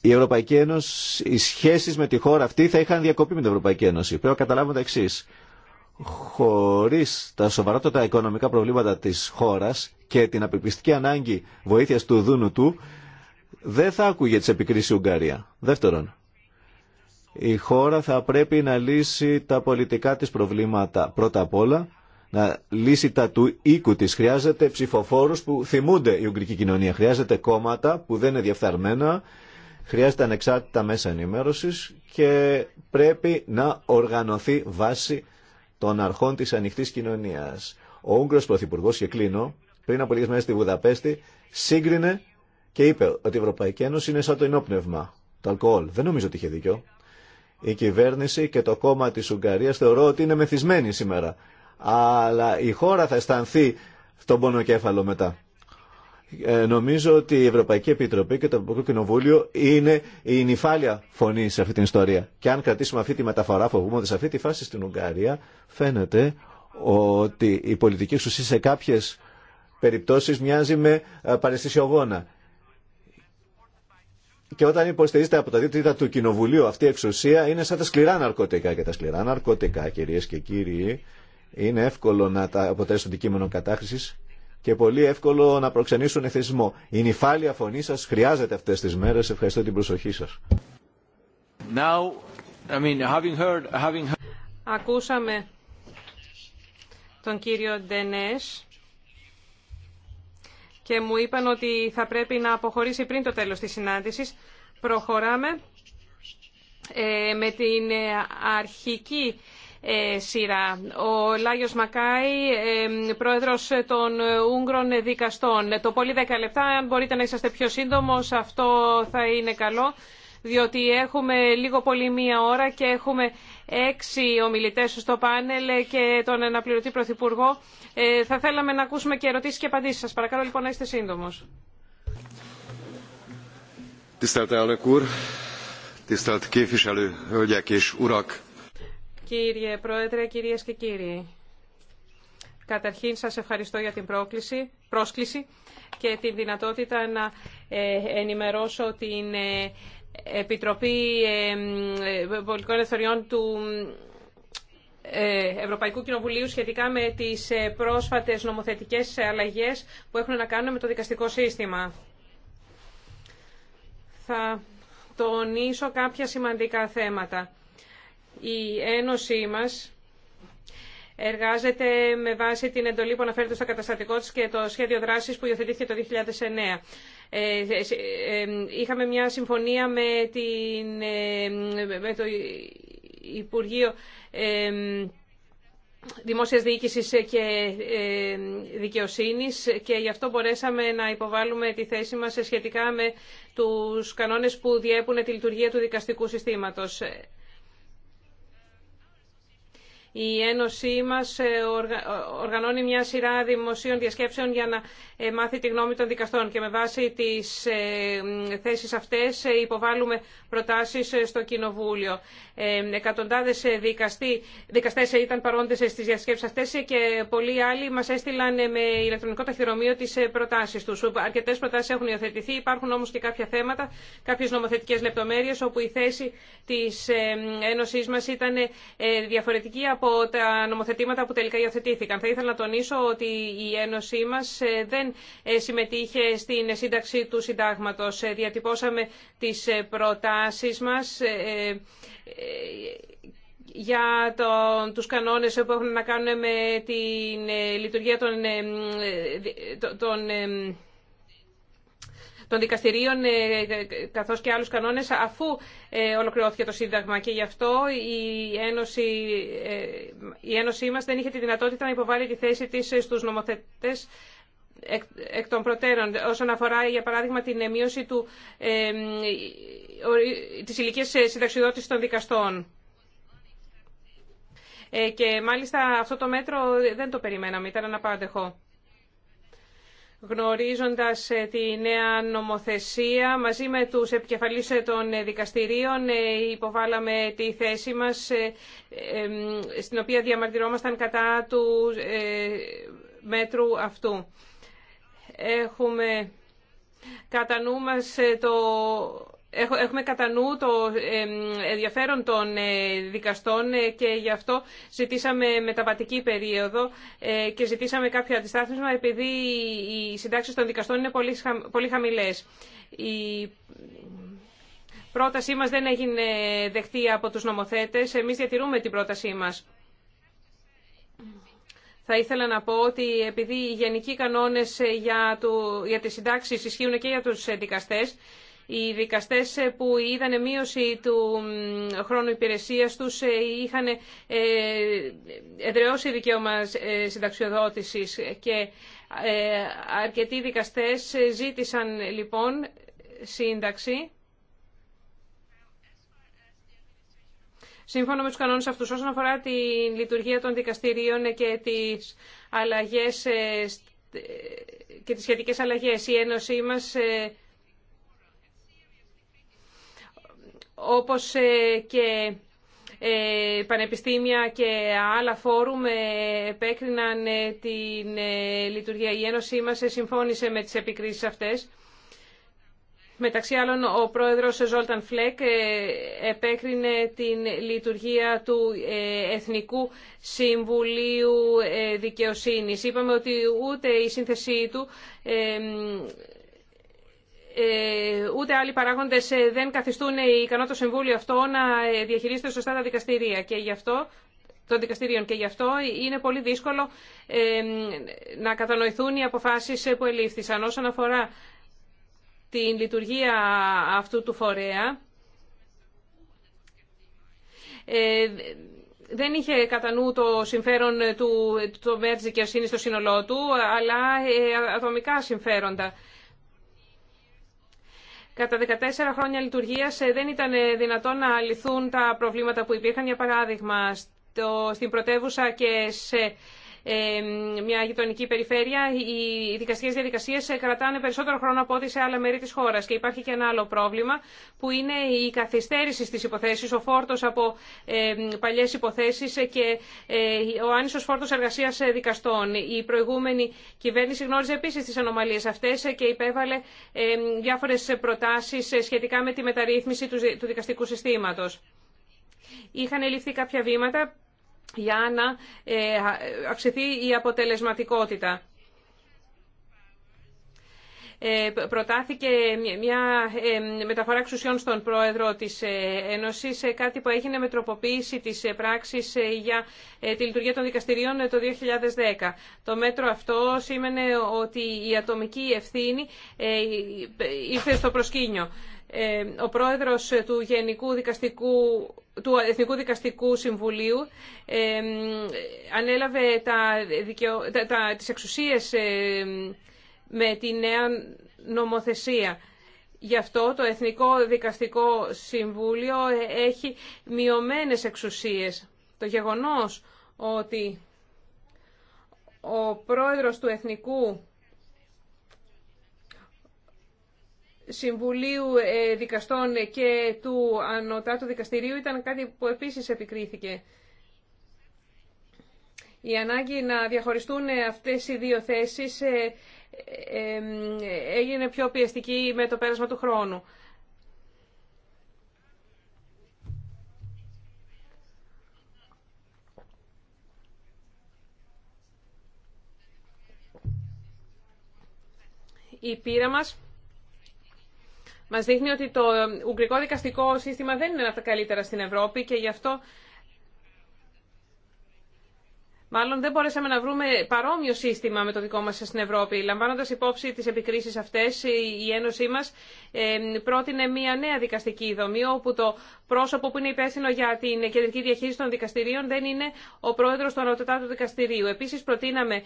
η Ευρωπαϊκή Ένωση, οι σχέσεις με τη χώρα αυτή θα είχαν διακοπεί με την Ευρωπαϊκή Ένωση. Πρέπει να καταλάβουμε τα εξή χωρίς τα σοβαρότατα οικονομικά προβλήματα της χώρας και την απελπιστική ανάγκη βοήθειας του Δούνου του, δεν θα άκουγε τις επικρίσεις η Ουγγαρία. Δεύτερον, η χώρα θα πρέπει να λύσει τα πολιτικά της προβλήματα πρώτα απ' όλα, να λύσει τα του οίκου της. Χρειάζεται ψηφοφόρους που θυμούνται η Ουγγρική κοινωνία. Χρειάζεται κόμματα που δεν είναι διαφθαρμένα, χρειάζεται ανεξάρτητα μέσα ενημέρωση και πρέπει να οργανωθεί βάση των αρχών της ανοιχτής κοινωνίας. Ο Ούγγρος Πρωθυπουργό και κλείνω, πριν από λίγες μέρες στη Βουδαπέστη, σύγκρινε και είπε ότι η Ευρωπαϊκή Ένωση είναι σαν το ενόπνευμα, το αλκοόλ. Δεν νομίζω ότι είχε δίκιο. Η κυβέρνηση και το κόμμα της Ουγγαρίας θεωρώ ότι είναι μεθυσμένοι σήμερα. Αλλά η χώρα θα αισθανθεί τον πονοκέφαλο μετά. Ε, νομίζω ότι η Ευρωπαϊκή Επιτροπή και το Ευρωπαϊκό Κοινοβούλιο είναι η νυφάλια φωνή σε αυτή την ιστορία. Και αν κρατήσουμε αυτή τη μεταφορά, φοβούμαι ότι σε αυτή τη φάση στην Ουγγαρία φαίνεται ότι η πολιτική εξουσία σε κάποιε περιπτώσει μοιάζει με ε, παρεστησιογόνα. Και όταν υποστηρίζεται από τα δύο του Κοινοβουλίου αυτή η εξουσία είναι σαν τα σκληρά ναρκωτικά. Και τα σκληρά ναρκωτικά, κυρίε και κύριοι, είναι εύκολο να τα αποτελέσουν αντικείμενο κατάχρηση και πολύ εύκολο να προξενήσουν εθισμό. Η νυφάλια φωνή σα, χρειάζεται αυτέ τι μέρε. Ευχαριστώ την προσοχή σα. Ακούσαμε τον κύριο Ντενές και μου είπαν ότι θα πρέπει να αποχωρήσει πριν το τέλος της συνάντησης. Προχωράμε ε, με την αρχική ε, σειρά. Ο Λάγιος Μακάη, ε, πρόεδρος των Ούγγρων δικαστών. Το πολύ 10 λεπτά, αν μπορείτε να είσαστε πιο σύντομος, αυτό θα είναι καλό, διότι έχουμε λίγο πολύ μία ώρα και έχουμε έξι ομιλητές στο πάνελ και τον αναπληρωτή πρωθυπουργό. Ε, θα θέλαμε να ακούσουμε και ερωτήσεις και απαντήσεις σας. Παρακαλώ λοιπόν να είστε σύντομος. Κύριε Πρόεδρε, κυρίες και κύριοι, καταρχήν σας ευχαριστώ για την πρόκληση, πρόσκληση και την δυνατότητα να ε, ενημερώσω την ε, Επιτροπή Πολιτικών ε, Ελευθεριών του Ευρωπαϊκού Κοινοβουλίου σχετικά με τις πρόσφατες νομοθετικές αλλαγές που έχουν να κάνουν με το δικαστικό σύστημα. Θα τονίσω κάποια σημαντικά θέματα. Η Ένωσή μας εργάζεται με βάση την εντολή που αναφέρεται στο καταστατικό της και το σχέδιο δράσης που υιοθετήθηκε το 2009. Ε, ε, ε, είχαμε μια συμφωνία με, την, με το Υπουργείο Δημόσιας Διοίκησης και Δικαιοσύνης και γι' αυτό μπορέσαμε να υποβάλουμε τη θέση μας σχετικά με τους κανόνες που διέπουν τη λειτουργία του δικαστικού συστήματος. Η Ένωσή μας ε, οργανώνει μια σειρά δημοσίων διασκέψεων για να ε, μάθει τη γνώμη των δικαστών και με βάση τις ε, θέσεις αυτές υποβάλλουμε προτάσεις στο Κοινοβούλιο. Εκατοντάδες δικαστή, δικαστές ήταν παρόντες στις διασκέψεις αυτές και πολλοί άλλοι μας έστειλαν με ηλεκτρονικό ταχυδρομείο τις προτάσεις τους. Αρκετές προτάσεις έχουν υιοθετηθεί, υπάρχουν όμως και κάποια θέματα, κάποιες νομοθετικές λεπτομέρειες όπου η θέση της Ένωσής ήταν διαφορετική από από τα νομοθετήματα που τελικά υιοθετήθηκαν. Θα ήθελα να τονίσω ότι η Ένωσή μα ε, δεν ε, συμμετείχε στην σύνταξη του συντάγματο. Ε, διατυπώσαμε τις προτάσεις μας για το, τους κανόνες που έχουν να κάνουν με τη λειτουργία των των δικαστηρίων ε, καθώς και άλλους κανόνες αφού ε, ολοκληρώθηκε το Σύνταγμα και γι' αυτό η Ένωση, ε, η Ένωση μας δεν είχε τη δυνατότητα να υποβάλει τη θέση της στους νομοθετές εκ των προτέρων όσον αφορά για παράδειγμα την μείωση του, ε, της ηλικίας συνταξιδότησης των δικαστών. και μάλιστα αυτό το μέτρο δεν το περιμέναμε, ήταν αναπάντεχο γνωρίζοντας ε, τη νέα νομοθεσία. Μαζί με τους επικεφαλής ε, των ε, δικαστηρίων υποβάλαμε τη θέση μας, στην οποία διαμαρτυρόμασταν κατά του μέτρου αυτού. Έχουμε κατά νου το Έχουμε κατά νου το ενδιαφέρον των ε, δικαστών ε, και γι' αυτό ζητήσαμε μεταβατική περίοδο ε, και ζητήσαμε κάποιο αντιστάθμισμα επειδή οι συντάξει των δικαστών είναι πολύ χαμηλές. Η πρότασή μας δεν έγινε δεχτή από τους νομοθέτες. Εμείς διατηρούμε την πρότασή μας. Θα ήθελα να πω ότι επειδή οι γενικοί κανόνες για, του, για ισχύουν και για τους δικαστές, οι δικαστές ε, που είδαν μείωση του χρόνου υπηρεσίας τους ε, είχαν ε, εδραιώσει δικαίωμα συνταξιοδότησης και αρκετοί δικαστές ζήτησαν λοιπόν σύνταξη. Σύμφωνα με τους κανόνες αυτούς, όσον αφορά τη λειτουργία των δικαστηρίων και τις, αλλαγές, και τις σχετικές αλλαγές, η Ένωσή μας όπως ε, και ε, πανεπιστήμια και άλλα φόρουμ ε, επέκριναν την λειτουργία. Η Ένωσή μας συμφώνησε με τις επικρίσεις αυτές. Μεταξύ άλλων, ο πρόεδρος Ζόλταν Φλέκ επέκρινε την λειτουργία του Εθνικού Συμβουλίου Δικαιοσύνης. Είπαμε ότι ούτε η σύνθεσή του ε, ούτε άλλοι παράγοντες ε, δεν καθιστούν ε, ικανό το Συμβούλιο αυτό να διαχειρίζεται σωστά τα δικαστηρία και γι' αυτό των δικαστηρίων και γι' αυτό είναι πολύ δύσκολο να κατανοηθούν οι αποφάσεις που ελήφθησαν. Όσον αφορά την λειτουργία αυτού του φορέα, δεν είχε κατά νου το συμφέρον του του Κερσίνη στο σύνολό του, αλλά ατομικά συμφέροντα. Κατά 14 χρόνια λειτουργίας ε, δεν ήταν ε, δυνατόν να λυθούν τα προβλήματα που υπήρχαν. Για παράδειγμα, στην πρωτεύουσα και σε μια γειτονική περιφέρεια, οι δικαστικέ διαδικασίε ε, κρατάνε περισσότερο χρόνο από ό,τι σε άλλα μέρη τη χώρα Και υπάρχει και ένα άλλο πρόβλημα που είναι η καθυστέρηση στις υποθέσεις, ο φόρτο από παλιέ υποθέσει ε, και ε, ο άνισος φόρτο εργασία δικαστών. Η προηγούμενη κυβέρνηση γνώριζε επίση τι ανομαλίε αυτέ και υπέβαλε διάφορε προτάσει σχετικά με τη μεταρρύθμιση του δικαστικού συστήματο. Είχαν ληφθεί κάποια βήματα για να ε, ε, αυξηθεί η αποτελεσματικότητα. Ε, προτάθηκε μια μεταφορά εξουσιών στον πρόεδρο της Ένωσης, κάτι που έγινε με τροποποίηση της πράξης για τη λειτουργία των δικαστηρίων το 2010. Το μέτρο αυτό σήμαινε ότι η ατομική ευθύνη ήρθε στο προσκήνιο. Ε, ο πρόεδρος του Γενικού Δικαστικού του Εθνικού Δικαστικού Συμβουλίου ε, ανέλαβε τα, δικαιο, τις εξουσίες ε, με τη νέα νομοθεσία. Γι' αυτό το Εθνικό Δικαστικό Συμβούλιο έχει μειωμένες εξουσίες. Το γεγονός ότι ο πρόεδρος του Εθνικού Συμβουλίου ε, Δικαστών και του Ανωτάτου Δικαστηρίου ήταν κάτι που επίσης επικρίθηκε. Η ανάγκη να διαχωριστούν αυτές οι δύο θέσεις ε, ε, έγινε πιο πιεστική με το πέρασμα του χρόνου. Η πείρα μας μας δείχνει ότι το ε, ουγγρικό δικαστικό σύστημα δεν είναι από τα καλύτερα στην Ευρώπη και γι' αυτό Μάλλον δεν μπορέσαμε να βρούμε παρόμοιο σύστημα με το δικό μας στην Ευρώπη. Λαμβάνοντας υπόψη τις επικρίσεις αυτές, η Ένωσή μας πρότεινε μια νέα δικαστική δομή, όπου το πρόσωπο που είναι υπεύθυνο για την κεντρική διαχείριση των δικαστηρίων δεν είναι ο πρόεδρος του ανωτατάτου δικαστηρίου. Επίσης προτείναμε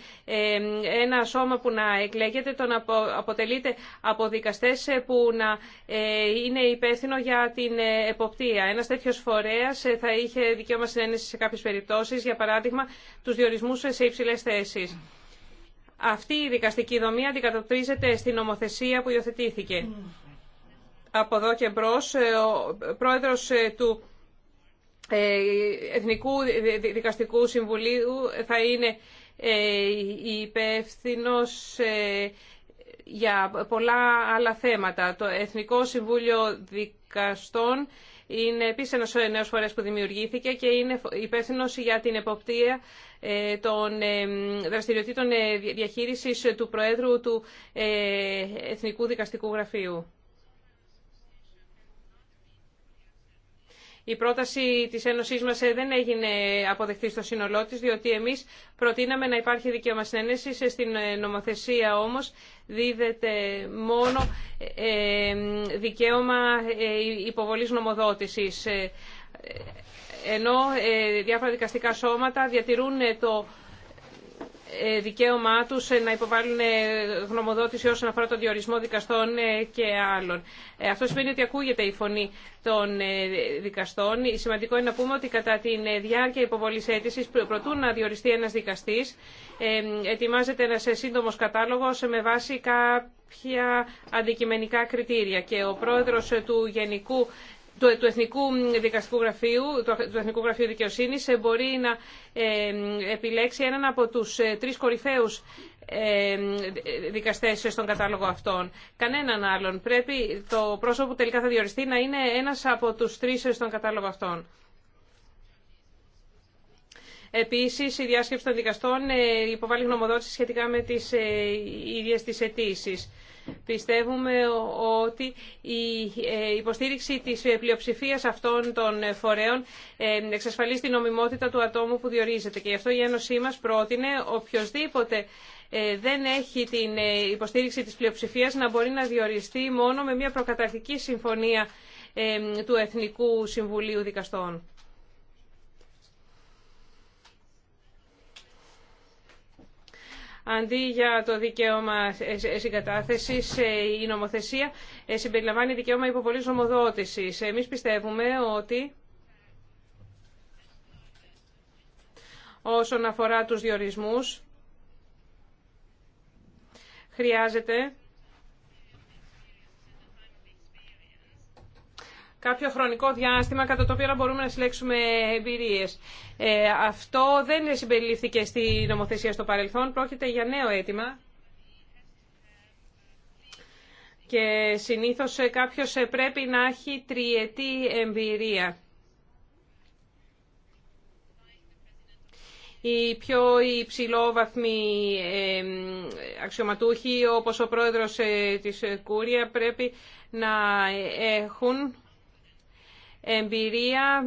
ένα σώμα που να εκλέγεται, το να αποτελείται από δικαστές ε, που να ε, είναι υπεύθυνο για την ε, εποπτεία. Ένας τέτοιος φορέας θα είχε δικαίωμα συνένεση σε κάποιε περιπτώσει, για παράδειγμα τους διορισμούς σε υψηλέ θέσει. Αυτή η δικαστική δομή αντικατοπτρίζεται στην νομοθεσία που υιοθετήθηκε. Από εδώ και μπρο, ε, ο πρόεδρος ε, του ε, Εθνικού Δικαστικού Συμβουλίου θα είναι υπεύθυνο για πολλά άλλα θέματα. Το Εθνικό Συμβούλιο Δικαστών είναι επίση ένα νέο φορέας που δημιουργήθηκε και είναι υπεύθυνο για την εποπτεία ε, των ε, δραστηριοτήτων ε, διαχείριση του Προέδρου του Εθνικού Δικαστικού Γραφείου. Η πρόταση της ένωσή μα ε, δεν έγινε αποδεκτή στο σύνολό τη, διότι εμείς προτείναμε να υπάρχει δικαίωμα συνένεση. Ε, στην ε, νομοθεσία όμως δίδεται μόνο δικαίωμα υποβολής νομοδότησης. Ενώ διάφορα δικαστικά σώματα διατηρούν το ε, δικαίωμά τους ε, να υποβάλουν ε, γνωμοδότηση όσον αφορά τον διορισμό δικαστών και άλλων. Αυτό σημαίνει ότι ακούγεται η φωνή των δικαστών. Σημαντικό είναι να πούμε ότι κατά τη διάρκεια υποβολής αίτησης, προτού να διοριστεί ένας δικαστής, ετοιμάζεται ένας σύντομος κατάλογος με βάση κάποια αντικειμενικά κριτήρια και ο πρόεδρος του Γενικού του, Εθνικού Δικαστικού Γραφείου, του, Εθνικού Γραφείου Δικαιοσύνη, ε, μπορεί να ε, επιλέξει έναν από τους ε, τρεις κορυφαίους δικαστές στον κατάλογο αυτών. Κανέναν άλλον. Πρέπει το πρόσωπο που τελικά θα διοριστεί να είναι ένας από τους τρεις στον κατάλογο αυτών. Επίσης, η διάσκεψη των δικαστών ε, υποβάλλει γνωμοδότηση σχετικά με τις ε, ίδιε τι αιτήσει. Πιστεύουμε ότι η ε, υποστήριξη της πλειοψηφία αυτών των φορέων εξασφαλίζει την νομιμότητα του ατόμου που διορίζεται και γι' αυτό η Ένωσή μας πρότεινε οποιοδήποτε δεν έχει την υποστήριξη της πλειοψηφίας να μπορεί να διοριστεί μόνο με μια προκαταρκτική συμφωνία του Εθνικού Συμβουλίου Δικαστών. Αντί για το δικαίωμα συγκατάθεση, ε, η νομοθεσία ε, συμπεριλαμβάνει δικαίωμα υποβολή νομοδότηση. Εμεί πιστεύουμε ότι. Όσον αφορά τους διορισμούς, χρειάζεται κάποιο χρονικό διάστημα κατά το οποίο να μπορούμε να συλλέξουμε εμπειρίε. Ε, αυτό δεν συμπεριλήφθηκε στη νομοθεσία στο παρελθόν. Πρόκειται για νέο αίτημα. Και συνήθως ε, κάποιος ε, πρέπει να έχει τριετή εμπειρία. οι πιο υψηλόβαθμοι αξιωματούχοι, όπως ο πρόεδρος ε, της Κούρια, πρέπει να έχουν εμπειρία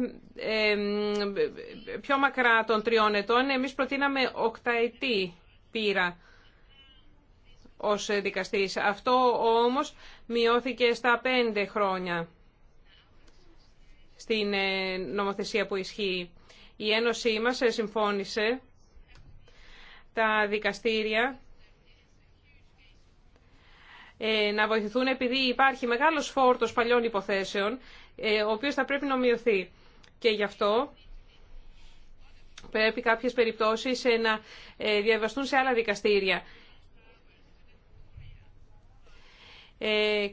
πιο μακρά των τριών ετών. Εμείς προτείναμε οκταετή πείρα ως δικαστής. Αυτό όμως μειώθηκε στα πέντε χρόνια στην ε, νομοθεσία που ισχύει. Η Ένωσή μας ε, συμφώνησε τα δικαστήρια ε, να βοηθηθούν επειδή υπάρχει μεγάλος φόρτος παλιών υποθέσεων ε, ο οποίος θα πρέπει να μειωθεί. Και γι' αυτό πρέπει κάποιες περιπτώσεις ε, να ε, διαβαστούν σε άλλα δικαστήρια.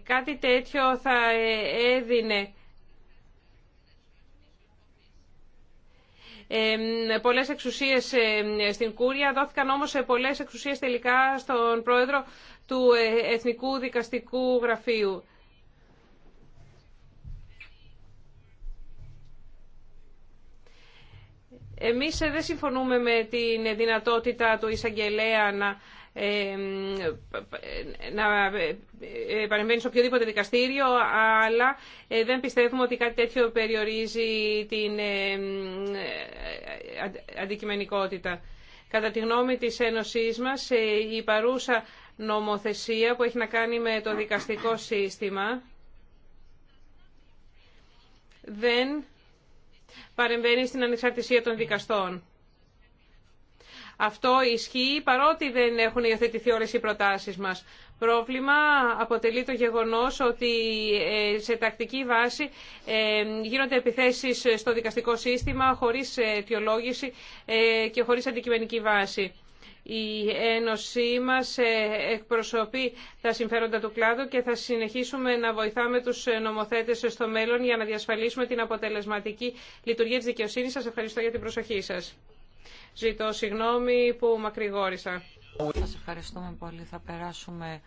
Κάτι τέτοιο θα έδινε πολλές εξουσίες στην Κούρια. Δόθηκαν όμως πολλές εξουσίες τελικά στον πρόεδρο του Εθνικού Δικαστικού Γραφείου. Εμείς ε, δεν συμφωνούμε με την δυνατότητα του εισαγγελέα να, ε, ε να ε, παρεμβαίνει σε οποιοδήποτε δικαστήριο, αλλά δεν πιστεύουμε ότι κάτι τέτοιο περιορίζει την αντικειμενικότητα. Κατά τη γνώμη της Ένωσής μας, η παρούσα νομοθεσία που έχει να κάνει με το δικαστικό σύστημα δεν παρεμβαίνει στην ανεξαρτησία των δικαστών. Αυτό ισχύει παρότι δεν έχουν υιοθετηθεί όλες οι προτάσεις μας. Πρόβλημα αποτελεί το γεγονός ότι ε, σε τακτική βάση ε, γίνονται επιθέσεις στο δικαστικό σύστημα χωρίς αιτιολόγηση ε, και χωρίς αντικειμενική βάση. Η Ένωσή μας ε, εκπροσωπεί τα συμφέροντα του κλάδου και θα συνεχίσουμε να βοηθάμε τους ε, νομοθέτες στο μέλλον για να διασφαλίσουμε την αποτελεσματική λειτουργία της δικαιοσύνης. Σας ευχαριστώ για την προσοχή σας. Ζητώ συγγνώμη που μακρηγόρησα. Σας ευχαριστούμε πολύ. Θα περάσουμε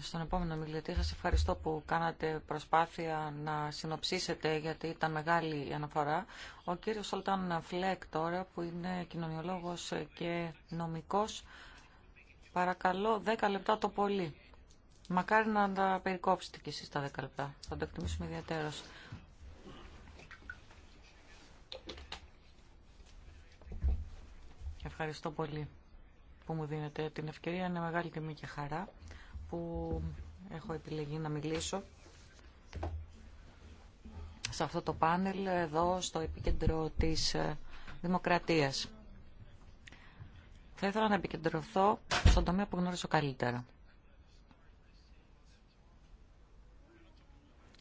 στον επόμενο μιλητή. Σας ευχαριστώ που κάνατε προσπάθεια να συνοψίσετε γιατί ήταν μεγάλη η αναφορά. Ο κύριος Σολτάν Φλέκ τώρα που είναι κοινωνιολόγος και νομικός. Παρακαλώ 10 λεπτά το πολύ. Μακάρι να τα περικόψετε κι εσείς τα 10 λεπτά. Θα το εκτιμήσουμε ιδιαίτερως. Ευχαριστώ πολύ που μου δίνετε την ευκαιρία. Είναι μεγάλη τιμή και χαρά που έχω επιλεγεί να μιλήσω σε αυτό το πάνελ εδώ στο επίκεντρο της ε, δημοκρατίας. Θα ήθελα να επικεντρωθώ στον τομέα που γνώριζω καλύτερα.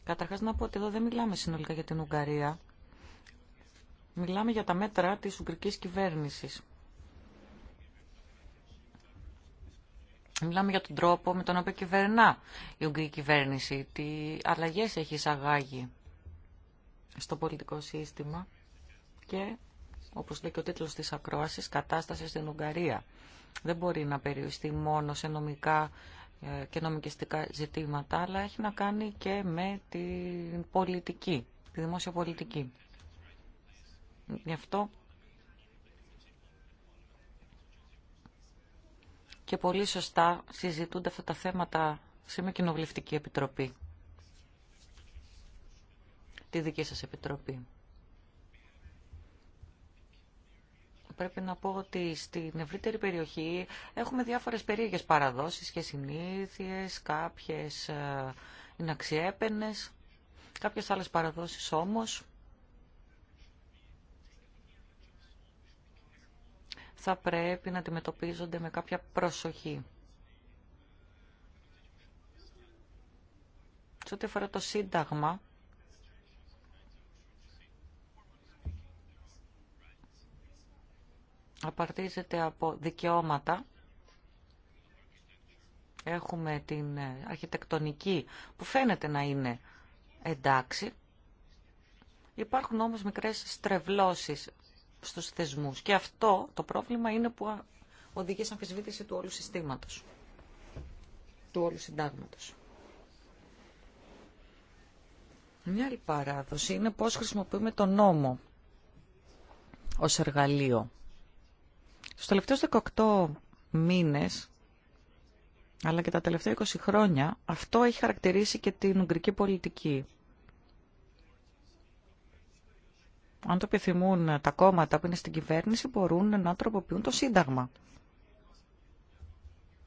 Καταρχάς να πω ότι εδώ δεν μιλάμε συνολικά για την Ουγγαρία. Μιλάμε για τα μέτρα της Ουγγρικής κυβέρνησης. Μιλάμε για τον τρόπο με τον οποίο κυβερνά η Ουγγρική κυβέρνηση, τι αλλαγές έχει εισαγάγει στο πολιτικό σύστημα και, όπως λέει και ο τίτλος της ακρόασης, κατάσταση στην Ουγγαρία. Δεν μπορεί να περιοριστεί μόνο σε νομικά ε, και νομικιστικά ζητήματα, αλλά έχει να κάνει και με την πολιτική, τη δημόσια πολιτική. Γι' αυτό και πολύ σωστά συζητούνται αυτά τα θέματα σε μια κοινοβουλευτική επιτροπή. Τη δική σας επιτροπή. Πρέπει να πω ότι στην ευρύτερη περιοχή έχουμε διάφορες περίεργες παραδόσεις και συνήθειες, κάποιες ε, είναι αξιέπαινες, κάποιες άλλες παραδόσεις όμως θα πρέπει να αντιμετωπίζονται με κάποια προσοχή. Σε ό,τι αφορά το Σύνταγμα, απαρτίζεται από δικαιώματα. Έχουμε την ε, αρχιτεκτονική που φαίνεται να είναι εντάξει. Υπάρχουν όμως μικρές στρεβλώσεις στους θεσμούς. Και αυτό το πρόβλημα είναι που οδηγεί σε αμφισβήτηση του όλου συστήματος, του όλου συντάγματος. Μια άλλη παράδοση είναι πώς χρησιμοποιούμε τον νόμο ως εργαλείο. Στους τελευταίους 18 μήνες, αλλά και τα τελευταία 20 χρόνια, αυτό έχει χαρακτηρίσει και την ουγγρική πολιτική. αν το επιθυμούν τα κόμματα που είναι στην κυβέρνηση, μπορούν να τροποποιούν το Σύνταγμα.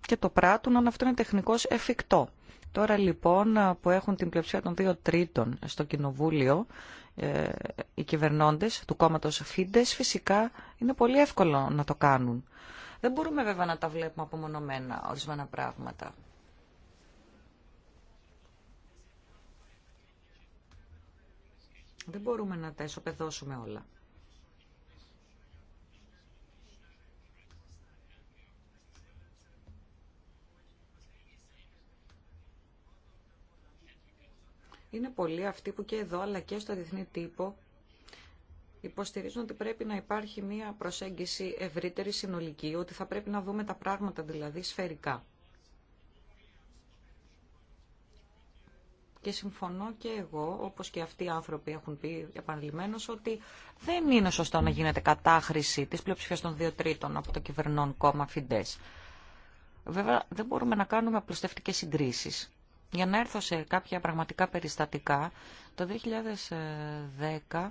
Και το πράττουν αν αυτό είναι τεχνικώς εφικτό. Τώρα λοιπόν που έχουν την πλειοψηφία των δύο τρίτων στο Κοινοβούλιο, ε, οι κυβερνώντες του κόμματος Φίντες φυσικά είναι πολύ εύκολο να το κάνουν. Δεν μπορούμε βέβαια να τα βλέπουμε απομονωμένα ορισμένα πράγματα. Δεν μπορούμε να τα ισοπεδώσουμε όλα. Είναι πολλοί αυτοί που και εδώ αλλά και στο διεθνή τύπο υποστηρίζουν ότι πρέπει να υπάρχει μια προσέγγιση ευρύτερη συνολική, ότι θα πρέπει να δούμε τα πράγματα δηλαδή σφαιρικά. Και συμφωνώ και εγώ, όπως και αυτοί οι άνθρωποι έχουν πει επανειλημμένω, ότι δεν είναι σωστό να γίνεται κατάχρηση τη πλειοψηφία των δύο τρίτων από το κυβερνών κόμμα Φιντές. Βέβαια, δεν μπορούμε να κάνουμε απλουστευτικέ συγκρίσει. Για να έρθω σε κάποια πραγματικά περιστατικά, το 2010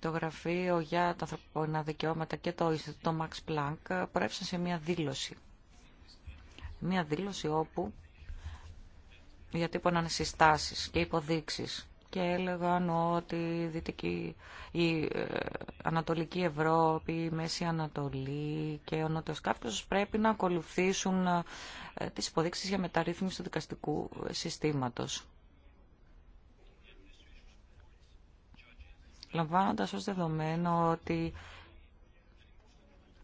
το Γραφείο για τα Ανθρωπινά Δικαιώματα και το Ινστιτούτο Max Planck σε μια δήλωση. Μια δήλωση όπου γιατί πονάνε συστάσεις και υποδείξεις και έλεγαν ότι η, η ε, Ανατολική Ευρώπη, η Μέση Ανατολή και ο Νότιος Κάφκος πρέπει να ακολουθήσουν ε, τις υποδείξεις για μεταρρύθμιση του δικαστικού συστήματος. Λαμβάνοντας ως δεδομένο ότι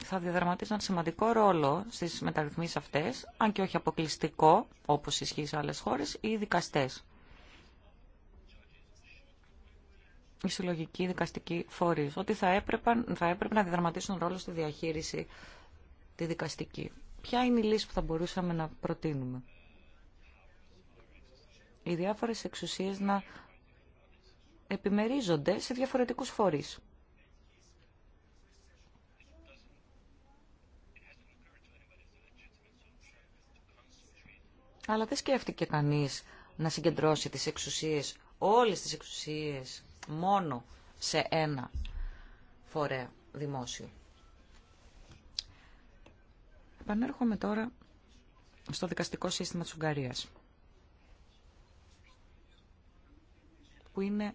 θα διαδραματίζουν ένα σημαντικό ρόλο στις μεταρρυθμίσεις αυτές, αν και όχι αποκλειστικό, όπως ισχύει σε άλλε χώρε, οι δικαστές. Οι συλλογικοί δικαστικοί φορεί. ότι θα έπρεπε, θα έπρεπε να διαδραματίσουν ρόλο στη διαχείριση τη δικαστική. Ποια είναι η λύση που θα μπορούσαμε να προτείνουμε. Οι διάφορες εξουσίες να επιμερίζονται σε διαφορετικούς φορείς. Αλλά δεν σκέφτηκε κανείς να συγκεντρώσει τις εξουσίες, όλες τις εξουσίες, μόνο σε ένα φορέα δημόσιο. Επανέρχομαι τώρα στο δικαστικό σύστημα της Ουγγαρίας, που είναι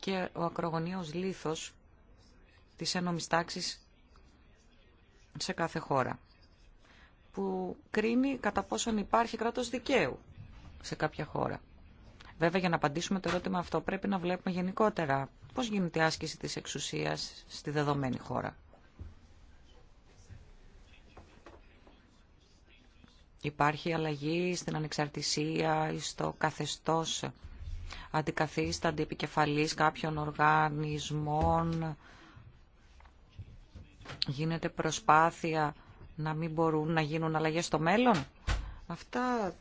και ο ακρογωνίος λίθος της ένομης σε κάθε χώρα που κρίνει κατά πόσον υπάρχει κράτος δικαίου σε κάποια χώρα. Βέβαια, για να απαντήσουμε το ερώτημα αυτό, πρέπει να βλέπουμε γενικότερα πώς γίνεται η άσκηση της εξουσίας στη δεδομένη χώρα. Υπάρχει αλλαγή στην ανεξαρτησία ή στο καθεστώς αντικαθίστα επικεφαλής κάποιων οργανισμών. Γίνεται προσπάθεια να μην μπορούν να γίνουν αλλαγές στο μέλλον. Αυτά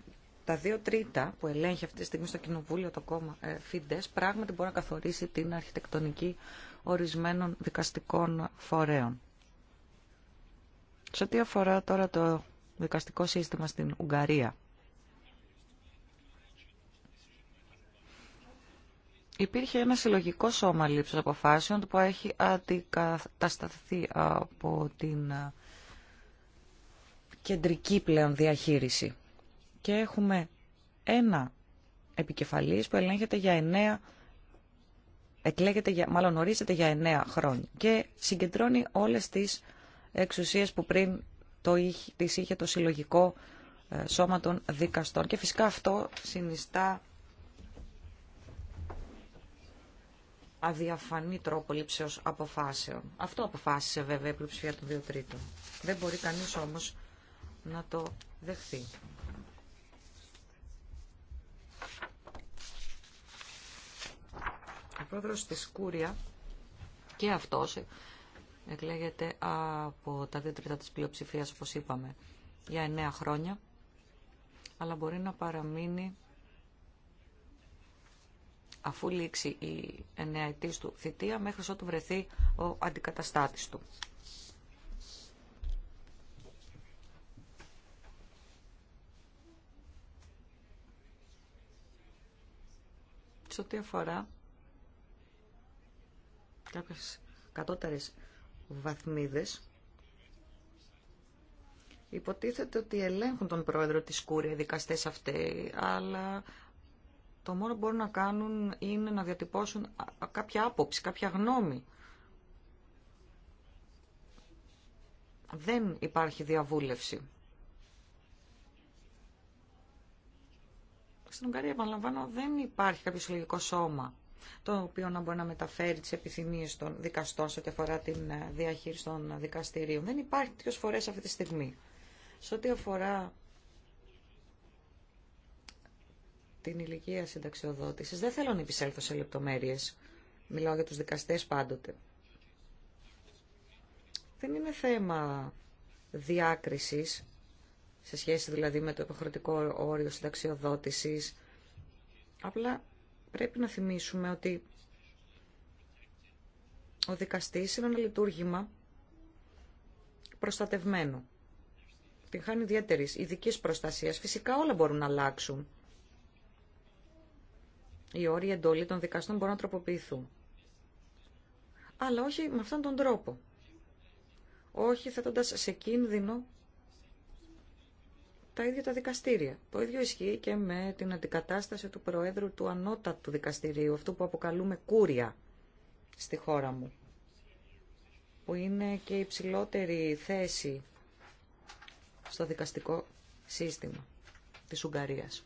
τα δύο τρίτα που ελέγχει αυτή τη στιγμή στο Κοινοβούλιο το κόμμα ε, ΦΙΝΤΕΣ πράγματι μπορεί να καθορίσει την αρχιτεκτονική ορισμένων δικαστικών φορέων. Σε ό,τι αφορά τώρα το δικαστικό σύστημα στην Ουγγαρία. Υπήρχε ένα συλλογικό σώμα λήψης αποφάσεων που έχει αντικατασταθεί από την ε, κεντρική πλέον διαχείριση. Και έχουμε ένα επικεφαλής που ελέγχεται για εννέα εκλέγεται, για, μάλλον ορίζεται για εννέα χρόνια και συγκεντρώνει όλες τις εξουσίες που πριν το, τις είχε το συλλογικό ε, σώμα των δικαστών. Και φυσικά αυτό συνιστά αδιαφανή τρόπο λήψεως αποφάσεων. Αυτό αποφάσισε βέβαια η πλειοψηφία των δύο τρίτων. Δεν μπορεί κανείς όμως να το δεχθεί. Ο πρόεδρος της Κούρια και αυτός εκλέγεται από τα δύο τρίτα της πλειοψηφίας, όπως είπαμε, για εννέα χρόνια, αλλά μπορεί να παραμείνει αφού λήξει η εννέα του θητεία μέχρι ότου βρεθεί ο αντικαταστάτης του. σε ό,τι αφορά κάποιες κατώτερες βαθμίδες υποτίθεται ότι ελέγχουν τον πρόεδρο της Κούρια οι δικαστές αυτοί, αλλά το μόνο που μπορούν να κάνουν είναι να διατυπώσουν κάποια άποψη, κάποια γνώμη. Δεν υπάρχει διαβούλευση. στην Ουγγαρία, επαναλαμβάνω, δεν υπάρχει κάποιο συλλογικό σώμα το οποίο να μπορεί να μεταφέρει τις επιθυμίες των δικαστών σε ό,τι αφορά την ε, διαχείριση των δικαστηρίων. Δεν υπάρχει τέτοιο φορές αυτή τη στιγμή. Σε ό,τι αφορά την ηλικία συνταξιοδότησης, δεν θέλω να επισέλθω σε λεπτομέρειε. Μιλάω για τους δικαστέ πάντοτε. Δεν είναι θέμα διάκρισης σε σχέση δηλαδή με το υποχρεωτικό όριο συνταξιοδότησης. Απλά πρέπει να θυμίσουμε ότι ο δικαστής είναι ένα λειτουργήμα προστατευμένο. Την χάνει ιδιαίτερη ειδική προστασία. Φυσικά όλα μπορούν να αλλάξουν. Οι όροι εντολή των δικαστών μπορούν να τροποποιηθούν. Αλλά όχι με αυτόν τον τρόπο. Όχι θέτοντας σε κίνδυνο τα ίδια τα δικαστήρια. Το ίδιο ισχύει και με την αντικατάσταση του Προέδρου του Ανώτατου Δικαστηρίου, αυτού που αποκαλούμε Κούρια στη χώρα μου, που είναι και η ψηλότερη θέση στο δικαστικό σύστημα της Ουγγαρίας.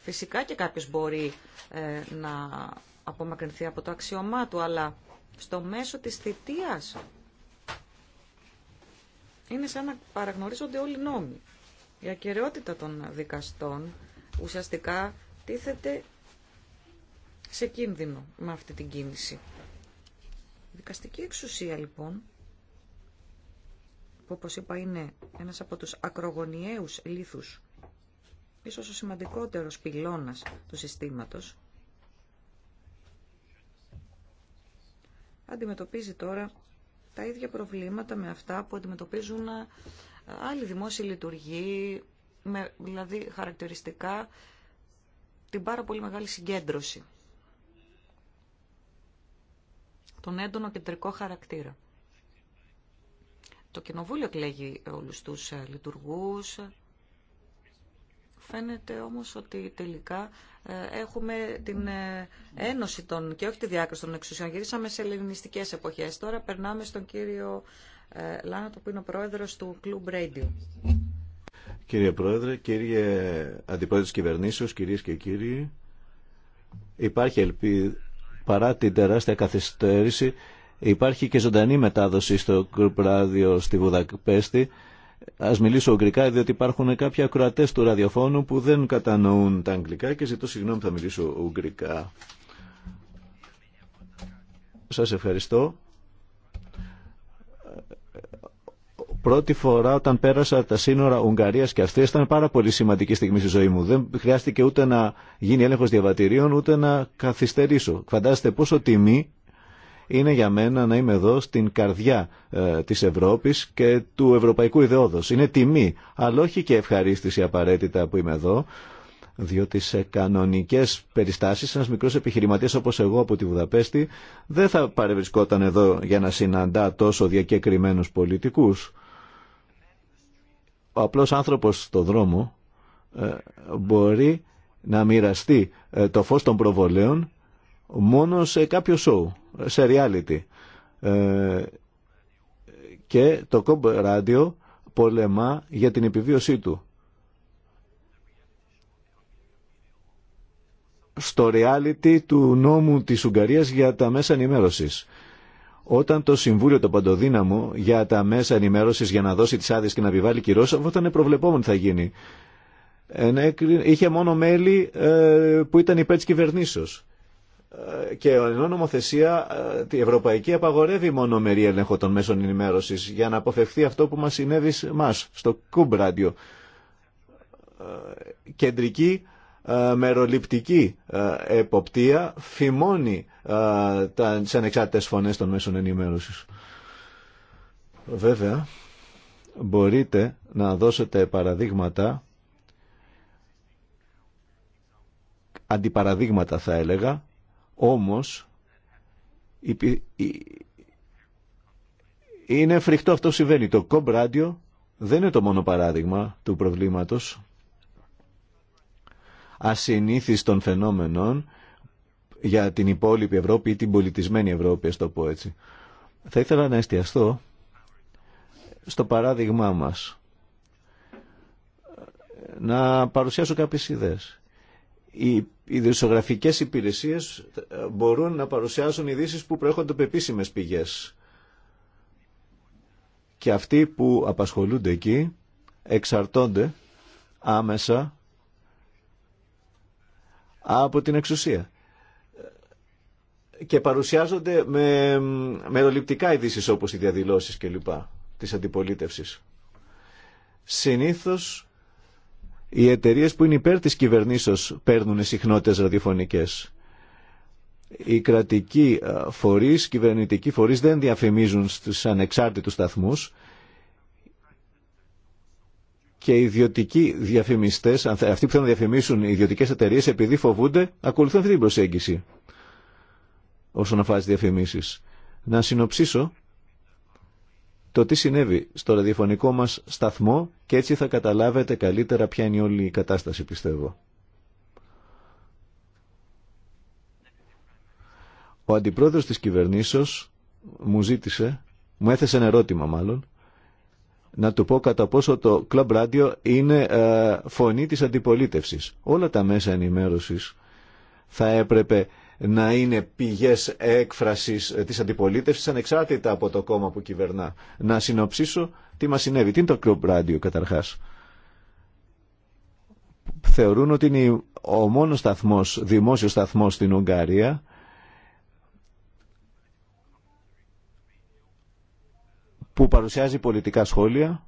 Φυσικά και κάποιος μπορεί ε, να απομακρυνθεί από το αξιωμά του, αλλά στο μέσο της θητείας είναι σαν να παραγνωρίζονται όλοι οι νόμοι. Η ακαιρεότητα των δικαστών ουσιαστικά τίθεται σε κίνδυνο με αυτή την κίνηση. Η δικαστική εξουσία λοιπόν, που όπως είπα είναι ένας από τους ακρογωνιαίους λίθους, ίσως ο σημαντικότερος πυλώνας του συστήματος, αντιμετωπίζει τώρα τα ίδια προβλήματα με αυτά που αντιμετωπίζουν ε, άλλοι δημόσιοι λειτουργοί, με, δηλαδή χαρακτηριστικά την πάρα πολύ μεγάλη συγκέντρωση. Τον έντονο κεντρικό χαρακτήρα. Το Κοινοβούλιο εκλέγει όλους τους ε, λειτουργούς, Φαίνεται όμως ότι τελικά ε, έχουμε την ε, ένωση των και όχι τη διάκριση των εξουσιών. Γυρίσαμε σε ελληνιστικές εποχές. Τώρα περνάμε στον κύριο ε, Λάνατο που είναι ο πρόεδρος του Club Radio. Κύριε Πρόεδρε, κύριε Αντιπρόεδρε της Κυβερνήσεως, κυρίες και κύριοι, υπάρχει ελπίδα παρά την τεράστια καθυστέρηση υπάρχει και ζωντανή μετάδοση στο Group Radio στη Βουδαπέστη Α μιλήσω ουγγρικά, διότι υπάρχουν κάποιοι ακροατέ του ραδιοφώνου που δεν κατανοούν τα αγγλικά και ζητώ συγγνώμη θα μιλήσω ουγγρικά. Σας ευχαριστώ. Πρώτη φορά όταν πέρασα τα σύνορα Ουγγαρίας και Αυστρία ήταν πάρα πολύ σημαντική στιγμή στη ζωή μου. Δεν χρειάστηκε ούτε να γίνει έλεγχος διαβατηρίων ούτε να καθυστερήσω. Φαντάζεστε πόσο τιμή είναι για μένα να είμαι εδώ στην καρδιά ε, της Ευρώπης και του ευρωπαϊκού ιδεώδους. Είναι τιμή, αλλά όχι και ευχαρίστηση απαραίτητα που είμαι εδώ, διότι σε κανονικές περιστάσεις ένας μικρός επιχειρηματίας όπως εγώ από τη Βουδαπέστη δεν θα παρευρισκόταν εδώ για να συναντά τόσο διακεκριμένους πολιτικούς. Ο απλός άνθρωπος στο δρόμο ε, μπορεί να μοιραστεί ε, το φως των προβολέων μόνο σε κάποιο σοου σε reality. Ε, και το Κομπ ράδιο πολεμά για την επιβίωσή του. Στο reality του νόμου της Ουγγαρίας για τα μέσα ενημέρωσης. Όταν το Συμβούλιο το Παντοδύναμο για τα μέσα ενημέρωσης για να δώσει τις άδειες και να επιβάλλει κυρώσεις, αυτό ήταν προβλεπόμενο θα γίνει. Είχε μόνο μέλη ε, που ήταν υπέρ της κυβερνήσεως. Ε, και ενώ νομοθεσία ε, η Ευρωπαϊκή απαγορεύει μονομερή έλεγχο των μέσων ενημέρωση για να αποφευχθεί αυτό που μα συνέβη εμά στο Ράντιο. Ε, κεντρική μεροληπτική εποπτεία φημώνει τι ανεξάρτητε φωνέ των μέσων ενημέρωση. Βέβαια, μπορείτε να δώσετε παραδείγματα αντιπαραδείγματα θα έλεγα όμως, είναι φρικτό αυτό συμβαίνει. Το Κομπ δεν είναι το μόνο παράδειγμα του προβλήματος ασυνήθιστων φαινόμενων για την υπόλοιπη Ευρώπη ή την πολιτισμένη Ευρώπη, ας το πω έτσι. Θα ήθελα να εστιαστώ στο παράδειγμά μας. Να παρουσιάσω κάποιες ιδέες. Η οι δημοσιογραφικές υπηρεσίες ε, μπορούν να παρουσιάσουν ειδήσει που προέρχονται από επίσημε πηγές. Και αυτοί που απασχολούνται εκεί εξαρτώνται άμεσα από την εξουσία. Και παρουσιάζονται με μεροληπτικά ειδήσει όπως οι διαδηλώσεις κλπ. της αντιπολίτευσης. Συνήθως οι εταιρείε που είναι υπέρ τη κυβερνήσεω παίρνουν συχνότητε ραδιοφωνικέ. Οι κρατικοί φορεί, κυβερνητικοί φορεί δεν διαφημίζουν στου ανεξάρτητου σταθμού και οι ιδιωτικοί διαφημιστέ, αυτοί που θέλουν να διαφημίσουν οι ιδιωτικέ εταιρείε επειδή φοβούνται, ακολουθούν αυτή την προσέγγιση όσον αφορά τι διαφημίσει. Να συνοψίσω το τι συνέβη στο ραδιοφωνικό μας σταθμό και έτσι θα καταλάβετε καλύτερα ποια είναι όλη η κατάσταση πιστεύω. Ο αντιπρόεδρος της κυβερνήσεως μου ζήτησε, μου έθεσε ένα ερώτημα μάλλον, να του πω κατά πόσο το Club Radio είναι ε, φωνή της αντιπολίτευσης. Όλα τα μέσα ενημέρωσης θα έπρεπε να είναι πηγές έκφρασης της αντιπολίτευσης ανεξάρτητα από το κόμμα που κυβερνά. Να συνοψίσω τι μας συνέβη. Τι είναι το Club Radio καταρχάς. Θεωρούν ότι είναι ο μόνος σταθμός, δημόσιος σταθμός στην Ουγγαρία που παρουσιάζει πολιτικά σχόλια,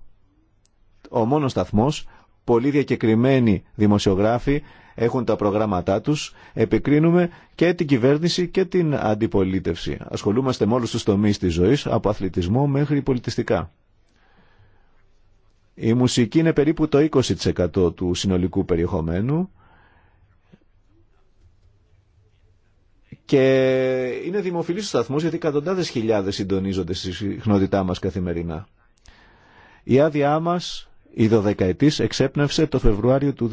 ο μόνος σταθμός, πολύ διακεκριμένοι δημοσιογράφοι έχουν τα προγράμματά τους, επικρίνουμε και την κυβέρνηση και την αντιπολίτευση. Ασχολούμαστε με όλους τους τομείς της ζωής, από αθλητισμό μέχρι πολιτιστικά. Η μουσική είναι περίπου το 20% του συνολικού περιεχομένου και είναι δημοφιλής στους σταθμούς γιατί εκατοντάδες χιλιάδες συντονίζονται στη συχνότητά μας καθημερινά. Η άδειά μας η δωδεκαετής εξέπνευσε το Φεβρουάριο του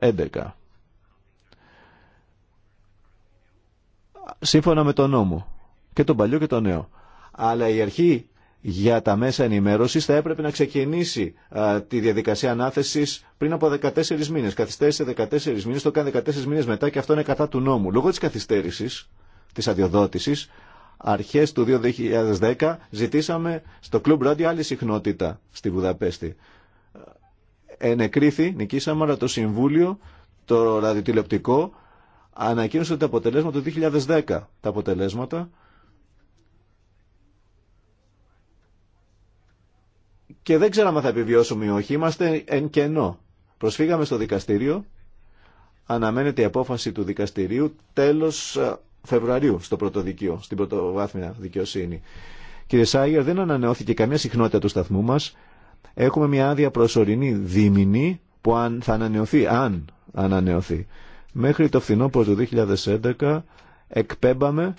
2011. Σύμφωνα με τον νόμο. Και τον παλιό και τον νέο. Αλλά η αρχή για τα μέσα ενημέρωσης θα έπρεπε να ξεκινήσει τη διαδικασία ανάθεσης πριν από 14 μήνες. Καθυστέρησε 14 μήνες, το κάνει 14 μήνες μετά και αυτό είναι κατά του νόμου. Λόγω της καθυστέρησης, της αδειοδότησης, αρχές του 2010 ζητήσαμε στο Club Radio άλλη συχνότητα στη Βουδαπέστη. Ενεκρίθη, νικήσαμε, αλλά το Συμβούλιο, το ραδιοτηλεοπτικό, ανακοίνωσε τα αποτελέσματα του 2010. Τα αποτελέσματα και δεν ξέραμε αν θα επιβιώσουμε ή όχι. Είμαστε εν κενό. Προσφύγαμε στο δικαστήριο. Αναμένεται η απόφαση του δικαστηρίου τέλος Φεβρουαρίου στο πρωτοδικείο, στην πρωτοβάθμια δικαιοσύνη. Κύριε Σάγερ, δεν ανανεώθηκε καμία συχνότητα του σταθμού μας. Έχουμε μια άδεια προσωρινή δίμηνη που αν, θα ανανεωθεί, αν ανανεωθεί. Μέχρι το φθινόπωρο του 2011 εκπέμπαμε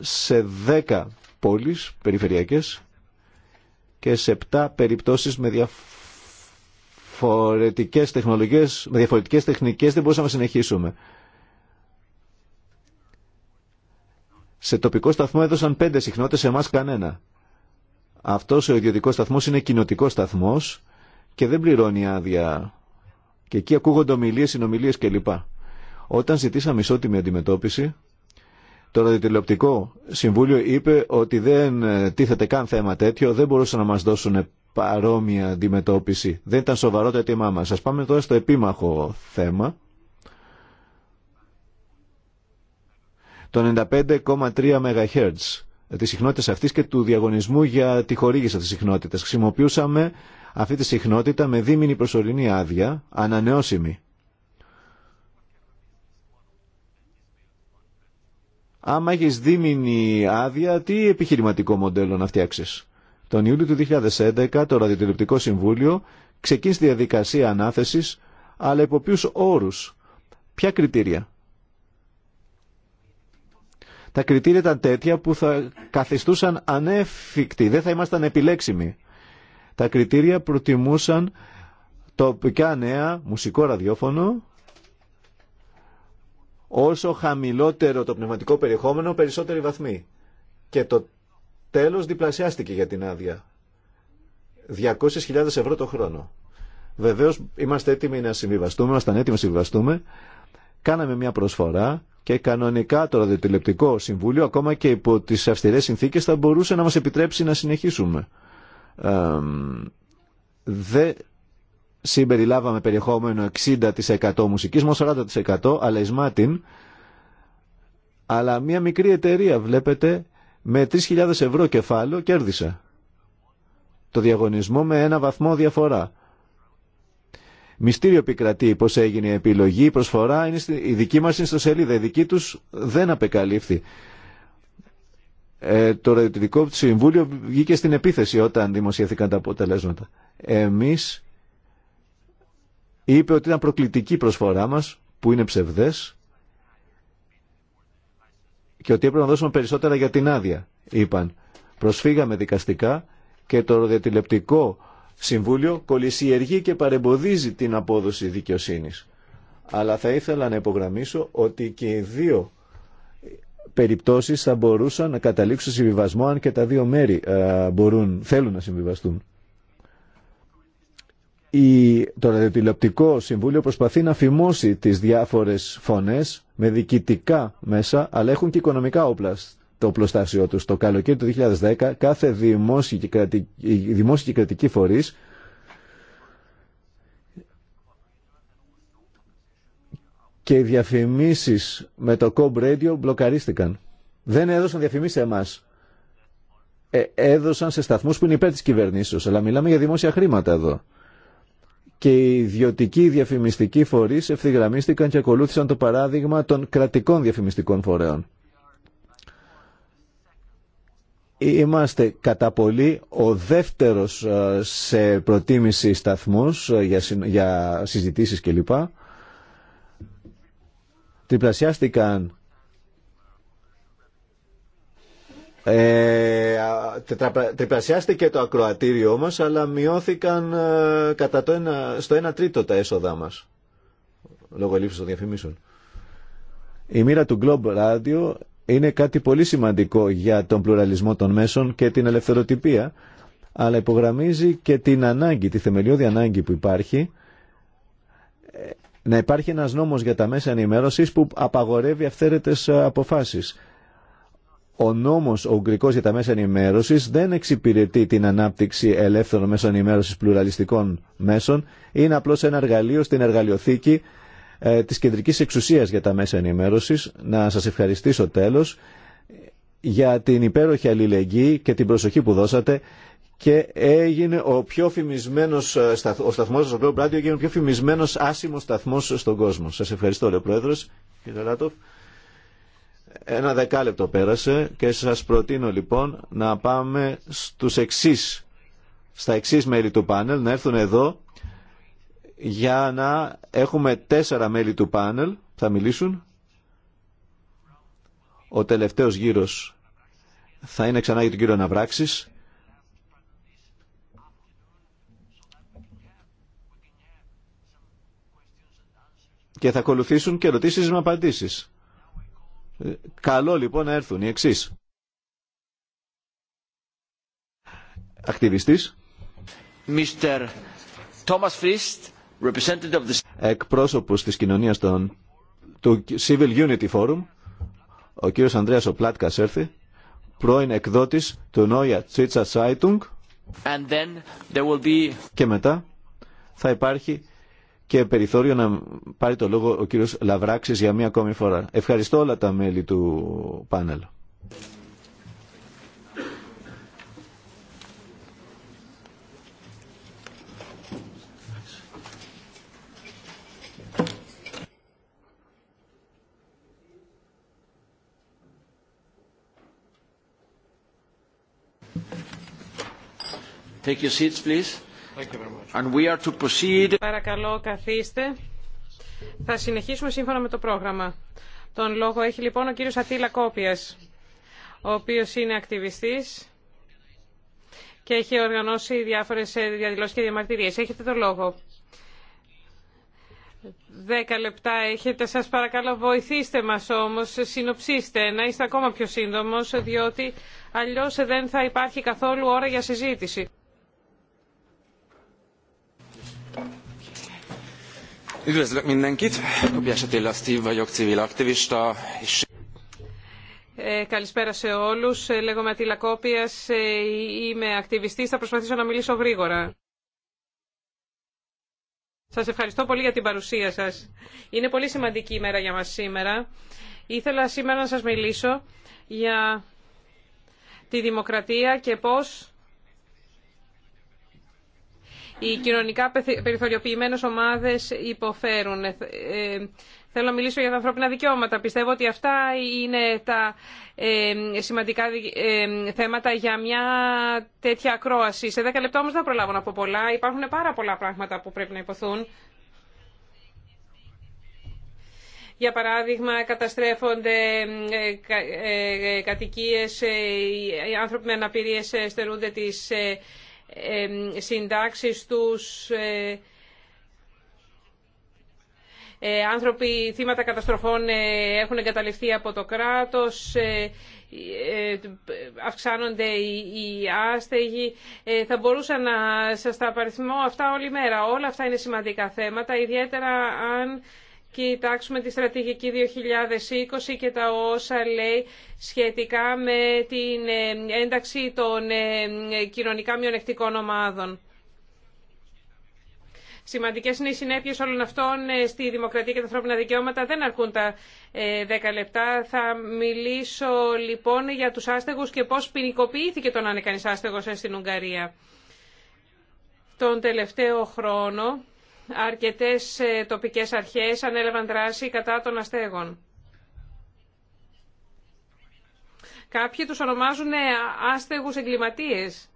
σε 10 πόλεις περιφερειακές και σε 7 περιπτώσεις με διαφορετικές με διαφορετικές τεχνικές δεν μπορούσαμε να συνεχίσουμε. Σε τοπικό σταθμό έδωσαν πέντε συχνότητες, σε εμά κανένα. Αυτό ο ιδιωτικό σταθμό είναι κοινοτικό σταθμό και δεν πληρώνει άδεια. Και εκεί ακούγονται ομιλίε, συνομιλίε κλπ. Όταν ζητήσαμε ισότιμη αντιμετώπιση, το ραδιοτηλεοπτικό συμβούλιο είπε ότι δεν ε, τίθεται καν θέμα τέτοιο, δεν μπορούσαν να μα δώσουν παρόμοια αντιμετώπιση. Δεν ήταν σοβαρό το αίτημά μα. Α πάμε τώρα στο επίμαχο θέμα των 95,3 MHz ε, της συχνότητας αυτής και του διαγωνισμού για τη χορήγηση αυτής της συχνότητας. Χρησιμοποιούσαμε αυτή τη συχνότητα με δίμηνη προσωρινή άδεια, ανανεώσιμη. Άμα έχει δίμηνη άδεια, τι επιχειρηματικό μοντέλο να φτιάξει. Τον Ιούλιο του 2011 το Ραδιοτηλεπτικό Συμβούλιο ξεκίνησε τη διαδικασία ανάθεση, αλλά υπό ποιου όρου, ποια κριτήρια τα κριτήρια ήταν τέτοια που θα καθιστούσαν ανέφικτοι, δεν θα ήμασταν επιλέξιμοι. Τα κριτήρια προτιμούσαν τοπικά νέα, μουσικό ραδιόφωνο, όσο χαμηλότερο το πνευματικό περιεχόμενο, περισσότεροι βαθμοί. Και το τέλος διπλασιάστηκε για την άδεια. 200.000 ευρώ το χρόνο. Βεβαίως είμαστε έτοιμοι να συμβιβαστούμε, ήμασταν έτοιμοι να συμβιβαστούμε. Κάναμε μια προσφορά και κανονικά το ραδιοτηλεπτικό συμβούλιο ακόμα και υπό τις αυστηρές συνθήκες θα μπορούσε να μας επιτρέψει να συνεχίσουμε. Ε, δεν συμπεριλάβαμε περιεχόμενο 60% μουσικής, μόνο 40% αλλά εισμάτιν. Αλλά μια μικρή εταιρεία βλέπετε με 3.000 ευρώ κεφάλαιο κέρδισε το διαγωνισμό με ένα βαθμό διαφορά. Μυστήριο επικρατεί πώ έγινε η επιλογή, η προσφορά είναι στη, η δική μα είναι στο σελίδα, η δική του δεν απεκαλύφθη. Ε, το του Συμβούλιο βγήκε στην επίθεση όταν δημοσιεύθηκαν τα αποτελέσματα. Εμεί είπε ότι ήταν προκλητική προσφορά μα, που είναι ψευδέ, και ότι έπρεπε να δώσουμε περισσότερα για την άδεια, είπαν. Προσφύγαμε δικαστικά και το ροδιατηλεπτικό Συμβούλιο κολυσιεργεί και παρεμποδίζει την απόδοση δικαιοσύνης. Αλλά θα ήθελα να υπογραμμίσω ότι και οι δύο περιπτώσεις θα μπορούσαν να καταλήξουν συμβιβασμό αν και τα δύο μέρη ε, μπορούν, θέλουν να συμβιβαστούν. Η, το ραδιοτηλεοπτικό συμβούλιο προσπαθεί να φημώσει τις διάφορες φωνές με διοικητικά μέσα, αλλά έχουν και οικονομικά όπλα το πλωστάσιο τους. Το καλοκαίρι του 2010 κάθε δημόσια και κρατική, φορή και και οι διαφημίσεις με το Cobb Radio μπλοκαρίστηκαν. Δεν έδωσαν διαφημίσεις σε εμάς. Ε, έδωσαν σε σταθμούς που είναι υπέρ της κυβερνήσεως. Αλλά μιλάμε για δημόσια χρήματα εδώ. Και οι ιδιωτικοί διαφημιστικοί φορείς ευθυγραμμίστηκαν και ακολούθησαν το παράδειγμα των κρατικών διαφημιστικών φορέων. Είμαστε κατά πολύ ο δεύτερος ε, σε προτίμηση σταθμούς ε, για, για συζητήσεις κλπ. Τριπλασιάστηκαν ε, τριπλασιάστηκε το ακροατήριό μας αλλά μειώθηκαν ε, κατά το ένα, στο 1 τρίτο τα έσοδά μας λόγω λήψης των διαφημίσεων. Η μοίρα του Globe Radio είναι κάτι πολύ σημαντικό για τον πλουραλισμό των μέσων και την ελευθεροτυπία, αλλά υπογραμμίζει και την ανάγκη, τη θεμελιώδη ανάγκη που υπάρχει, ε, να υπάρχει ένας νόμος για τα μέσα ενημέρωσης που απαγορεύει αυθαίρετες αποφάσεις. Ο νόμος ο Ουγγρικός για τα μέσα ενημέρωσης δεν εξυπηρετεί την ανάπτυξη ελεύθερων μέσων ενημέρωσης πλουραλιστικών μέσων, είναι απλώς ένα εργαλείο στην εργαλειοθήκη ε, της κεντρικής εξουσίας για τα μέσα ενημέρωσης. Να σας ευχαριστήσω τέλος για την υπέροχη αλληλεγγύη και την προσοχή που δώσατε και έγινε ο πιο φημισμένος ε, ο σταθμός στο έγινε ο πιο φημισμένος άσημος σταθμός στον κόσμο. Σας ευχαριστώ, λέει ο Πρόεδρος, κύριε Λάτοφ. Ένα δεκάλεπτο πέρασε και σας προτείνω λοιπόν να πάμε στους εξής, στα εξής μέλη του πάνελ, να έρθουν εδώ για να έχουμε τέσσερα μέλη του πάνελ θα μιλήσουν. Ο τελευταίος γύρος θα είναι ξανά για τον κύριο Ναυράξης. Και θα ακολουθήσουν και ερωτήσεις με απαντήσεις. Ε, καλό λοιπόν να έρθουν οι εξής. Ακτιβιστής. Mr. Thomas Frist Εκπρόσωπος της κοινωνίας των, του Civil Unity Forum, ο κύριος Ανδρέας Οπλάτκας έρθει, πρώην εκδότης του Νόια Τσίτσα Σάιτουνγκ και μετά θα υπάρχει και περιθώριο να πάρει το λόγο ο κύριος Λαβράξης για μία ακόμη φορά. Ευχαριστώ όλα τα μέλη του πάνελ. Παρακαλώ, καθίστε. Θα συνεχίσουμε σύμφωνα με το πρόγραμμα. Τον λόγο έχει λοιπόν ο κύριος Ατήλα Κόπιας, ο οποίος είναι ακτιβιστής και έχει οργανώσει διάφορες ε, διαδηλώσεις και διαμαρτυρίες. Έχετε το λόγο. Δέκα λεπτά έχετε. Σας παρακαλώ βοηθήστε μας όμως, συνοψίστε, να είστε ακόμα πιο σύντομος, διότι αλλιώς δεν θα υπάρχει καθόλου ώρα για συζήτηση. Ε, καλησπέρα σε όλους. Ε, λέγομαι Ατήλα Κόπιας, ε, είμαι ακτιβιστής. Θα προσπαθήσω να μιλήσω γρήγορα. Σας ευχαριστώ πολύ για την παρουσία σας. Είναι πολύ σημαντική ημέρα για μας σήμερα. Ήθελα σήμερα να σας μιλήσω για τη δημοκρατία και πώς οι κοινωνικά περιθωριοποιημένες ομάδες υποφέρουν. Ε, θέλω να μιλήσω για τα ανθρώπινα δικαιώματα. Πιστεύω ότι αυτά είναι τα ε, σημαντικά ε, θέματα για μια τέτοια ακρόαση. Σε 10 λεπτά όμως δεν προλάβω να πω πολλά. Υπάρχουν πάρα πολλά πράγματα που πρέπει να υποθούν. Για παράδειγμα, καταστρέφονται κατοικίες, οι άνθρωποι με αναπηρίες στερούνται τις συντάξεις τους ε, ε, άνθρωποι θύματα καταστροφών ε, έχουν εγκαταλειφθεί από το κράτος, αυξάνονται οι άστεγοι. Θα μπορούσα να σας τα απαριθμώ αυτά όλη μέρα. Όλα αυτά είναι σημαντικά θέματα, ιδιαίτερα αν κοιτάξουμε τη στρατηγική 2020 και τα όσα λέει σχετικά με την ε, ένταξη των ε, κοινωνικά μειονεκτικών ομάδων. Σημαντικέ είναι οι συνέπειε όλων αυτών ε, στη δημοκρατία και τα ανθρώπινα δικαιώματα. Δεν αρκούν τα 10 λεπτά. Θα μιλήσω λοιπόν για του άστεγου και πώ ποινικοποιήθηκε το να είναι κανεί άστεγο στην Ουγγαρία. Τον τελευταίο χρόνο αρκετές ε, τοπικές αρχές ανέλαβαν δράση κατά των αστέγων. Κάποιοι τους ονομάζουν ε, άστεγους εγκληματίες.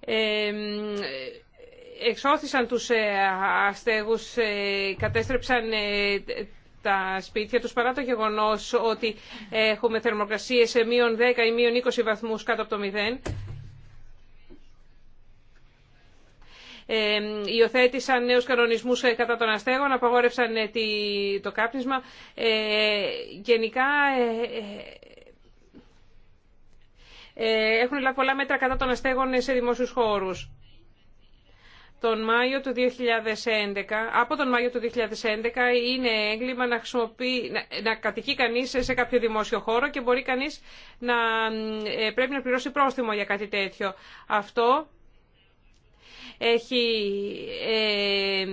Ε, εξώθησαν τους ε, αστέγους, κατέστρεψαν τα σπίτια τους παρά το γεγονός ότι έχουμε θερμοκρασίες σε μείον 10 ή μείον 20 βαθμούς κάτω από το μηδέν. υιοθέτησαν νέους κανονισμούς ε, κατά των αστέγων, απαγόρευσαν ε, το κάπνισμα. Ε, γενικά έχουν λάβει πολλά μέτρα κατά των αστέγων σε δημόσιους χώρους. Τον Μάιο του 2011, από τον Μάιο του 2011 είναι έγκλημα να, χρησιμοποιεί, να, να κατοικεί κανείς σε κάποιο δημόσιο χώρο και μπορεί κανείς να πρέπει να πληρώσει πρόστιμο για κάτι τέτοιο. Αυτό έχει ε,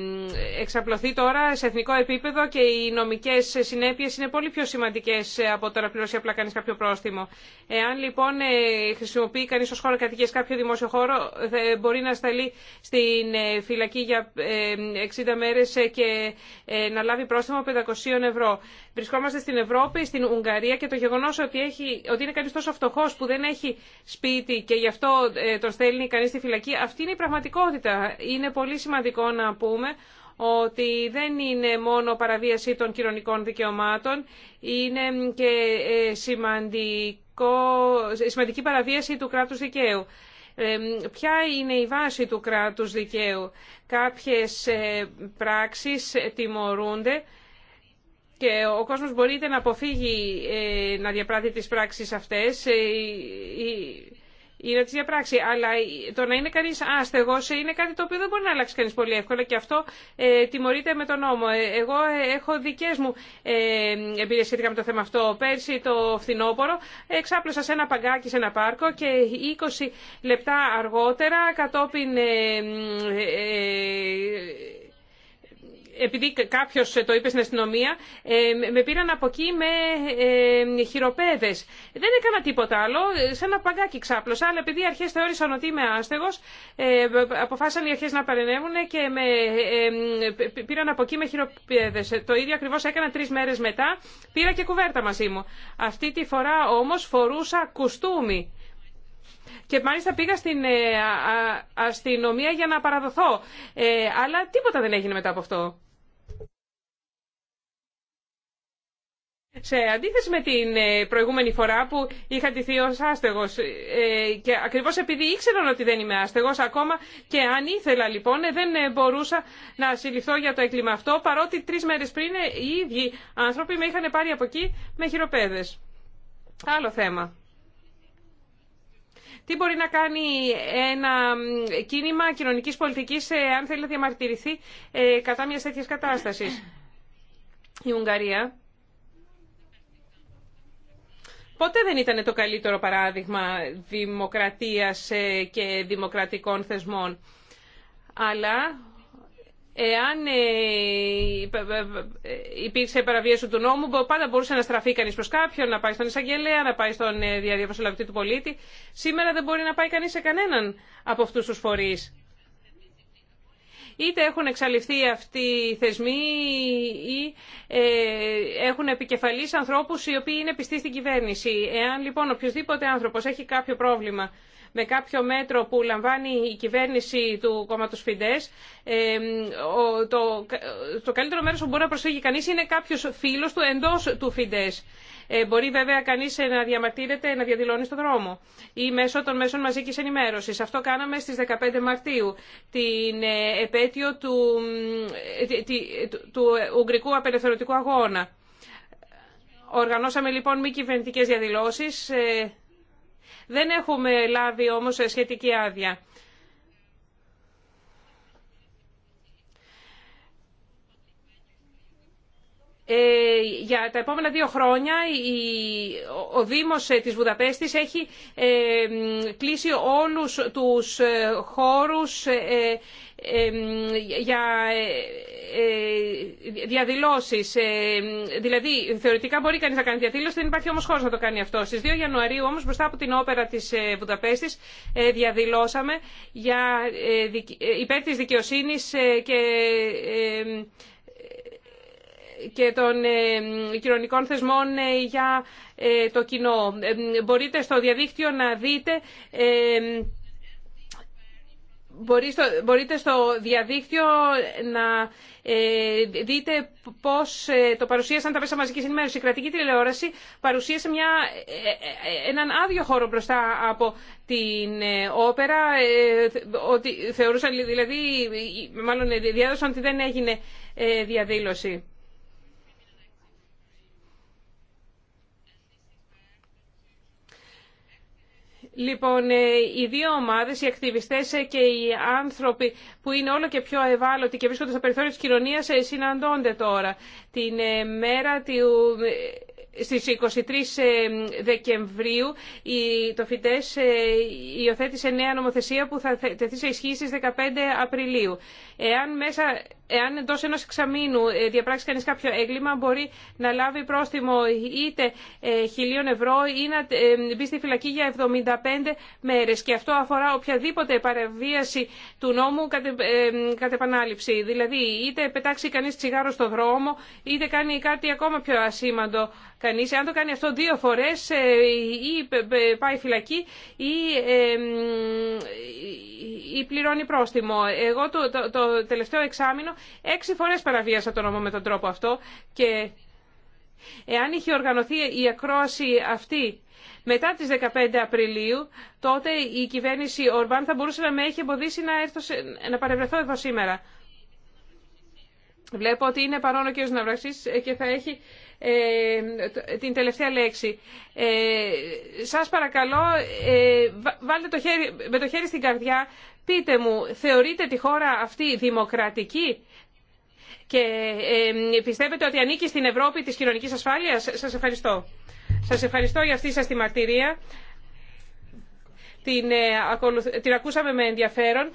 εξαπλωθεί τώρα σε εθνικό επίπεδο και οι νομικές συνέπειες είναι πολύ πιο σημαντικές από το να πληρώσει απλά κανείς κάποιο πρόστιμο. Εάν λοιπόν ε, χρησιμοποιεί κανείς ως χώρο κατοικίας κάποιο δημόσιο χώρο ε, μπορεί να σταλεί στην φυλακή για 60 μέρες και να λάβει πρόστιμο 500 ευρώ. Βρισκόμαστε στην Ευρώπη, στην Ουγγαρία και το γεγονός ότι, ότι είναι κανείς τόσο φτωχός που δεν έχει σπίτι και γι' αυτό τον στέλνει κανεί στη φυλακή, αυτή είναι η πραγματικότητα είναι πολύ σημαντικό να πούμε ότι δεν είναι μόνο παραβίαση των κοινωνικών δικαιωμάτων, είναι και ε, σημαντικό, σημαντική παραβίαση του κράτους δικαίου. Ε, ποια είναι η βάση του κράτους δικαίου. Κάποιες ε, πράξεις τιμωρούνται και ο κόσμος μπορείτε να αποφύγει ε, να διαπράττει τις πράξεις αυτές είναι ότι πράξη. Αλλά το να είναι κανεί άστεγο είναι κάτι το οποίο δεν μπορεί να αλλάξει κανεί πολύ εύκολα και αυτό ε, τιμωρείται με τον νόμο. Ε, εγώ ε, έχω δικέ μου ε, εμπειρίε σχετικά με το θέμα αυτό. Πέρσι το φθινόπωρο εξάπλωσα σε ένα παγκάκι σε ένα πάρκο και 20 λεπτά αργότερα κατόπιν επειδή κάποιο ε, το είπε στην αστυνομία, ε, με πήραν από εκεί με ε, χειροπέδες. Δεν έκανα τίποτα άλλο, σαν ένα παγκάκι ξάπλωσα, αλλά επειδή οι αρχές θεώρησαν ότι είμαι άστεγος, αποφάσισαν οι αρχέ να παρενεύουν και με πήραν από εκεί με χειροπέδε. Το ίδιο ακριβώ έκανα τρει μέρε μετά, πήρα και κουβέρτα μαζί μου. Αυτή τη φορά όμω φορούσα κουστούμι. Και μάλιστα πήγα στην αστυνομία για να παραδοθώ. αλλά τίποτα δεν έγινε μετά από αυτό. Σε αντίθεση με την ε, προηγούμενη φορά που είχα τηθεί ως άστεγος ε, και ακριβώς επειδή ήξεραν ότι δεν είμαι άστεγος ακόμα και αν ήθελα λοιπόν ε, δεν μπορούσα να συλληφθώ για το έγκλημα αυτό παρότι τρεις μέρες πριν οι ίδιοι άνθρωποι με είχαν πάρει από εκεί με χειροπέδες. Άλλο θέμα. Τι μπορεί να κάνει ένα κίνημα κοινωνικής πολιτικής αν θέλει να διαμαρτυρηθεί κατά μιας τέτοιας κατάστασης. Η Ουγγαρία ποτέ δεν ήταν το καλύτερο παράδειγμα δημοκρατίας ε, και δημοκρατικών θεσμών. Αλλά εάν ε, ε, υπήρξε παραβίαση του νόμου, πάντα μπορούσε να στραφεί κανείς προς κάποιον, να πάει στον εισαγγελέα, να πάει στον διαδιαπροσωλαβητή του πολίτη. Σήμερα δεν μπορεί να πάει κανείς σε κανέναν από αυτούς τους φορείς. Είτε έχουν εξαλειφθεί αυτοί οι θεσμοί ή ε, έχουν επικεφαλείς ανθρώπους οι οποίοι είναι πιστοί στην κυβέρνηση. Εάν λοιπόν οποιοδήποτε άνθρωπος έχει κάποιο πρόβλημα με κάποιο μέτρο που λαμβάνει η εχουν επικεφαλης ανθρωπους οι οποιοι ειναι πιστοι στην κυβερνηση εαν λοιπον οποιοδηποτε ανθρωπος εχει καποιο προβλημα με καποιο μετρο που λαμβανει η κυβερνηση του κόμματος Φιντές, ε, το, το καλύτερο μέρος που μπορεί να προσφύγει κανείς είναι κάποιος φίλος του εντός του Φιντές. Ε, μπορεί βέβαια κανείς να διαμαρτύρεται, να διαδηλώνει στον δρόμο ή μέσω των μέσων μαζικής ενημέρωση. Αυτό κάναμε στις 15 Μαρτίου, την ε, επέτειο ε, του, του Ουγγρικού Απελευθερωτικού Αγώνα. Οργανώσαμε λοιπόν μη κυβερνητικέ διαδηλώσεις. Δεν έχουμε λάβει όμως σχετική άδεια. Ε, για τα επόμενα δύο χρόνια ο Δήμος ε, της Βουδαπέστης έχει ε, κλείσει όλους τους χώρους για διαδηλώσεις. Δηλαδή, θεωρητικά μπορεί κανείς να κάνει διαδήλωση, δεν υπάρχει όμως χώρος να το κάνει αυτό. Στις 2 Ιανουαρίου όμως, μπροστά από την όπερα της Βουδαπέστης, διαδηλώσαμε για υπέρ της δικαιοσύνης και και των ε, κοινωνικών θεσμών ε, για ε, το κοινό. Μπορείτε στο διαδίκτυο να δείτε Μπορείτε στο διαδίκτυο να δείτε πώς το παρουσίασαν τα μέσα μαζικής ενημέρωσης. Η κρατική τηλεόραση παρουσίασε μια, έναν άδειο χώρο μπροστά από την όπερα. ότι θεωρούσαν, δηλαδή, μάλλον διάδωσαν ότι δεν έγινε διαδήλωση. Λοιπόν, ε, οι δύο ομάδες, οι ακτιβιστές ε, και οι άνθρωποι που είναι όλο και πιο ευάλωτοι και βρίσκονται στο περιθώριο της κοινωνίας ε, συναντώνται τώρα. Την μέρα του, στις 23 Δεκεμβρίου το ΦΙΤΕΣ υιοθέτησε νέα νομοθεσία που θα τεθεί σε ισχύ στις 15 Απριλίου. Εάν μέσα εάν εντό ενό εξαμήνου ε, διαπράξει κανεί κάποιο έγκλημα, μπορεί να λάβει πρόστιμο είτε ε, χιλίων ευρώ ή να ε, μπει στη φυλακή για 75 μέρε. Και αυτό αφορά οποιαδήποτε παραβίαση του νόμου κατ' επανάληψη. Δηλαδή, είτε πετάξει κανεί τσιγάρο στο δρόμο, είτε κάνει κάτι ακόμα πιο ασήμαντο κανεί. Αν το κάνει αυτό δύο φορέ, ή πάει φυλακή ή, πληρώνει πρόστιμο. Εγώ το, το τελευταίο εξάμεινο Έξι φορές παραβίασα τον νόμο με τον τρόπο αυτό και εάν είχε οργανωθεί η ακρόαση αυτή μετά τις 15 Απριλίου, τότε η κυβέρνηση Ορμπάν θα μπορούσε να με έχει εμποδίσει να, έρθω να παρευρεθώ εδώ σήμερα. Βλέπω ότι είναι παρόν ο κ. Ναυραξής και θα έχει ε, την τελευταία λέξη. Ε, σας παρακαλώ, ε, βάλτε το χέρι, με το χέρι στην καρδιά, πείτε μου, θεωρείτε τη χώρα αυτή δημοκρατική και πιστεύετε ότι ανήκει στην Ευρώπη της κοινωνικής ασφάλειας. Σας ευχαριστώ. Σας ευχαριστώ για αυτή σας τη μαρτυρία. Την, την ακούσαμε με ενδιαφέρον.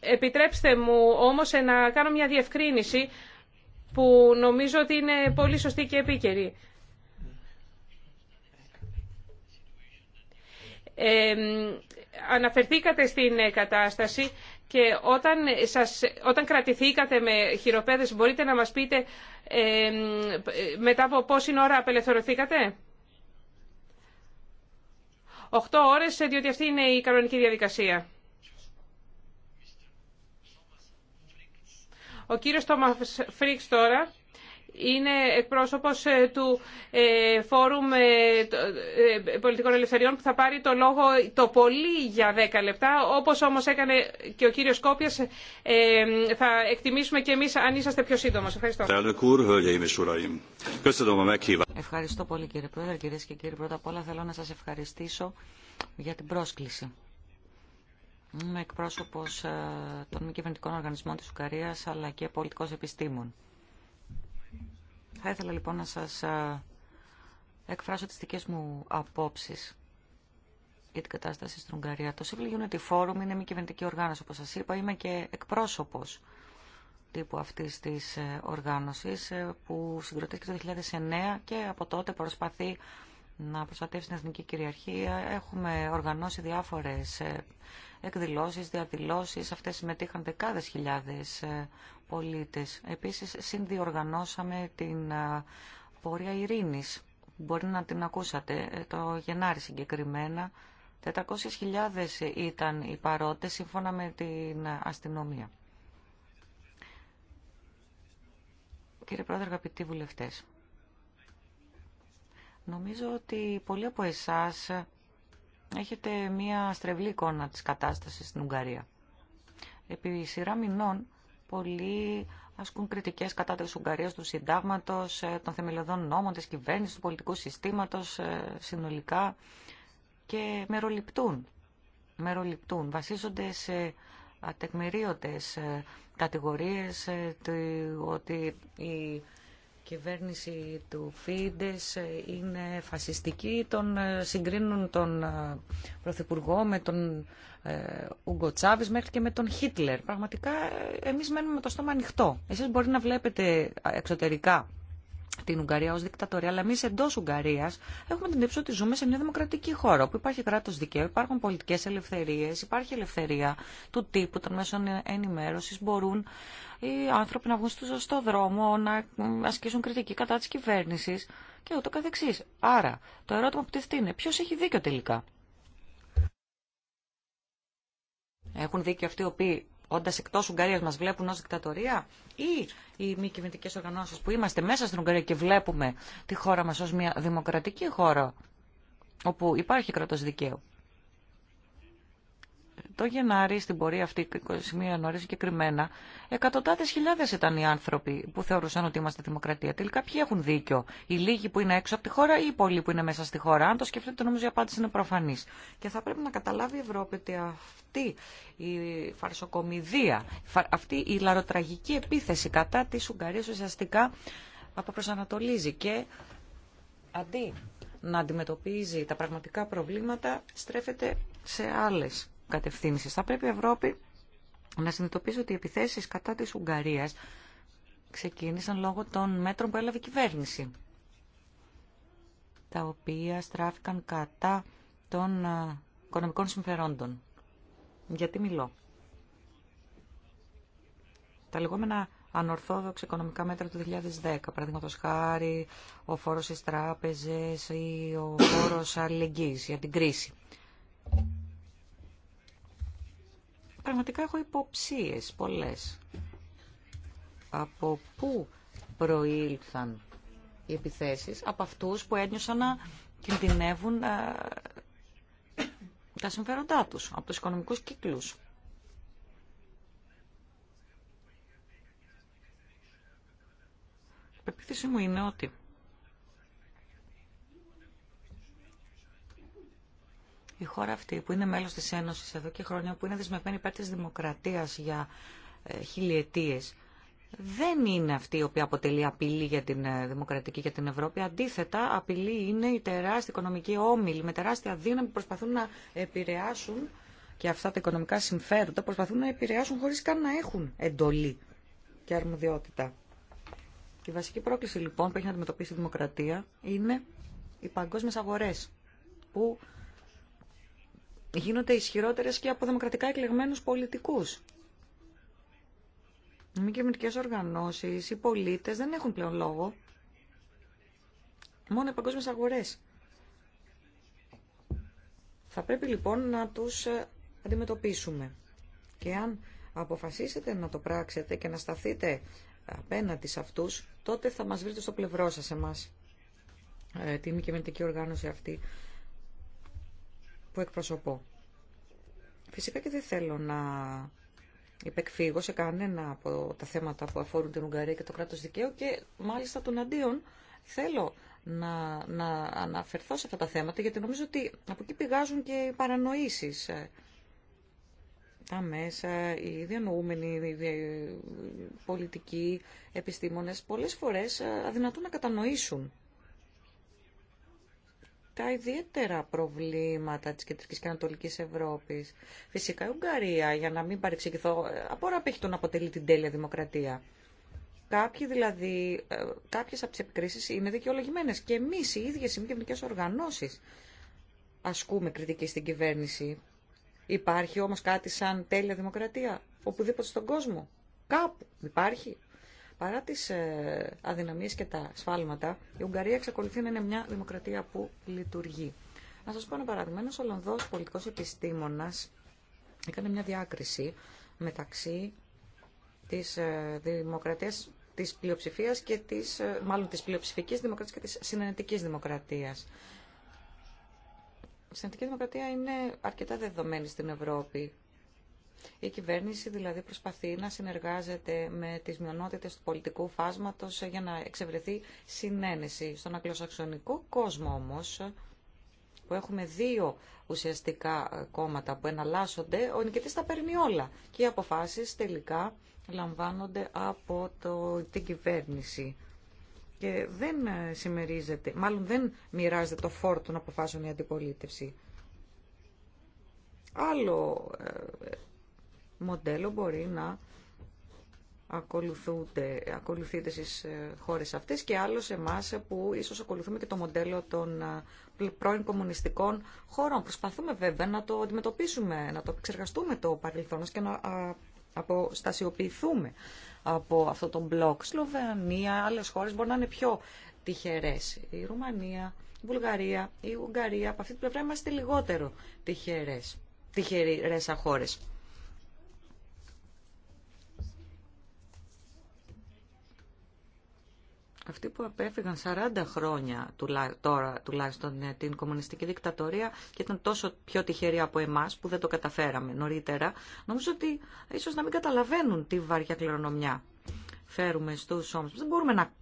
Επιτρέψτε μου όμως να κάνω μια διευκρίνηση που νομίζω ότι είναι πολύ σωστή και επίκαιρη. Ε, αναφερθήκατε στην κατάσταση και όταν, σας, όταν κρατηθήκατε με χειροπέδες μπορείτε να μας πείτε μετά από πόση ώρα απελευθερωθήκατε. 8 ώρες, διότι αυτή είναι η κανονική διαδικασία. Ο κύριος Τόμας Φρίξ τώρα είναι εκπρόσωπος ε, του ε, Φόρουμ ε, Πολιτικών Ελευθεριών που θα πάρει το λόγο το πολύ για 10 λεπτά. Όπως όμως έκανε και ο κύριος Κόπιας, θα εκτιμήσουμε και εμείς αν είσαστε πιο σύντομος. Ευχαριστώ. Ευχαριστώ πολύ κύριε Πρόεδρε. Κυρίες και κύριοι, πρώτα απ' όλα θέλω να σας ευχαριστήσω για την πρόσκληση. Είμαι εκπρόσωπος ε, των μη κυβερνητικών οργανισμών της Ουγγαρίας αλλά και πολιτικός επιστήμων. Θα ήθελα λοιπόν να σας ε, εκφράσω τις δικές μου απόψεις για την κατάσταση στην Ουγγαρία. Το Civil Unity Forum είναι μη κυβερνητική οργάνωση, όπως σας είπα. Είμαι και εκπρόσωπος τύπου αυτής της ε, οργάνωσης που συγκροτήθηκε το 2009 και από τότε προσπαθεί να προστατεύσει την εθνική κυριαρχία. Έχουμε οργανώσει διάφορες ε, εκδηλώσεις, διαδηλώσεις. Αυτές συμμετείχαν δεκάδες χιλιάδες ε, πολίτες. Επίσης, συνδιοργανώσαμε την ε, πορεία ειρήνης. Μπορεί να την ακούσατε το Γενάρη συγκεκριμένα. 400.000 ήταν οι παρότες σύμφωνα με την αστυνομία. Κύριε Πρόεδρε, αγαπητοί Νομίζω ότι πολλοί από εσάς έχετε μία στρεβλή εικόνα της κατάστασης στην Ουγγαρία. Επί σειρά μηνών, πολλοί ασκούν κριτικές κατά της Ουγγαρίας, του συντάγματος, ε, των θεμελιωδών νόμων, της κυβέρνησης, του πολιτικού συστήματος ε, συνολικά και μεροληπτούν. Μεροληπτούν, βασίζονται σε ατεκμηρίωτες ε, κατηγορίες ότι η κυβέρνηση του Φίντες ε, είναι φασιστική. Τον ε, συγκρίνουν τον ε, Πρωθυπουργό με τον Ούγκο Τσάβης μέχρι και με τον Χίτλερ. Πραγματικά εμείς μένουμε με το στόμα ανοιχτό. Εσείς μπορεί να βλέπετε εξωτερικά την Ουγγαρία ως δικτατορία, αλλά εμεί εντό Ουγγαρία έχουμε την τύψη ότι ζούμε σε μια δημοκρατική χώρα όπου υπάρχει κράτο δικαίου, υπάρχουν πολιτικέ ελευθερίε, υπάρχει ελευθερία του τύπου, των μέσων ενημέρωση, μπορούν οι άνθρωποι να βγουν στο δρόμο, να ασκήσουν κριτική κατά τη κυβέρνηση και ούτω καθεξής. Άρα, το ερώτημα που τίθεται είναι ποιος έχει δίκιο τελικά. Έχουν δίκιο αυτοί οι οποίοι όντα εκτό Ουγγαρία μα βλέπουν ω δικτατορία, ή οι μη κυβερνητικέ οργανώσει που είμαστε μέσα στην Ουγγαρία και βλέπουμε τη χώρα μα ω μια δημοκρατική χώρα, όπου υπάρχει κράτο δικαίου. Το Γενάρη, στην πορεία αυτή, 21 Ιανουαρίου συγκεκριμένα, εκατοντάδε χιλιάδε ήταν οι άνθρωποι που θεωρούσαν ότι είμαστε δημοκρατία. Τελικά ποιοι έχουν δίκιο, οι λίγοι που είναι έξω από τη χώρα ή οι πολλοί που είναι μέσα στη χώρα. Αν το σκεφτείτε, νομίζω η απάντηση είναι προφανή. Και θα πρέπει να καταλάβει η Ευρώπη ότι αυτή η φαρσοκομιδία, αυτή η λαροτραγική επίθεση κατά τη Ουγγαρία ουσιαστικά αποπροσανατολίζει και αντί να αντιμετωπίζει τα πραγματικά προβλήματα, στρέφεται σε άλλες θα πρέπει η Ευρώπη να συνειδητοποιήσει ότι οι επιθέσεις κατά της Ουγγαρία ξεκίνησαν λόγω των μέτρων που έλαβε η κυβέρνηση, τα οποία στράφηκαν κατά των ε, οικονομικών συμφερόντων. Γιατί μιλώ. Τα λεγόμενα ανορθόδοξα οικονομικά μέτρα του 2010, παραδείγματο χάρη ο φόρο στι τράπεζε ή ο φόρο αλληλεγγύη για την κρίση πραγματικά έχω υποψίες πολλές. Από πού προήλθαν οι επιθέσεις, από αυτούς που ένιωσαν να κινδυνεύουν ε, τα συμφέροντά τους, από τους οικονομικούς κύκλους. Η πεποίθηση μου είναι ότι Η χώρα αυτή που είναι μέλος της Ένωσης εδώ και χρόνια, που είναι δεσμευμένη υπέρ της δημοκρατίας για ε, χιλιετίες, δεν είναι αυτή η οποία αποτελεί απειλή για την ε, δημοκρατική και την Ευρώπη. Αντίθετα, απειλή είναι η τεράστια οικονομική όμιλη με τεράστια δύναμη που προσπαθούν να επηρεάσουν και αυτά τα οικονομικά συμφέροντα προσπαθούν να επηρεάσουν χωρίς καν να έχουν εντολή και αρμοδιότητα. Η βασική πρόκληση λοιπόν που έχει να αντιμετωπίσει η δημοκρατία είναι οι παγκόσμιες αγορές που γίνονται ισχυρότερε και από δημοκρατικά εκλεγμένου πολιτικού. Οι μη κυβερνητικέ οργανώσεις, οι πολίτες δεν έχουν πλέον λόγο. Μόνο οι παγκόσμιε αγορές. Θα πρέπει λοιπόν να τους ε, αντιμετωπίσουμε. Και αν αποφασίσετε να το πράξετε και να σταθείτε απέναντι σε αυτούς, τότε θα μας βρείτε στο πλευρό σας εμάς, ε, τη μη κυβερνητική οργάνωση αυτή που εκπροσωπώ. Φυσικά και δεν θέλω να υπεκφύγω σε κανένα από τα θέματα που αφορούν την Ουγγαρία και το κράτος δικαίου και μάλιστα τον αντίον θέλω να, να αναφερθώ σε αυτά τα θέματα γιατί νομίζω ότι από εκεί πηγάζουν και οι παρανοήσεις. Τα μέσα, οι διανοούμενοι, οι πολιτικοί, επιστήμονες πολλές φορές ε, αδυνατούν να κατανοήσουν τα ιδιαίτερα προβλήματα της Κεντρικής και Ανατολικής Ευρώπης. Φυσικά η Ουγγαρία, για να μην παρεξηγηθώ, απορραπέχει απέχει να αποτελεί την τέλεια δημοκρατία. Κάποιοι δηλαδή, ε, κάποιες από τις επικρίσεις είναι δικαιολογημένες και εμείς οι ίδιες οι μη οργανώσεις ασκούμε κριτική στην κυβέρνηση. Υπάρχει όμως κάτι σαν τέλεια δημοκρατία, οπουδήποτε στον κόσμο. Κάπου υπάρχει. Παρά τις ε, αδυναμίες και τα σφάλματα, η Ουγγαρία εξακολουθεί να είναι μια δημοκρατία που λειτουργεί. Να σα πω ένα παράδειγμα. Ένα Ολλανδό πολιτικός επιστήμονας έκανε μια διάκριση μεταξύ της ε, δημοκρατίας της πλειοψηφίας και της, ε, μάλλον της πλειοψηφικής δημοκρατίας και της συνενετικής δημοκρατίας. Η συνενετική δημοκρατία είναι αρκετά δεδομένη στην Ευρώπη. Η κυβέρνηση δηλαδή προσπαθεί να συνεργάζεται με τις μειονότητες του πολιτικού φάσματος για να εξευρεθεί συνένεση. Στον αγγλοσαξονικό κόσμο όμως, που έχουμε δύο ουσιαστικά κόμματα που εναλλάσσονται, ο νικητής τα παίρνει όλα και οι αποφάσεις τελικά λαμβάνονται από το, την κυβέρνηση και δεν συμμερίζεται, μάλλον δεν μοιράζεται το φόρτο να αποφάσουν η αντιπολίτευση. Άλλο ε, μοντέλο μπορεί να ακολουθείτε στις ε, χώρες αυτές και άλλο σε εμά που ίσως ακολουθούμε και το μοντέλο των ε, πρώην κομμουνιστικών χωρών. Προσπαθούμε βέβαια να το αντιμετωπίσουμε, να το εξεργαστούμε το παρελθόν και να αποστασιοποιηθούμε από αυτό τον μπλοκ. Σλοβενία, άλλες χώρες μπορεί να είναι πιο τυχερές. Η Ρουμανία, η Βουλγαρία, η Ουγγαρία, από αυτή την πλευρά είμαστε λιγότερο τυχερές, τυχερές χώρες. αυτοί που απέφυγαν 40 χρόνια τώρα τουλάχιστον ε, την κομμουνιστική δικτατορία και ήταν τόσο πιο τυχεροί από εμάς που δεν το καταφέραμε νωρίτερα, νομίζω ότι ίσως να μην καταλαβαίνουν τι βαριά κληρονομιά φέρουμε στους ώμους. Δεν μπορούμε να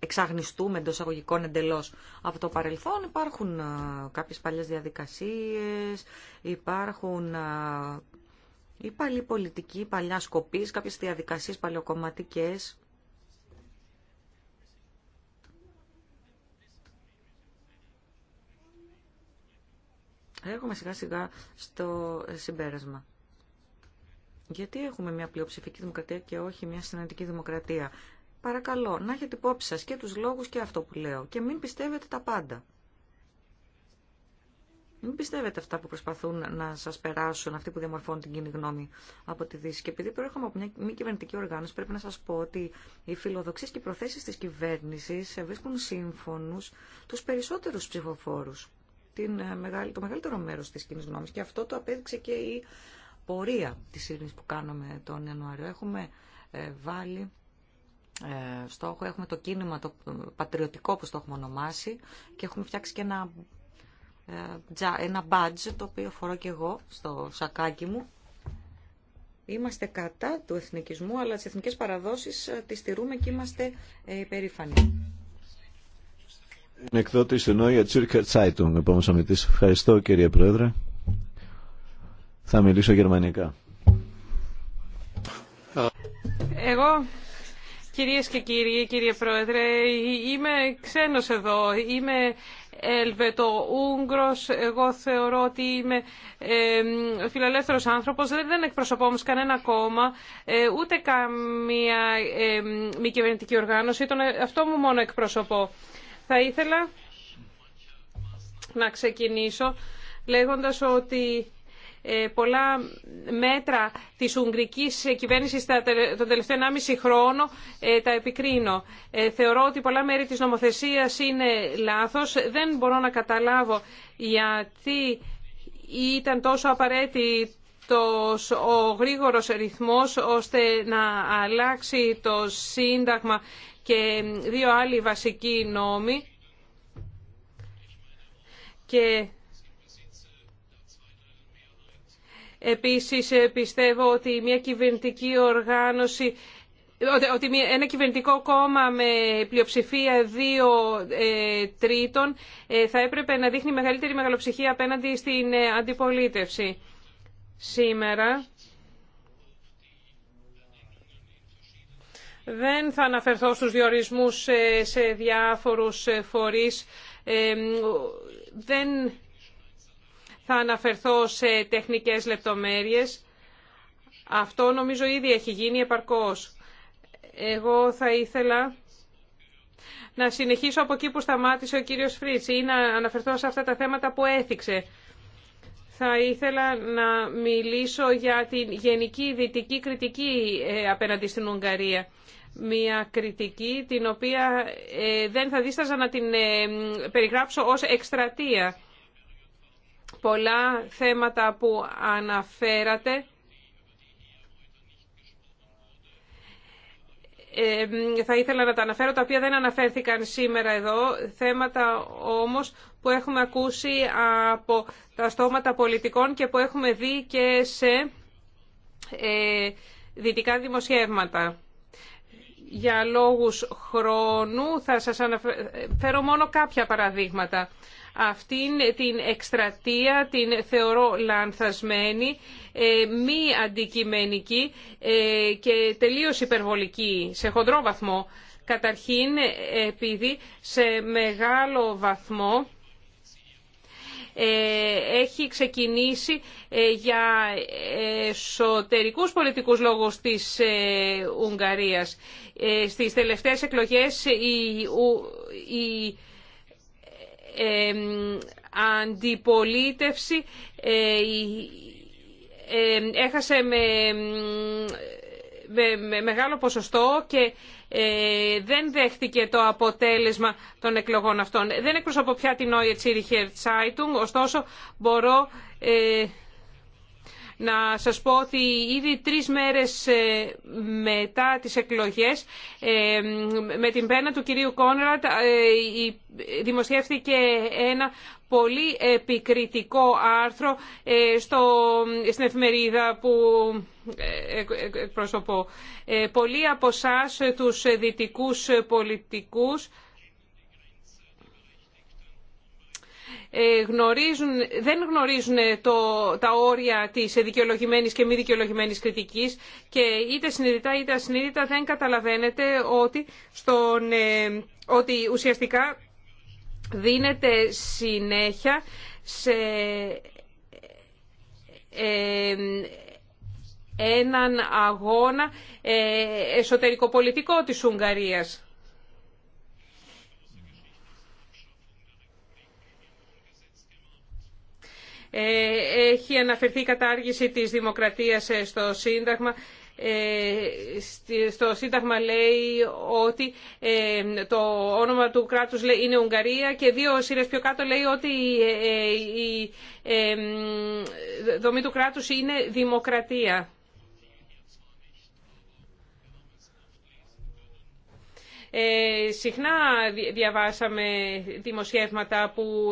εξαγνιστούμε εντό αγωγικών εντελώ από το παρελθόν. Υπάρχουν ε, κάποιες παλιές διαδικασίες, υπάρχουν ε, οι παλιοπολιτικοί, πολιτικοί, παλιά σκοπής, κάποιες διαδικασίες παλαιοκομματικέ. Έρχομαι σιγά σιγά στο ε, συμπέρασμα. Γιατί έχουμε μια πλειοψηφική δημοκρατία και όχι μια συναντική δημοκρατία. Παρακαλώ, να έχετε υπόψη σας και τους λόγους και αυτό που λέω και μην πιστεύετε τα πάντα. Μην πιστεύετε αυτά που προσπαθούν να σα περάσουν αυτοί που διαμορφώνουν την κοινή γνώμη από τη Δύση. Και επειδή προέρχομαι από μια μη κυβερνητική οργάνωση, πρέπει να σα πω ότι οι φιλοδοξίε και οι προθέσει τη κυβέρνηση βρίσκουν σύμφωνου του περισσότερου ψηφοφόρου την, ε, το μεγαλύτερο μέρος της κοινή γνώμης και αυτό το απέδειξε και η πορεία της ειρήνης που κάναμε τον Ιανουάριο. Έχουμε ε, βάλει ε, στόχο, έχουμε το κίνημα το πατριωτικό που το έχουμε ονομάσει και έχουμε φτιάξει και ένα, ένα badge το οποίο φορώ και εγώ στο σακάκι μου Είμαστε κατά του εθνικισμού, αλλά τις εθνικές παραδόσεις τις στηρούμε και είμαστε υπερήφανοι. Είναι εκδότη του Νόια Zeitung, επόμενο ομιλητή. Ευχαριστώ κύριε Πρόεδρε. Θα μιλήσω γερμανικά. Εγώ, κυρίε και κύριοι, κύριε Πρόεδρε, είμαι ξένος εδώ. Είμαι Ελβετο-Ούγγρος. Εγώ θεωρώ ότι είμαι ε, φιλελεύθερος άνθρωπος. Δεν, δεν εκπροσωπώ όμως κανένα κόμμα, ε, ούτε καμία ε, μη κυβερνητική οργάνωση. Τον ε, αυτό μου μόνο εκπροσωπώ. Θα ήθελα να ξεκινήσω λέγοντας ότι ε, πολλά μέτρα της Ουγγρικής κυβέρνησης τον τελευταίο 1,5 χρόνο ε, τα επικρίνω. Ε, θεωρώ ότι πολλά μέρη της νομοθεσίας είναι λάθος. Δεν μπορώ να καταλάβω γιατί ήταν τόσο απαραίτητο ο γρήγορος ρυθμός ώστε να αλλάξει το Σύνταγμα και δύο άλλοι βασικοί νόμοι και επίσης ε, πιστεύω ότι μια κυβερνητική οργάνωση ότι ένα κυβερνητικό κόμμα με πλειοψηφία δύο ε, τρίτων ε, θα έπρεπε να δείχνει μεγαλύτερη μεγαλοψυχία απέναντι στην αντιπολίτευση. Σήμερα Δεν θα αναφερθώ στους διορισμούς σε διάφορους ε, φορείς. Ε, δεν θα αναφερθώ σε τεχνικές λεπτομέρειες. Αυτό νομίζω ήδη έχει γίνει επαρκώς. Εγώ θα ήθελα να συνεχίσω από εκεί που σταμάτησε ο κύριος Φρίτς ή να αναφερθώ σε αυτά τα θέματα που έθιξε. Θα ήθελα να μιλήσω για την γενική δυτική κριτική ε, απέναντι στην Ουγγαρία μια κριτική την οποία ε, δεν θα δίσταζα να την ε, περιγράψω ως εκστρατεία. Πολλά θέματα που αναφέρατε ε, θα ήθελα να τα αναφέρω, τα οποία δεν αναφέρθηκαν σήμερα εδώ, θέματα όμως που έχουμε ακούσει από τα στόματα πολιτικών και που έχουμε δει και σε δυτικά δημοσιεύματα για λόγους χρόνου θα σας αναφέρω μόνο κάποια παραδείγματα. Αυτήν την εκστρατεία την θεωρώ λανθασμένη, ε, μη αντικειμενική ε, και τελείως υπερβολική σε χοντρό βαθμό. Καταρχήν ε, επειδή σε μεγάλο βαθμό ε, έχει ξεκινήσει ε, για εσωτερικούς πολιτικούς λόγους της ε, Ουγγαρίας. Στις τελευταίες εκλογές η αντιπολίτευση έχασε με μεγάλο ποσοστό και ε, δεν δέχτηκε το αποτέλεσμα των εκλογών αυτών. Δεν εκπροσωπώ πια την Zürcher Zeitung, ωστόσο μπορώ ε, να σας πω ότι ήδη τρεις μέρες ε, μετά τις εκλογές ε, με την πένα του κυρίου Κόνραντ ε, δημοσιεύθηκε ένα πολύ επικριτικό άρθρο στο, στην εφημερίδα που εκπροσωπώ. Πολλοί από εσά τους δυτικούς πολιτικούς Ε, δεν γνωρίζουν τα όρια της δικαιολογημένη και μη δικαιολογημένη κριτικής και είτε συνειδητά είτε ασυνείδητα δεν καταλαβαίνετε ότι, στον, ε, ότι ουσιαστικά δίνεται συνέχεια σε ε, έναν αγώνα ε, εσωτερικοπολιτικό της Ουγγαρίας. Ε, έχει αναφερθεί η κατάργηση της δημοκρατίας ε, στο Σύνταγμα. Ε, στο Σύνταγμα λέει ότι το όνομα του κράτους είναι Ουγγαρία και δύο σειρές πιο κάτω λέει ότι η δομή του κράτους είναι δημοκρατία. Ε, συχνά διαβάσαμε δημοσιεύματα που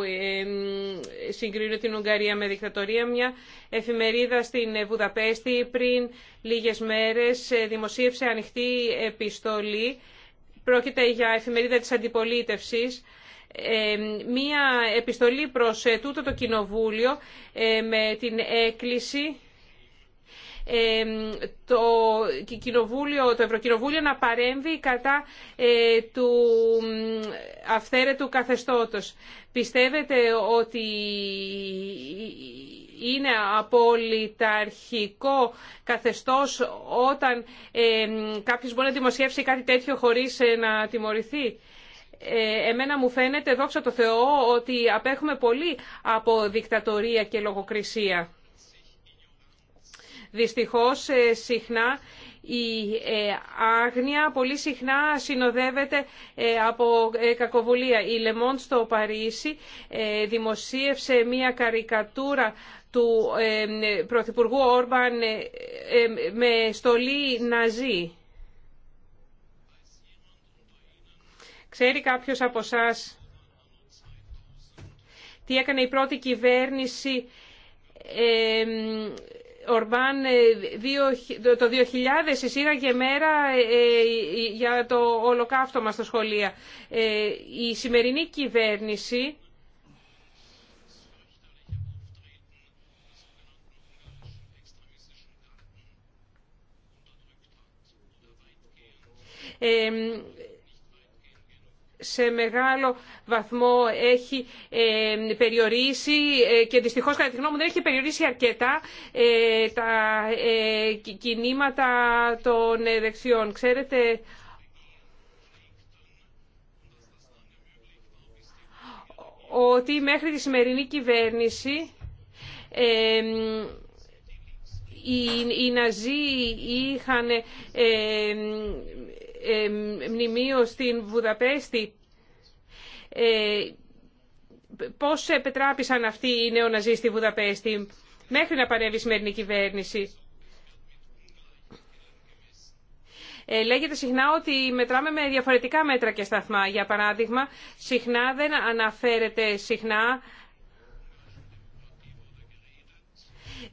συγκρίνουν την Ουγγαρία με δικτατορία. Μια εφημερίδα στην ε, Βουδαπέστη πριν λίγες μέρες ε, δημοσίευσε ανοιχτή επιστολή. Πρόκειται για εφημερίδα της αντιπολίτευσης. Μια επιστολή προς τούτο το κοινοβούλιο με την έκκληση το, κοινοβούλιο, το Ευρωκοινοβούλιο να παρέμβει κατά ε, του αυθαίρετου καθεστώτος. Πιστεύετε ότι είναι απόλυτα αρχικό καθεστώς όταν κάποιος μπορεί να δημοσιεύσει κάτι τέτοιο χωρίς ε, να τιμωρηθεί. Ε, εμένα μου φαίνεται, δόξα τω Θεώ, ότι απέχουμε πολύ από δικτατορία και λογοκρισία. Δυστυχώς ε, συχνά η ε, άγνοια πολύ συχνά συνοδεύεται ε, από κακοβουλία. Η Λεμόντ στο Παρίσι δημοσίευσε μία καρικατούρα του Πρωθυπουργού Όρμπαν με στολή Ναζί. Ξέρει κάποιος από σας τι έκανε η πρώτη κυβέρνηση Ορμπάν ε, το 2000 εισήγαγε μέρα ε, ε, για το ολοκαύτωμα στα σχολεία. Η σημερινή κυβέρνηση σε μεγάλο βαθμό έχει ε, περιορίσει ε, και δυστυχώς κατά τη γνώμη μου δεν έχει περιορίσει αρκετά ε, τα κινήματα των δεξιών. Ξέρετε ότι μέχρι τη σημερινή κυβέρνηση οι Ναζί είχαν μνημείο στην Βουδαπέστη ε, πώς επετράπησαν αυτοί οι νεοναζί στη Βουδαπέστη μέχρι να παρεύει η σημερινή κυβέρνηση. Ε, λέγεται συχνά ότι μετράμε με διαφορετικά μέτρα και σταθμά. Για παράδειγμα, συχνά δεν αναφέρεται συχνά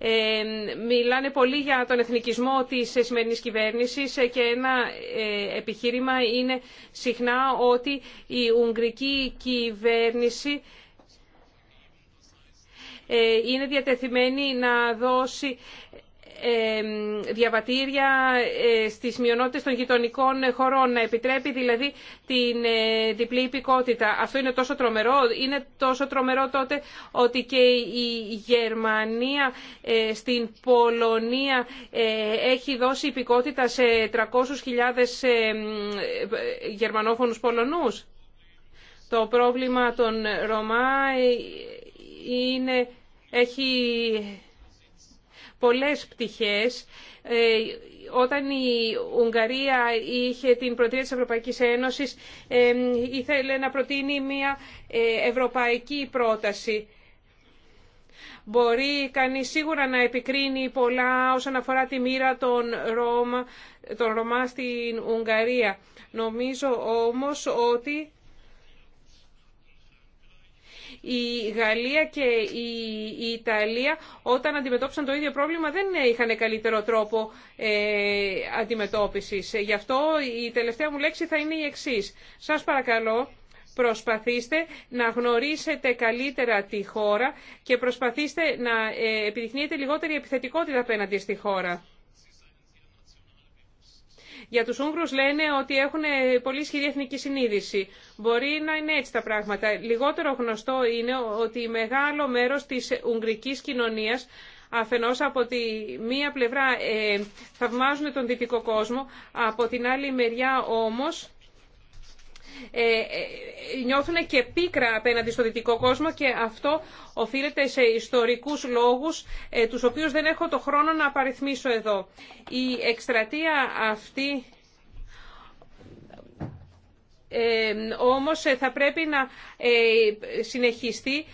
Ε, μιλάνε πολύ για τον εθνικισμό της σημερινή κυβέρνησης και ένα ε, επιχείρημα είναι συχνά ότι η Ουγγρική κυβέρνηση ε, είναι διατεθειμένη να δώσει διαβατήρια ε, στις μειονότητες των γειτονικών χωρών. Να επιτρέπει δηλαδή την ε, διπλή υπηκότητα. Αυτό είναι τόσο τρομερό. Είναι τόσο τρομερό τότε ότι και η Γερμανία ε, στην Πολωνία έχει δώσει υπηκότητα σε 300.000 γερμανόφωνους Πολωνούς. Το πρόβλημα των Ρωμά είναι, έχει πολλές πτυχές. Ε, όταν η Ουγγαρία είχε την προτεία της Ευρωπαϊκής Ένωσης ε, ήθελε να προτείνει μια ε, ευρωπαϊκή πρόταση. Μπορεί κανείς σίγουρα να επικρίνει πολλά όσον αφορά τη μοίρα των, Ρώμα, των Ρωμά στην Ουγγαρία. Νομίζω όμως ότι η Γαλλία και η Ιταλία όταν αντιμετώπισαν το ίδιο πρόβλημα δεν είχαν καλύτερο τρόπο ε, αντιμετώπισης. Γι' αυτό η τελευταία μου λέξη θα είναι η εξής. Σας παρακαλώ προσπαθήστε να γνωρίσετε καλύτερα τη χώρα και προσπαθήστε να ε, επιδεικνύετε λιγότερη επιθετικότητα απέναντι στη χώρα. Για τους Ούγγρους λένε ότι έχουν πολύ ισχυρή εθνική συνείδηση. Μπορεί να είναι έτσι τα πράγματα. Λιγότερο γνωστό είναι ότι μεγάλο μέρος της ουγγρικής κοινωνίας αφενός από τη μία πλευρά ε, θαυμάζουν τον δυτικό κόσμο, από την άλλη μεριά όμως ε, ε, νιώθουν και πίκρα απέναντι στο δυτικό κόσμο και αυτό οφείλεται σε ιστορικούς λόγους, ε, τους οποίους δεν έχω το χρόνο να απαριθμίσω εδώ. Η εκστρατεία αυτή ε, όμως θα πρέπει να ε, συνεχιστεί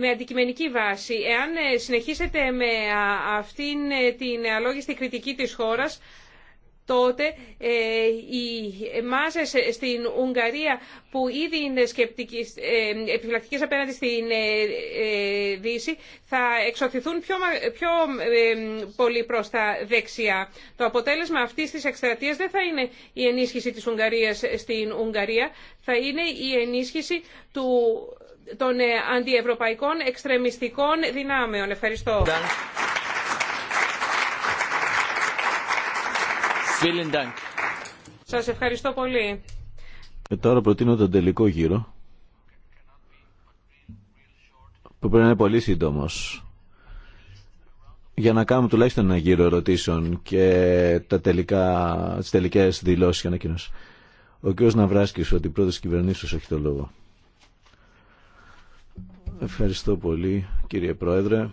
με αντικειμενική βάση. Εάν συνεχίσετε με αυτήν την αλόγιστη κριτική της χώρας, τότε ε, οι μάζε στην Ουγγαρία που ήδη είναι ε, επιφυλακτικές απέναντι στην ε, ε, Δύση θα εξωθηθούν πιο, πιο πολύ προ τα δεξιά. Το αποτέλεσμα αυτή τη εκστρατεία δεν θα είναι η ενίσχυση της Ουγγαρία στην Ουγγαρία, θα είναι η ενίσχυση του, των αντιευρωπαϊκών εξτρεμιστικών δυνάμεων. Ευχαριστώ. Σας ευχαριστώ πολύ. Και τώρα προτείνω τον τελικό γύρο που πρέπει να είναι πολύ σύντομο. Για να κάνουμε τουλάχιστον ένα γύρο ερωτήσεων και τα τελικά, τις τελικές δηλώσεις και ανακοινώσεις. Ο κ. Ναυράσκης, ο αντιπρόεδρος κυβερνήσεως, έχει το λόγο. Ευχαριστώ πολύ κύριε Πρόεδρε.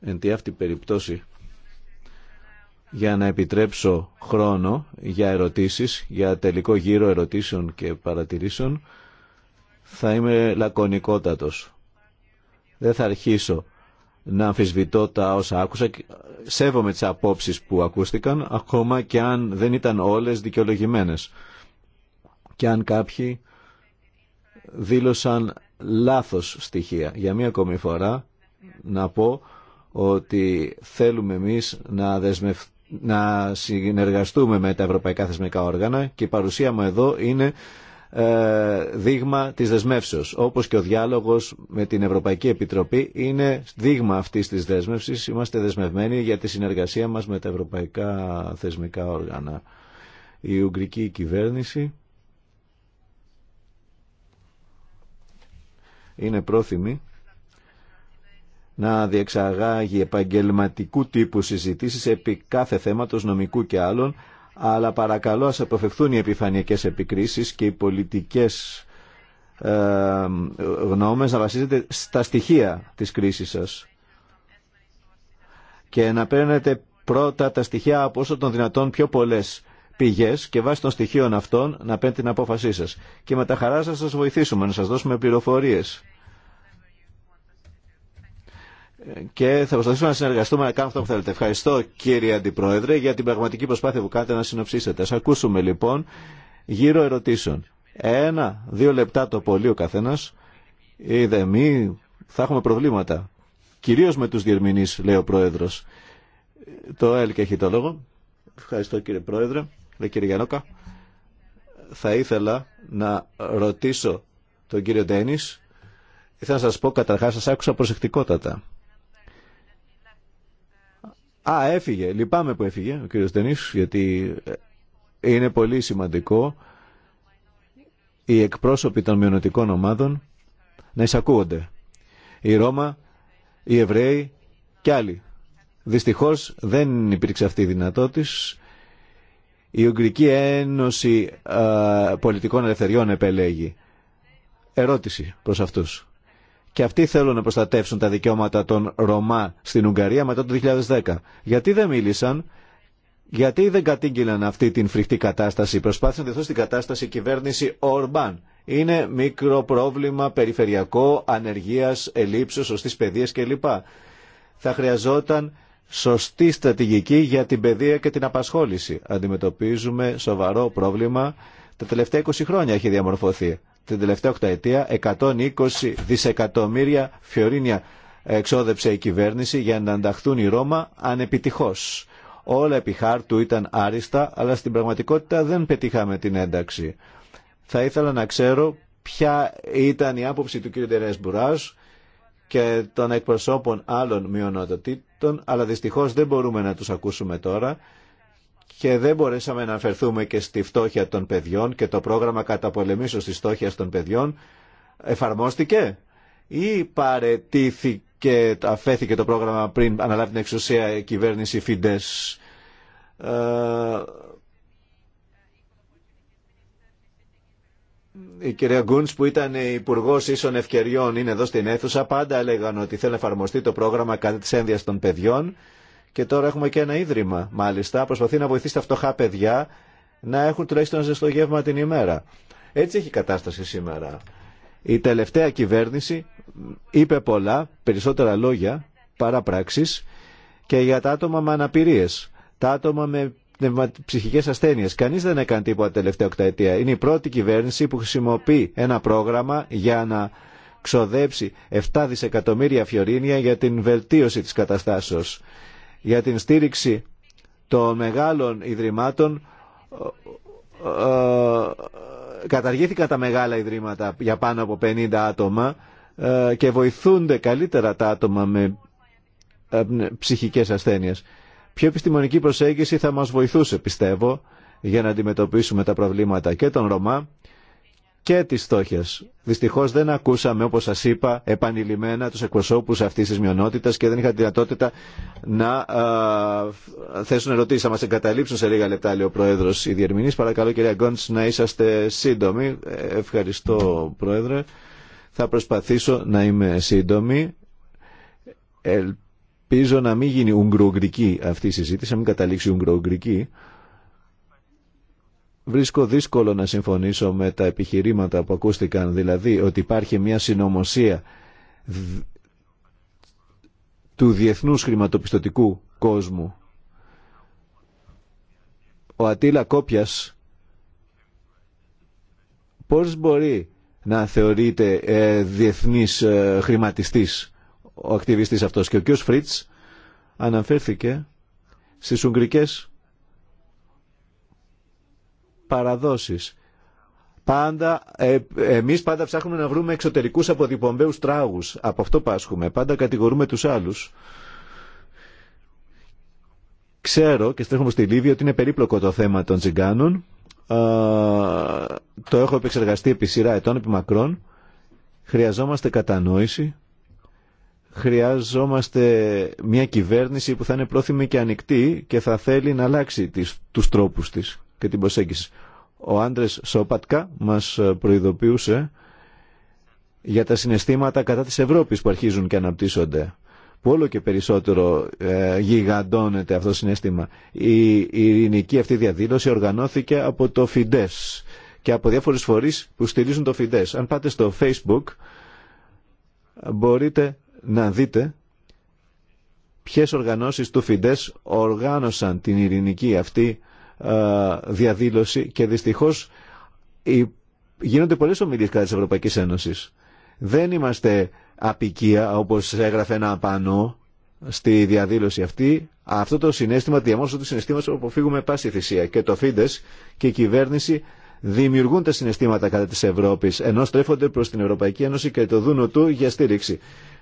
Εν τη αυτή περιπτώσει για να επιτρέψω χρόνο για ερωτήσεις, για τελικό γύρο ερωτήσεων και παρατηρήσεων, θα είμαι λακωνικότατος. Δεν θα αρχίσω να αμφισβητώ τα όσα άκουσα. Σέβομαι τις απόψεις που ακούστηκαν, ακόμα και αν δεν ήταν όλες δικαιολογημένες. Και αν κάποιοι δήλωσαν λάθος στοιχεία. Για μία ακόμη φορά να πω ότι θέλουμε εμείς να δεσμευτούμε να συνεργαστούμε με τα ευρωπαϊκά θεσμικά όργανα και η παρουσία μου εδώ είναι ε, δείγμα της δεσμεύσεως. Όπως και ο διάλογος με την Ευρωπαϊκή Επιτροπή είναι δείγμα αυτής της δέσμευσης. Είμαστε δεσμευμένοι για τη συνεργασία μας με τα ευρωπαϊκά θεσμικά όργανα. Η Ουγγρική κυβέρνηση είναι πρόθυμη να διεξαγάγει επαγγελματικού τύπου συζητήσεις επί κάθε θέματος νομικού και άλλων, αλλά παρακαλώ ας αποφευθούν οι επιφανειακές επικρίσεις και οι πολιτικές ε, γνώμες να βασίζεται στα στοιχεία της κρίσης σας και να παίρνετε πρώτα τα στοιχεία από όσο των δυνατόν πιο πολλές πηγές και βάσει των στοιχείων αυτών να παίρνετε την απόφασή σας. Και με τα χαρά σας σας βοηθήσουμε, να σας δώσουμε πληροφορίες και θα προσπαθήσουμε να συνεργαστούμε να κάνουμε αυτό που θέλετε. Ευχαριστώ κύριε Αντιπρόεδρε για την πραγματική προσπάθεια που κάνετε να συνοψίσετε. Ας ακούσουμε λοιπόν γύρω ερωτήσεων. Ένα, δύο λεπτά το πολύ ο καθένας. Είδε μη, θα έχουμε προβλήματα. Κυρίως με τους διερμηνείς, λέει ο Πρόεδρος. Το ΕΛΚ έχει το λόγο. Ευχαριστώ κύριε Πρόεδρε, λέει κύριε Γιανόκα. Θα ήθελα να ρωτήσω τον κύριο Ντένις. Ήθελα να σας πω καταρχάς, σας άκουσα προσεκτικότατα. Α, έφυγε. Λυπάμαι που έφυγε ο κύριος Τενής, γιατί ε, είναι πολύ σημαντικό οι εκπρόσωποι των μειονοτικών ομάδων να εισακούονται. Η Ρώμα, οι Εβραίοι και άλλοι. Δυστυχώς δεν υπήρξε αυτή η δυνατότητα. Η Ουγγρική Ένωση ε, Πολιτικών Ελευθεριών επελέγει. Ερώτηση προς αυτούς και αυτοί θέλουν να προστατεύσουν τα δικαιώματα των Ρωμά στην Ουγγαρία μετά το 2010. Γιατί δεν μίλησαν, γιατί δεν κατήγγυλαν αυτή την φρικτή κατάσταση, προσπάθησαν να διορθώσουν την κατάσταση η κυβέρνηση Ορμπάν. Είναι μικρό πρόβλημα περιφερειακό, ανεργία, ελλείψεω, σωστή παιδεία κλπ. Θα χρειαζόταν σωστή στρατηγική για την παιδεία και την απασχόληση. Αντιμετωπίζουμε σοβαρό πρόβλημα. Τα τελευταία 20 χρόνια έχει διαμορφωθεί την τελευταία οκταετία 120 δισεκατομμύρια φιωρίνια εξόδεψε η κυβέρνηση για να ανταχθούν οι Ρώμα ανεπιτυχώς. Όλα επί χάρτου ήταν άριστα, αλλά στην πραγματικότητα δεν πετύχαμε την ένταξη. Θα ήθελα να ξέρω ποια ήταν η άποψη του κ. Ντερές και των εκπροσώπων άλλων μειονοτήτων, αλλά δυστυχώς δεν μπορούμε να τους ακούσουμε τώρα και δεν μπορέσαμε να αναφερθούμε και στη φτώχεια των παιδιών και το πρόγραμμα καταπολεμήσεως της φτώχειας των παιδιών εφαρμόστηκε ή παρετήθηκε, αφέθηκε το πρόγραμμα πριν αναλάβει την εξουσία η κυβέρνηση Φιντές. Ε, η κυρία Γκούντς που ήταν υπουργό ίσων ευκαιριών είναι εδώ στην αίθουσα πάντα έλεγαν ότι θέλει να εφαρμοστεί το πρόγραμμα κατά της ένδυας των παιδιών και τώρα έχουμε και ένα ίδρυμα, μάλιστα, προσπαθεί να βοηθήσει τα φτωχά παιδιά να έχουν τουλάχιστον ζεστό γεύμα την ημέρα. Έτσι έχει η κατάσταση σήμερα. Η τελευταία κυβέρνηση είπε πολλά, περισσότερα λόγια, παρά πράξεις, και για τα άτομα με αναπηρίε, τα άτομα με ψυχικές ασθένειες. Κανείς δεν έκανε τίποτα τελευταία οκταετία. Είναι η πρώτη κυβέρνηση που χρησιμοποιεί ένα πρόγραμμα για να ξοδέψει 7 δισεκατομμύρια φιωρίνια για την βελτίωση της καταστάσεως για την στήριξη των μεγάλων ιδρυμάτων καταργήθηκαν τα μεγάλα ιδρύματα για πάνω από 50 άτομα ε, και βοηθούνται καλύτερα τα άτομα με ε, ψυχικές ασθένειες. Πιο επιστημονική προσέγγιση θα μας βοηθούσε, πιστεύω, για να αντιμετωπίσουμε τα προβλήματα και των Ρωμά και τις στόχες. Δυστυχώς δεν ακούσαμε, όπως σας είπα, επανειλημμένα τους εκπροσώπους αυτής της μειονότητας και δεν είχα τη δυνατότητα να α, θέσουν ερωτήσεις. Θα μας εγκαταλείψουν σε λίγα λεπτά, λέει ο Πρόεδρος. Οι παρακαλώ κυρία Γκόντς, να είσαστε σύντομοι. Ευχαριστώ, Πρόεδρε. Θα προσπαθήσω να είμαι σύντομη. Ελπίζω να μην γίνει ουγγρο-ουγγρική αυτή η συζήτηση, να μην καταλήξει ουγγρο-ουγγρική βρίσκω δύσκολο να συμφωνήσω με τα επιχειρήματα που ακούστηκαν, δηλαδή ότι υπάρχει μια συνωμοσία του διεθνούς χρηματοπιστωτικού κόσμου. Ο Ατήλα Κόπιας πώς μπορεί να θεωρείται ε, διεθνής ε, χρηματιστής ο ακτιβιστής αυτός. Και ο κ. Φρίτς αναφέρθηκε στις Ουγγρικές παραδόσεις. Πάντα, ε, εμείς πάντα ψάχνουμε να βρούμε εξωτερικούς αποδιπομπέους τράγους. Από αυτό πάσχουμε. Πάντα κατηγορούμε τους άλλους. Ξέρω και στρέχομαι στη Λίβη ότι είναι περίπλοκο το θέμα των τσιγκάνων. το έχω επεξεργαστεί επί σειρά ετών, επί μακρών Χρειαζόμαστε κατανόηση. Χρειαζόμαστε μια κυβέρνηση που θα είναι πρόθυμη και ανοιχτή και θα θέλει να αλλάξει τις, τους τρόπους της και την προσέγγιση. Ο άντρε Σόπατκα μας προειδοποιούσε για τα συναισθήματα κατά της Ευρώπης που αρχίζουν και αναπτύσσονται που όλο και περισσότερο ε, γιγαντώνεται αυτό το συνέστημα. Η, η ειρηνική αυτή διαδήλωση οργανώθηκε από το Φιντές και από διάφορες φορείς που στηρίζουν το Φιντές. Αν πάτε στο Facebook μπορείτε να δείτε ποιες οργανώσεις του Φιντές οργάνωσαν την ειρηνική αυτή ε, διαδήλωση και δυστυχώς γίνονται πολλές ομιλίες κατά της Ευρωπαϊκής Ένωσης. Δεν είμαστε απικία όπως έγραφε ένα πάνω στη διαδήλωση αυτή. Αυτό το συνέστημα, τη του συναισθήματος που αποφύγουμε πάση θυσία και το Φίντες και η κυβέρνηση δημιουργούν τα συναισθήματα κατά της Ευρώπης ενώ στρέφονται προς την Ευρωπαϊκή Ένωση και το δούνο του για στήριξη.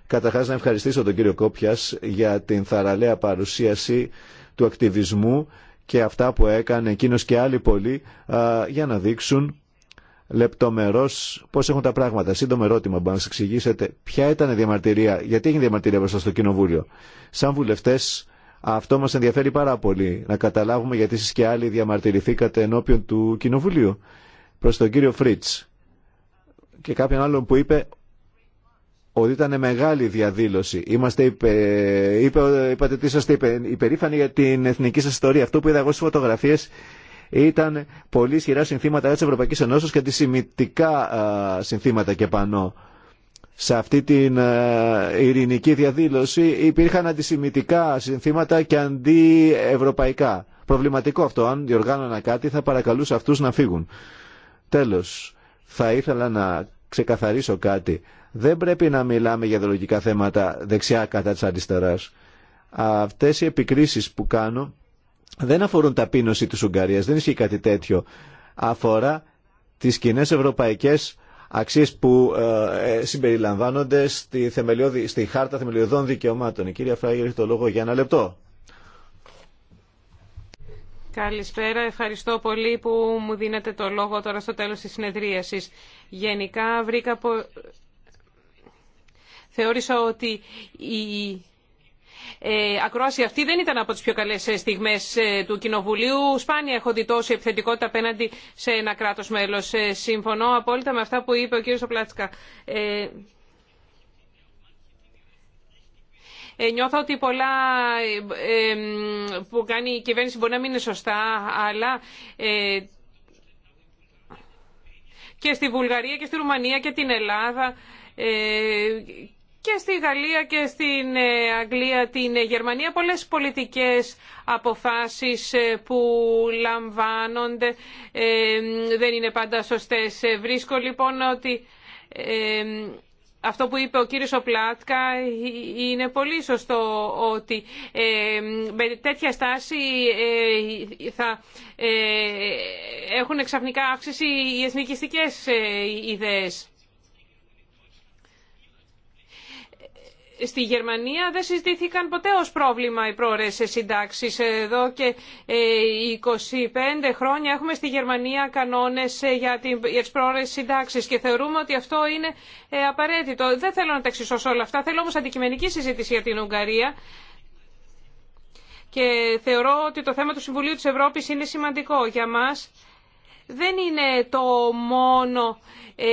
Καταρχά να ευχαριστήσω τον κύριο Κόπιας για την θαραλέα παρουσίαση του ακτιβισμού και αυτά που έκανε εκείνος και άλλοι πολλοί για να δείξουν λεπτομερώς πώς έχουν τα πράγματα. Σύντομο ερώτημα που να σας εξηγήσετε. Ποια ήταν η διαμαρτυρία, γιατί έγινε διαμαρτυρία μπροστά στο Κοινοβούλιο. Σαν βουλευτές αυτό μας ενδιαφέρει πάρα πολύ. Να καταλάβουμε γιατί εσείς και άλλοι διαμαρτυρηθήκατε ενώπιον του Κοινοβουλίου. Προς τον κύριο Φρίτς και κάποιον άλλον που είπε ότι ήταν μεγάλη διαδήλωση. Είμαστε υπε... Είπατε ότι είσαστε υπε... υπερήφανοι για την εθνική σα ιστορία. Αυτό που είδα εγώ στι φωτογραφίε ήταν πολύ ισχυρά συνθήματα τη Ευρωπαϊκή Ενώσεως και αντισημητικά συνθήματα και πανώ. Σε αυτή την ειρηνική διαδήλωση υπήρχαν αντισημητικά συνθήματα και αντιευρωπαϊκά. Προβληματικό αυτό. Αν διοργάνωνα κάτι θα παρακαλούσα αυτού να φύγουν. Τέλο, θα ήθελα να ξεκαθαρίσω κάτι. Δεν πρέπει να μιλάμε για ιδεολογικά θέματα δεξιά κατά της αριστεράς. Αυτές οι επικρίσεις που κάνω δεν αφορούν ταπείνωση της Ουγγαρίας, δεν ισχύει κάτι τέτοιο. Αφορά τις κοινέ ευρωπαϊκές αξίες που ε, ε, συμπεριλαμβάνονται στη, θεμελιώδη, στη Χάρτα Θεμελιωδών Δικαιωμάτων. Η κυρία Φράγερ έχει το λόγο για ένα λεπτό. Καλησπέρα. Ευχαριστώ πολύ που μου δίνετε το λόγο τώρα στο τέλος της συνεδρίασης. Γενικά βρήκα Θεώρησα ότι η ε, ακρόαση αυτή δεν ήταν από τις πιο καλές ε, στιγμές ε, του Κοινοβουλίου. Σπάνια έχω δει τόση επιθετικότητα απέναντι σε ένα κράτος μέλος. συμφωνώ απόλυτα με αυτά που είπε ο κύριος Οπλάτσκα. Ε, νιώθω ότι πολλά που κάνει η κυβέρνηση μπορεί να μην είναι σωστά, αλλά και στη Βουλγαρία και στη Ρουμανία και την Ελλάδα και στη Γαλλία και στην ε, Αγγλία, την ε, Γερμανία, πολλές πολιτικές αποφάσεις ε, που λαμβάνονται δεν είναι πάντα σωστές. Βρίσκω λοιπόν ότι αυτό που είπε ο κύριος Οπλάτκα είναι πολύ σωστό ότι με τέτοια στάση θα έχουν ξαφνικά αύξηση οι εθνικιστικές ιδέες. στη Γερμανία δεν συζητήθηκαν ποτέ ως πρόβλημα οι πρόορες συντάξεις. Εδώ και 25 ε, χρόνια έχουμε στη Γερμανία κανόνες ε, για τις πρόορες συντάξεις και θεωρούμε ότι αυτό είναι ε, απαραίτητο. Δεν θέλω να τα εξισώσω όλα αυτά, θέλω όμως αντικειμενική συζήτηση για την Ουγγαρία και θεωρώ ότι το θέμα του Συμβουλίου της Ευρώπης είναι σημαντικό για μας δεν είναι το μόνο, ε,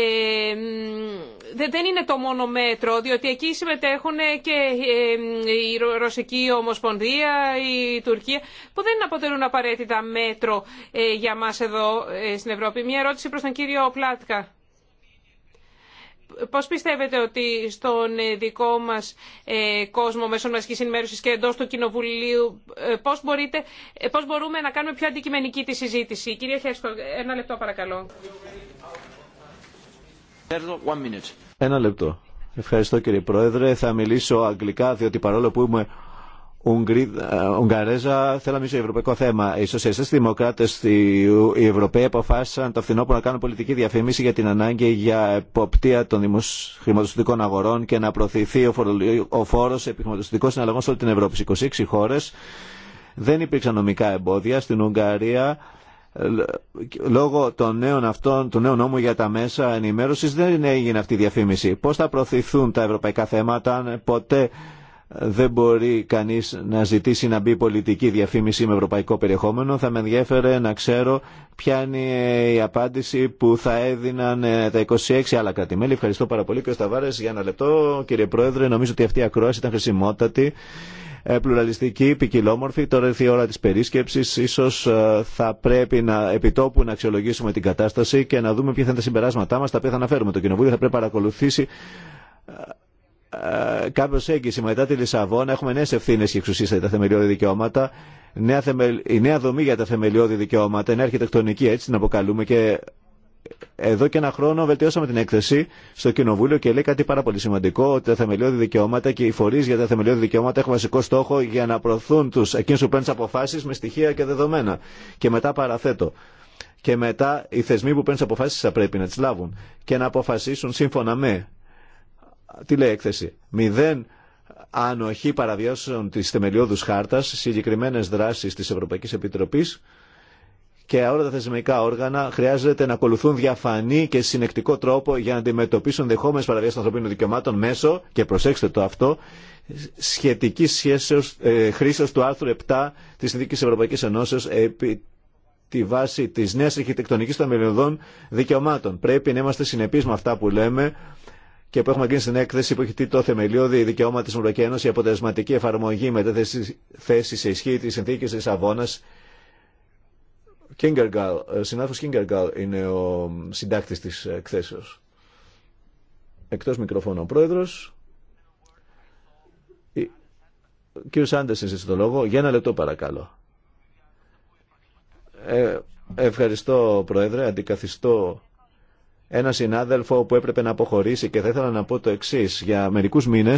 δεν είναι το μόνο μέτρο, διότι εκεί συμμετέχουν και ε, η Ρωσική Ομοσπονδία, η Τουρκία, που δεν αποτελούν απαραίτητα μέτρο ε, για μας εδώ ε, στην Ευρώπη. Μια ερώτηση προς τον κύριο Πλάτκα. Πώς πιστεύετε ότι στον δικό μας ε, κόσμο μέσω μαζικής ενημέρωσης και εντός του Κοινοβουλίου ε, πώς, μπορείτε, ε, πώς μπορούμε να κάνουμε πιο αντικειμενική τη συζήτηση. Κυρία Χέσκο, ένα λεπτό παρακαλώ. Ένα λεπτό. Ευχαριστώ κύριε Πρόεδρε. Θα μιλήσω αγγλικά διότι παρόλο που είμαι ε, θέλω Ουγγαρέζα θέλαμε ίσω ευρωπαϊκό θέμα. Οι σοσιαλιστέ δημοκράτε, οι Ευρωπαίοι αποφάσισαν το φθινόπωρο να κάνουν πολιτική διαφήμιση για την ανάγκη για εποπτεία των δημοσ... αγορών και να προωθηθεί ο, φορο... ο συναλλαγών σε όλη την Ευρώπη. Στι 26 χώρε δεν υπήρξαν νομικά εμπόδια. Στην Ουγγαρία λόγω των νέων αυτών, του νέου νόμου για τα μέσα ενημέρωση δεν έγινε αυτή η διαφήμιση. Πώ θα προωθηθούν τα ευρωπαϊκά θέματα ποτέ δεν μπορεί κανείς να ζητήσει να μπει πολιτική διαφήμιση με ευρωπαϊκό περιεχόμενο. Θα με ενδιέφερε να ξέρω ποια είναι η απάντηση που θα έδιναν ε, τα 26 άλλα κρατημέλη. Ευχαριστώ πάρα πολύ κύριε Σταβάρε, για ένα λεπτό. Κύριε Πρόεδρε, νομίζω ότι αυτή η ακρόαση ήταν χρησιμότατη ε, πλουραλιστική, ποικιλόμορφη. Τώρα ήρθε η ώρα τη περίσκεψη. Ίσως ε, θα πρέπει να επιτόπου να αξιολογήσουμε την κατάσταση και να δούμε ποια θα είναι τα συμπεράσματά μα τα οποία θα αναφέρουμε. Το Κοινοβούλιο θα πρέπει να παρακολουθήσει ε, Κάποιο έγκυση μετά τη Λισαβόνα έχουμε νέε ευθύνε και εξουσίε για τα θεμελιώδη δικαιώματα. Νέα Η νέα δομή για τα θεμελιώδη δικαιώματα είναι αρχιτεκτονική, έτσι την αποκαλούμε. Και εδώ και ένα χρόνο βελτιώσαμε την έκθεση στο Κοινοβούλιο και λέει κάτι πάρα πολύ σημαντικό, ότι τα θεμελιώδη δικαιώματα και οι φορεί για τα θεμελιώδη δικαιώματα έχουν βασικό στόχο για να προωθούν του εκείνου που παίρνουν αποφάσει με στοιχεία και δεδομένα. Και μετά παραθέτω. Και μετά οι θεσμοί που παίρνουν τι αποφάσει θα πρέπει να τι λάβουν και να αποφασίσουν σύμφωνα με τι λέει έκθεση, μηδέν ανοχή παραβιώσεων της θεμελιώδους χάρτας, συγκεκριμένες δράσεις της Ευρωπαϊκής Επιτροπής και όλα τα θεσμικά όργανα χρειάζεται να ακολουθούν διαφανή και συνεκτικό τρόπο για να αντιμετωπίσουν δεχόμενες παραβιάσεις των ανθρωπίνων δικαιωμάτων μέσω, και προσέξτε το αυτό, σχετική σχέσεως, ε, χρήσεως του άρθρου 7 της Συνδίκης Ευρωπαϊκής Ενώσεως επί τη βάση της νέας αρχιτεκτονικής των μελιωδών δικαιωμάτων. Πρέπει να είμαστε συνεπείς με αυτά που λέμε και που έχουμε γίνει στην έκθεση που έχει τίτλο Θεμελιώδη δικαιώμα τη Ευρωπαϊκή Ένωση, η αποτελεσματική εφαρμογή μετέθεση θέση σε ισχύ τη συνθήκη τη Αβώνα. Ε, Συνάδελφο Κίνγκεργκαλ είναι ο συντάκτη τη εκθέσεω. Εκτό μικροφώνου ο πρόεδρο. Κύριο Άντε, εσεί το λόγο. Για ένα λεπτό παρακαλώ. Ε, ευχαριστώ, Πρόεδρε. Αντικαθιστώ ένα συνάδελφο που έπρεπε να αποχωρήσει και θα ήθελα να πω το εξή. Για μερικού μήνε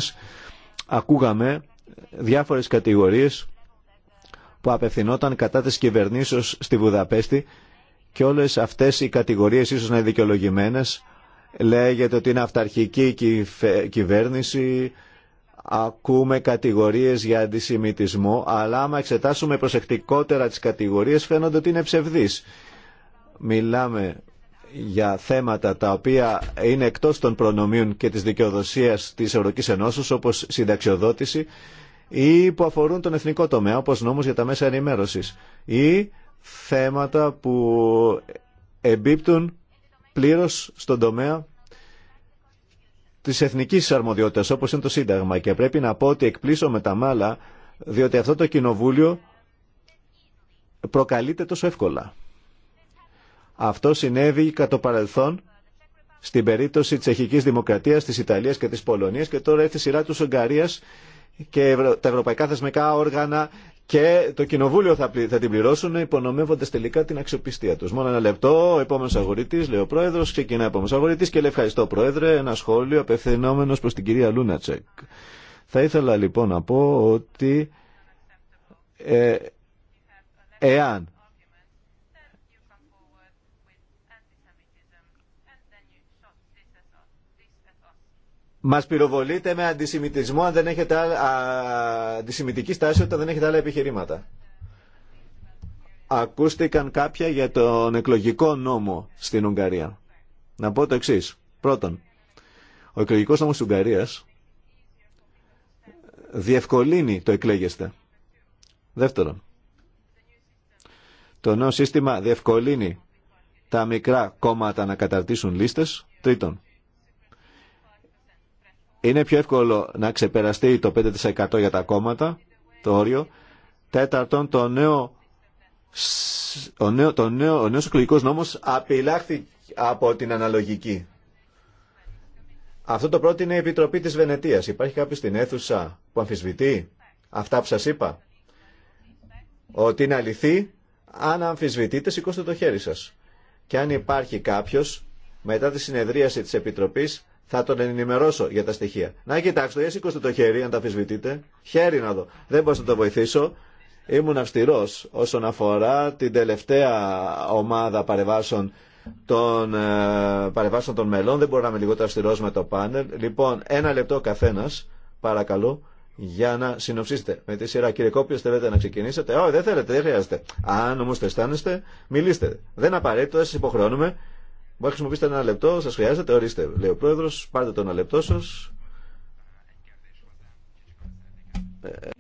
ακούγαμε διάφορε κατηγορίε που απευθυνόταν κατά της κυβερνήσεως στη Βουδαπέστη και όλες αυτές οι κατηγορίες ίσως να είναι δικαιολογημένε. Λέγεται ότι είναι αυταρχική κυβέρνηση, ακούμε κατηγορίες για αντισημιτισμό, αλλά άμα εξετάσουμε προσεκτικότερα τις κατηγορίες φαίνονται ότι είναι Μιλάμε για θέματα τα οποία είναι εκτός των προνομίων και της δικαιοδοσίας της Ευρωπαϊκής Ενώσεως όπως συνταξιοδότηση ή που αφορούν τον εθνικό τομέα όπως νόμο για τα μέσα ενημέρωσης ή θέματα που εμπίπτουν πλήρως στον τομέα της εθνικής αρμοδιότητας όπως είναι το Σύνταγμα και πρέπει να πω ότι εκπλήσω με τα μάλα διότι αυτό το κοινοβούλιο προκαλείται τόσο εύκολα. Αυτό συνέβη κατά το παρελθόν στην περίπτωση της Τσεχικής Δημοκρατίας, της Ιταλίας και της Πολωνίας και τώρα έρθει η σειρά του Ουγγαρίας και τα ευρωπαϊκά θεσμικά όργανα και το κοινοβούλιο θα, θα την πληρώσουν υπονομεύοντας τελικά την αξιοπιστία τους. Μόνο ένα λεπτό, ο επόμενος αγορητής, λέει ο πρόεδρος, ξεκινάει ο επόμενος αγορητής και λέει ευχαριστώ πρόεδρε, ένα σχόλιο απευθυνόμενος προς την κυρία Λούνατσεκ. Θα ήθελα λοιπόν να πω ότι ε, εάν Μα πυροβολείτε με αντισημιτισμό αν δεν έχετε α, αντισημιτική στάση όταν δεν έχετε άλλα επιχειρήματα. Ακούστηκαν κάποια για τον εκλογικό νόμο στην Ουγγαρία. Να πω το εξή. Πρώτον, ο εκλογικό νόμο τη Ουγγαρίας διευκολύνει το εκλέγεστε. Δεύτερον, το νέο σύστημα διευκολύνει τα μικρά κόμματα να καταρτήσουν λίστες. Τρίτον, είναι πιο εύκολο να ξεπεραστεί το 5% για τα κόμματα, το όριο. Τέταρτον, το νέο, ο, νέο, το νέο, ο νέος εκλογικός νόμος απειλάχθηκε από την αναλογική. Αυτό το πρώτο είναι η Επιτροπή της Βενετίας. Υπάρχει κάποιος στην αίθουσα που αμφισβητεί αυτά που σας είπα. Ότι είναι αληθή, αν αμφισβητείτε σηκώστε το χέρι σας. Και αν υπάρχει κάποιος μετά τη συνεδρίαση της Επιτροπής θα τον ενημερώσω για τα στοιχεία. Να κοιτάξτε, για σήκωστε το χέρι, αν τα αφισβητείτε. Χέρι να δω. Δεν μπορώ να το βοηθήσω. Ήμουν αυστηρό όσον αφορά την τελευταία ομάδα παρεμβάσεων των ε, των μελών. Δεν μπορώ να είμαι λιγότερο αυστηρό με το πάνελ. Λοιπόν, ένα λεπτό καθένα, παρακαλώ, για να συνοψίσετε. Με τη σειρά, κύριε Κόπιο, θέλετε να ξεκινήσετε. Όχι, δεν θέλετε, δεν χρειάζεται. Αν όμω το αισθάνεστε, μιλήστε. Δεν απαραίτητο, σα υποχρεώνουμε. Μπορείτε να χρησιμοποιήσετε ένα λεπτό, σα χρειάζεται, ορίστε. Λέει ο πρόεδρο, πάρτε το ένα λεπτό σα.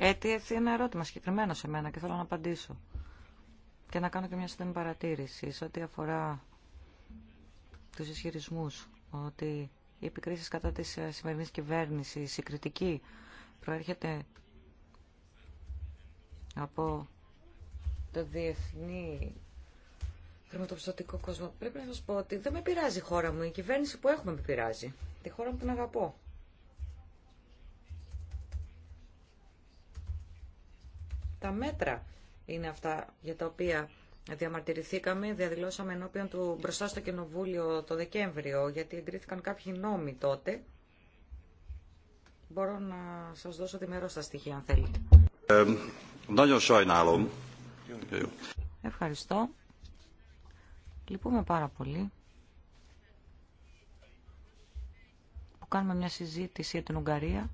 Έτσι, ε, έτσι ένα ερώτημα συγκεκριμένο σε μένα και θέλω να απαντήσω. Και να κάνω και μια σύντομη παρατήρηση σε ό,τι αφορά τους ισχυρισμού ότι οι επικρίσεις κατά τη ε, σημερινή κυβέρνηση η κριτική προέρχεται από το διεθνή χρηματοπιστωτικό κόσμο. Πρέπει να σα πω ότι δεν με πειράζει η χώρα μου. Η κυβέρνηση που έχουμε με πειράζει. Τη χώρα μου την αγαπώ. Τα μέτρα είναι αυτά για τα οποία διαμαρτυρηθήκαμε, διαδηλώσαμε ενώπιον του μπροστά στο Κοινοβούλιο το Δεκέμβριο, γιατί εγκρίθηκαν κάποιοι νόμοι τότε. Μπορώ να σας δώσω μέρα στα στοιχεία, αν θέλετε. Ευχαριστώ. Λυπούμε πάρα πολύ που κάνουμε μια συζήτηση για την Ουγγαρία,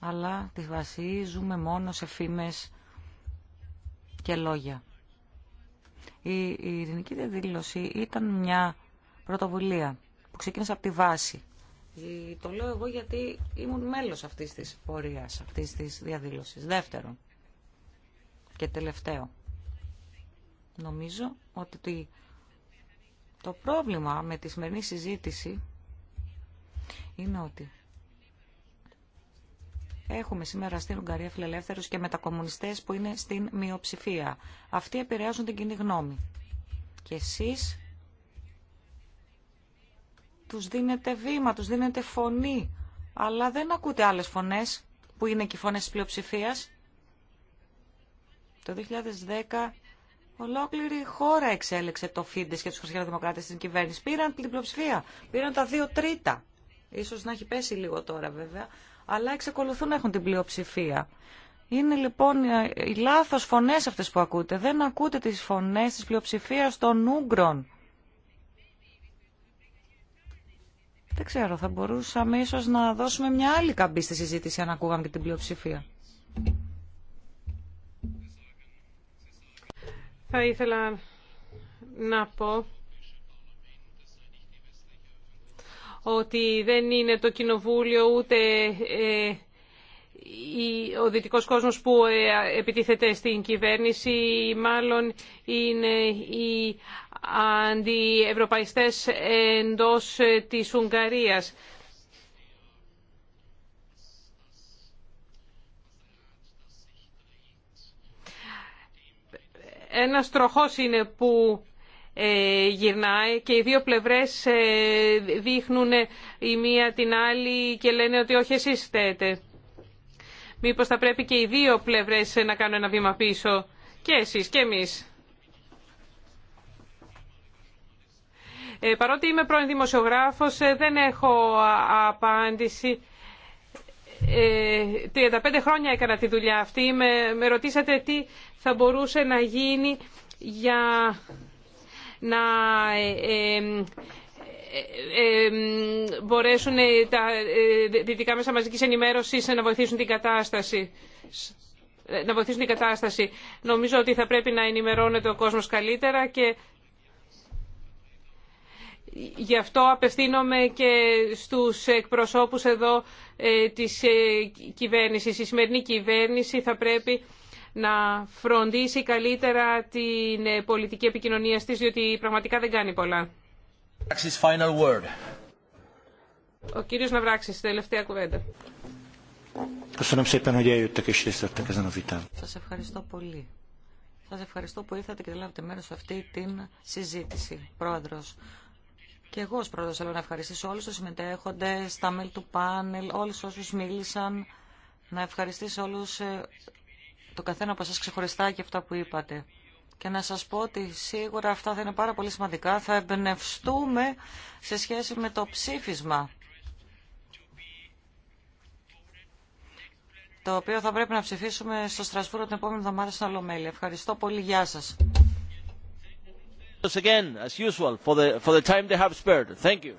αλλά τη βασίζουμε μόνο σε φήμες και λόγια. Η, η ειρηνική διαδήλωση ήταν μια πρωτοβουλία που ξεκίνησε από τη βάση. Το λέω εγώ γιατί ήμουν μέλος αυτής της πορείας, αυτής της διαδήλωσης. Δεύτερο και τελευταίο. Νομίζω ότι το πρόβλημα με τη σημερινή συζήτηση είναι ότι έχουμε σήμερα στην Ουγγαρία φιλελεύθερους και μετακομμουνιστές που είναι στην μειοψηφία. Αυτοί επηρεάζουν την κοινή γνώμη. Και εσείς τους δίνετε βήμα, τους δίνετε φωνή, αλλά δεν ακούτε άλλες φωνές που είναι και οι φωνές της Το 2010 Ολόκληρη η χώρα εξέλεξε το Φίντε και τους Χριστιανοδημοκράτε στην κυβέρνηση. Πήραν την πλειοψηφία, πήραν τα δύο τρίτα. Ίσως να έχει πέσει λίγο τώρα βέβαια, αλλά εξακολουθούν να έχουν την πλειοψηφία. Είναι λοιπόν ε, οι λάθο φωνέ αυτέ που ακούτε. Δεν ακούτε τι φωνέ τη πλειοψηφία των Ούγγρων. Δεν ξέρω, θα μπορούσαμε ίσως να δώσουμε μια άλλη καμπή στη συζήτηση αν ακούγαμε και την πλειοψηφία. Θα ήθελα να πω ότι δεν είναι το κοινοβούλιο ούτε ε, ο δυτικός κόσμος που ε, επιτίθεται στην κυβέρνηση μάλλον είναι οι αντιευρωπαϊστές εντός ε, της Ουγγαρίας. ένα τροχός είναι που ε, γυρνάει και οι δύο πλευρές ε, δείχνουν ε, η μία την άλλη και λένε ότι όχι εσείς φταίτε. Μήπως θα πρέπει και οι δύο πλευρές να κάνουν ένα βήμα πίσω και εσείς και εμείς. Ε, παρότι είμαι πρώην δημοσιογράφος δεν έχω απάντηση 35 ε, χρόνια έκανα τη δουλειά αυτή. Με, με ρωτήσατε τι θα μπορούσε να γίνει για να ε, ε, μπορέσουν τα δυτικά μέσα μαζικής ενημέρωσης να βοηθήσουν την κατάσταση. Να βοηθήσουν την κατάσταση. Νομίζω ότι θα πρέπει να ενημερώνεται ο κόσμος καλύτερα και Γι' αυτό απευθύνομαι και στους εκπροσώπους εδώ ε, της ε, κυβέρνησης. Η σημερινή κυβέρνηση θα πρέπει να φροντίσει καλύτερα την ε, πολιτική επικοινωνία της, διότι πραγματικά δεν κάνει πολλά. Final word. Ο κύριος Ναυράξης, τελευταία κουβέντα. Σας ευχαριστώ πολύ. Σας ευχαριστώ που ήρθατε και λάβετε μέρος σε αυτή την συζήτηση. Πρόεδρος, και εγώ ως πρώτος θέλω να ευχαριστήσω όλους τους συμμετέχοντες, τα μέλη του πάνελ, όλους όσους μίλησαν. Να ευχαριστήσω όλους ε, το καθένα από σας ξεχωριστά και αυτά που είπατε. Και να σας πω ότι σίγουρα αυτά θα είναι πάρα πολύ σημαντικά. Θα εμπνευστούμε σε σχέση με το ψήφισμα. Το οποίο θα πρέπει να ψηφίσουμε στο Στρασβούρο την επόμενη εβδομάδα στην Ευχαριστώ πολύ. Γεια σας again as usual for the time they have spared. Thank you.